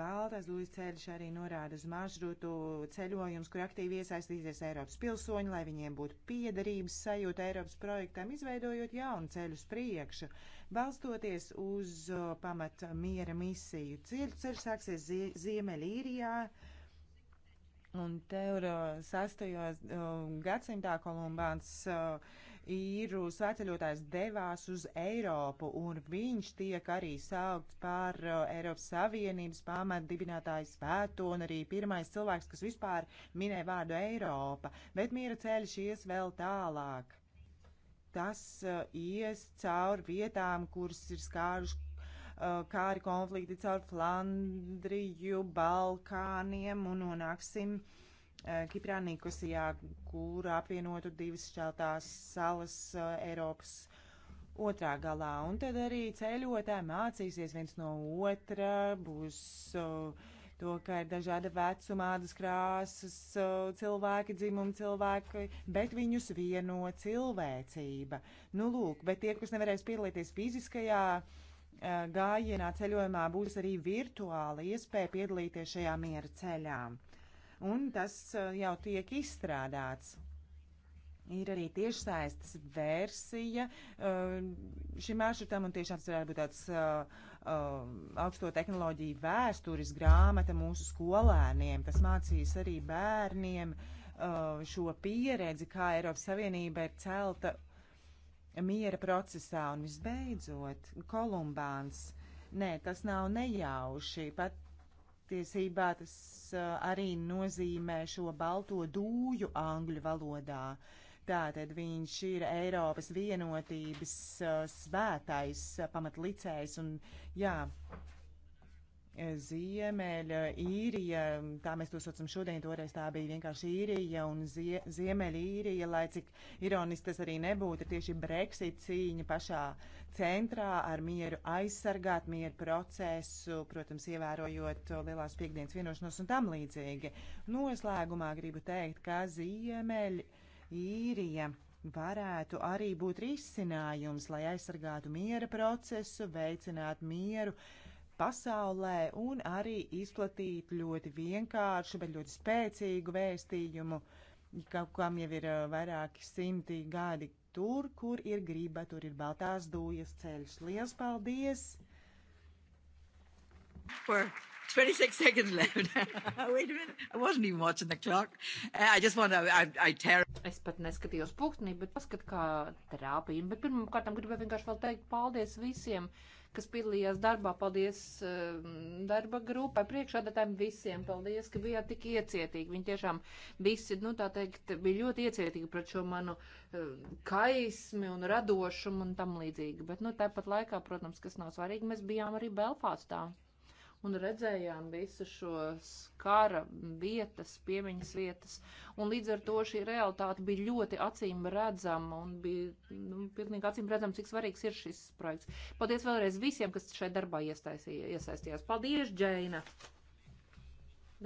Baltais Lūijas ceļš arī norāda uz maršrutu ceļojumus, kur aktīvi iesaistīsies Eiropas pilsoņi, lai viņiem būtu piederības sajūta Eiropas projektam, izveidojot jaunu ceļu uz priekšu, balstoties uz pamat miera misiju. Ceļu ceļš sāksies zie Ziemeļīrijā. Un te ir uh, sastajos uh, gadsimtā Kolumbāns uh, īru svētceļotājs devās uz Eiropu, un viņš tiek arī saukt par uh, Eiropas Savienības pamatdibinātāju svēto un arī pirmais cilvēks, kas vispār minēja vārdu Eiropa, bet miera ceļš ies vēl tālāk. Tas uh, ies cauri vietām, kuras ir skāruši uh, kāri konflikti caur Flandriju, Balkāniem un nonāksim uh, Eh, Kiprā Nikosijā, kur apvienotu divas šķeltās salas eh, Eiropas otrā galā. Un tad arī ceļotāji mācīsies viens no otra, būs eh, to, ka ir dažāda vecuma, ādas krāsas, cilvēki, dzimumi cilvēki, bet viņus vieno cilvēcība. Nu, lūk, bet tie, kas nevarēs piedalīties fiziskajā gājienā ceļojumā, būs arī virtuāli iespēja piedalīties šajā miera ceļā un tas eh, jau tiek izstrādāts. Ir arī tiešsaistes versija eh, šim maršrutam, un tiešām tas varētu būt tāds eh, augsto tehnoloģiju vēstures grāmata mūsu skolēniem. Tas mācīs arī bērniem šo pieredzi, kā Eiropas Savienība ir celta miera procesā, un visbeidzot, Kolumbāns. Nē, tas nav nejauši. Pat patiesībā tas arī nozīmē šo balto dūju angļu valodā. Tātad viņš ir Eiropas vienotības svētais pamatlicējs un jā, Ziemeļa īrija, tā mēs to saucam šodien, toreiz tā bija vienkārši īrija un zie, ziemeļa īrija, lai cik ironiski tas arī nebūtu, ir tieši Brexit cīņa pašā centrā ar mieru aizsargāt, mieru procesu, protams, ievērojot lielās piekdienas vienošanos un tam līdzīgi. Noslēgumā gribu teikt, ka ziemeļa īrija varētu arī būt risinājums, lai aizsargātu miera procesu, veicinātu mieru, uh, pasaulē un arī izplatīt ļoti vienkāršu, bet ļoti spēcīgu vēstījumu, kaut kam jau ir vairāki simti gadi. Tur, kur ir griba, tur ir baltās dūjas ceļš. Lielas paldies! For 26 seconds left. Wait a minute. I wasn't even watching the clock. Uh, I just want to, I, I tear. Es pat neskatījos pūkstnī, bet paskat, kā trāpījumi. Bet pirmkārt, gribēju vienkārši vēl teikt paldies visiem. Uh, kas piedalījās darbā. Paldies um, darba grupai, priekšādātājiem visiem. Paldies, ka bijāt tik iecietīgi. Viņi tiešām visi, nu tā teikt, bija ļoti iecietīgi pret šo manu um, kaismi un radošumu un tam līdzīgi. Bet, nu, tāpat laikā, protams, kas nav svarīgi, mēs bijām arī Belfāstā un redzējām visu šos kara vietas, piemiņas vietas, un līdz ar to šī realitāte bija ļoti acīm redzama un bija nu, pilnīgi acīm redzama, cik svarīgs ir šis projekts. Paldies vēlreiz visiem, kas šeit darbā iesaistījās. Paldies, Džeina!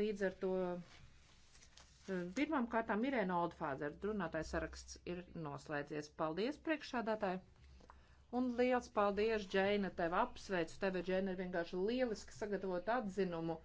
Līdz ar to eh, pirmām kārtām Irēna Oldfāzer, runātājs saraksts ir noslēdzies. Paldies, priekšsādātāji! Un liels paldies, Džeina, tev apsveicu. Tev, Džeina, ir vienkārši lieliski sagatavot atzinumu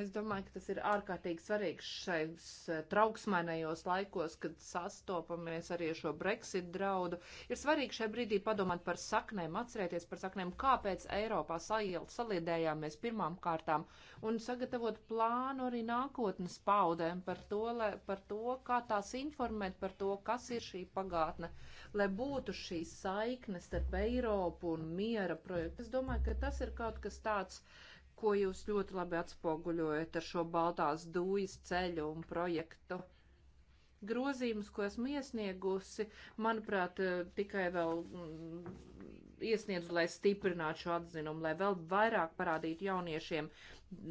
Es domāju, ka tas ir ārkārtīgi svarīgs šajos eh, trauksmainajos laikos, kad sastopamies arī šo Brexit draudu. Ir svarīgi šai brīdī padomāt par saknēm, atcerēties par saknēm, kāpēc Eiropā saliedējāmies pirmām kārtām un sagatavot plānu arī nākotnes paudēm par to, lai, par to, kā tās informēt par to, kas ir šī pagātne, lai būtu šī saikne starp Eiropu un miera projektu. Es domāju, ka tas ir kaut kas tāds. Uh, ko jūs ļoti labi atspoguļojat ar šo baltās dūjas ceļu un projektu. Grozījumus, ko esmu iesniegusi, manuprāt, eh, tikai vēl mm, iesniedzu, lai stiprinātu šo atzinumu, lai vēl vairāk parādītu jauniešiem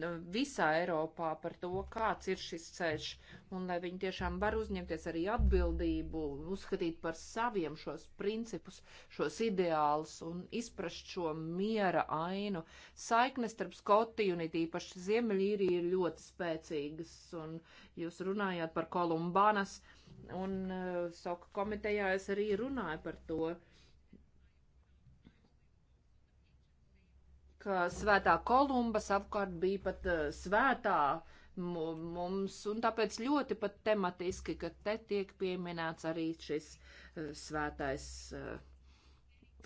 nu, visā Eiropā par to, kāds ir šis ceļš, un lai viņi tiešām var uzņemties arī atbildību, uzskatīt par saviem šos principus, šos ideālus un izprast šo miera ainu. Saiknes starp Skotiju un it īpaši Ziemeļīriju ir ļoti spēcīgas, un jūs runājāt par Kolumbānas, un uh, Soka komitejā es arī runāju par to ka svētā Kolumba savukārt bija pat uh, svētā mums, un tāpēc ļoti pat tematiski, ka te tiek pieminēts arī šis uh, svētais. Uh,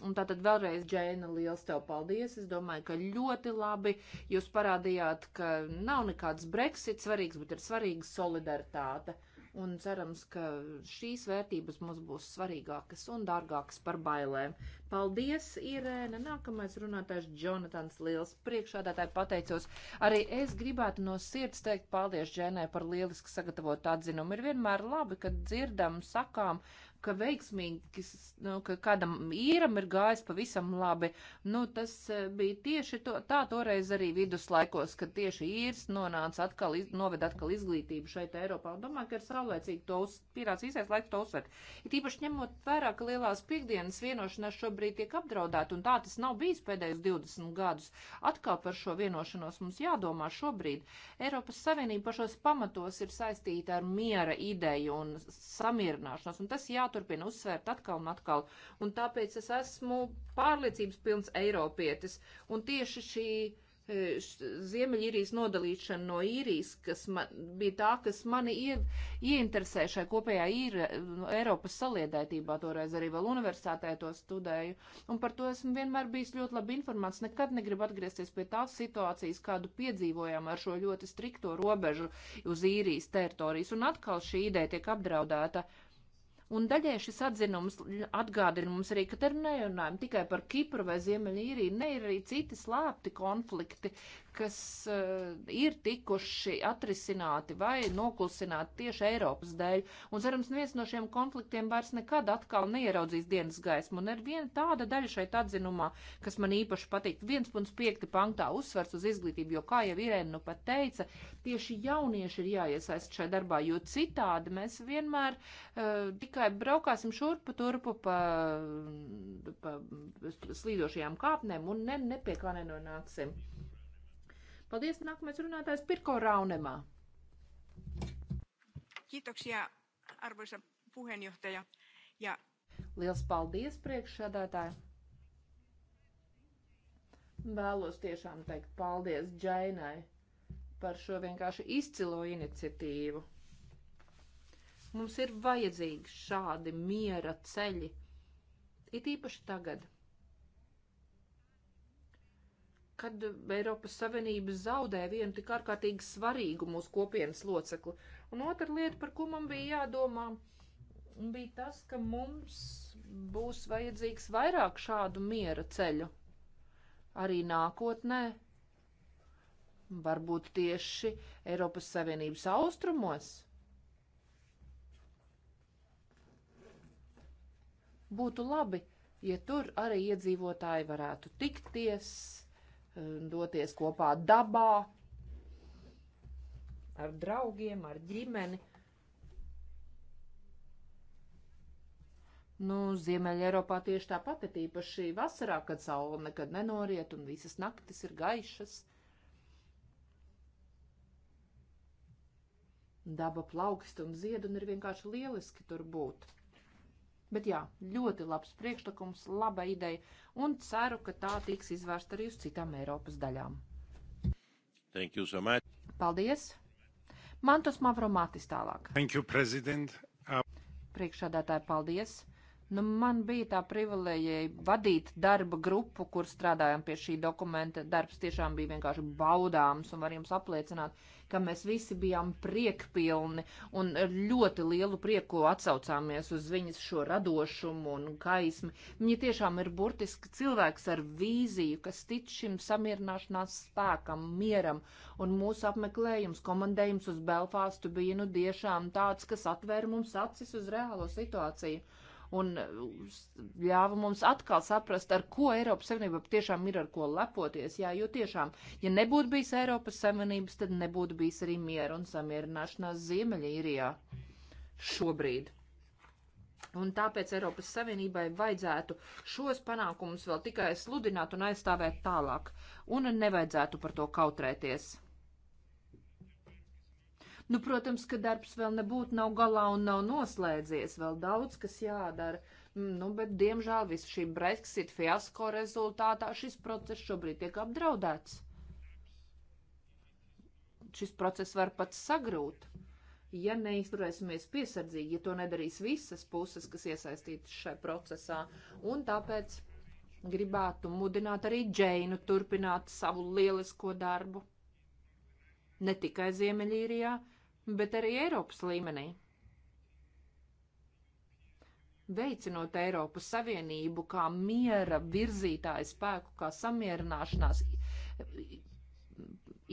Un tātad vēlreiz, Džēna, liels tev paldies. Es domāju, ka ļoti labi jūs parādījāt, ka nav nekāds Brexit svarīgs, bet ir svarīga solidaritāte. Uh, un cerams, ka šīs vērtības mums būs svarīgākas un dārgākas par bailēm. Paldies, Irēna! Nākamais runātājs Jonatans Liels. Priekšādātāji pateicos. Arī es gribētu no sirds teikt paldies Džēnai par lieliski sagatavotu atzinumu. Ir vienmēr labi, kad dzirdam, sakām ka veiksmīgi, nu, ka kādam īram ir gājis pavisam labi. Nu, tas e, bija tieši to, tā toreiz arī viduslaikos, kad tieši īrs nonāca atkal, iz, noved atkal izglītību šeit Eiropā. Un domāju, ka ir saulēcīgi to uz, pirāts īsais laiks to uzsvert. Ir īpaši ņemot vērā, ka lielās piekdienas vienošanās šobrīd tiek apdraudēta, un tā tas nav bijis pēdējos 20 gadus. Atkal par šo vienošanos mums jādomā šobrīd. Eiropas Savienība pašos pamatos ir saistīta ar miera ideju un samierināšanos, un tas jā jāturpina uzsvērt atkal un atkal. Un tāpēc es esmu pārliecības pilns Eiropietis. Un tieši šī. E, Ziemeļīrijas nodalīšana no īrijas, kas man, bija tā, kas mani ie, ieinteresēja šai kopējā īra, Eiropas saliedētībā, toreiz arī vēl universitātē to studēju, un par to esmu vienmēr bijis ļoti labi informēts. Nekad negribu atgriezties pie tās situācijas, kādu piedzīvojām ar šo ļoti strikto robežu uz īrijas teritorijas, un atkal šī ideja tiek apdraudēta. Uh, Un daļai šis atzinums atgādina mums arī, ka te nerunājam tikai par Kipru vai Ziemeļīriju, ne ir arī citi slēpti konflikti, kas uh, ir tikuši atrisināti vai noklusināti tieši Eiropas dēļ. Un cerams, neviens no šiem konfliktiem vairs nekad atkal neieraudzīs dienas gaismu. Un ir viena tāda daļa šeit atzinumā, kas man īpaši patīk. 1.5. panktā uzsvers uz izglītību, jo, kā jau Irēna nu pat teica, tieši jaunieši ir jāiesaist šajā darbā, jo citādi mēs vienmēr uh, tikai braukāsim šurpu turpu pa, pa slīdošajām kāpnēm un ne, nepie kā nenonāksim. Paldies, nākamais runātājs Pirko Raunemā. Kiitoksia, arvoisa puheenjohtaja. Ja... Liels paldies, priekšsēdētāji. Vēlos tiešām teikt paldies Džainai par šo vienkārši izcilo iniciatīvu. Mums ir vajadzīgi šādi miera ceļi, it īpaši tagad kad Eiropas Savienība zaudē vienu tik ārkārtīgi svarīgu mūsu kopienas locekli. Un otra lieta, par ko man bija jādomā, bija tas, ka mums būs vajadzīgs vairāk šādu miera ceļu arī nākotnē. Varbūt tieši Eiropas Savienības austrumos. Būtu labi, ja tur arī iedzīvotāji varētu tikties, Um, doties kopā dabā ar draugiem, ar ģimeni. Nu, Ziemeļa Eiropā tieši tāpat ir īpaši vasarā, kad saule nekad nenoriet un visas naktis ir gaišas. Daba plaukst un zied un ir vienkārši lieliski tur būt. Bet jā, ļoti labs priekšlikums, laba ideja, un ceru, ka tā tiks izvērsta arī uz citām Eiropas daļām. Thank you so much. Paldies! Mantos Mavromātis tālāk. Thank you, prezident. Uh, Priekšādātāji, paldies! Nu, man bija tā privilēģija vadīt darba grupu, kur strādājām pie šī dokumenta. Darbs tiešām bija vienkārši baudāms un var jums apliecināt, ka mēs visi bijām priekpilni un ar ļoti lielu prieku atsaucāmies uz viņas šo radošumu un kaismi. Viņa tiešām ir burtiski cilvēks ar vīziju, kas tic šim samierināšanās spēkam, mieram, un mūsu apmeklējums, komandējums uz Belfāstu bija nu tiešām tāds, kas atvēra mums acis uz reālo situāciju un uh, ļāva mums atkal saprast, ar ko Eiropas Savienība tiešām ir ar ko lepoties. Jā, jo tiešām, ja nebūtu bijis Eiropas Savienības, tad nebūtu bijis arī miera un samierināšanās Ziemeļīrijā šobrīd. Un tāpēc Eiropas Savienībai vajadzētu šos panākumus vēl tikai sludināt un aizstāvēt tālāk, un nevajadzētu par to kautrēties. Nu, protams, ka darbs vēl nebūtu nav galā un nav noslēdzies, vēl daudz, kas jādara. Mm, nu, bet, diemžēl, visu šī Brexit fiasko rezultātā šis process šobrīd tiek apdraudēts. Šis process var pats sagrūt ja neizturēsimies piesardzīgi, ja to nedarīs visas puses, kas iesaistītas šajā procesā. Un tāpēc gribētu mudināt arī Džeinu turpināt savu lielisko darbu. Ne tikai Ziemeļīrijā, bet arī Eiropas līmenī. Veicinot Eiropas Savienību kā miera virzītāju spēku, kā samierināšanās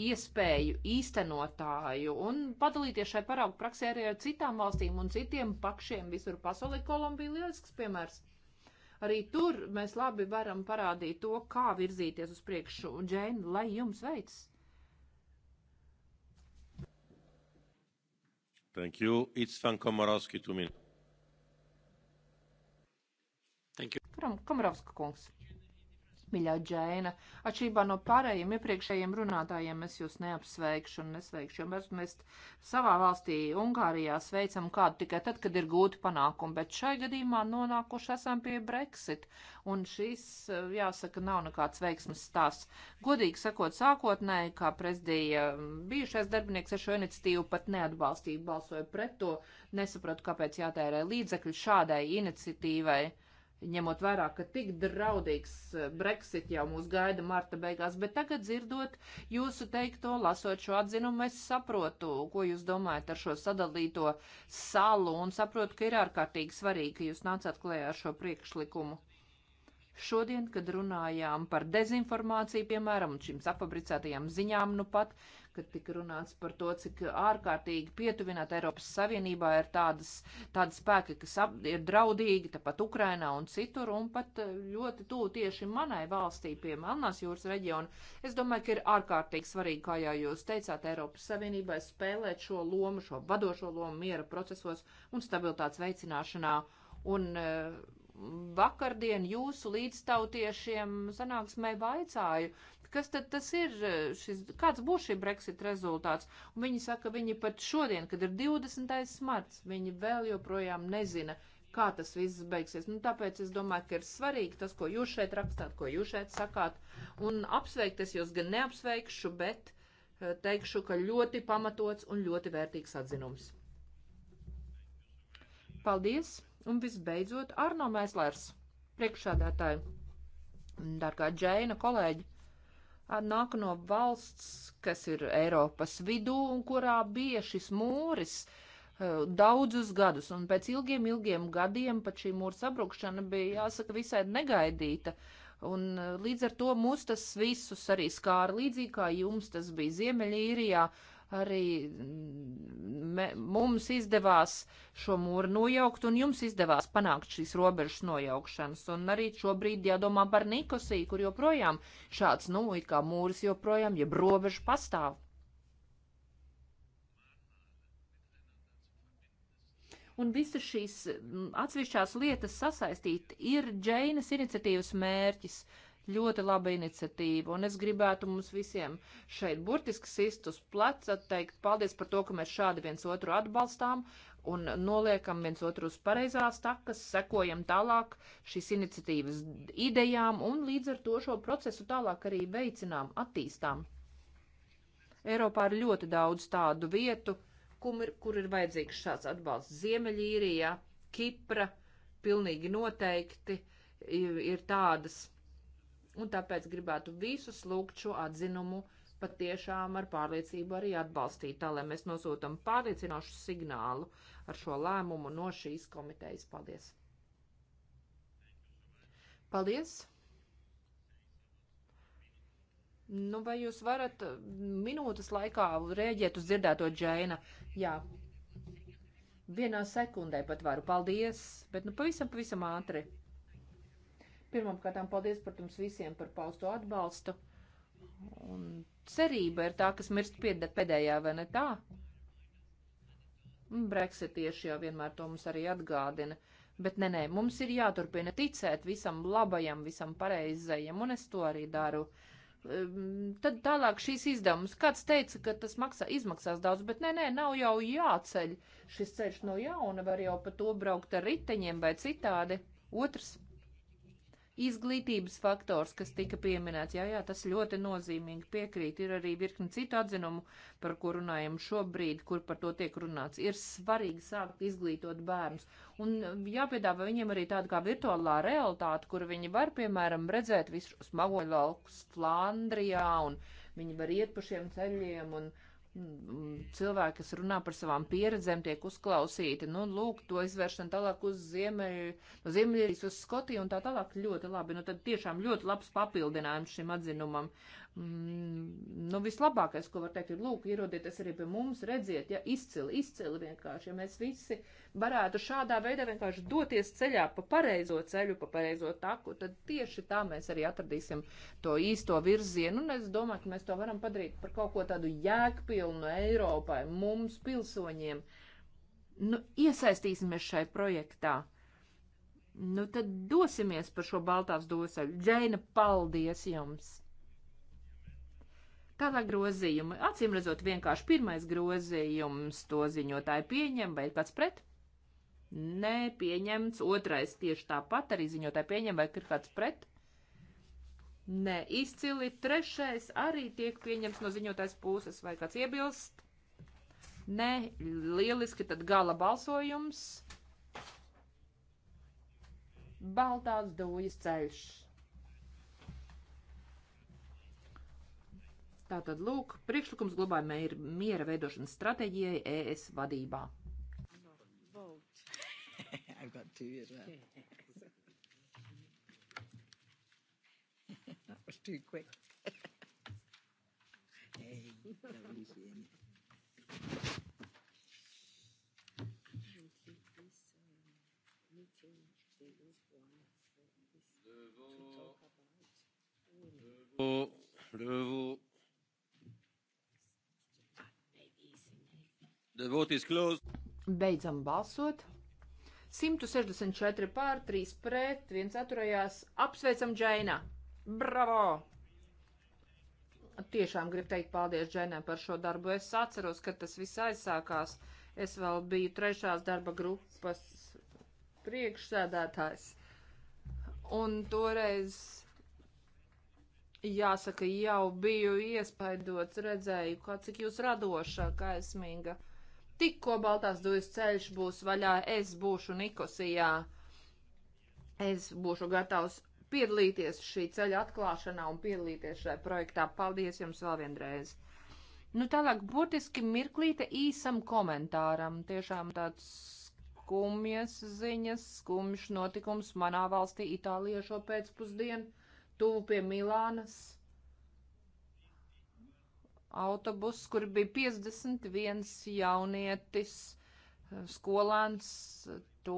iespēju īstenotāju un padalīties šai paraugu praksē arī ar citām valstīm un citiem pakšiem visur pasaulē. Kolumbija lielisks piemērs. Arī tur mēs labi varam parādīt to, kā virzīties uz priekšu. Un, Džēna, lai jums veids! Thank you. It's Van Komorovski, tu minūtes. Thank you. Karam, Komorovska kungs. Mīļā Džēna, atšķirībā no pārējiem iepriekšējiem runātājiem, es jūs neapsveikšu un nesveikšu, jo mēs, mēs savā valstī, Ungārijā, sveicam kādu tikai tad, kad ir gūti panākumi, bet šai gadījumā nonākuši esam pie Brexit, un šis, jāsaka, nav nekāds veiksmes stāsts. Godīgi sakot, sākotnēji, kā prezidija bijušais darbinieks ar šo iniciatīvu pat neatbalstību balsoja pret to, nesapratu, kāpēc jātērē līdzekļi šādai iniciatīvai ņemot vērā, ka tik draudīgs eh, Brexit jau mūs gaida marta beigās, bet tagad dzirdot jūsu teikto, lasot šo atzinumu, es saprotu, ko jūs domājat ar šo sadalīto salu un saprotu, ka ir ārkārtīgi svarīgi, ka jūs nācāt klējā ar šo priekšlikumu. Šodien, kad runājām par dezinformāciju, piemēram, un šīm safabricētajām ziņām, nu pat kad tika runāts par to, cik ārkārtīgi pietuvināt Eiropas Savienībā ir tādas, tādas spēki, kas ap, ir draudīgi, tāpat Ukrainā un citur, un pat eh, ļoti tūlu tieši manai valstī pie Melnās jūras reģiona. Es domāju, ka ir ārkārtīgi svarīgi, kā jau jūs teicāt, Eiropas Savienībai spēlēt šo lomu, šo vadošo lomu miera procesos un stabilitātes veicināšanā. Un, uh, vakardien jūsu līdztautiešiem sanāksmē vaicāju, kas tad tas ir, eh, šis, kāds būs šī Brexit rezultāts. Un viņi saka, viņi pat šodien, kad ir 20. marts, viņi vēl joprojām nezina, kā tas viss beigsies. Nu, tāpēc es domāju, ka ir svarīgi tas, ko jūs šeit rakstāt, ko jūs šeit sakāt. Un apsveikt es jūs gan neapsveikšu, bet eh, teikšu, ka ļoti pamatots un ļoti vērtīgs atzinums. Paldies! Un visbeidzot, Arno Mēslers, priekšsādātāji, dārgā Džēna kolēģi nāk no valsts, kas ir Eiropas vidū un kurā bija šis mūris uh, daudzus gadus, un pēc ilgiem, ilgiem gadiem pat šī mūra sabrukšana bija, jāsaka, visai negaidīta. Un uh, līdz ar to mūs tas visus arī skāra līdzīgi, kā jums tas bija Ziemeļīrijā, arī mm, me, mums izdevās šo mūru nojaukt, un jums izdevās panākt šīs robežas nojaukšanas. Un arī šobrīd jādomā par Nikosiju, kur joprojām šāds, nu, it kā mūris joprojām, jeb robeža pastāv. Un visas šīs mm, atsevišķās lietas sasaistīt ir Džeinas iniciatīvas mērķis. Uh, Ļoti laba iniciatīva, un es gribētu mums visiem šeit burtiski sist uz pleca, teikt paldies par to, ka mēs šādi viens otru atbalstām un noliekam viens otru uz pareizās takas, sekojam tālāk šīs iniciatīvas idejām un līdz ar to šo procesu tālāk arī veicinām, attīstām. Eiropā ir ļoti daudz tādu vietu, kur ir, kur ir vajadzīgs šāds atbalsts. Ziemeļīrijā, Kipra, pilnīgi noteikti ir tādas un tāpēc gribētu visus lūgt šo atzinumu patiešām ar pārliecību arī atbalstīt, tā lai mēs nosūtam pārliecinošu signālu ar šo lēmumu no šīs komitejas. Paldies! Paldies! Nu, vai jūs varat eh, minūtes laikā rēģēt uz dzirdēto džēna? Jā, vienā sekundē pat varu. Paldies! Bet nu pavisam, pavisam ātri. Pirmkārt, paldies, protams, visiem par pausto atbalstu. Un cerība ir tā, kas mirst pēdējā, vai ne tā? Brexitieši jau vienmēr to mums arī atgādina. Bet nē, nē, mums ir jāturpina ticēt visam labajam, visam pareizajam, un es to arī daru. Ehm, tad tālāk šīs izdevumus. Kāds teica, ka tas maksā, izmaksās daudz, bet nē, nē, nav jau jāceļ. Šis ceļš no jauna var jau pa to braukt ar riteņiem vai citādi. Otrs Izglītības faktors, kas tika pieminēts, jā, jā, tas ļoti nozīmīgi piekrīt. Ir arī virkni citu atzinumu, par kur runājam šobrīd, kur par to tiek runāts. Ir svarīgi sākt izglītot bērnus. Un jāpiedāvā viņiem arī tāda kā virtuālā realitāte, kur viņi var, piemēram, redzēt visus smagoļaukus Flandrijā un viņi var iet pa šiem ceļiem un, uh, Mm, cilvēki, kas runā par savām pieredzēm, tiek uzklausīti. Nu, lūk, to izvēršana tālāk uz ziemeļu, no ziemeļīrijas uz Skotiju un tā tālāk ļoti labi. Nu, tad tiešām ļoti labs papildinājums šim atzinumam. Mm, nu, vislabākais, ko var teikt, ir, lūk, ierodieties arī pie mums, redziet, ja izcili, izcili vienkārši, ja mēs visi varētu šādā veidā vienkārši doties ceļā pa pareizo ceļu, pa pareizo taku, tad tieši tā mēs arī atradīsim to īsto virzienu, un es domāju, ka mēs to varam padarīt par kaut ko tādu jēgpilnu Eiropai, mums pilsoņiem. Nu, iesaistīsimies šai projektā. Nu, tad dosimies pa šo Baltās dosaļu. Džeina, paldies jums! Tālāk grozījumi. Acīm redzot, vienkārši pirmais grozījums to ziņotāji pieņem, vai ir kāds pret? Nē, pieņemts. Otrais tieši tāpat arī ziņotāji pieņem, vai ir kāds pret? Nē, izcili. Trešais arī tiek pieņemts no ziņotājas puses, vai kāds iebilst? Nē, lieliski, tad gala balsojums. Baltās dūjas ceļš. Tātad, lūk, priekšlikums globālajai ir miera veidošanas stratēģijai ES vadībā. I've got two as well. that was too quick. hey, that was easy, isn't it? Le vote, le vote. Beidzam balsot. 164 pār 3 pret, 1 atturējās. Apsveicam Džainā! Bravo! Tiešām gribu teikt paldies Džainai par šo darbu. Es atceros, ka tas viss aizsākās. Es vēl biju trešās darba grupas priekšsēdētājs. Un toreiz, jāsaka, jau biju iespaidots, redzēju, kā cik jūs radoša, kaismīga. Ka tikko Baltās durvis ceļš būs vaļā, es būšu Nikosijā. Es būšu gatavs piedalīties šī ceļa atklāšanā un piedalīties šajā projektā. Paldies jums vēl vienreiz! Nu, tālāk, burtiski mirklīte īsam komentāram. Tiešām tāds skumjas ziņas, skumjš notikums manā valstī Itālijā šo pēcpusdienu, tuvu pie Milānas autobuss, kur bija 51 jaunietis, eh, skolāns, to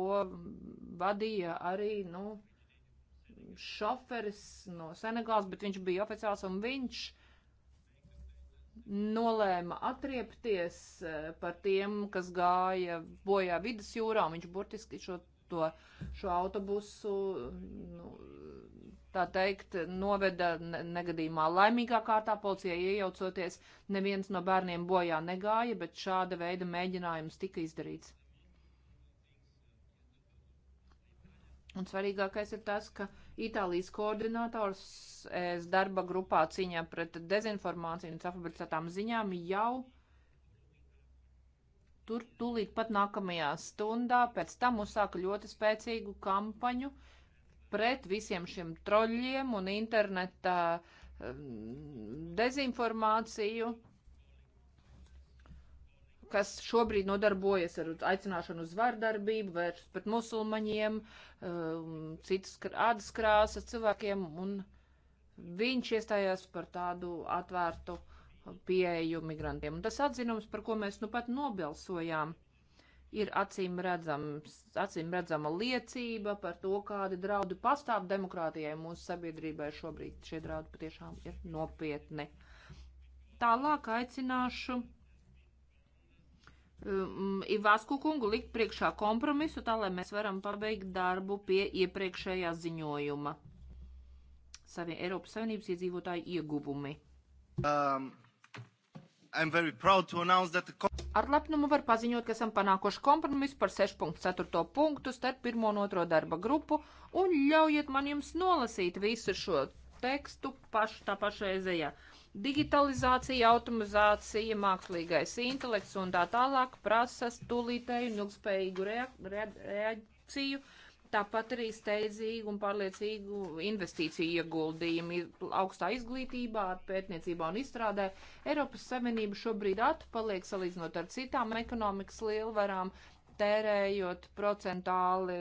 vadīja arī, nu, šoferis no Senegāls, bet viņš bija oficiāls un viņš nolēma atriepties eh, par tiem, kas gāja bojā vidusjūrā, un viņš burtiski šo, to, šo autobusu nu, tā teikt, noveda negadījumā laimīgā kārtā. Policijai iejaucoties, neviens no bērniem bojā negāja, bet šāda veida mēģinājums tika izdarīts. Un svarīgākais ir tas, ka Itālijas koordinators darba grupā cīņā pret dezinformāciju un safabricētām ziņām jau tur tūlīt pat nākamajā stundā pēc tam uzsāka ļoti spēcīgu kampaņu uh, pret visiem šiem troļļiem un interneta um, dezinformāciju, kas šobrīd nodarbojas ar aicināšanu uz vardarbību, vērst pret musulmaņiem, um, citas ādas krāsas cilvēkiem, un viņš iestājās par tādu atvērtu pieeju migrantiem. Un tas atzinums, par ko mēs nu pat nobalsojām, ir acīm, redzams, acīm redzama liecība par to, kādi draudi pastāv demokrātijai mūsu sabiedrībai šobrīd. Šie draudi patiešām ir nopietni. Tālāk aicināšu um, Ivāsku kungu likt priekšā kompromisu, tā lai mēs varam pabeigt darbu pie iepriekšējā ziņojuma. Savie Eiropas Savienības iedzīvotāju ieguvumi. Um. The... Ar lepnumu var paziņot, ka esam panākuši kompromisu par 6.4. punktu starp 1. un 2. darba grupu, un ļaujiet man jums nolasīt visu šo tekstu paš, tā pašreizējā. Digitalizācija, automatizācija, mākslīgais intelekts un tā tālāk prasa stulītēju un ilgspējīgu reakciju. Rea rea rea tāpat arī steidzīgu un pārliecīgu investīciju ieguldījumu augstā izglītībā, pētniecībā un izstrādē. Eiropas Savienība šobrīd atpaliek salīdzinot ar citām ekonomikas lielvarām, tērējot procentāli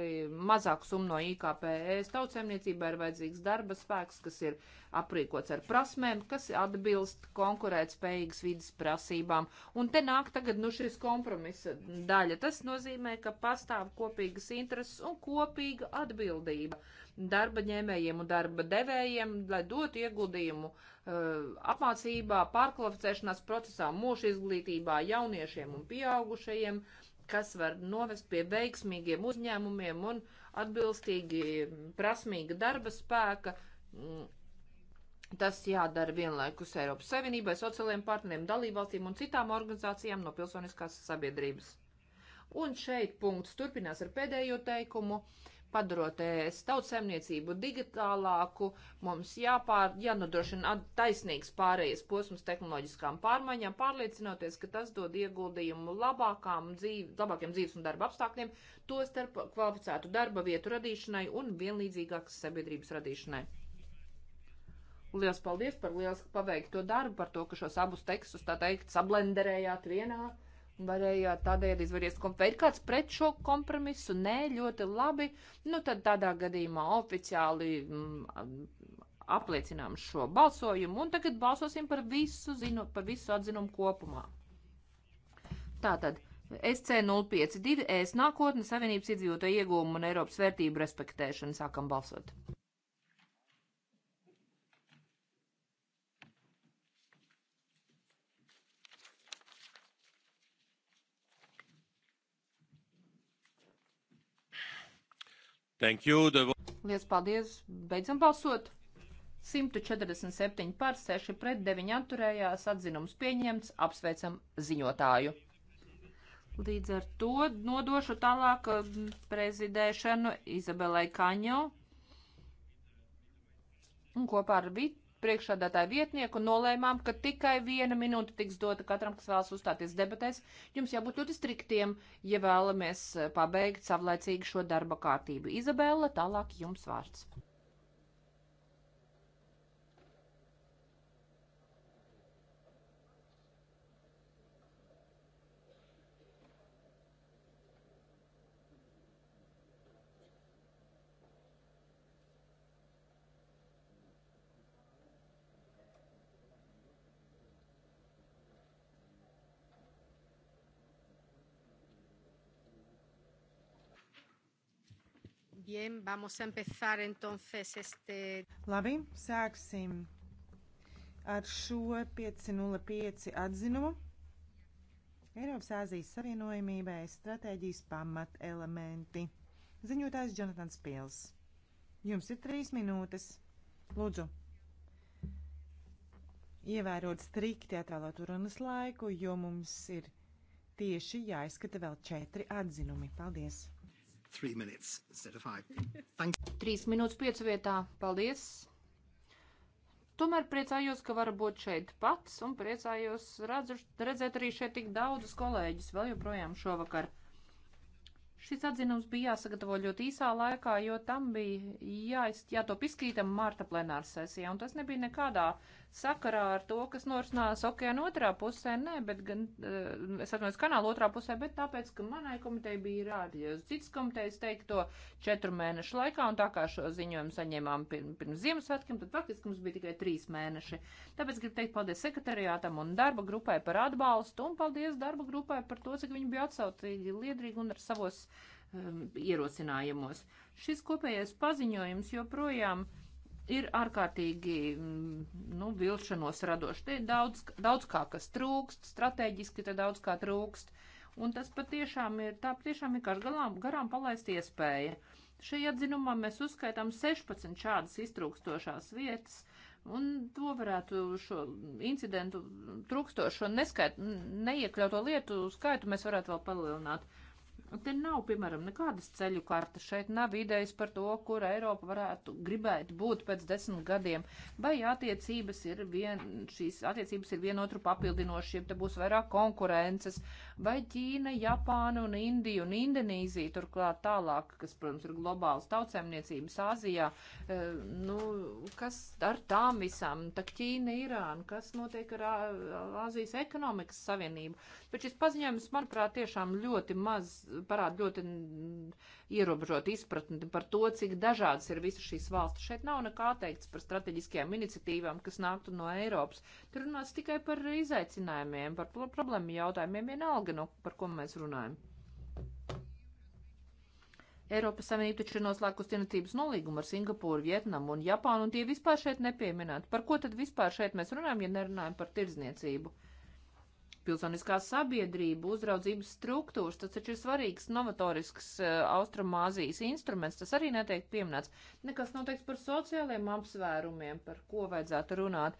mazāk summu no IKP. Tautsēmniecībā ir vajadzīgs darba spēks, kas ir aprīkots ar prasmēm, kas atbilst konkurētspējīgas vidas prasībām. Un te nāk tagad nu šis kompromisa daļa. Tas nozīmē, ka pastāv kopīgas intereses un kopīga atbildība darba ņēmējiem un darba devējiem, lai dotu ieguldījumu uh, apmācībā, pārkvalificēšanās procesā, mūža izglītībā, jauniešiem un pieaugušajiem. Uh, kas var novest pie veiksmīgiem uzņēmumiem un atbilstīgi prasmīga darba spēka. Mm, Tas jādara vienlaikus Eiropas Savienībai, sociālajiem partneriem, dalībvalstīm un citām organizācijām no pilsoniskās sabiedrības. Un šeit punkts turpinās ar pēdējo teikumu. Uh, padarot ES tautsēmniecību digitālāku, mums jāpār, jānodrošina taisnīgs pārējais posms tehnoloģiskām pārmaiņām, pārliecinoties, ka tas dod ieguldījumu labākām dzīv, labākiem dzīves un darba apstākļiem, to starp kvalificētu darba vietu radīšanai un vienlīdzīgākas sabiedrības radīšanai. Lielas paldies par lielisku paveikto darbu, par to, ka šos abus tekstus, tā teikt, sablenderējāt vienā varējāt tādējādi izvaries kompromisu. Vai ir kāds pret šo kompromisu? Nē, ļoti labi. Nu, tad tādā gadījumā oficiāli m, mm, apliecinām šo balsojumu un tagad balsosim par visu, zinu, par visu atzinumu kopumā. Tātad SC052 ES nākotnes Savienības iedzīvotāju iegūmu un Eiropas vērtību respektēšanu sākam balsot. Thank you. The... Lielas paldies. Beidzam balsot. 147 par 6 pret 9 atturējās. Atzinums pieņemts. Apsveicam ziņotāju. Līdz ar to nodošu tālāk uh, prezidēšanu Izabelai Kaņo. Un kopā ar Vit priekšādātāja vietnieku nolēmām, ka tikai viena minūte tiks dota katram, kas vēlas uzstāties debatēs. Jums jābūt ļoti striktiem, ja vēlamies pabeigt savlaicīgi šo darba kārtību. Izabela, tālāk jums vārds. Bien, vamos a empezar entonces este. Labi, sāksim ar šo 505 atzinumu. Eiropas Āzijas Savienojumībai stratēģijas pamat elementi. Ziņotājs Jonatans Pils. Jums ir trīs minūtes. Lūdzu, ievērot strikti atvēlot runas laiku, jo mums ir tieši jāizskata vēl četri atzinumi. Paldies! three minutes instead of five. Thank you. Trīs minūtes piecu vietā. Paldies! Tomēr priecājos, ka varu būt šeit pats un priecājos redzu, redzēt arī šeit tik daudzus kolēģus vēl joprojām šovakar. Šis atzinums bija jāsagatavo ļoti īsā laikā, jo tam bija jā, jātop izkrītam marta plenāra sesijā, un tas nebija nekādā sakarā ar to, kas norisinās okeāna otrā pusē, nē, bet gan, eh, es atceros kanālu otrā pusē, bet tāpēc, ka manai komitei bija rādījis cits komitejas teikto četru mēnešu laikā, un tā kā šo ziņojumu saņēmām pirms, pirms Ziemassvētkiem, tad faktiski mums bija tikai trīs mēneši. Tāpēc gribu teikt paldies sekretariātam un darba grupai par atbalstu, un paldies darba grupai par to, cik viņi bija atsaucīgi, liedrīgi un ar savos Um, ierosinājumos. Šis kopējais paziņojums joprojām ir ārkārtīgi mm, nu, vilšanos radoši. Te ir daudz, daudz kā kas trūkst, strateģiski te daudz kā trūkst. Un tas patiešām ir, tā patiešām ir garām, garām palaist iespēja. Šajā atzinumā mēs uzskaitām 16 šādas iztrūkstošās vietas, un to varētu šo incidentu trūkstošo neskait, neiekļauto lietu skaitu mēs varētu vēl palielināt. Uh, Un te nav, piemēram, nekādas ceļu kartas. Šeit nav idejas par to, kur Eiropa varētu gribēt būt pēc desmit gadiem. Vai attiecības ir, vien, šīs attiecības ir vienotru papildinoši, ja te būs vairāk konkurences. Vai Ķīna, Japāna un Indija un Indonīzija turklāt tālāk, kas, protams, ir globāls tautsēmniecības Āzijā. E, nu, kas ar tām visām? Tak Ķīna, Irāna, kas notiek ar Āzijas ekonomikas savienību? Bet šis paziņojums, manuprāt, tiešām ļoti maz parāda ļoti ierobežot izpratni par to, cik dažādas ir visas šīs valstis. Šeit nav nekā teikts par strateģiskajām iniciatīvām, kas nāktu no Eiropas. Tur runāts tikai par izaicinājumiem, par problēmu jautājumiem, vienalga, no par ko mēs runājam. Eiropas Savienība taču ir noslēgusi tirnatības nolīgumu ar Singapūru, Vietnamu un Japānu, un tie vispār šeit nepieminēti. Par ko tad vispār šeit mēs runājam, ja nerunājam par tirdzniecību? Uh, pilsoniskā sabiedrība, uzraudzības struktūras, tas taču ir svarīgs novatorisks uh, Austrumāzijas instruments, tas arī netiek pieminēts. Nekas noteikts par sociālajiem apsvērumiem, par ko vajadzētu runāt.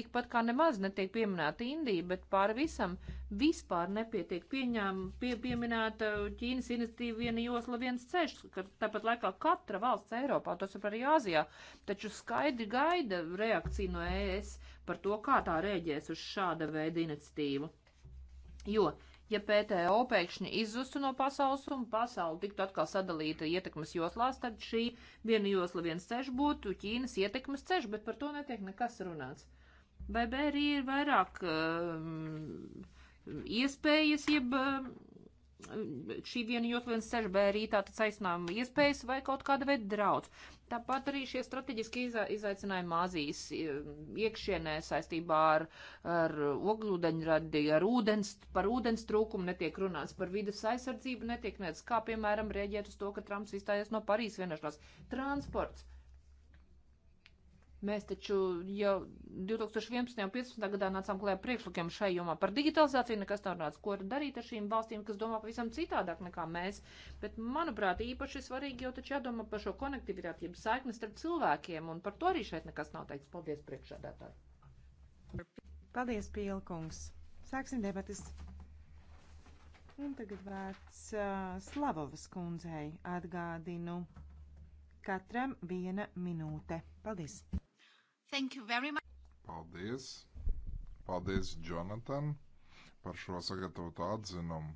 Tikpat kā nemaz netiek pieminēta Indija, bet pār visam vispār nepietiek pieņēm, pie, pieminēta Ķīnas iniciatīva viena josla, viens ceļš, ka tāpat laikā katra valsts Eiropā, tos ir arī Āzijā, taču skaidri gaida reakciju no ES par to, kā tā rēģēs uz šāda veida iniciatīvu. Jo, ja PTO pēkšņi izzustu no pasaules un pasauli tiktu atkal sadalīta ietekmes joslās, tad šī viena josla viens ceļš būtu Ķīnas ietekmes ceļš, bet par to netiek nekas runāts. Vai arī ir vairāk um, iespējas, jeb um, šī viena jūsu viens sešbērī tātad saicinām iespējas vai kaut kāda veida draudz. Tāpat arī šie strateģiski izā, izaicinājumi Āzijas iekšienē saistībā ar, ar ogļūdeņradi, ar ūdens, par ūdens trūkumu netiek runāts, par vidas aizsardzību netiek nec, kā piemēram rēģēt uz to, ka Trumps izstājies no Parīs vienošanās. Transports Mēs taču jau 2011. un 2015. gadā nācām klajā priekšlikiem šai jomā par digitalizāciju, nekas nav runāts, ko darīt ar šīm valstīm, kas domā pavisam citādāk nekā mēs. Bet, manuprāt, īpaši svarīgi jau taču jādomā par šo konektivitāti, jeb saiknes starp cilvēkiem, un par to arī šeit nekas nav teikts. Paldies, priekšādātāji! Paldies, Pielkungs! Sāksim debatas! Un tagad vērts uh, Slavovas kundzei atgādinu. Katram viena minūte. Paldies! Thank you very much. Paldies. Paldies, Jonathan, par šo sagatavotu atzinumu.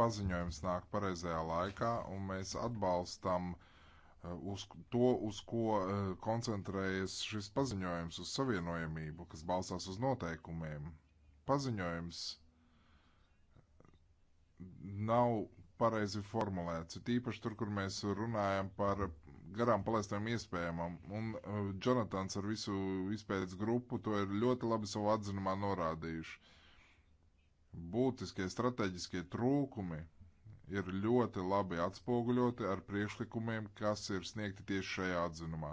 Paziņojums nāk pareizajā laikā, un mēs atbalstam uh, uz to, uz ko uh, koncentrējas šis paziņojums, uz savienojamību, kas balstās uz noteikumiem. Paziņojums uh, nav pareizi formulēts. Tīpaši tur, kur mēs runājam par garām palaistam iespējamam. Un uh, Jonatans ar visu izpētes grupu to ir ļoti labi savā atzinumā norādījuši. Būtiskie strateģiskie trūkumi ir ļoti labi atspoguļoti ar priekšlikumiem, kas ir sniegti tieši šajā atzinumā.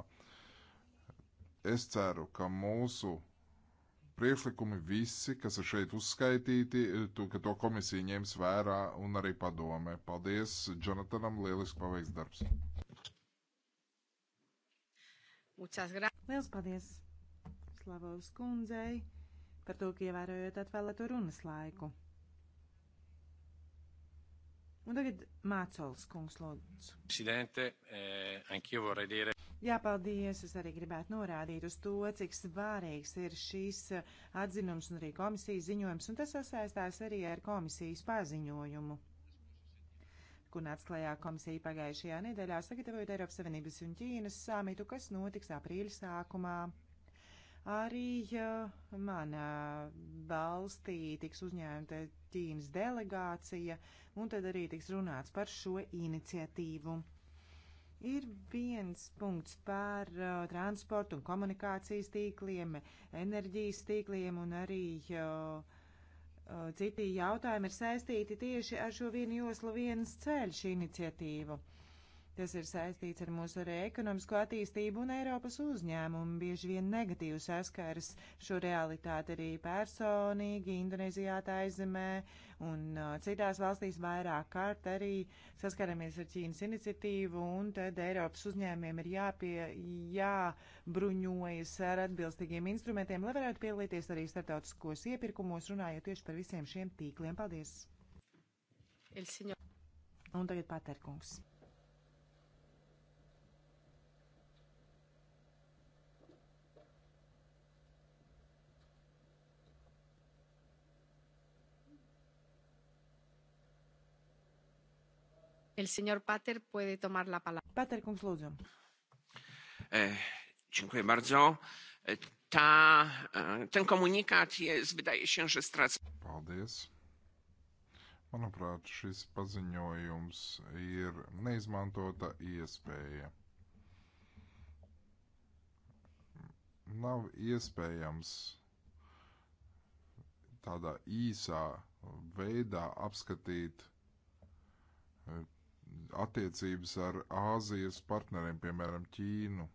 Es ceru, ka mūsu priekšlikumi visi, kas ir šeit uzskaitīti, tu, ka to komisija ņems vērā un arī padome. Paldies Jonatanam, lieliski paveikts darbs! Liels paldies Slavovas kundzei par to, ka ievērojot atvēlēto runas laiku. Un tagad Mācols kungs lūdzu. Presidente, eh, anch'io vorrei dire. Jā, paldies. Es arī gribētu norādīt uz to, cik svārīgs ir šīs eh, atzinums un arī komisijas ziņojums, un tas sasaistās arī ar komisijas paziņojumu un atklājā komisija pagājušajā nedēļā sagatavojot Eiropas Savienības un Ķīnas samitu, kas notiks aprīļa sākumā. Arī uh, manā valstī tiks uzņēmta Ķīnas delegācija, un tad arī tiks runāts par šo iniciatīvu. Ir viens punkts par uh, transportu un komunikācijas tīkliem, enerģijas tīkliem un arī uh, citi jautājumi ir saistīti tieši ar šo vienu joslu vienas ceļu šī iniciatīvu. Tas ir saistīts ar mūsu arī ekonomisko attīstību un Eiropas uzņēmumu. Bieži vien negatīvi saskaras šo realitāti arī personīgi Indonēzijā, Taizemē un uh, citās valstīs vairāk kārt arī saskaramies ar Ķīnas iniciatīvu un tad Eiropas uzņēmiem ir jāpie, jābruņojas ar atbilstīgiem instrumentiem, lai varētu pielīties arī startautiskos iepirkumos, runājot tieši par visiem šiem tīkliem. Paldies! Un tagad patērkungs. El señor Pater puede tomar la palabra. Pater, kungs lūdzu. Eh, dziękuję bardzo. E, ta, e, ten komunikat jest, wydaje się, że stracony. Paldies. Manuprāt, šis paziņojums ir neizmantota iespēja. Nav iespējams tādā īsā veidā apskatīt e, attiecības ar Āzijas partneriem, piemēram, Ķīnu.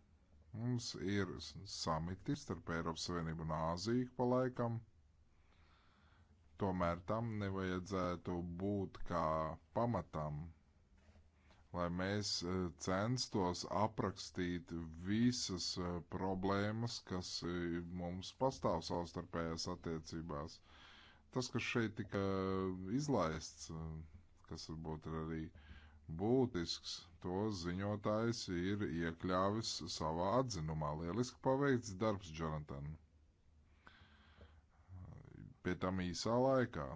Mums ir samiti starp Eiropas Savienību un Āziju pa laikam. Tomēr tam nevajadzētu būt kā pamatam, lai mēs e, censtos aprakstīt visas e, problēmas, kas e, mums pastāv savstarpējās attiecībās. Tas, kas šeit tika izlaists, kas varbūt ir arī uh, būtisks. To ziņotājs ir iekļāvis savā atzinumā. Lieliski paveikts darbs, Jonathan. Pie tam īsā laikā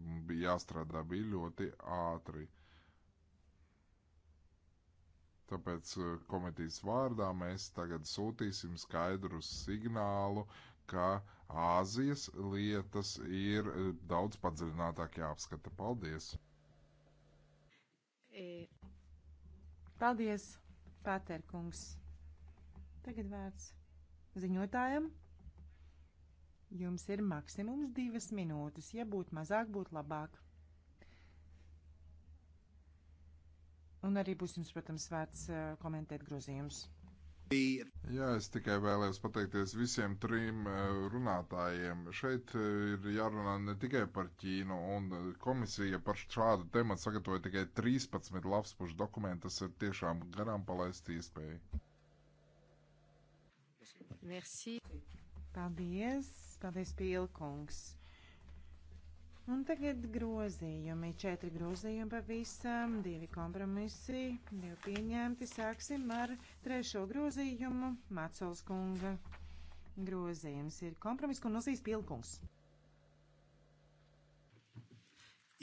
bija jāstrādā, bija ļoti ātri. Tāpēc eh, komitīs vārdā mēs tagad sūtīsim skaidru signālu, ka Āzijas lietas ir eh, daudz padziļinātāk jāapskata. Paldies! E, Paldies, Pāterkungs. Tagad vārds ziņotājiem. Jums ir maksimums divas minūtes, ja būtu mazāk, būtu labāk. Un arī būs jums, protams, vērts e, komentēt grozījumus. Jā, es tikai vēlējos pateikties visiem trim eh, runātājiem. Šeit eh, ir jārunā ne tikai par Ķīnu, un komisija par šādu tematu sagatavoja tikai 13 lapspušu dokumentu. Tas ir tiešām garām palaist iespēju. Merci. Paldies. Paldies, Pīlkungs. Un tagad grozījumi. Četri grozījumi pavisam, divi kompromisi, divi pieņemti. Sāksim ar trešo grozījumu. Macols kunga grozījums ir kompromiss, ko nosīs pilkums.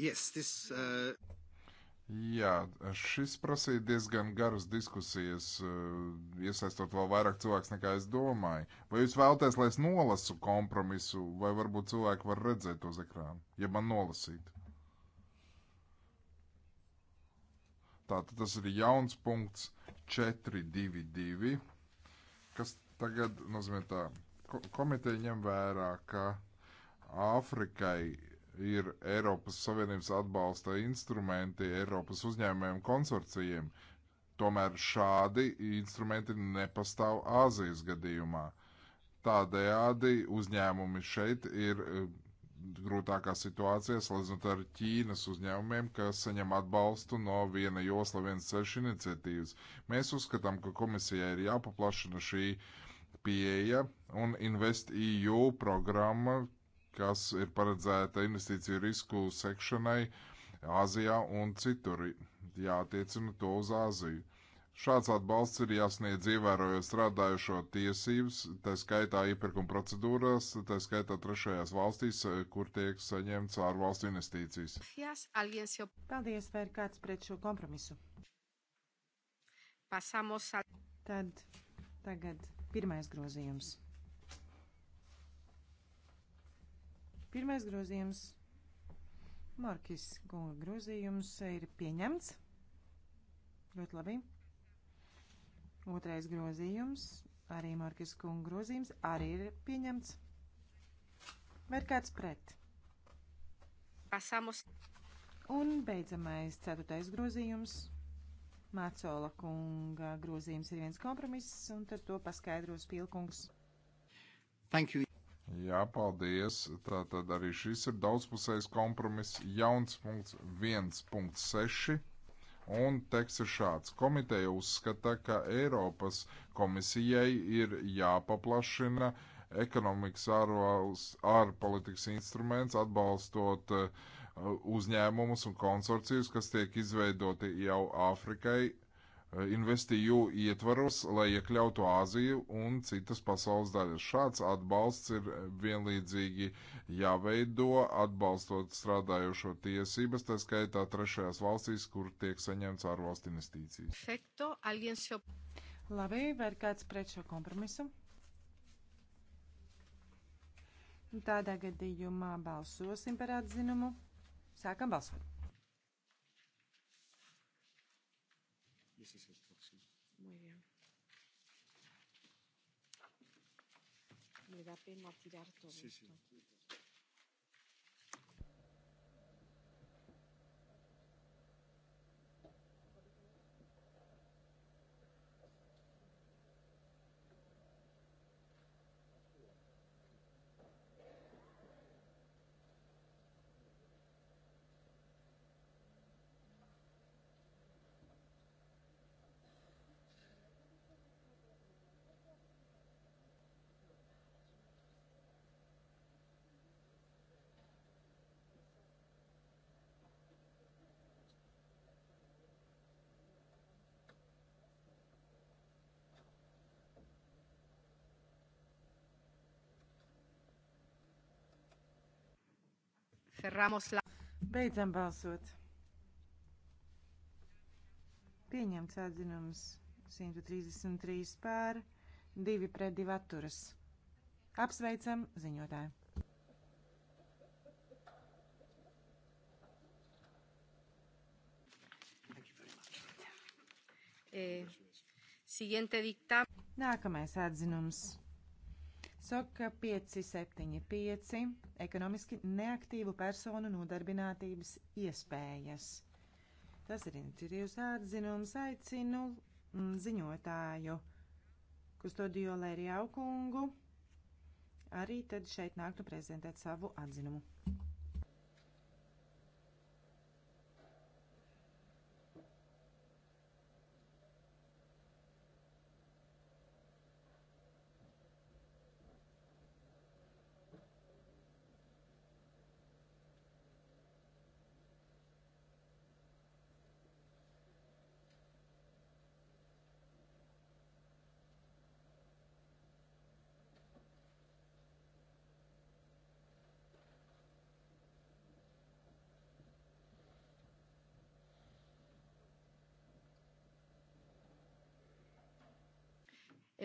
Yes, this, uh... Jā, šis prasīja diezgan garas diskusijas, eh, iesaistot vēl vairāk cilvēks nekā es domāju. Vai jūs vēlaties, lai es nolasu kompromisu, vai varbūt cilvēki var redzēt uz ekrāna, ja man nolasīt? Tātad tas ir jauns punkts 422, kas tagad nozīmē tā, komiteja ņem vērā, ka Āfrikai ir Eiropas Savienības atbalsta instrumenti Eiropas uzņēmējiem konsorcijiem. Tomēr šādi instrumenti nepastāv Āzijas gadījumā. Tādējādi uzņēmumi šeit ir eh, grūtākā situācijā, salīdzinot ar Ķīnas uzņēmumiem, kas saņem atbalstu no viena josla viens ceļš iniciatīvas. Mēs uzskatām, ka komisijai ir jāpaplašina šī pieeja un InvestEU programma kas ir paredzēta investīciju risku sekšanai Āzijā un citur. Jātiecina to uz Āziju. Šāds atbalsts ir jāsniedz ievērojot strādājušo tiesības, tā skaitā iepirkuma procedūras, tā skaitā trešajās valstīs, kur tiek saņemts ārvalstu investīcijas. Paldies, vai ir kāds pret šo kompromisu? Tad tagad pirmais grozījums. Pirmais grozījums. Markis kunga grozījums ir pieņemts. Ļoti labi. Otrais grozījums. Arī Markis kunga grozījums arī ir pieņemts. Vai ir kāds pret? Pasamus. Un beidzamais ceturtais grozījums. Mācola kunga grozījums ir viens kompromiss, un tad to paskaidros Pilkungs. Thank you. Jā, paldies. Tātad arī šis ir daudzpusējs kompromiss. Jauns punkts 1.6. Un teksts ir šāds. Komiteja uzskata, ka Eiropas komisijai ir jāpaplašina ekonomikas ārpolitikas instruments, atbalstot uh, uzņēmumus un konsorcijus, kas tiek izveidoti jau Āfrikai, Eh, investīju ietvaros, lai iekļautu Āziju un citas pasaules daļas. Šāds atbalsts ir vienlīdzīgi jāveido, atbalstot strādājošo tiesības, tā skaitā trešajās valstīs, kur tiek saņemts ārvalstu investīcijas. Perfekto, aliensio. Labi, vai ir kāds pret šo kompromisu? Tādā gadījumā balsosim par atzinumu. Sākam balsot. da pena tirar todo sí, esto. Sí. Cerramos la. Beidzam balsot. Pieņemts atzinums 133 pār, 2 pret 2 atturas. Apsveicam ziņotāju. E, Nākamais atzinums Soka 575 - ekonomiski neaktīvu personu nodarbinātības iespējas. Tas ir iniciatīvas atzinums. Aicinu mm, ziņotāju Kustodio Lērijau kungu arī tad šeit nāktu prezentēt savu atzinumu.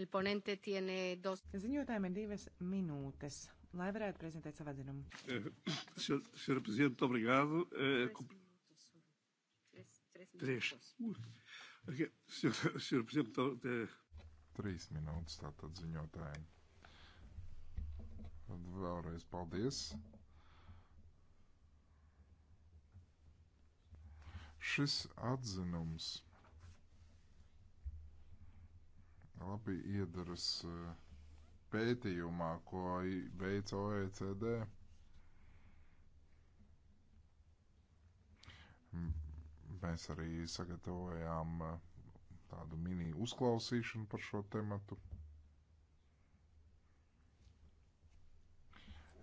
El ponente tiene dos. Ziņotājiem ir divas minūtes, lai varētu prezentēt savu atzinumu. Eh, Sr. Prezident, obrigado. Trīs. Sr. Prezident, trīs minūtes tātad ziņotājiem. Tad vēlreiz paldies. Šis atzinums labi iedaras eh, pētījumā, ko veica OECD. Mēs arī sagatavojām eh, tādu mini uzklausīšanu par šo tematu.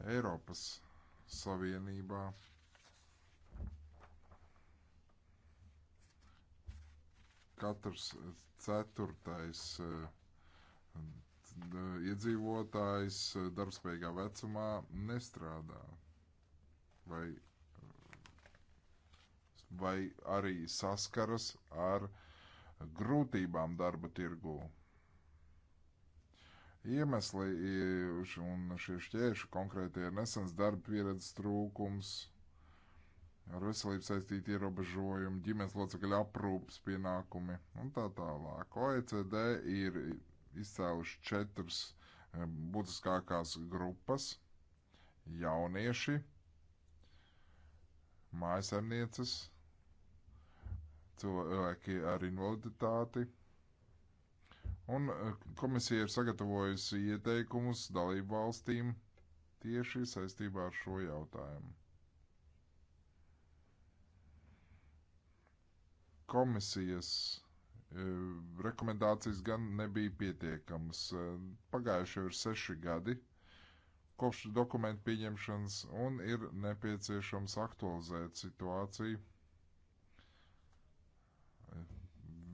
Eiropas Savienībā katrs ceturtais eh, iedzīvotājs eh, darbspējīgā vecumā nestrādā. Vai, vai arī saskaras ar grūtībām darba tirgū. Iemesli eh, un šie šķēršļi konkrēti ir nesens darba pieredzes trūkums, ar veselību saistīti ierobežojumi, ģimenes locekļu aprūpas pienākumi un tā tālāk. OECD ir izcēluši četras eh, būtiskākās grupas - jaunieši, mājasemnieces, cilvēki ar invaliditāti. Un eh, komisija ir sagatavojusi ieteikumus dalību valstīm tieši saistībā ar šo jautājumu. komisijas e, rekomendācijas gan nebija pietiekamas. E, Pagājuši jau ir seši gadi kopš dokumentu pieņemšanas un ir nepieciešams aktualizēt situāciju, e,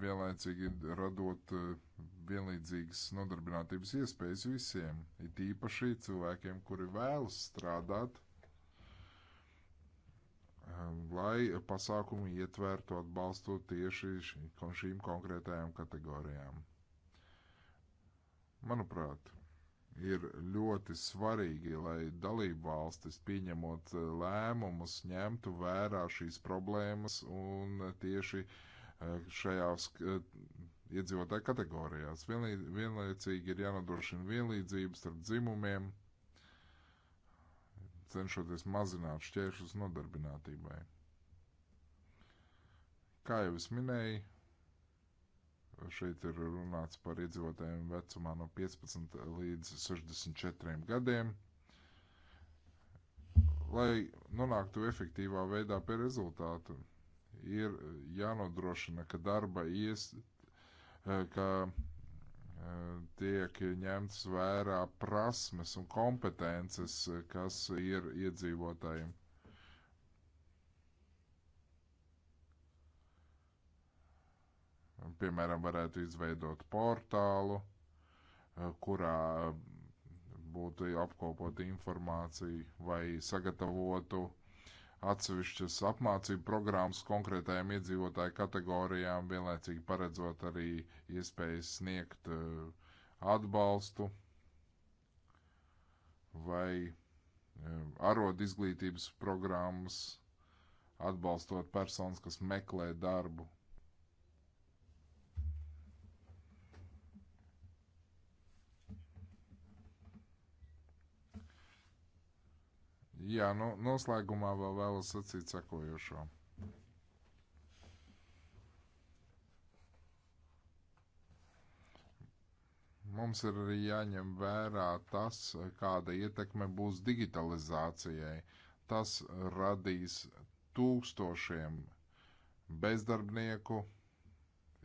vienlaicīgi radot vienlīdzīgas nodarbinātības iespējas visiem, it īpaši cilvēkiem, kuri vēlas strādāt Um, lai pasākumi ietvertu atbalstu tieši šīm konkrētajām kategorijām. Manuprāt, ir ļoti svarīgi, lai dalību valstis pieņemot uh, lēmumus ņemtu vērā šīs problēmas un tieši uh, šajās uh, iedzīvotāju kategorijās. Vienlaicīgi ir jānodrošina vienlīdzības starp dzimumiem cenšoties mazināt šķēršus nodarbinātībai. Kā jau es minēju, šeit ir runāts par iedzīvotājiem vecumā no 15 līdz 64 gadiem. Lai nonāktu efektīvā veidā pie rezultātu, ir jānodrošina, ka darba ies, ka tiek ņemts vērā prasmes un kompetences, kas ir iedzīvotājiem. Piemēram, varētu izveidot portālu, kurā būtu apkopota informācija vai sagatavotu uh, atsevišķas apmācību programmas konkrētajām iedzīvotāju kategorijām, vienlaicīgi paredzot arī iespējas sniegt eh, atbalstu vai eh, arod izglītības programmas, atbalstot personas, kas meklē darbu. Jā, nu, noslēgumā vēl vēlos sacīt sakojošo. Mums ir arī jāņem vērā tas, kāda ietekme būs digitalizācijai. Tas radīs tūkstošiem bezdarbnieku,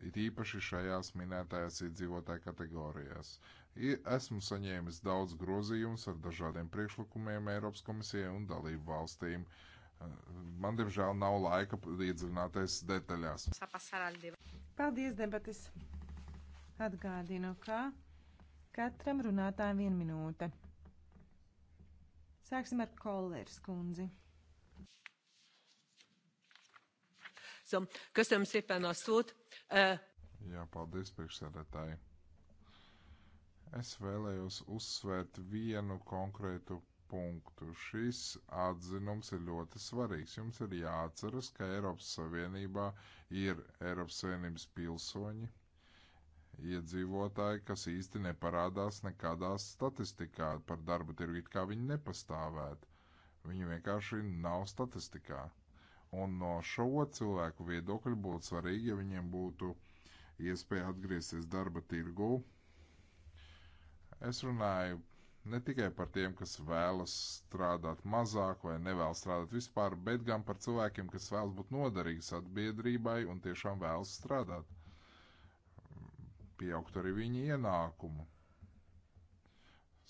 it īpaši šajās minētajās iedzīvotāju kategorijās. Uh, Esmu saņēmis daudz grozījumus ar dažādiem priekšlikumiem Eiropas komisijai un dalību valstīm. Eh, man, diemžēl, nav laika iedziļināties detaļās. Paldies, debatis! Atgādinu, ka katram runātājam viena minūte. Sāksim ar kolērs kundzi. Köszönöm szépen a szót. Eh, Jā, paldies, priekšsēdētāji. Es vēlējos uzsvērt vienu konkrētu punktu. Šis atzinums ir ļoti svarīgs. Jums ir jāatceras, ka Eiropas Savienībā ir Eiropas Savienības pilsoņi, iedzīvotāji, kas īsti neparādās nekādā statistikā par darba tirgu, it kā viņi nepastāvētu. Viņi vienkārši nav statistikā. Un no šo cilvēku viedokļa būtu svarīgi, ja viņiem būtu iespēja atgriezties darba tirgū, Es runāju ne tikai par tiem, kas vēlas strādāt mazāk vai nevēlas strādāt vispār, bet gan par cilvēkiem, kas vēlas būt noderīgi sabiedrībai un tiešām vēlas strādāt. Pieaugt arī viņa ienākumu,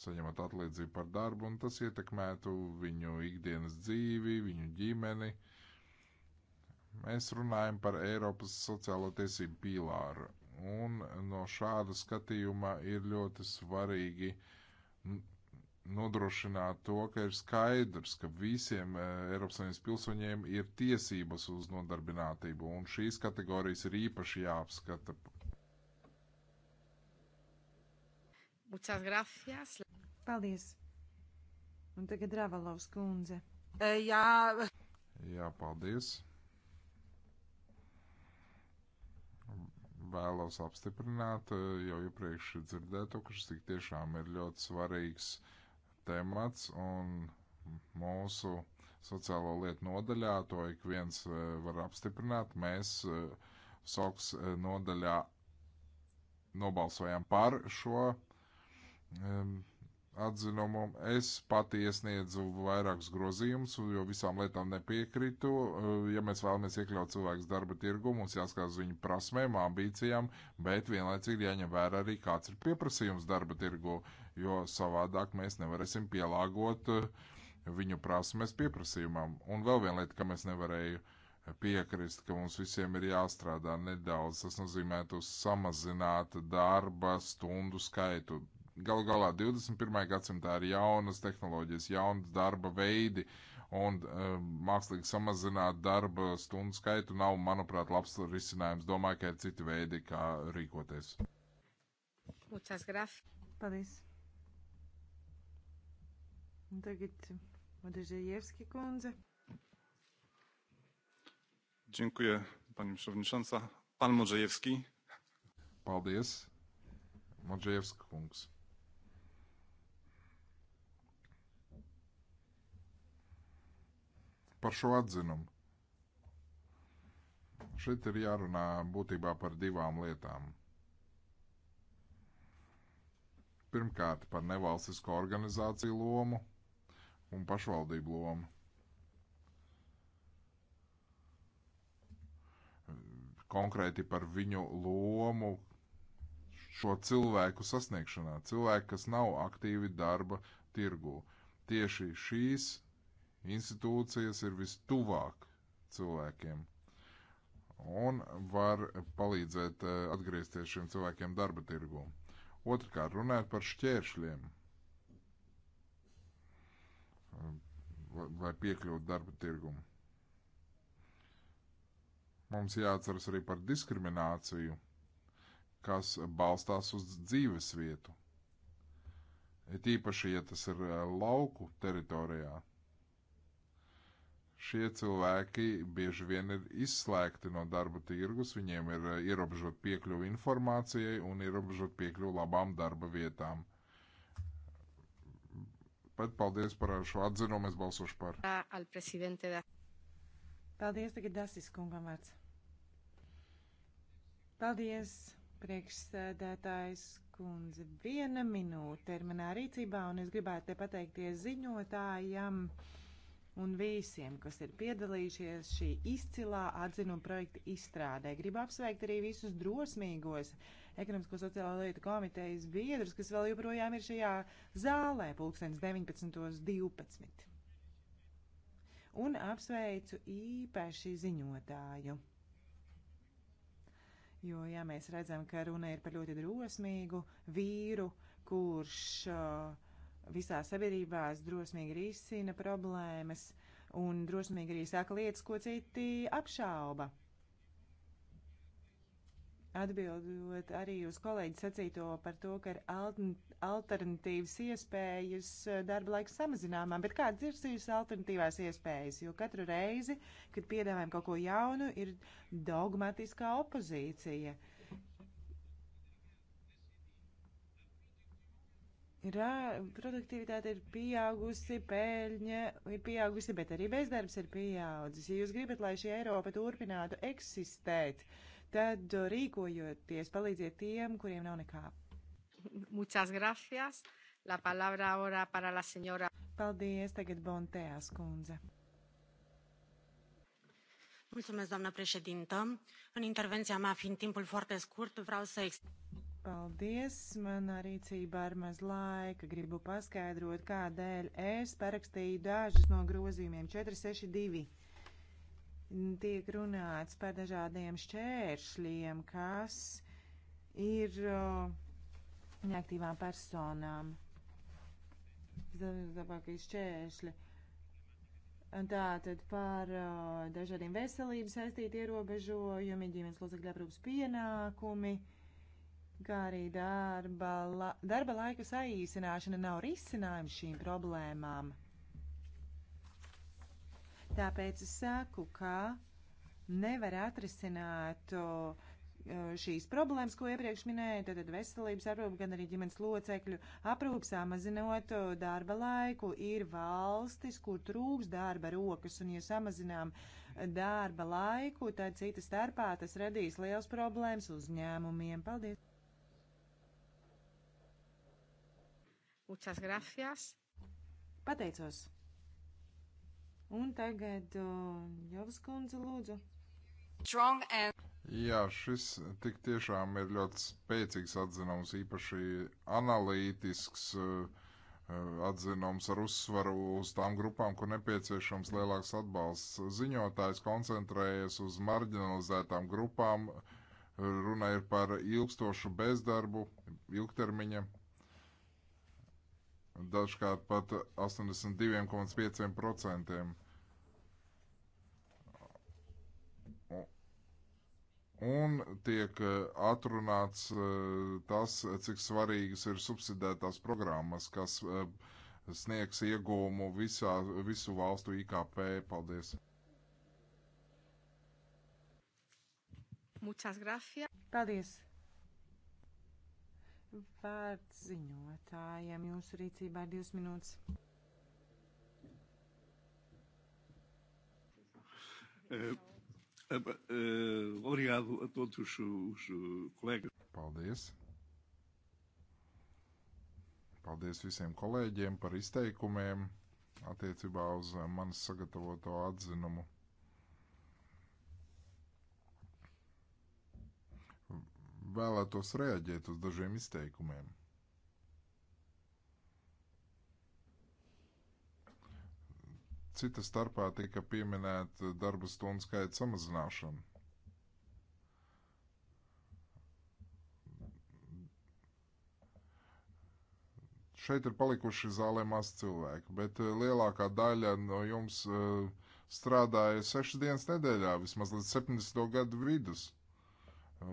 saņemot atlīdzību par darbu, un tas ietekmētu viņu ikdienas dzīvi, viņu ģimeni. Mēs runājam par Eiropas sociālo tiesību pīlāru. Un no šāda skatījuma ir ļoti svarīgi nodrošināt to, ka ir skaidrs, ka visiem e, Eiropas Savienības pilsoņiem ir tiesības uz nodarbinātību, un šīs kategorijas ir īpaši jāapskata. Muchas gracias. Paldies. Un tagad Ravalovs kundze. E, jā. Jā, paldies. vēlos apstiprināt eh, jau iepriekš dzirdēto, ka šis tik tiešām ir ļoti svarīgs temats un mūsu sociālo lietu nodaļā, to ik viens eh, var apstiprināt. Mēs SOKS eh, nodaļā nobalsojām par šo um, atzinumam. Es pati iesniedzu vairākus grozījumus, jo visām lietām nepiekrītu. Eh, ja mēs vēlamies iekļaut cilvēkus darba tirgu, mums jāskatās viņu prasmēm, ambīcijām, bet vienlaicīgi jāņem vērā arī kāds ir pieprasījums darba tirgu, jo savādāk mēs nevarēsim pielāgot eh, viņu prasmes pieprasījumam. Un vēl viena lieta, ka mēs nevarēju piekrist, ka mums visiem ir jāstrādā nedaudz. Tas nozīmētu samazināt darba stundu skaitu Galu galā 21. gadsimtā ir jaunas tehnoloģijas, jaunas darba veidi, un um, mākslīgi samazināt darba stundu skaitu nav, manuprāt, labs risinājums. Domāju, ka ir citi veidi, kā rīkoties. Muchas gracias. Paldies. Un tagad Madežējevski kundze. Dziękuję, pani przewodnicząca. Pan Modrzejewski. Paldies. Modrzejewski kungs. par šo atzinumu. Šeit ir jārunā būtībā par divām lietām. Pirmkārt, par nevalstisko organizāciju lomu un pašvaldību lomu. Konkrēti par viņu lomu šo cilvēku sasniegšanā, cilvēki, kas nav aktīvi darba tirgū. Tieši šīs institūcijas ir vistuvāk cilvēkiem un var palīdzēt eh, atgriezties šiem cilvēkiem darba tirgū. Otrkārt, runājot par šķēršļiem, lai piekļūtu darba tirgumu. Mums jāatceras arī par diskrimināciju, kas balstās uz dzīves vietu. Ir tīpaši, ja tas ir eh, lauku teritorijā Šie cilvēki bieži vien ir izslēgti no darba tirgus, viņiem ir eh, ierobežot piekļuvi informācijai un ierobežot piekļuvi labām darba vietām. Bet paldies par šo atzinumu, es balsošu par. Paldies, tagad Dasis kungam vārds. Paldies, priekšsēdētājs kundze. Viena minūte ir manā rīcībā, un es gribētu te pateikties ziņotājam. Um, un visiem, kas ir piedalījušies šī izcilā atzinuma projekta izstrādē. Gribu apsveikt arī visus drosmīgos ekonomisko sociālo lietu komitejas biedrus, kas vēl joprojām ir šajā zālē pulkstens 19.12. Un apsveicu īpaši ziņotāju. Jo, ja mēs redzam, ka runa ir par ļoti drosmīgu vīru, kurš uh, visā sabiedrībās drosmīgi risina problēmas un drosmīgi arī saka lietas, ko citi apšauba. Atbildot arī uz kolēģi sacīto par to, ka ir alternatīvas iespējas eh, darba laika samazināmā, bet kādas ir šīs alternatīvās iespējas? Jo katru reizi, kad piedāvājam kaut ko jaunu, ir dogmatiskā opozīcija. Uh, Rā, produktivitāte ir pieaugusi, pēļņa ir pieaugusi, bet arī bezdarbs ir pieaudzis. Ja jūs gribat, lai šī Eiropa turpinātu eksistēt, tad rīkojoties, palīdziet tiem, kuriem nav nekā. Muchas gracias. La palabra ahora para la señora. Paldies, tagad Bonteas kundze. Mulțumesc, doamnă președintă. În intervenția mea, fiind timpul foarte scurt, vreau să explic. Paldies, manā rīcībā ir maz laika. Gribu paskaidrot, kādēļ es parakstīju dažus no grozījumiem 462. Tiek runāts par dažādiem šķēršļiem, kas ir neaktīvām personām. Zabākais šķēršļi. Tātad par dažādiem veselības saistīti ierobežojumi, ģimenes locekļu aprūpas pienākumi. Uh, kā arī darba, la, darba laiku saīsināšana nav risinājums šīm problēmām. Tāpēc es saku, ka nevar atrisināt e, šīs problēmas, ko iepriekš minēju, tad veselības aprūpe, gan arī ģimenes locekļu aprūpe, samazinot darba laiku. Ir valstis, kur trūks darba rokas, un ja samazinām darba laiku, tad cita starpā tas radīs liels problēmas uzņēmumiem. Paldies! Muchas gracias. Pateicos. Un tagad uh, Jovas kundze lūdzu. Strong and. Jā, šis tik tiešām ir ļoti spēcīgs atzinums, īpaši analītisks uh, atzinums ar uzsvaru uz tām grupām, kur nepieciešams lielāks atbalsts. Ziņotājs koncentrējas uz marginalizētām grupām, runa ir par ilgstošu bezdarbu, ilgtermiņa dažkārt pat 82,5%. Un tiek eh, atrunāts eh, tas, cik svarīgas ir subsidētās programmas, kas eh, sniegs iegūmu visā, visu valstu IKP. Paldies! Muchas gracias. Paldies! Vārds ziņotājiem. Jūsu rīcībā ir divas minūtes. Uh, uh, obrigado a todos os colegas. Paldies. Paldies visiem kolēģiem par izteikumiem attiecībā uz manis sagatavoto atzinumu. vēlētos reaģēt uz dažiem izteikumiem. Cita starpā tika pieminēta darba stundu skaita samazināšana. Šeit ir palikuši zālē maz cilvēku, bet eh, lielākā daļa no jums uh, strādāja sešas dienas nedēļā, vismaz līdz 70. gadu vidus. Uh,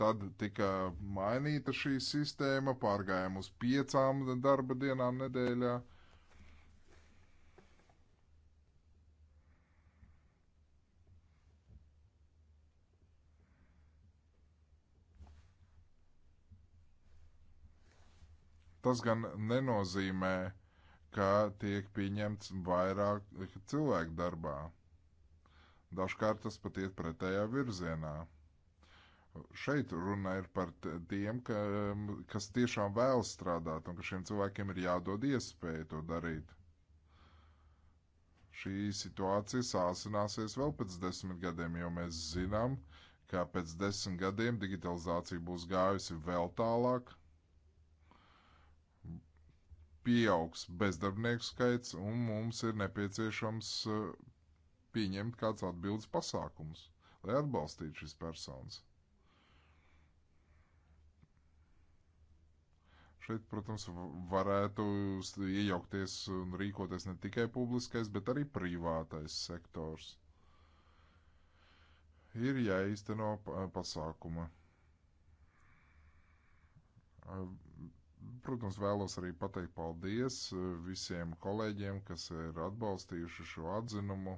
Tad tika mainīta šī sistēma, pārgājām uz piecām darba dienām nedēļā. Tas gan nenozīmē, ka tiek pieņemts vairāk cilvēku darbā. Dažkārt tas pat iet pretējā virzienā. Šeit runa ir par tiem, ka, kas tiešām vēl strādāt un ka šiem cilvēkiem ir jādod iespēja to darīt. Šī situācija sāsināsies vēl pēc desmit gadiem, jo mēs zinām, ka pēc desmit gadiem digitalizācija būs gājusi vēl tālāk, pieaugs bezdarbnieku skaits un mums ir nepieciešams e, pieņemt kāds atbildes pasākums, lai atbalstītu šīs personas. Šeit, protams, varētu iejaukties un rīkoties ne tikai publiskais, bet arī privātais sektors. Ir jāizteno pasākuma. Protams, vēlos arī pateikt paldies visiem kolēģiem, kas ir atbalstījuši šo atzinumu.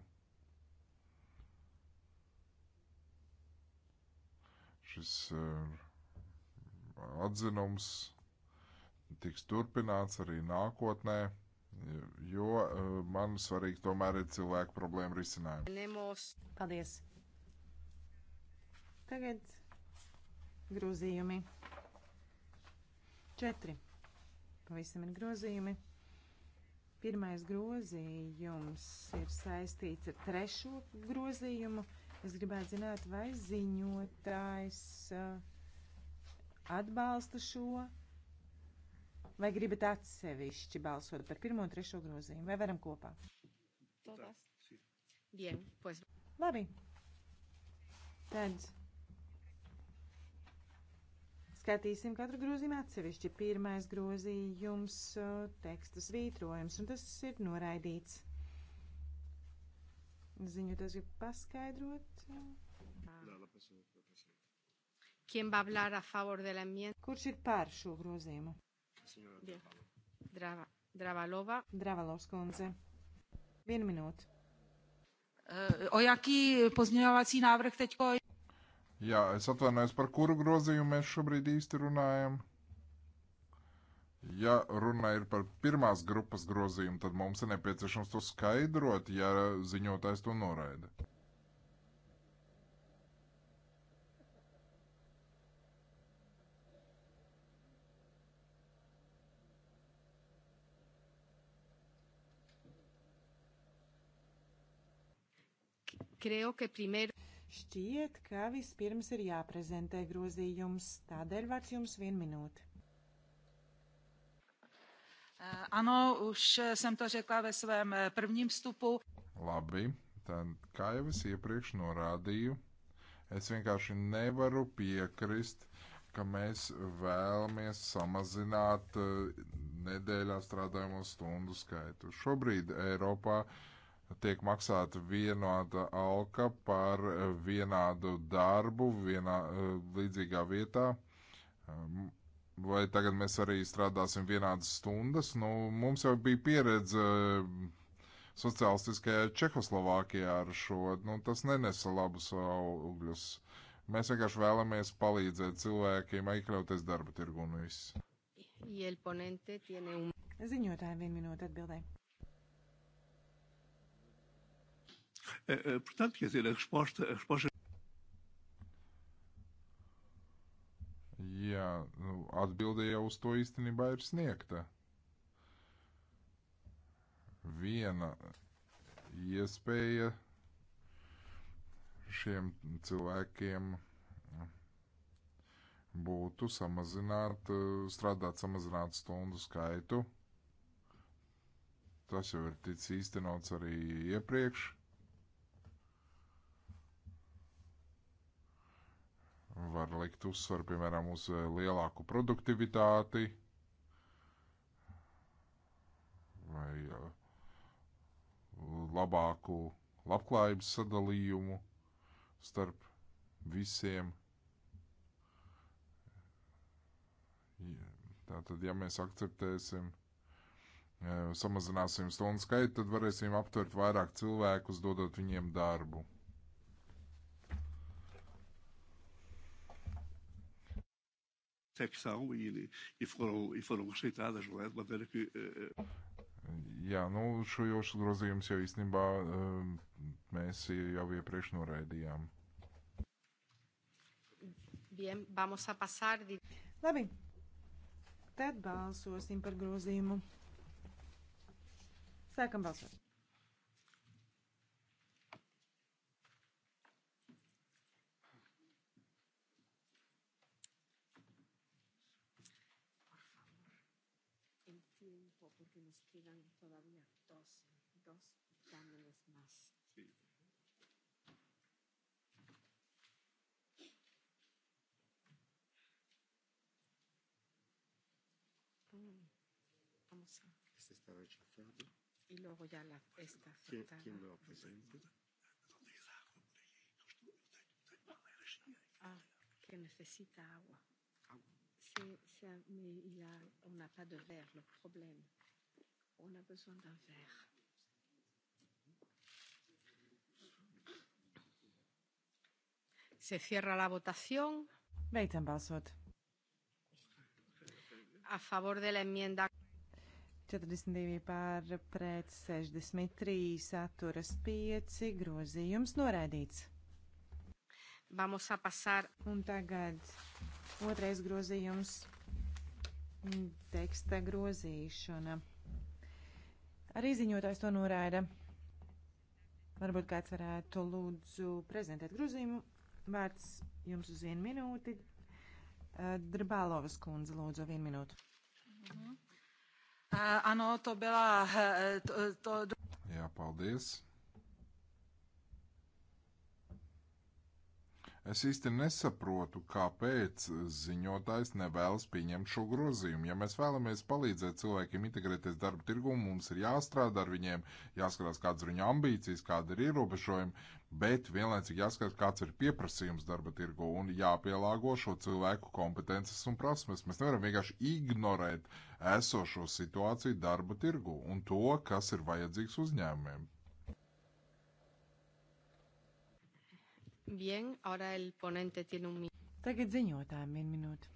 Šis atzinums tiks turpināts arī nākotnē, jo eh, man svarīgi tomēr ir cilvēku problēma risinājumi. Paldies! Tagad grozījumi. Četri. Pavisam ir grozījumi. Pirmais grozījums ir saistīts ar trešo grozījumu. Es gribētu zināt, vai ziņotājs eh, atbalsta šo Vai gribat atsevišķi balsot par pirmo un trešo grozījumu, vai varam kopā? Bien, pues. Labi. Tad skatīsim katru grozījumu atsevišķi. Pirmais grozījums, teksta svītrojums, un tas ir noraidīts. Ziņu tas grib paskaidrot. Kurš ir pār šo grozījumu? Jā. Drava, Dravalova. Dravalovs kundze. Vienu minūtu. Uh, eh, o jaký pozměňovací návrh teďko? Jā, es atvainojos, par kuru grozījumu mēs šobrīd īsti runājam. Ja runa ir par pirmās grupas grozījumu, tad mums ir nepieciešams to skaidrot, ja ziņotājs to noraida. creo que primero. Šķiet, ka vispirms ir jāprezentē grozījums, tādēļ vārds jums vien minūte. Eh, ano, už jsem to řekla ve svém eh, prvním vstupu. Labi, tad kā jau es iepriekš norādīju, es vienkārši nevaru piekrist, ka mēs vēlamies samazināt eh, nedēļā strādājamo stundu skaitu. Šobrīd Eiropā uh, tiek maksāta vienāda alga par vienādu darbu, vienā eh, līdzīgā vietā. Ehm, vai tagad mēs arī strādāsim vienādas stundas? Nu, mums jau bija pieredze ehm, sociālistiskajā Čehoslovākijā ar šo, nu, tas nenesa labus augļus. Mēs vienkārši vēlamies palīdzēt cilvēkiem iekļauties darba tirgu un viss. Ziņotāji vien minūte atbildēja. Eh, eh, portanto, quer dizer, a resposta, a resposta Jā, nu, atbilde jau uz to īstenībā ir sniegta. Viena iespēja šiem cilvēkiem būtu samazināt, strādāt samazināt stundu skaitu. Tas jau ir ticis īstenots arī iepriekš. var likt uzsvaru, piemēram, uz eh, lielāku produktivitāti vai eh, labāku labklājības sadalījumu starp visiem. Tātad, ja mēs akceptēsim, eh, samazināsim stundu skaitu, tad varēsim aptvert vairāk cilvēkus, dodot viņiem darbu. secção e, e, e, foram, e foram rejeitadas, não é? De maneira que. Uh, Jā, nu šajos grozījumus jau īstenībā um, mēs jau iepriekš noraidījām. Bien, vamos a pasar. Labi, tad balsosim par grozījumu. Sākam balsot. rechaza. Este está rechazado. Y luego ya la, está aceptada. ¿Quién, ¿Quién lo presenta? Ah, que necesita agua. Agua. C'est, c'est, mais il a, on n'a pas de verre, le problème. On a besoin d'un verre. Se cierra la votación. Beidzam balsot. A favor de la enmienda. 42 pār pret 63 atturas 5 grozījums noraidīts. Vamos a pasar. Un tagad otrais grozījums - teksta grozīšana. Arī ziņotājs to noraida. Varbūt kāds varētu lūdzu prezentēt grozījumu. Vārds jums uz vienu minūti. Eh, Drabālovas kundze lūdzu vienu minūtu. Mhm. E, ano, to byla... To, to... Jā, paldies. Es īsti nesaprotu, kāpēc ziņotājs nevēlas pieņemt šo grozījumu. Ja mēs vēlamies palīdzēt cilvēkiem integrēties darba tirgū, mums ir jāstrādā ar viņiem, jāskatās, kādas ir viņu ambīcijas, kāda ir ierobežojumi bet vienlaicīgi jāskatās, kāds ir pieprasījums darba tirgu un jāpielāgo šo cilvēku kompetences un prasmes. Mēs nevaram vienkārši ignorēt esošo situāciju darba tirgu un to, kas ir vajadzīgs uzņēmumiem. Bien, ahora el ponente tiene un minuto. Tagad ziņotājiem vienu minūti.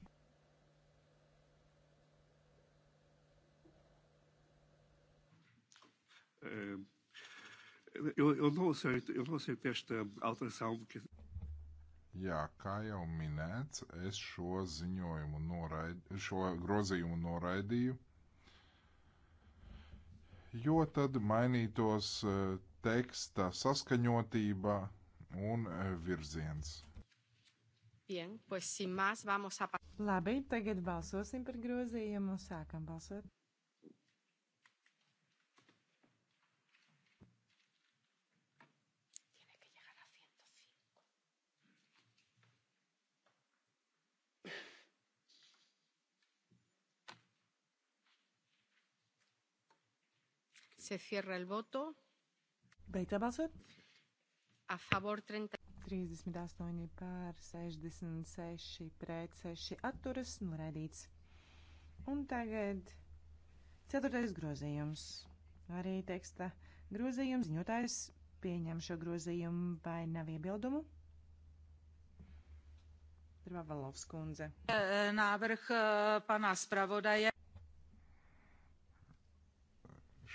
Uh eu, eu, não aceito, eu não aceito esta alteração. Porque... Jā, kā jau minēts, es šo ziņojumu noraid, šo grozījumu noraidīju, jo tad mainītos e, teksta saskaņotība un e, virziens. Bien, pues sin más vamos a... Labi, tagad balsosim par grozījumu, sākam balsot. Se cierra el voto. Beidzam balsot. A favor 30. 38 pār 66 pret 6 atturas noraidīts. Un tagad ceturtais grozījums. Arī teksta grozījums. Ziņotājs pieņem šo grozījumu vai nav iebildumu? Trvalovskundze. Návrh eh, pana zpravodaje.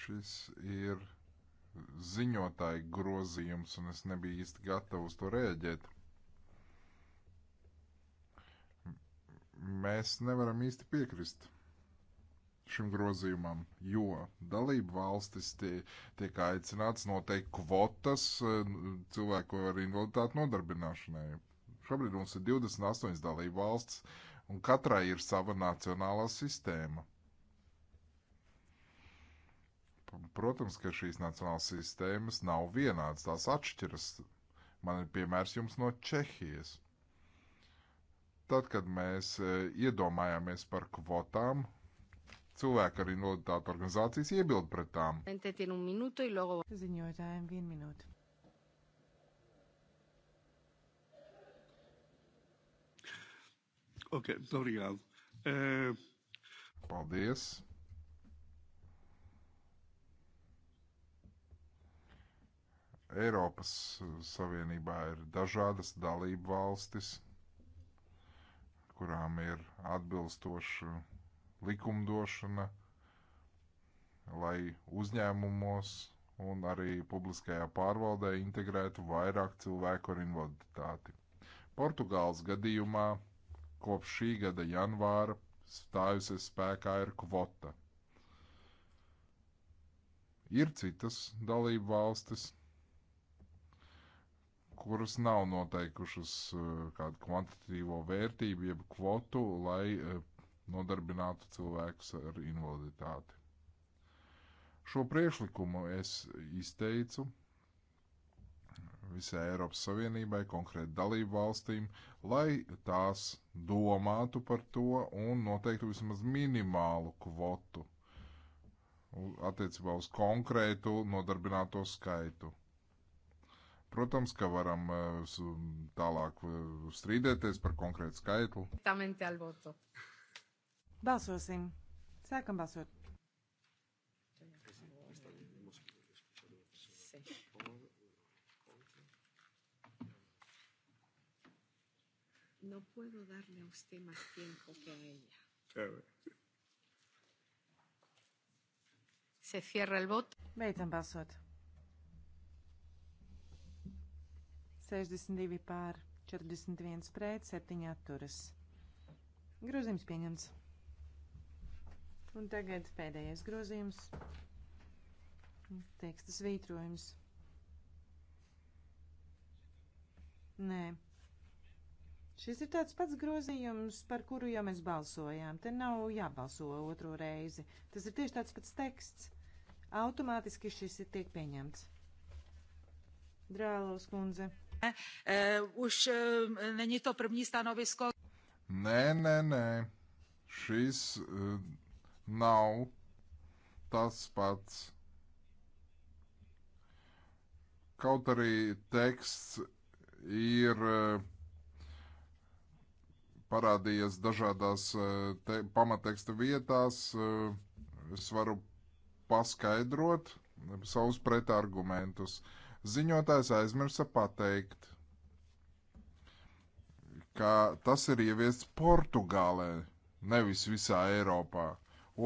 Šis ir ziņotāja grozījums, un es nebiju īsti gatavs to rēģēt. Mēs nevaram īsti piekrist šim grozījumam, jo dalību valstis tie, tiek aicināts noteikt kvotas e, cilvēku ar invaliditāti nodarbināšanai. Šobrīd mums ir 28 dalību valsts, un katrai ir sava nacionālā sistēma. Protams, ka šīs nacionālās sistēmas nav vienādas, tās atšķiras. Man ir piemērs jums no Čehijas. Tad, kad mēs e, iedomājāmies par kvotām, cilvēki ar invaliditāti organizācijas iebild pret tām. E Ziņotājiem vienu minūti. Ok, obrigado. E... Paldies. Eiropas uh, Savienībā ir dažādas dalību valstis, kurām ir atbilstoša likumdošana, lai uzņēmumos un arī publiskajā pārvaldē integrētu vairāk cilvēku ar invaliditāti. Portugāles gadījumā kopš šī gada janvāra stājusies spēkā ir kvota. Ir citas dalību valstis, kuras nav noteikušas eh, kādu kvantitīvo vērtību, jeb kvotu, lai eh, nodarbinātu cilvēkus ar invaliditāti. Šo priekšlikumu es izteicu visai Eiropas Savienībai, konkrēti dalību valstīm, lai tās domātu par to un noteiktu vismaz minimālu kvotu attiecībā uz konkrētu nodarbināto skaitu Protams, ka varam eh, tālāk eh, strīdēties par konkrētu skaitli. Balsosim. Sākam balsot. No puedo darle a usted más tiempo que a ella. Claro. Se cierra el voto. Beidzam balsot. 62 pār 41 pret 7 atturas. Grozījums pieņemts. Un tagad pēdējais grozījums. Teksta svītrojums. Nē. Šis ir tāds pats grozījums, par kuru jau mēs balsojām. Te nav jābalso otro reizi. Tas ir tieši tāds pats teksts. Automātiski šis ir tiek pieņemts. Drālaus kundze. Eh, už eh, není to první stanovisko. Nē, nē, nē. Šis eh, nav tas pats. Kaut arī teksts ir parādījies dažādās te, pamateksta vietās, es varu paskaidrot savus pretargumentus. Uh, Ziņotājs aizmirsa pateikt, ka tas ir ieviests Portugālē, nevis visā Eiropā.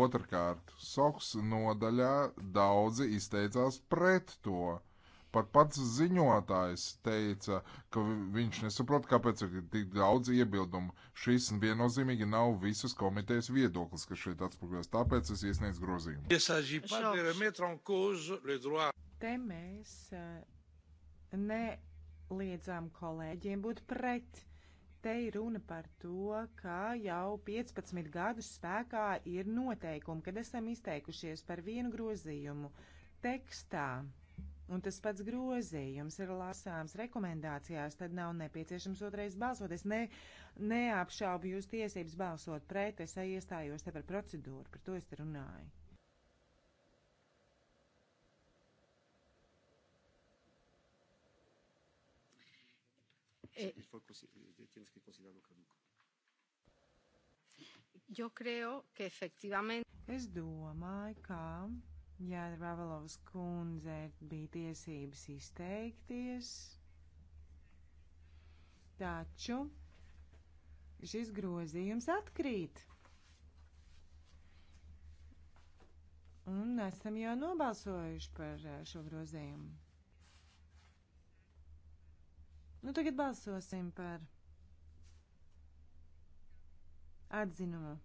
Otrakārt, SOKS nodaļā daudzi izteicās pret to. Pat pats ziņotājs teica, ka viņš nesaprot, kāpēc ir tik daudz iebildumu. Šis viennozīmīgi nav visas komitejas viedoklis, kas šeit atspoguļojas. Tāpēc es iesniedzu grozījumu. Te mēs eh, neliedzām kolēģiem būt pret. Te ir runa par to, ka jau 15 gadus spēkā ir noteikumi, kad esam izteikušies par vienu grozījumu tekstā. Un tas pats grozījums ir lasāms rekomendācijās, tad nav nepieciešams otrais balsot. Es ne, neapšaubu jūs tiesības balsot pret, es iestājos te par procedūru, par to es te runāju. eh, que fue, tienes que considerarlo caduco. Yo creo que efectivamente. Es domāju, ka, ja Ravalovs kundze bija tiesības izteikties, taču šis grozījums atkrīt. Un esam jau nobalsojuši par eh, šo grozījumu. Nu, tagad balsosim par atzinumu.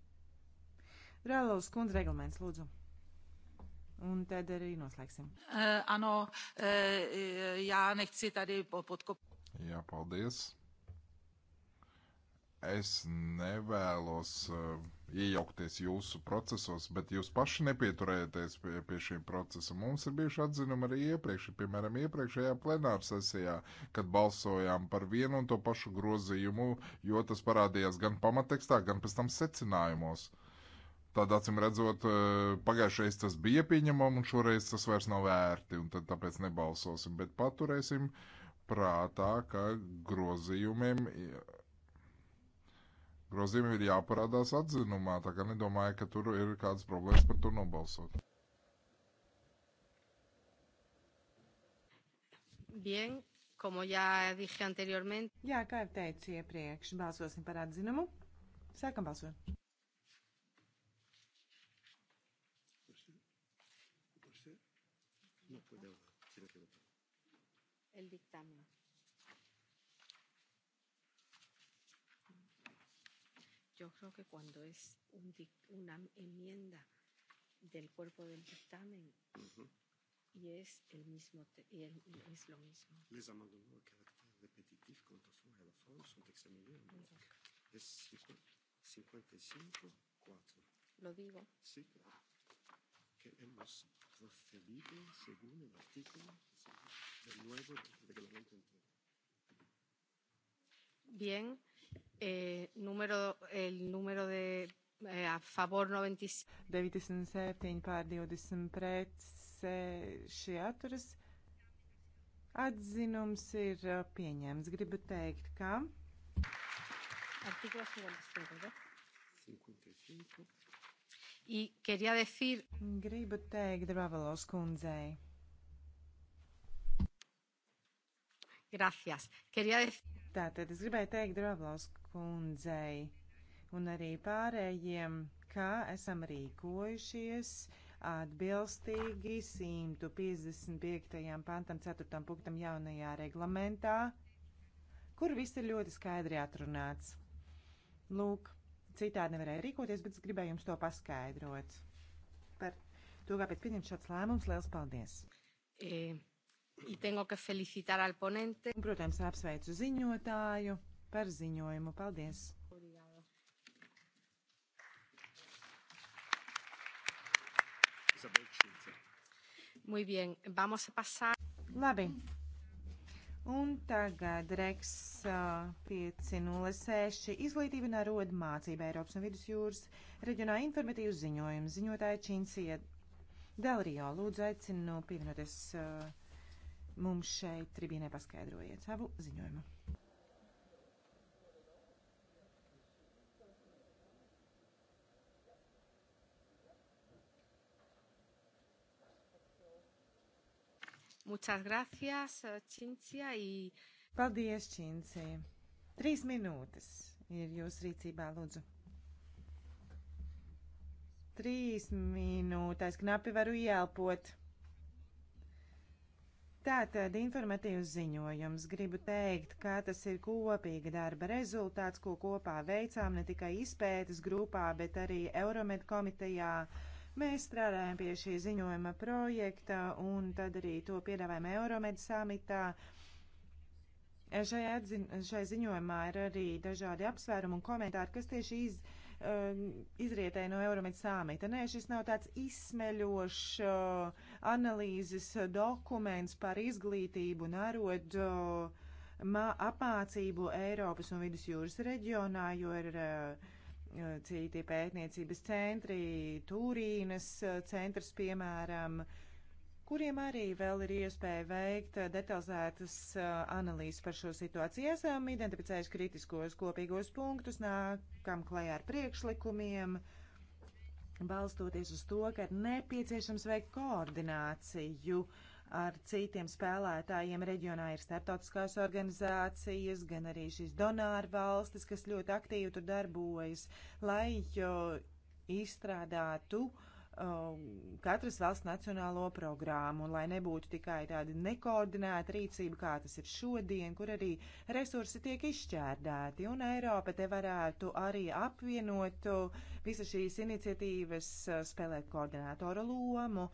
Rālaus kundze reglaments, lūdzu. Un tad arī noslēgsim. Uh, ano, uh, jā, nechci tady podkop. Jā, paldies es nevēlos uh, iejaukties jūsu procesos, bet jūs paši nepieturējaties pie, pie šiem procesiem. Mums ir bijuši atzinumi arī iepriekš, piemēram, iepriekšējā plenāra sesijā, kad balsojām par vienu un to pašu grozījumu, jo tas parādījās gan pamatekstā, gan pēc tam secinājumos. Tādā acīm redzot, uh, pagājušais tas bija pieņemam, un šoreiz tas vairs nav vērti, un tad tāpēc nebalsosim, bet paturēsim prātā, ka grozījumiem Grozījumi ir jāparādās atzinumā, tā kā nedomāju, ka tur ir kādas problēmas par to nobalsot. Bien, como ya dije anteriormente. Jā, kā jau teicu iepriekš, balsosim par atzinumu. Sākam balsot. El dictamen. Yo creo que cuando es un, una enmienda del cuerpo del dictamen uh -huh. y es el mismo te, y, el, y es lo mismo. Les amendements à caractère répétitif quant au fond et à la forme sont examinés en bloc. Es 55 4. Lo digo. Sí, claro. Que hemos procedido según el artículo del nuevo reglamento entero. Bien. E, eh, numero, el numero de e, a favor 97. 97 pār 20 pret šie atturas. Atzinums ir eh, pieņemts. Gribu teikt, ka. Artículo 55. 55. Y quería decir. Gribu teikt Bravalos kundzei. Gracias. Quería decir. Tātad es gribēju teikt Dravlaus kundzei un arī pārējiem, kā esam rīkojušies atbilstīgi 155. pantam 4. punktam jaunajā reglamentā, kur viss ir ļoti skaidri atrunāts. Lūk, citādi nevarēja rīkoties, bet es gribēju jums to paskaidrot. Par to, kāpēc pieņem šāds lēmums, liels paldies! E Un, protams, apsveicu ziņotāju par ziņojumu. Paldies! Muy bien, vamos a pasar. Labi. Un tagad Reks uh, 506 izglītība un arodu mācība Eiropas un Vidusjūras reģionā informatīvas ziņojums. Ziņotāja Čīnsija Delrijo lūdzu aicinu pievienoties. Uh, mums šeit tribīnē paskaidrojiet savu ziņojumu. Muchas gracias, eh, Cincija. Y... Paldies, Cincija. Trīs minūtes ir jūsu rīcībā, lūdzu. Trīs minūtēs knapi varu ielpot. Tātad informatīvs ziņojums. Gribu teikt, ka tas ir kopīga darba rezultāts, ko kopā veicām ne tikai izpētes grupā, bet arī Euromed komitejā. Mēs strādājam pie šī ziņojuma projekta un tad arī to piedāvājam Euromed samitā. Šai, atzin, šai ziņojumā ir arī dažādi apsvērumi un komentāri, kas tieši izdevumi Um, izrietēja no Euromeda samita. Nē, šis nav tāds izsmeļošs uh, analīzes uh, dokuments par izglītību un arodu uh, apmācību Eiropas un Vidusjūras reģionā, jo ir citi pētniecības centri, Turīnas centrs, piemēram, uh, kuriem arī vēl ir iespēja veikt eh, detalizētas eh, analīzes par šo situāciju. Esam identificējuši kritiskos kopīgos punktus, nākam klajā ar priekšlikumiem, balstoties uz to, ka ir nepieciešams veikt koordināciju ar citiem spēlētājiem. Reģionā ir starptautiskās organizācijas, gan arī šīs donāru valstis, kas ļoti aktīvi tur darbojas, lai izstrādātu uh, Um, katras valsts nacionālo programmu, lai nebūtu tikai tāda nekoordinēta rīcība, kā tas ir šodien, kur arī resursi tiek izšķērdēti. Un Eiropa te varētu arī apvienot visas šīs iniciatīvas, uh, spēlēt koordinātoru lomu,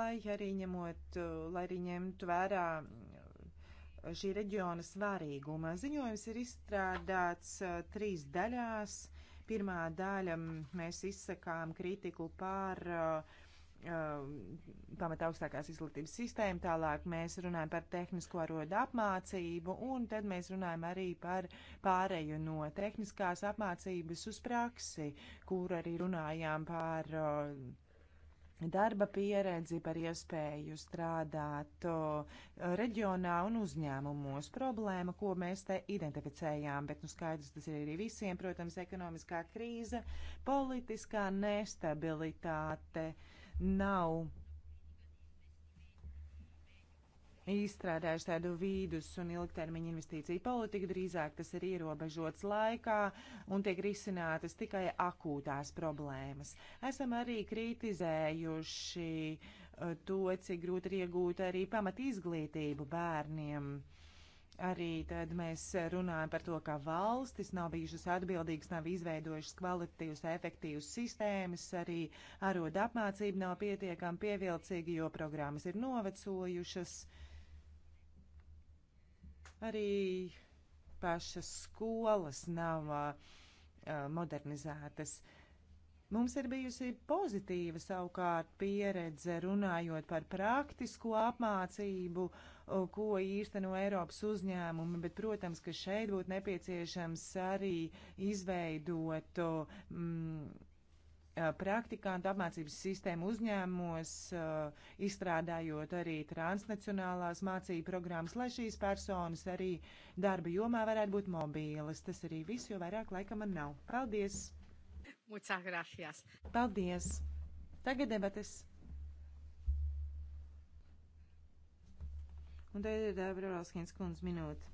lai arī, ņemot, uh, lai arī ņemtu vērā uh, šī reģiona svarīguma. Ziņojums ir izstrādāts trīs daļās Pirmā daļa mēs izsakām kritiku par uh, uh pamatā augstākās izglītības sistēma, tālāk mēs runājam par tehnisko rodu apmācību, un tad mēs runājam arī par pāreju no tehniskās apmācības uz praksi, kur arī runājām par uh, darba pieredzi, par iespēju strādāt reģionā un uzņēmumos. Problēma, ko mēs te identificējām, bet nu skaidrs tas ir arī visiem, protams, ekonomiskā krīze, politiskā nestabilitāte nav izstrādājuši tādu vīdus un ilgtermiņa investīciju politiku, drīzāk tas ir ierobežots laikā un tiek risinātas tikai akūtās problēmas. Esam arī kritizējuši uh, to, cik grūti ir iegūt arī pamat izglītību bērniem. Arī tad mēs runājam par to, ka valstis nav bijušas atbildīgas, nav izveidojušas kvalitatīvas, efektīvas sistēmas, arī arodu apmācība nav pietiekami pievilcīga, jo programmas ir novecojušas. Uh, Arī pašas skolas nav uh, modernizētas. Mums ir bijusi pozitīva savukārt pieredze runājot par praktisko apmācību, ko īsteno Eiropas uzņēmumi, bet, protams, ka šeit būtu nepieciešams arī izveidot mm, Eh, praktikantu apmācības sistēmu uzņēmumos, eh, izstrādājot arī transnacionālās mācību programmas, lai šīs personas arī darba jomā varētu būt mobīlas. Tas arī viss, jo vairāk laika man nav. Paldies! Muchas gracias! Paldies! Tagad debates! Un te ir Dāvra eh, Rauskins kundze minūte.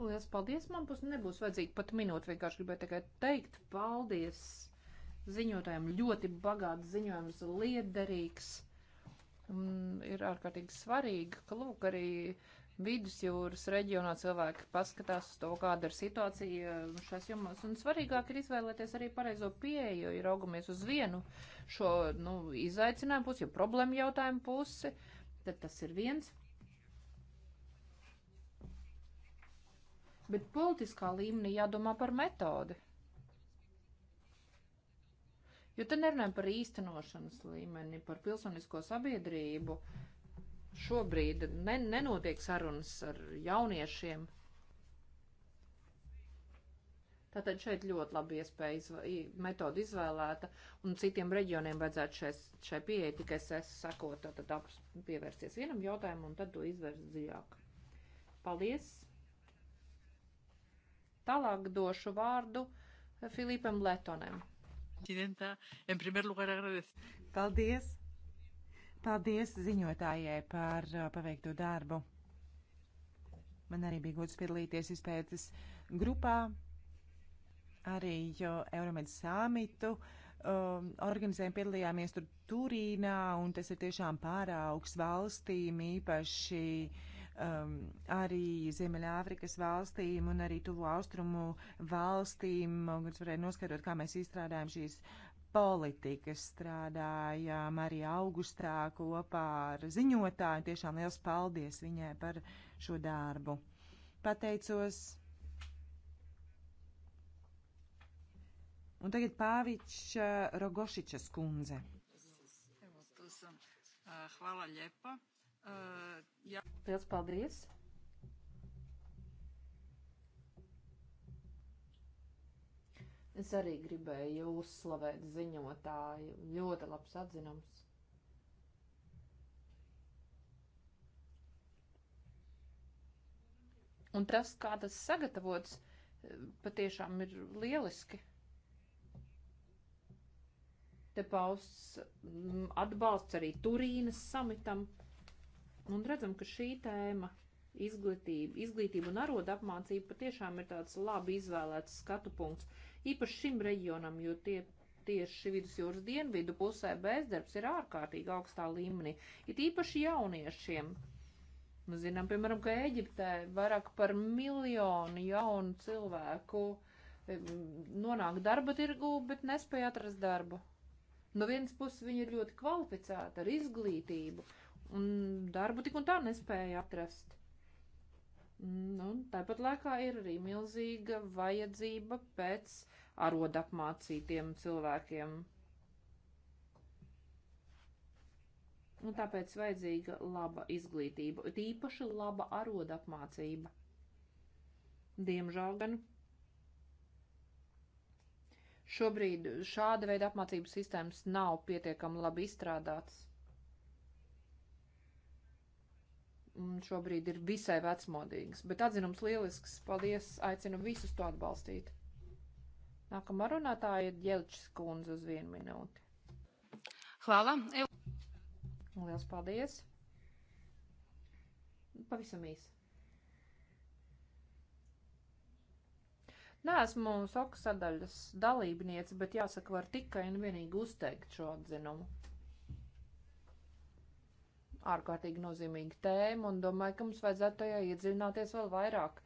Lielas paldies! Man pus nebūs vajadzīgi pat minūte. Vienkārši gribēju tikai teikt paldies ziņotājiem. Ļoti bagāts ziņojums, liederīgs. Un ir ārkārtīgi svarīgi, ka lūk arī vidusjūras reģionā cilvēki paskatās uz to, kāda ir situācija šās jomās. Un svarīgāk ir izvēlēties arī pareizo pieeju, jo ir augamies uz vienu šo nu, izaicinājumu pusi, jo problēmu jautājumu pusi, tad tas ir viens. bet politiskā līmenī jādomā par metodi. Jo te nerunājam par īstenošanas līmeni, par pilsonisko sabiedrību. Šobrīd ne, nenotiek sarunas ar jauniešiem. Tātad šeit ļoti labi iespēja izv metodu izvēlēta, un citiem reģioniem vajadzētu šai, šai pieeja tikai es sakot, tātad pievērsties vienam jautājumam un tad to izvērst dziļāk. Paldies! Tālāk došu vārdu eh, Filipam Letonam. Paldies! Paldies ziņotājai par eh, paveikto darbu. Man arī bija gods piedalīties izpētes grupā, arī Euromed samitu um, organizējām, piedalījāmies tur Turīnā, un tas ir tiešām pāraugs valstīm īpaši uh, um, arī Ziemeļāfrikas valstīm un arī tuvu austrumu valstīm, kuras varēja noskaidrot, kā mēs izstrādājam šīs politikas, strādājām arī augustā kopā ar ziņotāju. Tiešām liels paldies viņai par šo darbu. Pateicos. Un tagad Pāviča Rogošiča skundze. Hvala lijepo. Uh, jā. Liels paldies! Es arī gribēju uzslavēt ziņotāju. Ļoti labs atzinums. Un tas, kā tas sagatavots, patiešām ir lieliski. Te pausts mm, atbalsts arī Turīnas samitam. Un redzam, ka šī tēma izglītība, izglītība un aroda apmācība patiešām ir tāds labi izvēlēts skatu punkts. Īpaši šim reģionam, jo tie tieši vidusjūras dienvidu pusē bezdarbs ir ārkārtīgi augstā līmenī, it īpaši jauniešiem. Mēs zinām, piemēram, ka Eģiptē vairāk par miljonu jaunu cilvēku nonāk darba tirgu, bet nespēja atrast darbu. No vienas puses viņi ir ļoti kvalificēti ar izglītību, Un darbu tik un tā nespēja atrast. Nu, tāpat laikā ir arī milzīga vajadzība pēc aroda apmācītiem cilvēkiem. Un tāpēc vajadzīga laba izglītība, tīpaši laba aroda apmācība. Diemžēl gan šobrīd šāda veida apmācības sistēmas nav pietiekami labi izstrādātas. šobrīd ir visai vecmodīgas. Bet atzinums lielisks. Paldies! Aicinu visus to atbalstīt. Nākamā runātāja ir Ģelčs kundze uz vienu minūti. Hvala! Liels paldies! Pavisam īsi. Neesmu soka sadaļas dalībniece, bet jāsaka, var tikai un vienīgi uzteikt šo atzinumu ārkārtīgi nozīmīga tēma un domāju, ka mums vajadzētu tajā iedziļināties vēl vairāk,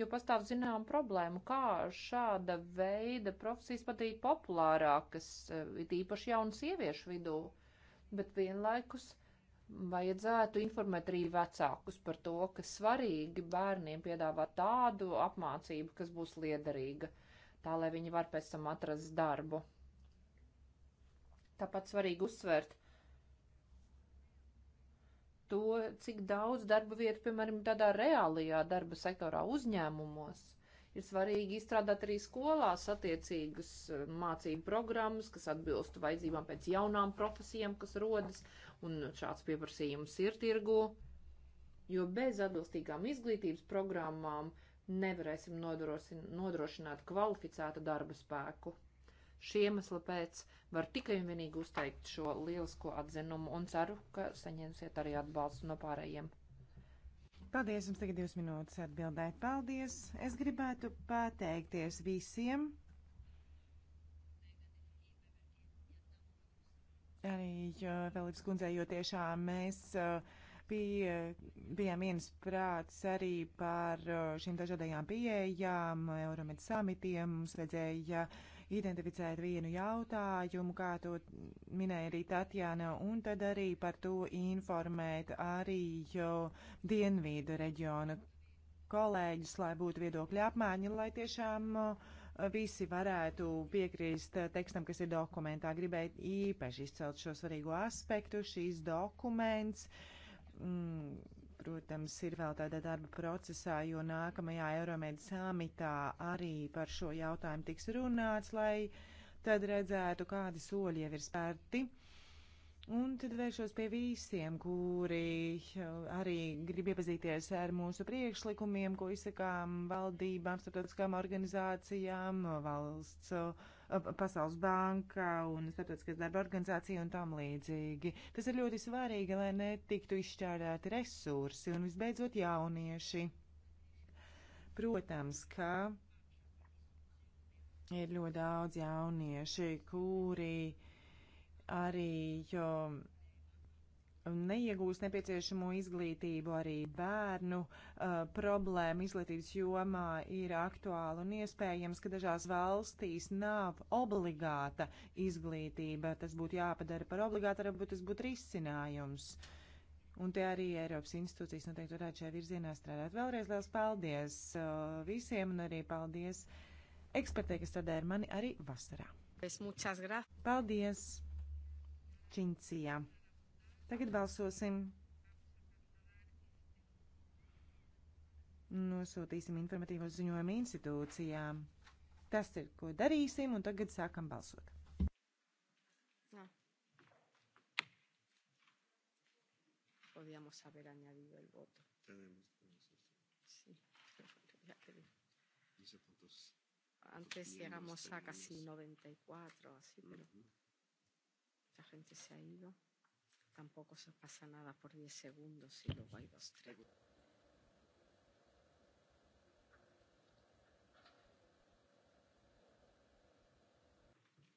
jo pastāv zinām problēmu, kā šāda veida profesijas padarīt populārākas, eh, it īpaši jaunu sieviešu vidū, bet vienlaikus vajadzētu informēt arī vecākus par to, ka svarīgi bērniem piedāvāt tādu apmācību, kas būs liederīga, tā lai viņi var pēc tam atrast darbu. Tāpat svarīgi uzsvērt, to, cik daudz darba vietu, piemēram, tādā reālajā darba sektorā uzņēmumos. Ir svarīgi izstrādāt arī skolās attiecīgas eh, mācību programmas, kas atbilstu vajadzībām pēc jaunām profesijām, kas rodas, un šāds pieprasījums ir tirgu, jo bez atbilstīgām izglītības programmām nevarēsim nodrošināt kvalificētu darba spēku. Šī iemesla pēc var tikai un vienīgi uzteikt šo lielisko atzinumu un ceru, ka saņemsiet arī atbalstu no pārējiem. Paldies, jums tagad divas minūtes atbildēt. Paldies! Es gribētu pateikties visiem. Arī Veliks kundzei, jo tiešām mēs pie, bijām viens prāts arī par šīm dažādajām pieejām, Euromed samitiem. Mums vajadzēja uh, identificēt vienu jautājumu, kā to minēja arī Tatjana, un tad arī par to informēt arī dienvīdu reģionu kolēģis, lai būtu viedokļa apmaiņa, lai tiešām uh, visi varētu piekrīst uh, tekstam, kas ir dokumentā. Gribēju īpaši izcelt šo svarīgo aspektu. Šīs dokuments. Mm, protams, ir vēl tādā darba procesā, jo nākamajā Euromēda samitā arī par šo jautājumu tiks runāts, lai tad redzētu, kādi soļi jau ir spērti. Un tad vēršos pie visiem, kuri arī grib iepazīties ar mūsu priekšlikumiem, ko izsakām valdībām, starptautiskām organizācijām, valsts. Uh, Pasaules banka un Starptautiskās darba organizācija un tam līdzīgi. Tas ir ļoti svarīgi, lai netiktu izšķērēti resursi un visbeidzot jaunieši. Protams, ka ir ļoti daudz jaunieši, kuri arī jo, neiegūst nepieciešamo izglītību, arī bērnu uh, problēma izglītības jomā ir aktuāla un iespējams, ka dažās valstīs nav obligāta izglītība. Tas būtu jāpadara par obligātu, varbūt tas būtu risinājums. Un te arī Eiropas institūcijas noteikti varētu šajā virzienā strādāt. Vēlreiz liels paldies uh, visiem un arī paldies ekspertei, kas strādāja ar mani arī vasarā. Paldies! Čincijā! Tagad balsosim. Nosūtīsim informatīvo ziņojumu institūcijām. Tas ir, ko darīsim, un tagad sākam balsot. Ah. Podíamos haber añadido el voto. Tenemos, tenemos sí, pero ya te digo. Antes llegamos a casi 94, así, pero uh -huh. la gente se ha ido tampoco se pasa nada por 10 segundos y luego hay dos, tres.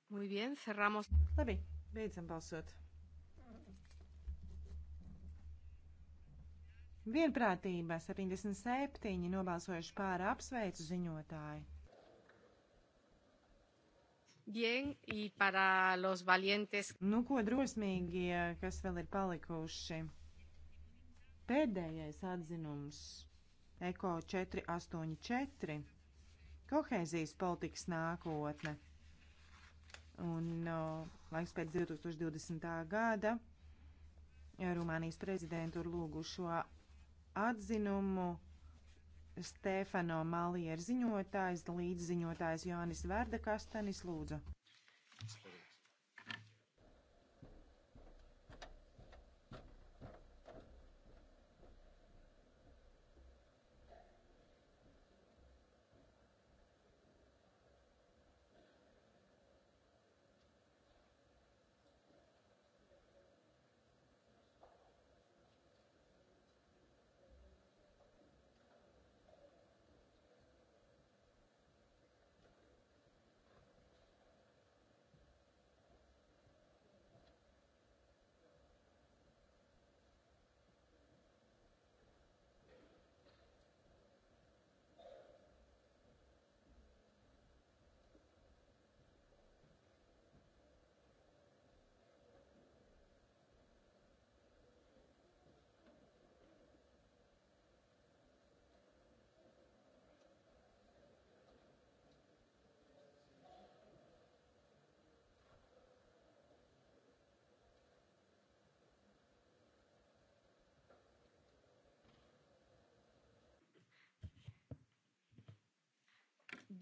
Muy bien, cerramos. Labi, beidzam balsot. Vienprātībā 77 nobalsojuši pāri apsveicu ziņotāju. Bien, y para los valientes. Nu, ko drosmīgie, kas vēl ir palikuši? Pēdējais atzinums - Eko 484 - kohēzijas politikas nākotne. Un o, laiks pēc 2020. gada Rumānijas prezidentu ir lūgušo atzinumu Stefano Malieru ziņotājs, līdziņotājs Jānis Vērda Kastanis, lūdzu.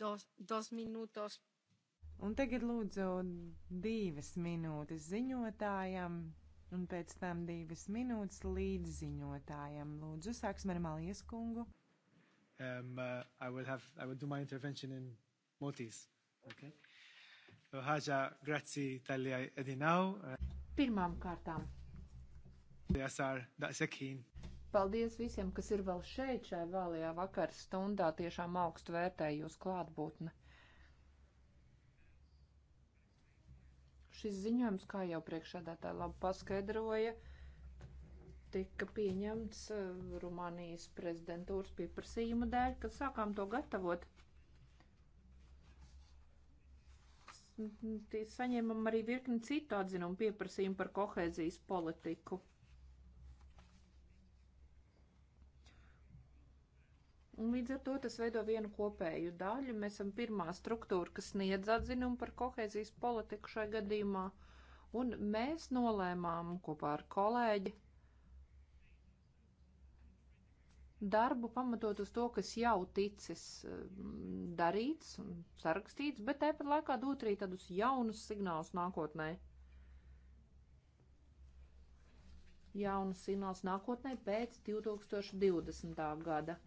dos, dos minūtos. Un tagad lūdzu divas minūtes ziņotājam, un pēc tam divas minūtes līdz ziņotājam. Lūdzu, sāksim ar Malijas kungu. Um, uh, I will have, I will do my intervention in Maltese. Okay. ħaġa grazzi tal-li għedinaw. Pirmam kartam. Jasar daqsekħin Paldies visiem, kas ir vēl šeit šai vēlajā vakar stundā. Tiešām augstu vērtēju jūs klātbūtni. Šis ziņojums, kā jau priekšādātāja labi paskaidroja, tika pieņemts eh, Rumānijas prezidentūras pieprasījuma dēļ, kad sākām to gatavot. Saņēmam arī virkni citu atzinumu pieprasījumu par kohēzijas politiku Un līdz ar to tas veido vienu kopēju daļu. Mēs esam pirmā struktūra, kas sniedz atzinumu par kohēzijas politiku šai gadījumā. Un mēs nolēmām kopā ar kolēģi darbu pamatot uz to, kas jau ticis mm, darīts un sarakstīts, bet tāpat laikā dot arī tādus jaunus signālus nākotnē. Jaunas signāls nākotnē pēc 2020. gada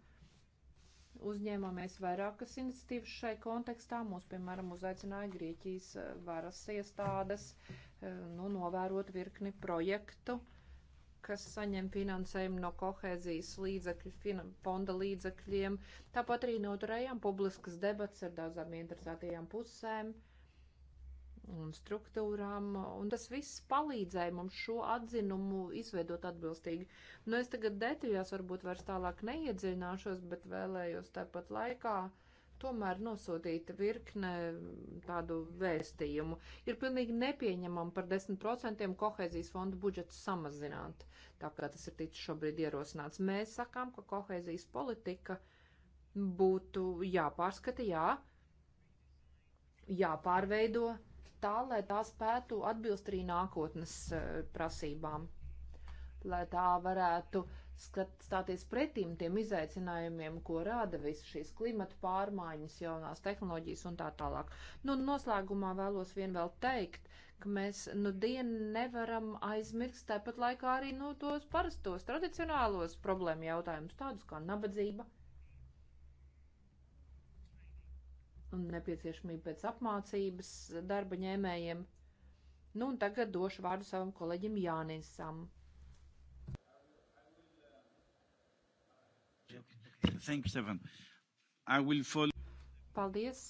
uzņēmāmies vairākas iniciatīvas šai kontekstā. Mūs, piemēram, uzaicināja Grieķijas eh, varas iestādes eh, nu, novērot virkni projektu, kas saņem finansējumu no kohēzijas līdzekļu, fonda līdzekļiem. Tāpat arī noturējām publiskas debats ar daudzām interesētajām pusēm. Uh, un struktūrām, un tas viss palīdzēja mums šo atzinumu izveidot atbilstīgi. Nu, es tagad detaļās varbūt vairs tālāk neiedziļināšos, bet vēlējos tāpat laikā tomēr nosūtīt virkne tādu vēstījumu. Ir pilnīgi nepieņemam par 10% kohēzijas fondu budžetu samazināt, tā kā tas ir ticis šobrīd ierosināts. Mēs sakām, ka kohēzijas politika būtu jāpārskata, jā, jāpārveido. Jā, tā, lai tā spētu atbilst arī nākotnes eh, prasībām, lai tā varētu skat, stāties pretim tiem izaicinājumiem, ko rada visas šīs klimata pārmaiņas, jaunās tehnoloģijas un tā tālāk. Nu, noslēgumā vēlos vien vēl teikt, ka mēs nu dienu nevaram aizmirst tāpat laikā arī nu, tos parastos, tradicionālos problēmu jautājumus, tādus kā nabadzība, un nepieciešamību pēc apmācības darba ņēmējiem. Nu, un tagad došu vārdu savam kolēģim Jānisam. Thank you, Stefan. I will follow. Paldies.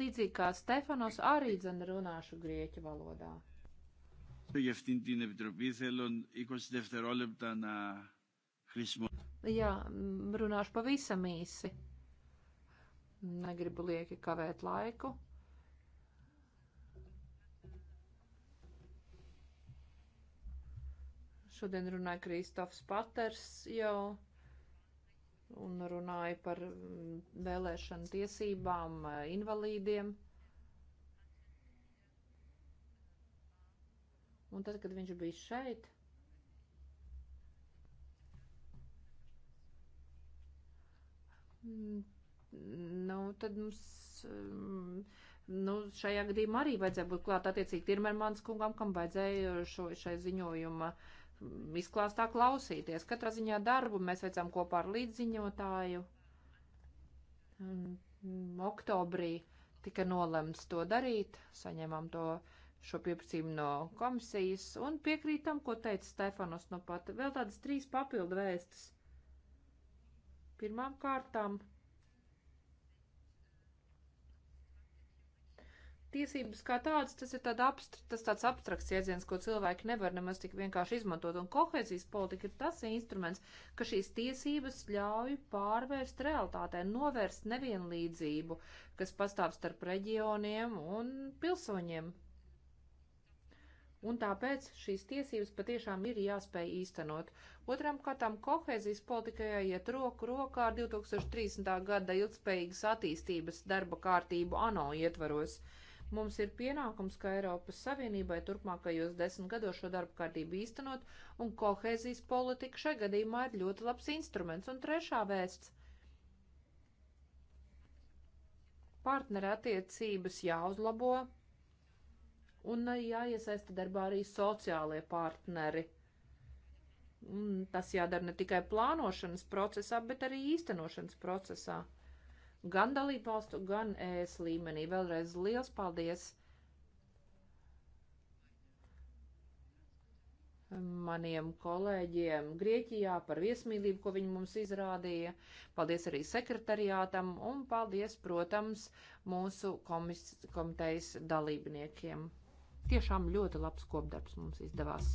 Līdzīgi kā Stefanos, arī dzene runāšu grieķu valodā. Για αυτήν την επιτροπή θέλω 20 δευτερόλεπτα να χρησιμοποιήσω. Jā, mm, runāšu pavisam īsi. Negribu lieki kavēt laiku. Šodien runāja Kristofs Paters jau un runāja par mm, vēlēšanu tiesībām eh, invalīdiem. Un tad, kad viņš bija šeit, mm, nu, tad mums. Um, nu, šajā gadījumā arī vajadzēja būt klāt attiecīgi Tirmermans kungam, kam vajadzēja šo, šai ziņojuma mm, izklāstā klausīties. Katrā ziņā darbu mēs veicām kopā ar līdziņotāju. Mm, oktobrī tika nolemts to darīt, saņēmām to šo pieprasījumu no komisijas un piekrītam, ko teica Stefanos nu pat. Vēl tādas trīs papildu vēstas. Pirmām kārtām Tiesības kā tādas, tas ir tāda abstra, tas tāds abstrakts jēdziens, ko cilvēki nevar nemaz tik vienkārši izmantot, un kohēzijas politika ir tas instruments, ka šīs tiesības ļauj pārvērst realitātē, novērst nevienlīdzību, kas pastāv starp reģioniem un pilsoņiem. Un tāpēc šīs tiesības patiešām ir jāspēj īstenot. Otram kārtām kohēzijas politikajai iet roku rokā ar 2030. gada ilgspējīgas attīstības darba kārtību ANO ietvaros. Uh, Mums ir pienākums, ka Eiropas Savienībai turpmākajos desmit gados šo darbu kārtību īstenot, un kohēzijas politika šai gadījumā ir ļoti labs instruments. Un trešā vēsts - partnera attiecības jāuzlabo un jāiesaista darbā arī sociālie partneri. Un tas jādara ne tikai plānošanas procesā, bet arī īstenošanas procesā gan dalību valstu, gan ES līmenī. Vēlreiz liels paldies! maniem kolēģiem Grieķijā par viesmīlību, ko viņi mums izrādīja. Paldies arī sekretariātam un paldies, protams, mūsu komis, komitejas dalībniekiem. Tiešām ļoti labs kopdarbs mums izdevās.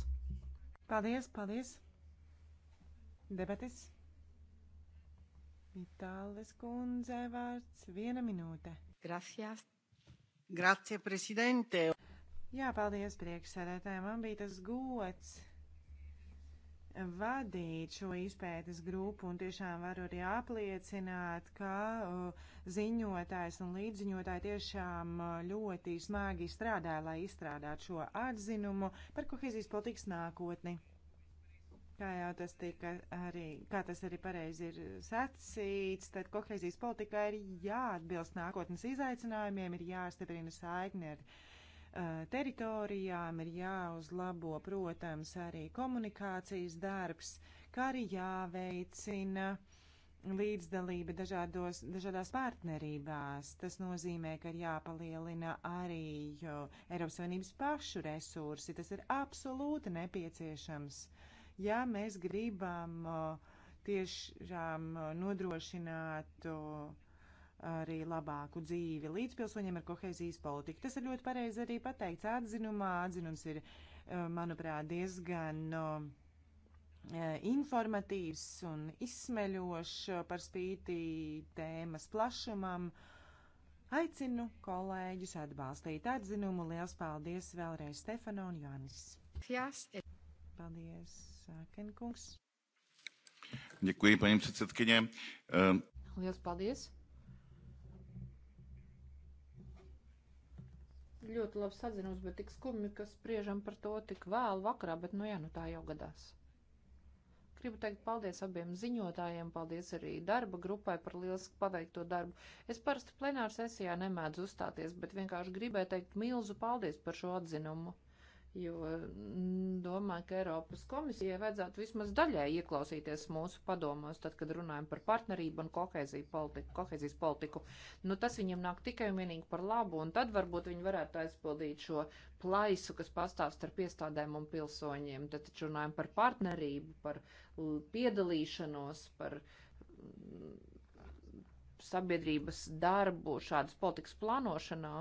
Paldies, paldies! Debatis! Itāles kundze vārds viena minūte. Gracias. Grazie, prezidente. Jā, paldies priekšsēdētājiem. Man bija tas gods vadīt šo izpētes grupu un tiešām varu arī apliecināt, ka uh, ziņotājs un līdziņotāji tiešām uh, ļoti smagi strādāja, lai izstrādātu šo atzinumu par kohezijas politikas nākotni. Kā jau tas tika arī, kā tas arī pareizi ir sacīts, tad kohēzijas politikā ir jāatbilst nākotnes izaicinājumiem, ir jāstiprina saikni ar uh, teritorijām, ir jāuzlabo, protams, arī komunikācijas darbs, kā arī jāveicina līdzdalība dažādos, dažādās partnerībās. Tas nozīmē, ka ir jāpalielina arī Eiropas Savienības pašu resursi. Tas ir absolūti nepieciešams. Uh, Ja mēs gribam uh, tiešām uh, nodrošināt uh, arī labāku dzīvi līdzpilsoņiem ar kohēzijas politiku. Tas ir ļoti pareizi arī pateikts atzinumā. Atzinums ir, manuprāt, diezgan informatīvs un izsmeļošs par spīti tēmas plašumam. Aicinu kolēģus atbalstīt atzinumu. Liels paldies vēlreiz Stefano un Jānis. Paldies! Sākenkungs. Děkuji, paní předsedkyně. Um... Ehm, Lielas paldies! Ļoti labi sazinos, bet tik skumji, ka spriežam par to tik vēlu vakarā, bet nu jā, nu tā jau gadās. Gribu teikt paldies abiem ziņotājiem, paldies arī darba grupai par lielisku paveikto darbu. Es parasti plenāru sesijā nemēdzu uzstāties, bet vienkārši gribēju teikt milzu paldies par šo atzinumu jo mm, domāju, ka Eiropas komisijai vajadzētu vismaz daļai ieklausīties mūsu padomos, tad, kad runājam par partnerību un kohēziju politiku, kohēzijas politiku. Nu, tas viņiem nāk tikai un vienīgi par labu, un tad varbūt viņi varētu aizpildīt šo plaisu, kas pastāv starp iestādēm un pilsoņiem. Tad taču runājam par partnerību, par piedalīšanos, par sabiedrības darbu, šādas politikas plānošanā,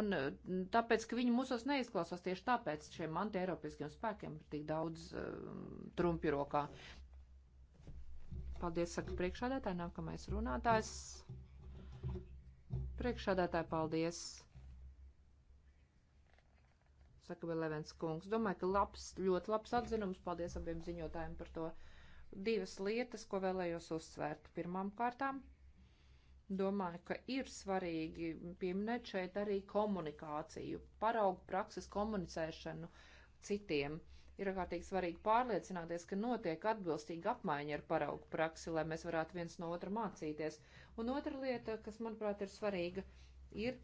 un eh, tāpēc, ka viņi mūsos neizklausās tieši tāpēc šiem antieiropiskiem spēkiem ir tik daudz uh, eh, trumpi rokā. Paldies, saka priekšādātāji, nākamais runātājs. Priekšādātāji, paldies. Saka vēl Levens kungs. Domāju, ka labs, ļoti labs atzinums. Paldies abiem ziņotājiem par to divas lietas, ko vēlējos uzsvērt. Pirmām kārtām Domāju, ka ir svarīgi pieminēt šeit arī komunikāciju, paraugu prakses komunicēšanu citiem. Ir ārkārtīgi svarīgi pārliecināties, ka notiek atbilstīga apmaiņa ar paraugu praksi, lai mēs varētu viens no otra mācīties. Un otra lieta, kas, manuprāt, ir svarīga, ir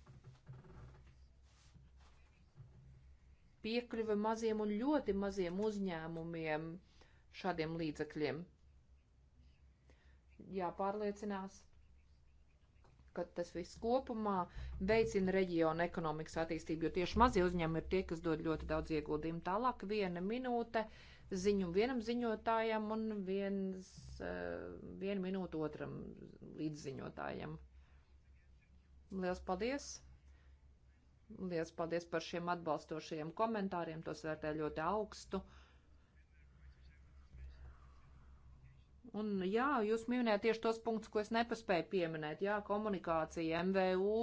piekļuve maziem un ļoti maziem uzņēmumiem šādiem līdzekļiem. Jāpārliecinās, ka tas viss kopumā veicina reģiona ekonomikas attīstību, jo tieši mazie uzņēmumi ir tie, kas dod ļoti daudz ieguldījumu. Tālāk viena minūte ziņu vienam ziņotājam un viens, eh, viena minūte otram līdziņotājam. Liels paldies! Liels paldies par šiem atbalstošajiem komentāriem, tos vērtē ļoti augstu. Uh, Un jā, jūs minējāt tieši tos punktus, ko es nepaspēju pieminēt. Jā, komunikācija, MVU,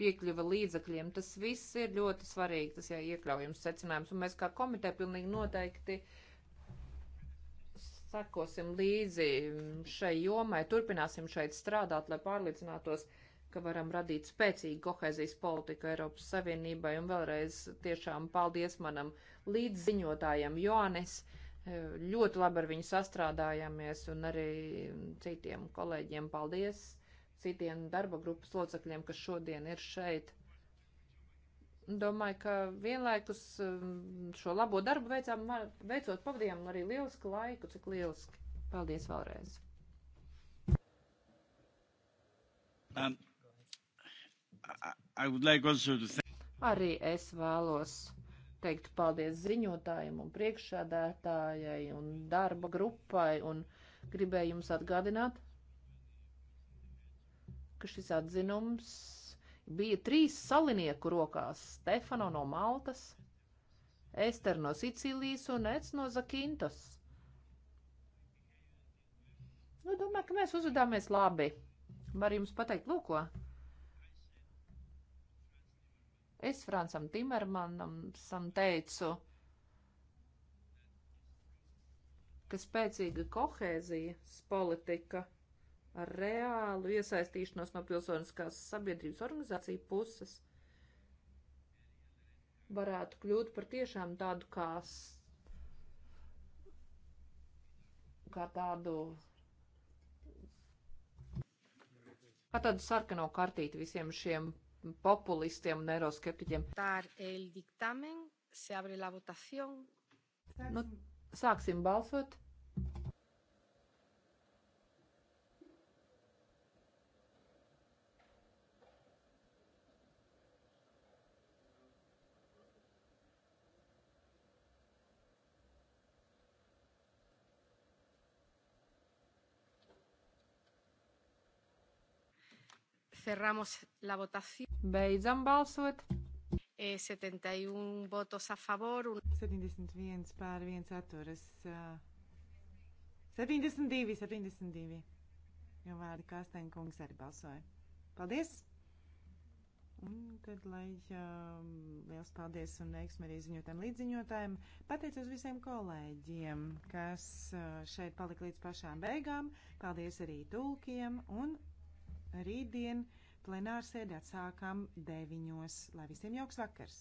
piekļuva līdzakļiem, tas viss ir ļoti svarīgi, tas jā, iekļaujums secinājums. Un mēs kā komiteja pilnīgi noteikti sekosim līdzi šai jomai, turpināsim šeit strādāt, lai pārliecinātos, ka varam radīt spēcīgu kohēzijas politiku Eiropas Savienībai. Un vēlreiz tiešām paldies manam līdziņotājam Joanes. Uh, ļoti labi ar viņu sastrādājāmies un arī citiem kolēģiem paldies, citiem darba grupas locekļiem, kas šodien ir šeit. Domāju, ka vienlaikus um, šo labo darbu veicām, veicot pavadījām arī lielisku laiku, cik lieliski. Paldies vēlreiz. Um, I, I like to... Arī es vēlos teikt paldies ziņotājiem un priekšsēdētājai un darba grupai un gribēju jums atgādināt, ka šis atzinums bija trīs salinieku rokās - Stefano no Maltas, Ester no Sicīlijas un Eds no Zakintas. Nu, domāju, ka mēs uzvedāmies labi. Var jums pateikt, lūko? Es Francam Timermanam teicu, ka spēcīga kohēzijas politika ar reālu iesaistīšanos no pilsoniskās sabiedrības organizāciju puses varētu kļūt par tiešām tādu kā, kā tādu kā tādu sarkano kartīti visiem šiem populistiem un eiroskeptiķiem. Nu, sāksim balsot. Cerramos la votación. Beidzam balsot. 71 eh, votos a favor. Un... 71 pār 1 atturas. 72, 72. Jo vārdi Kāsteņa kungs arī balsoja. Paldies! Un tad, lai um, liels paldies un veiksmi arī ziņotājiem līdziņotājiem, pateicos visiem kolēģiem, kas uh, šeit palika līdz pašām beigām. Paldies arī tulkiem un Rītdien plenārsēdē atsākam deviņos, lai visiem jauks vakars!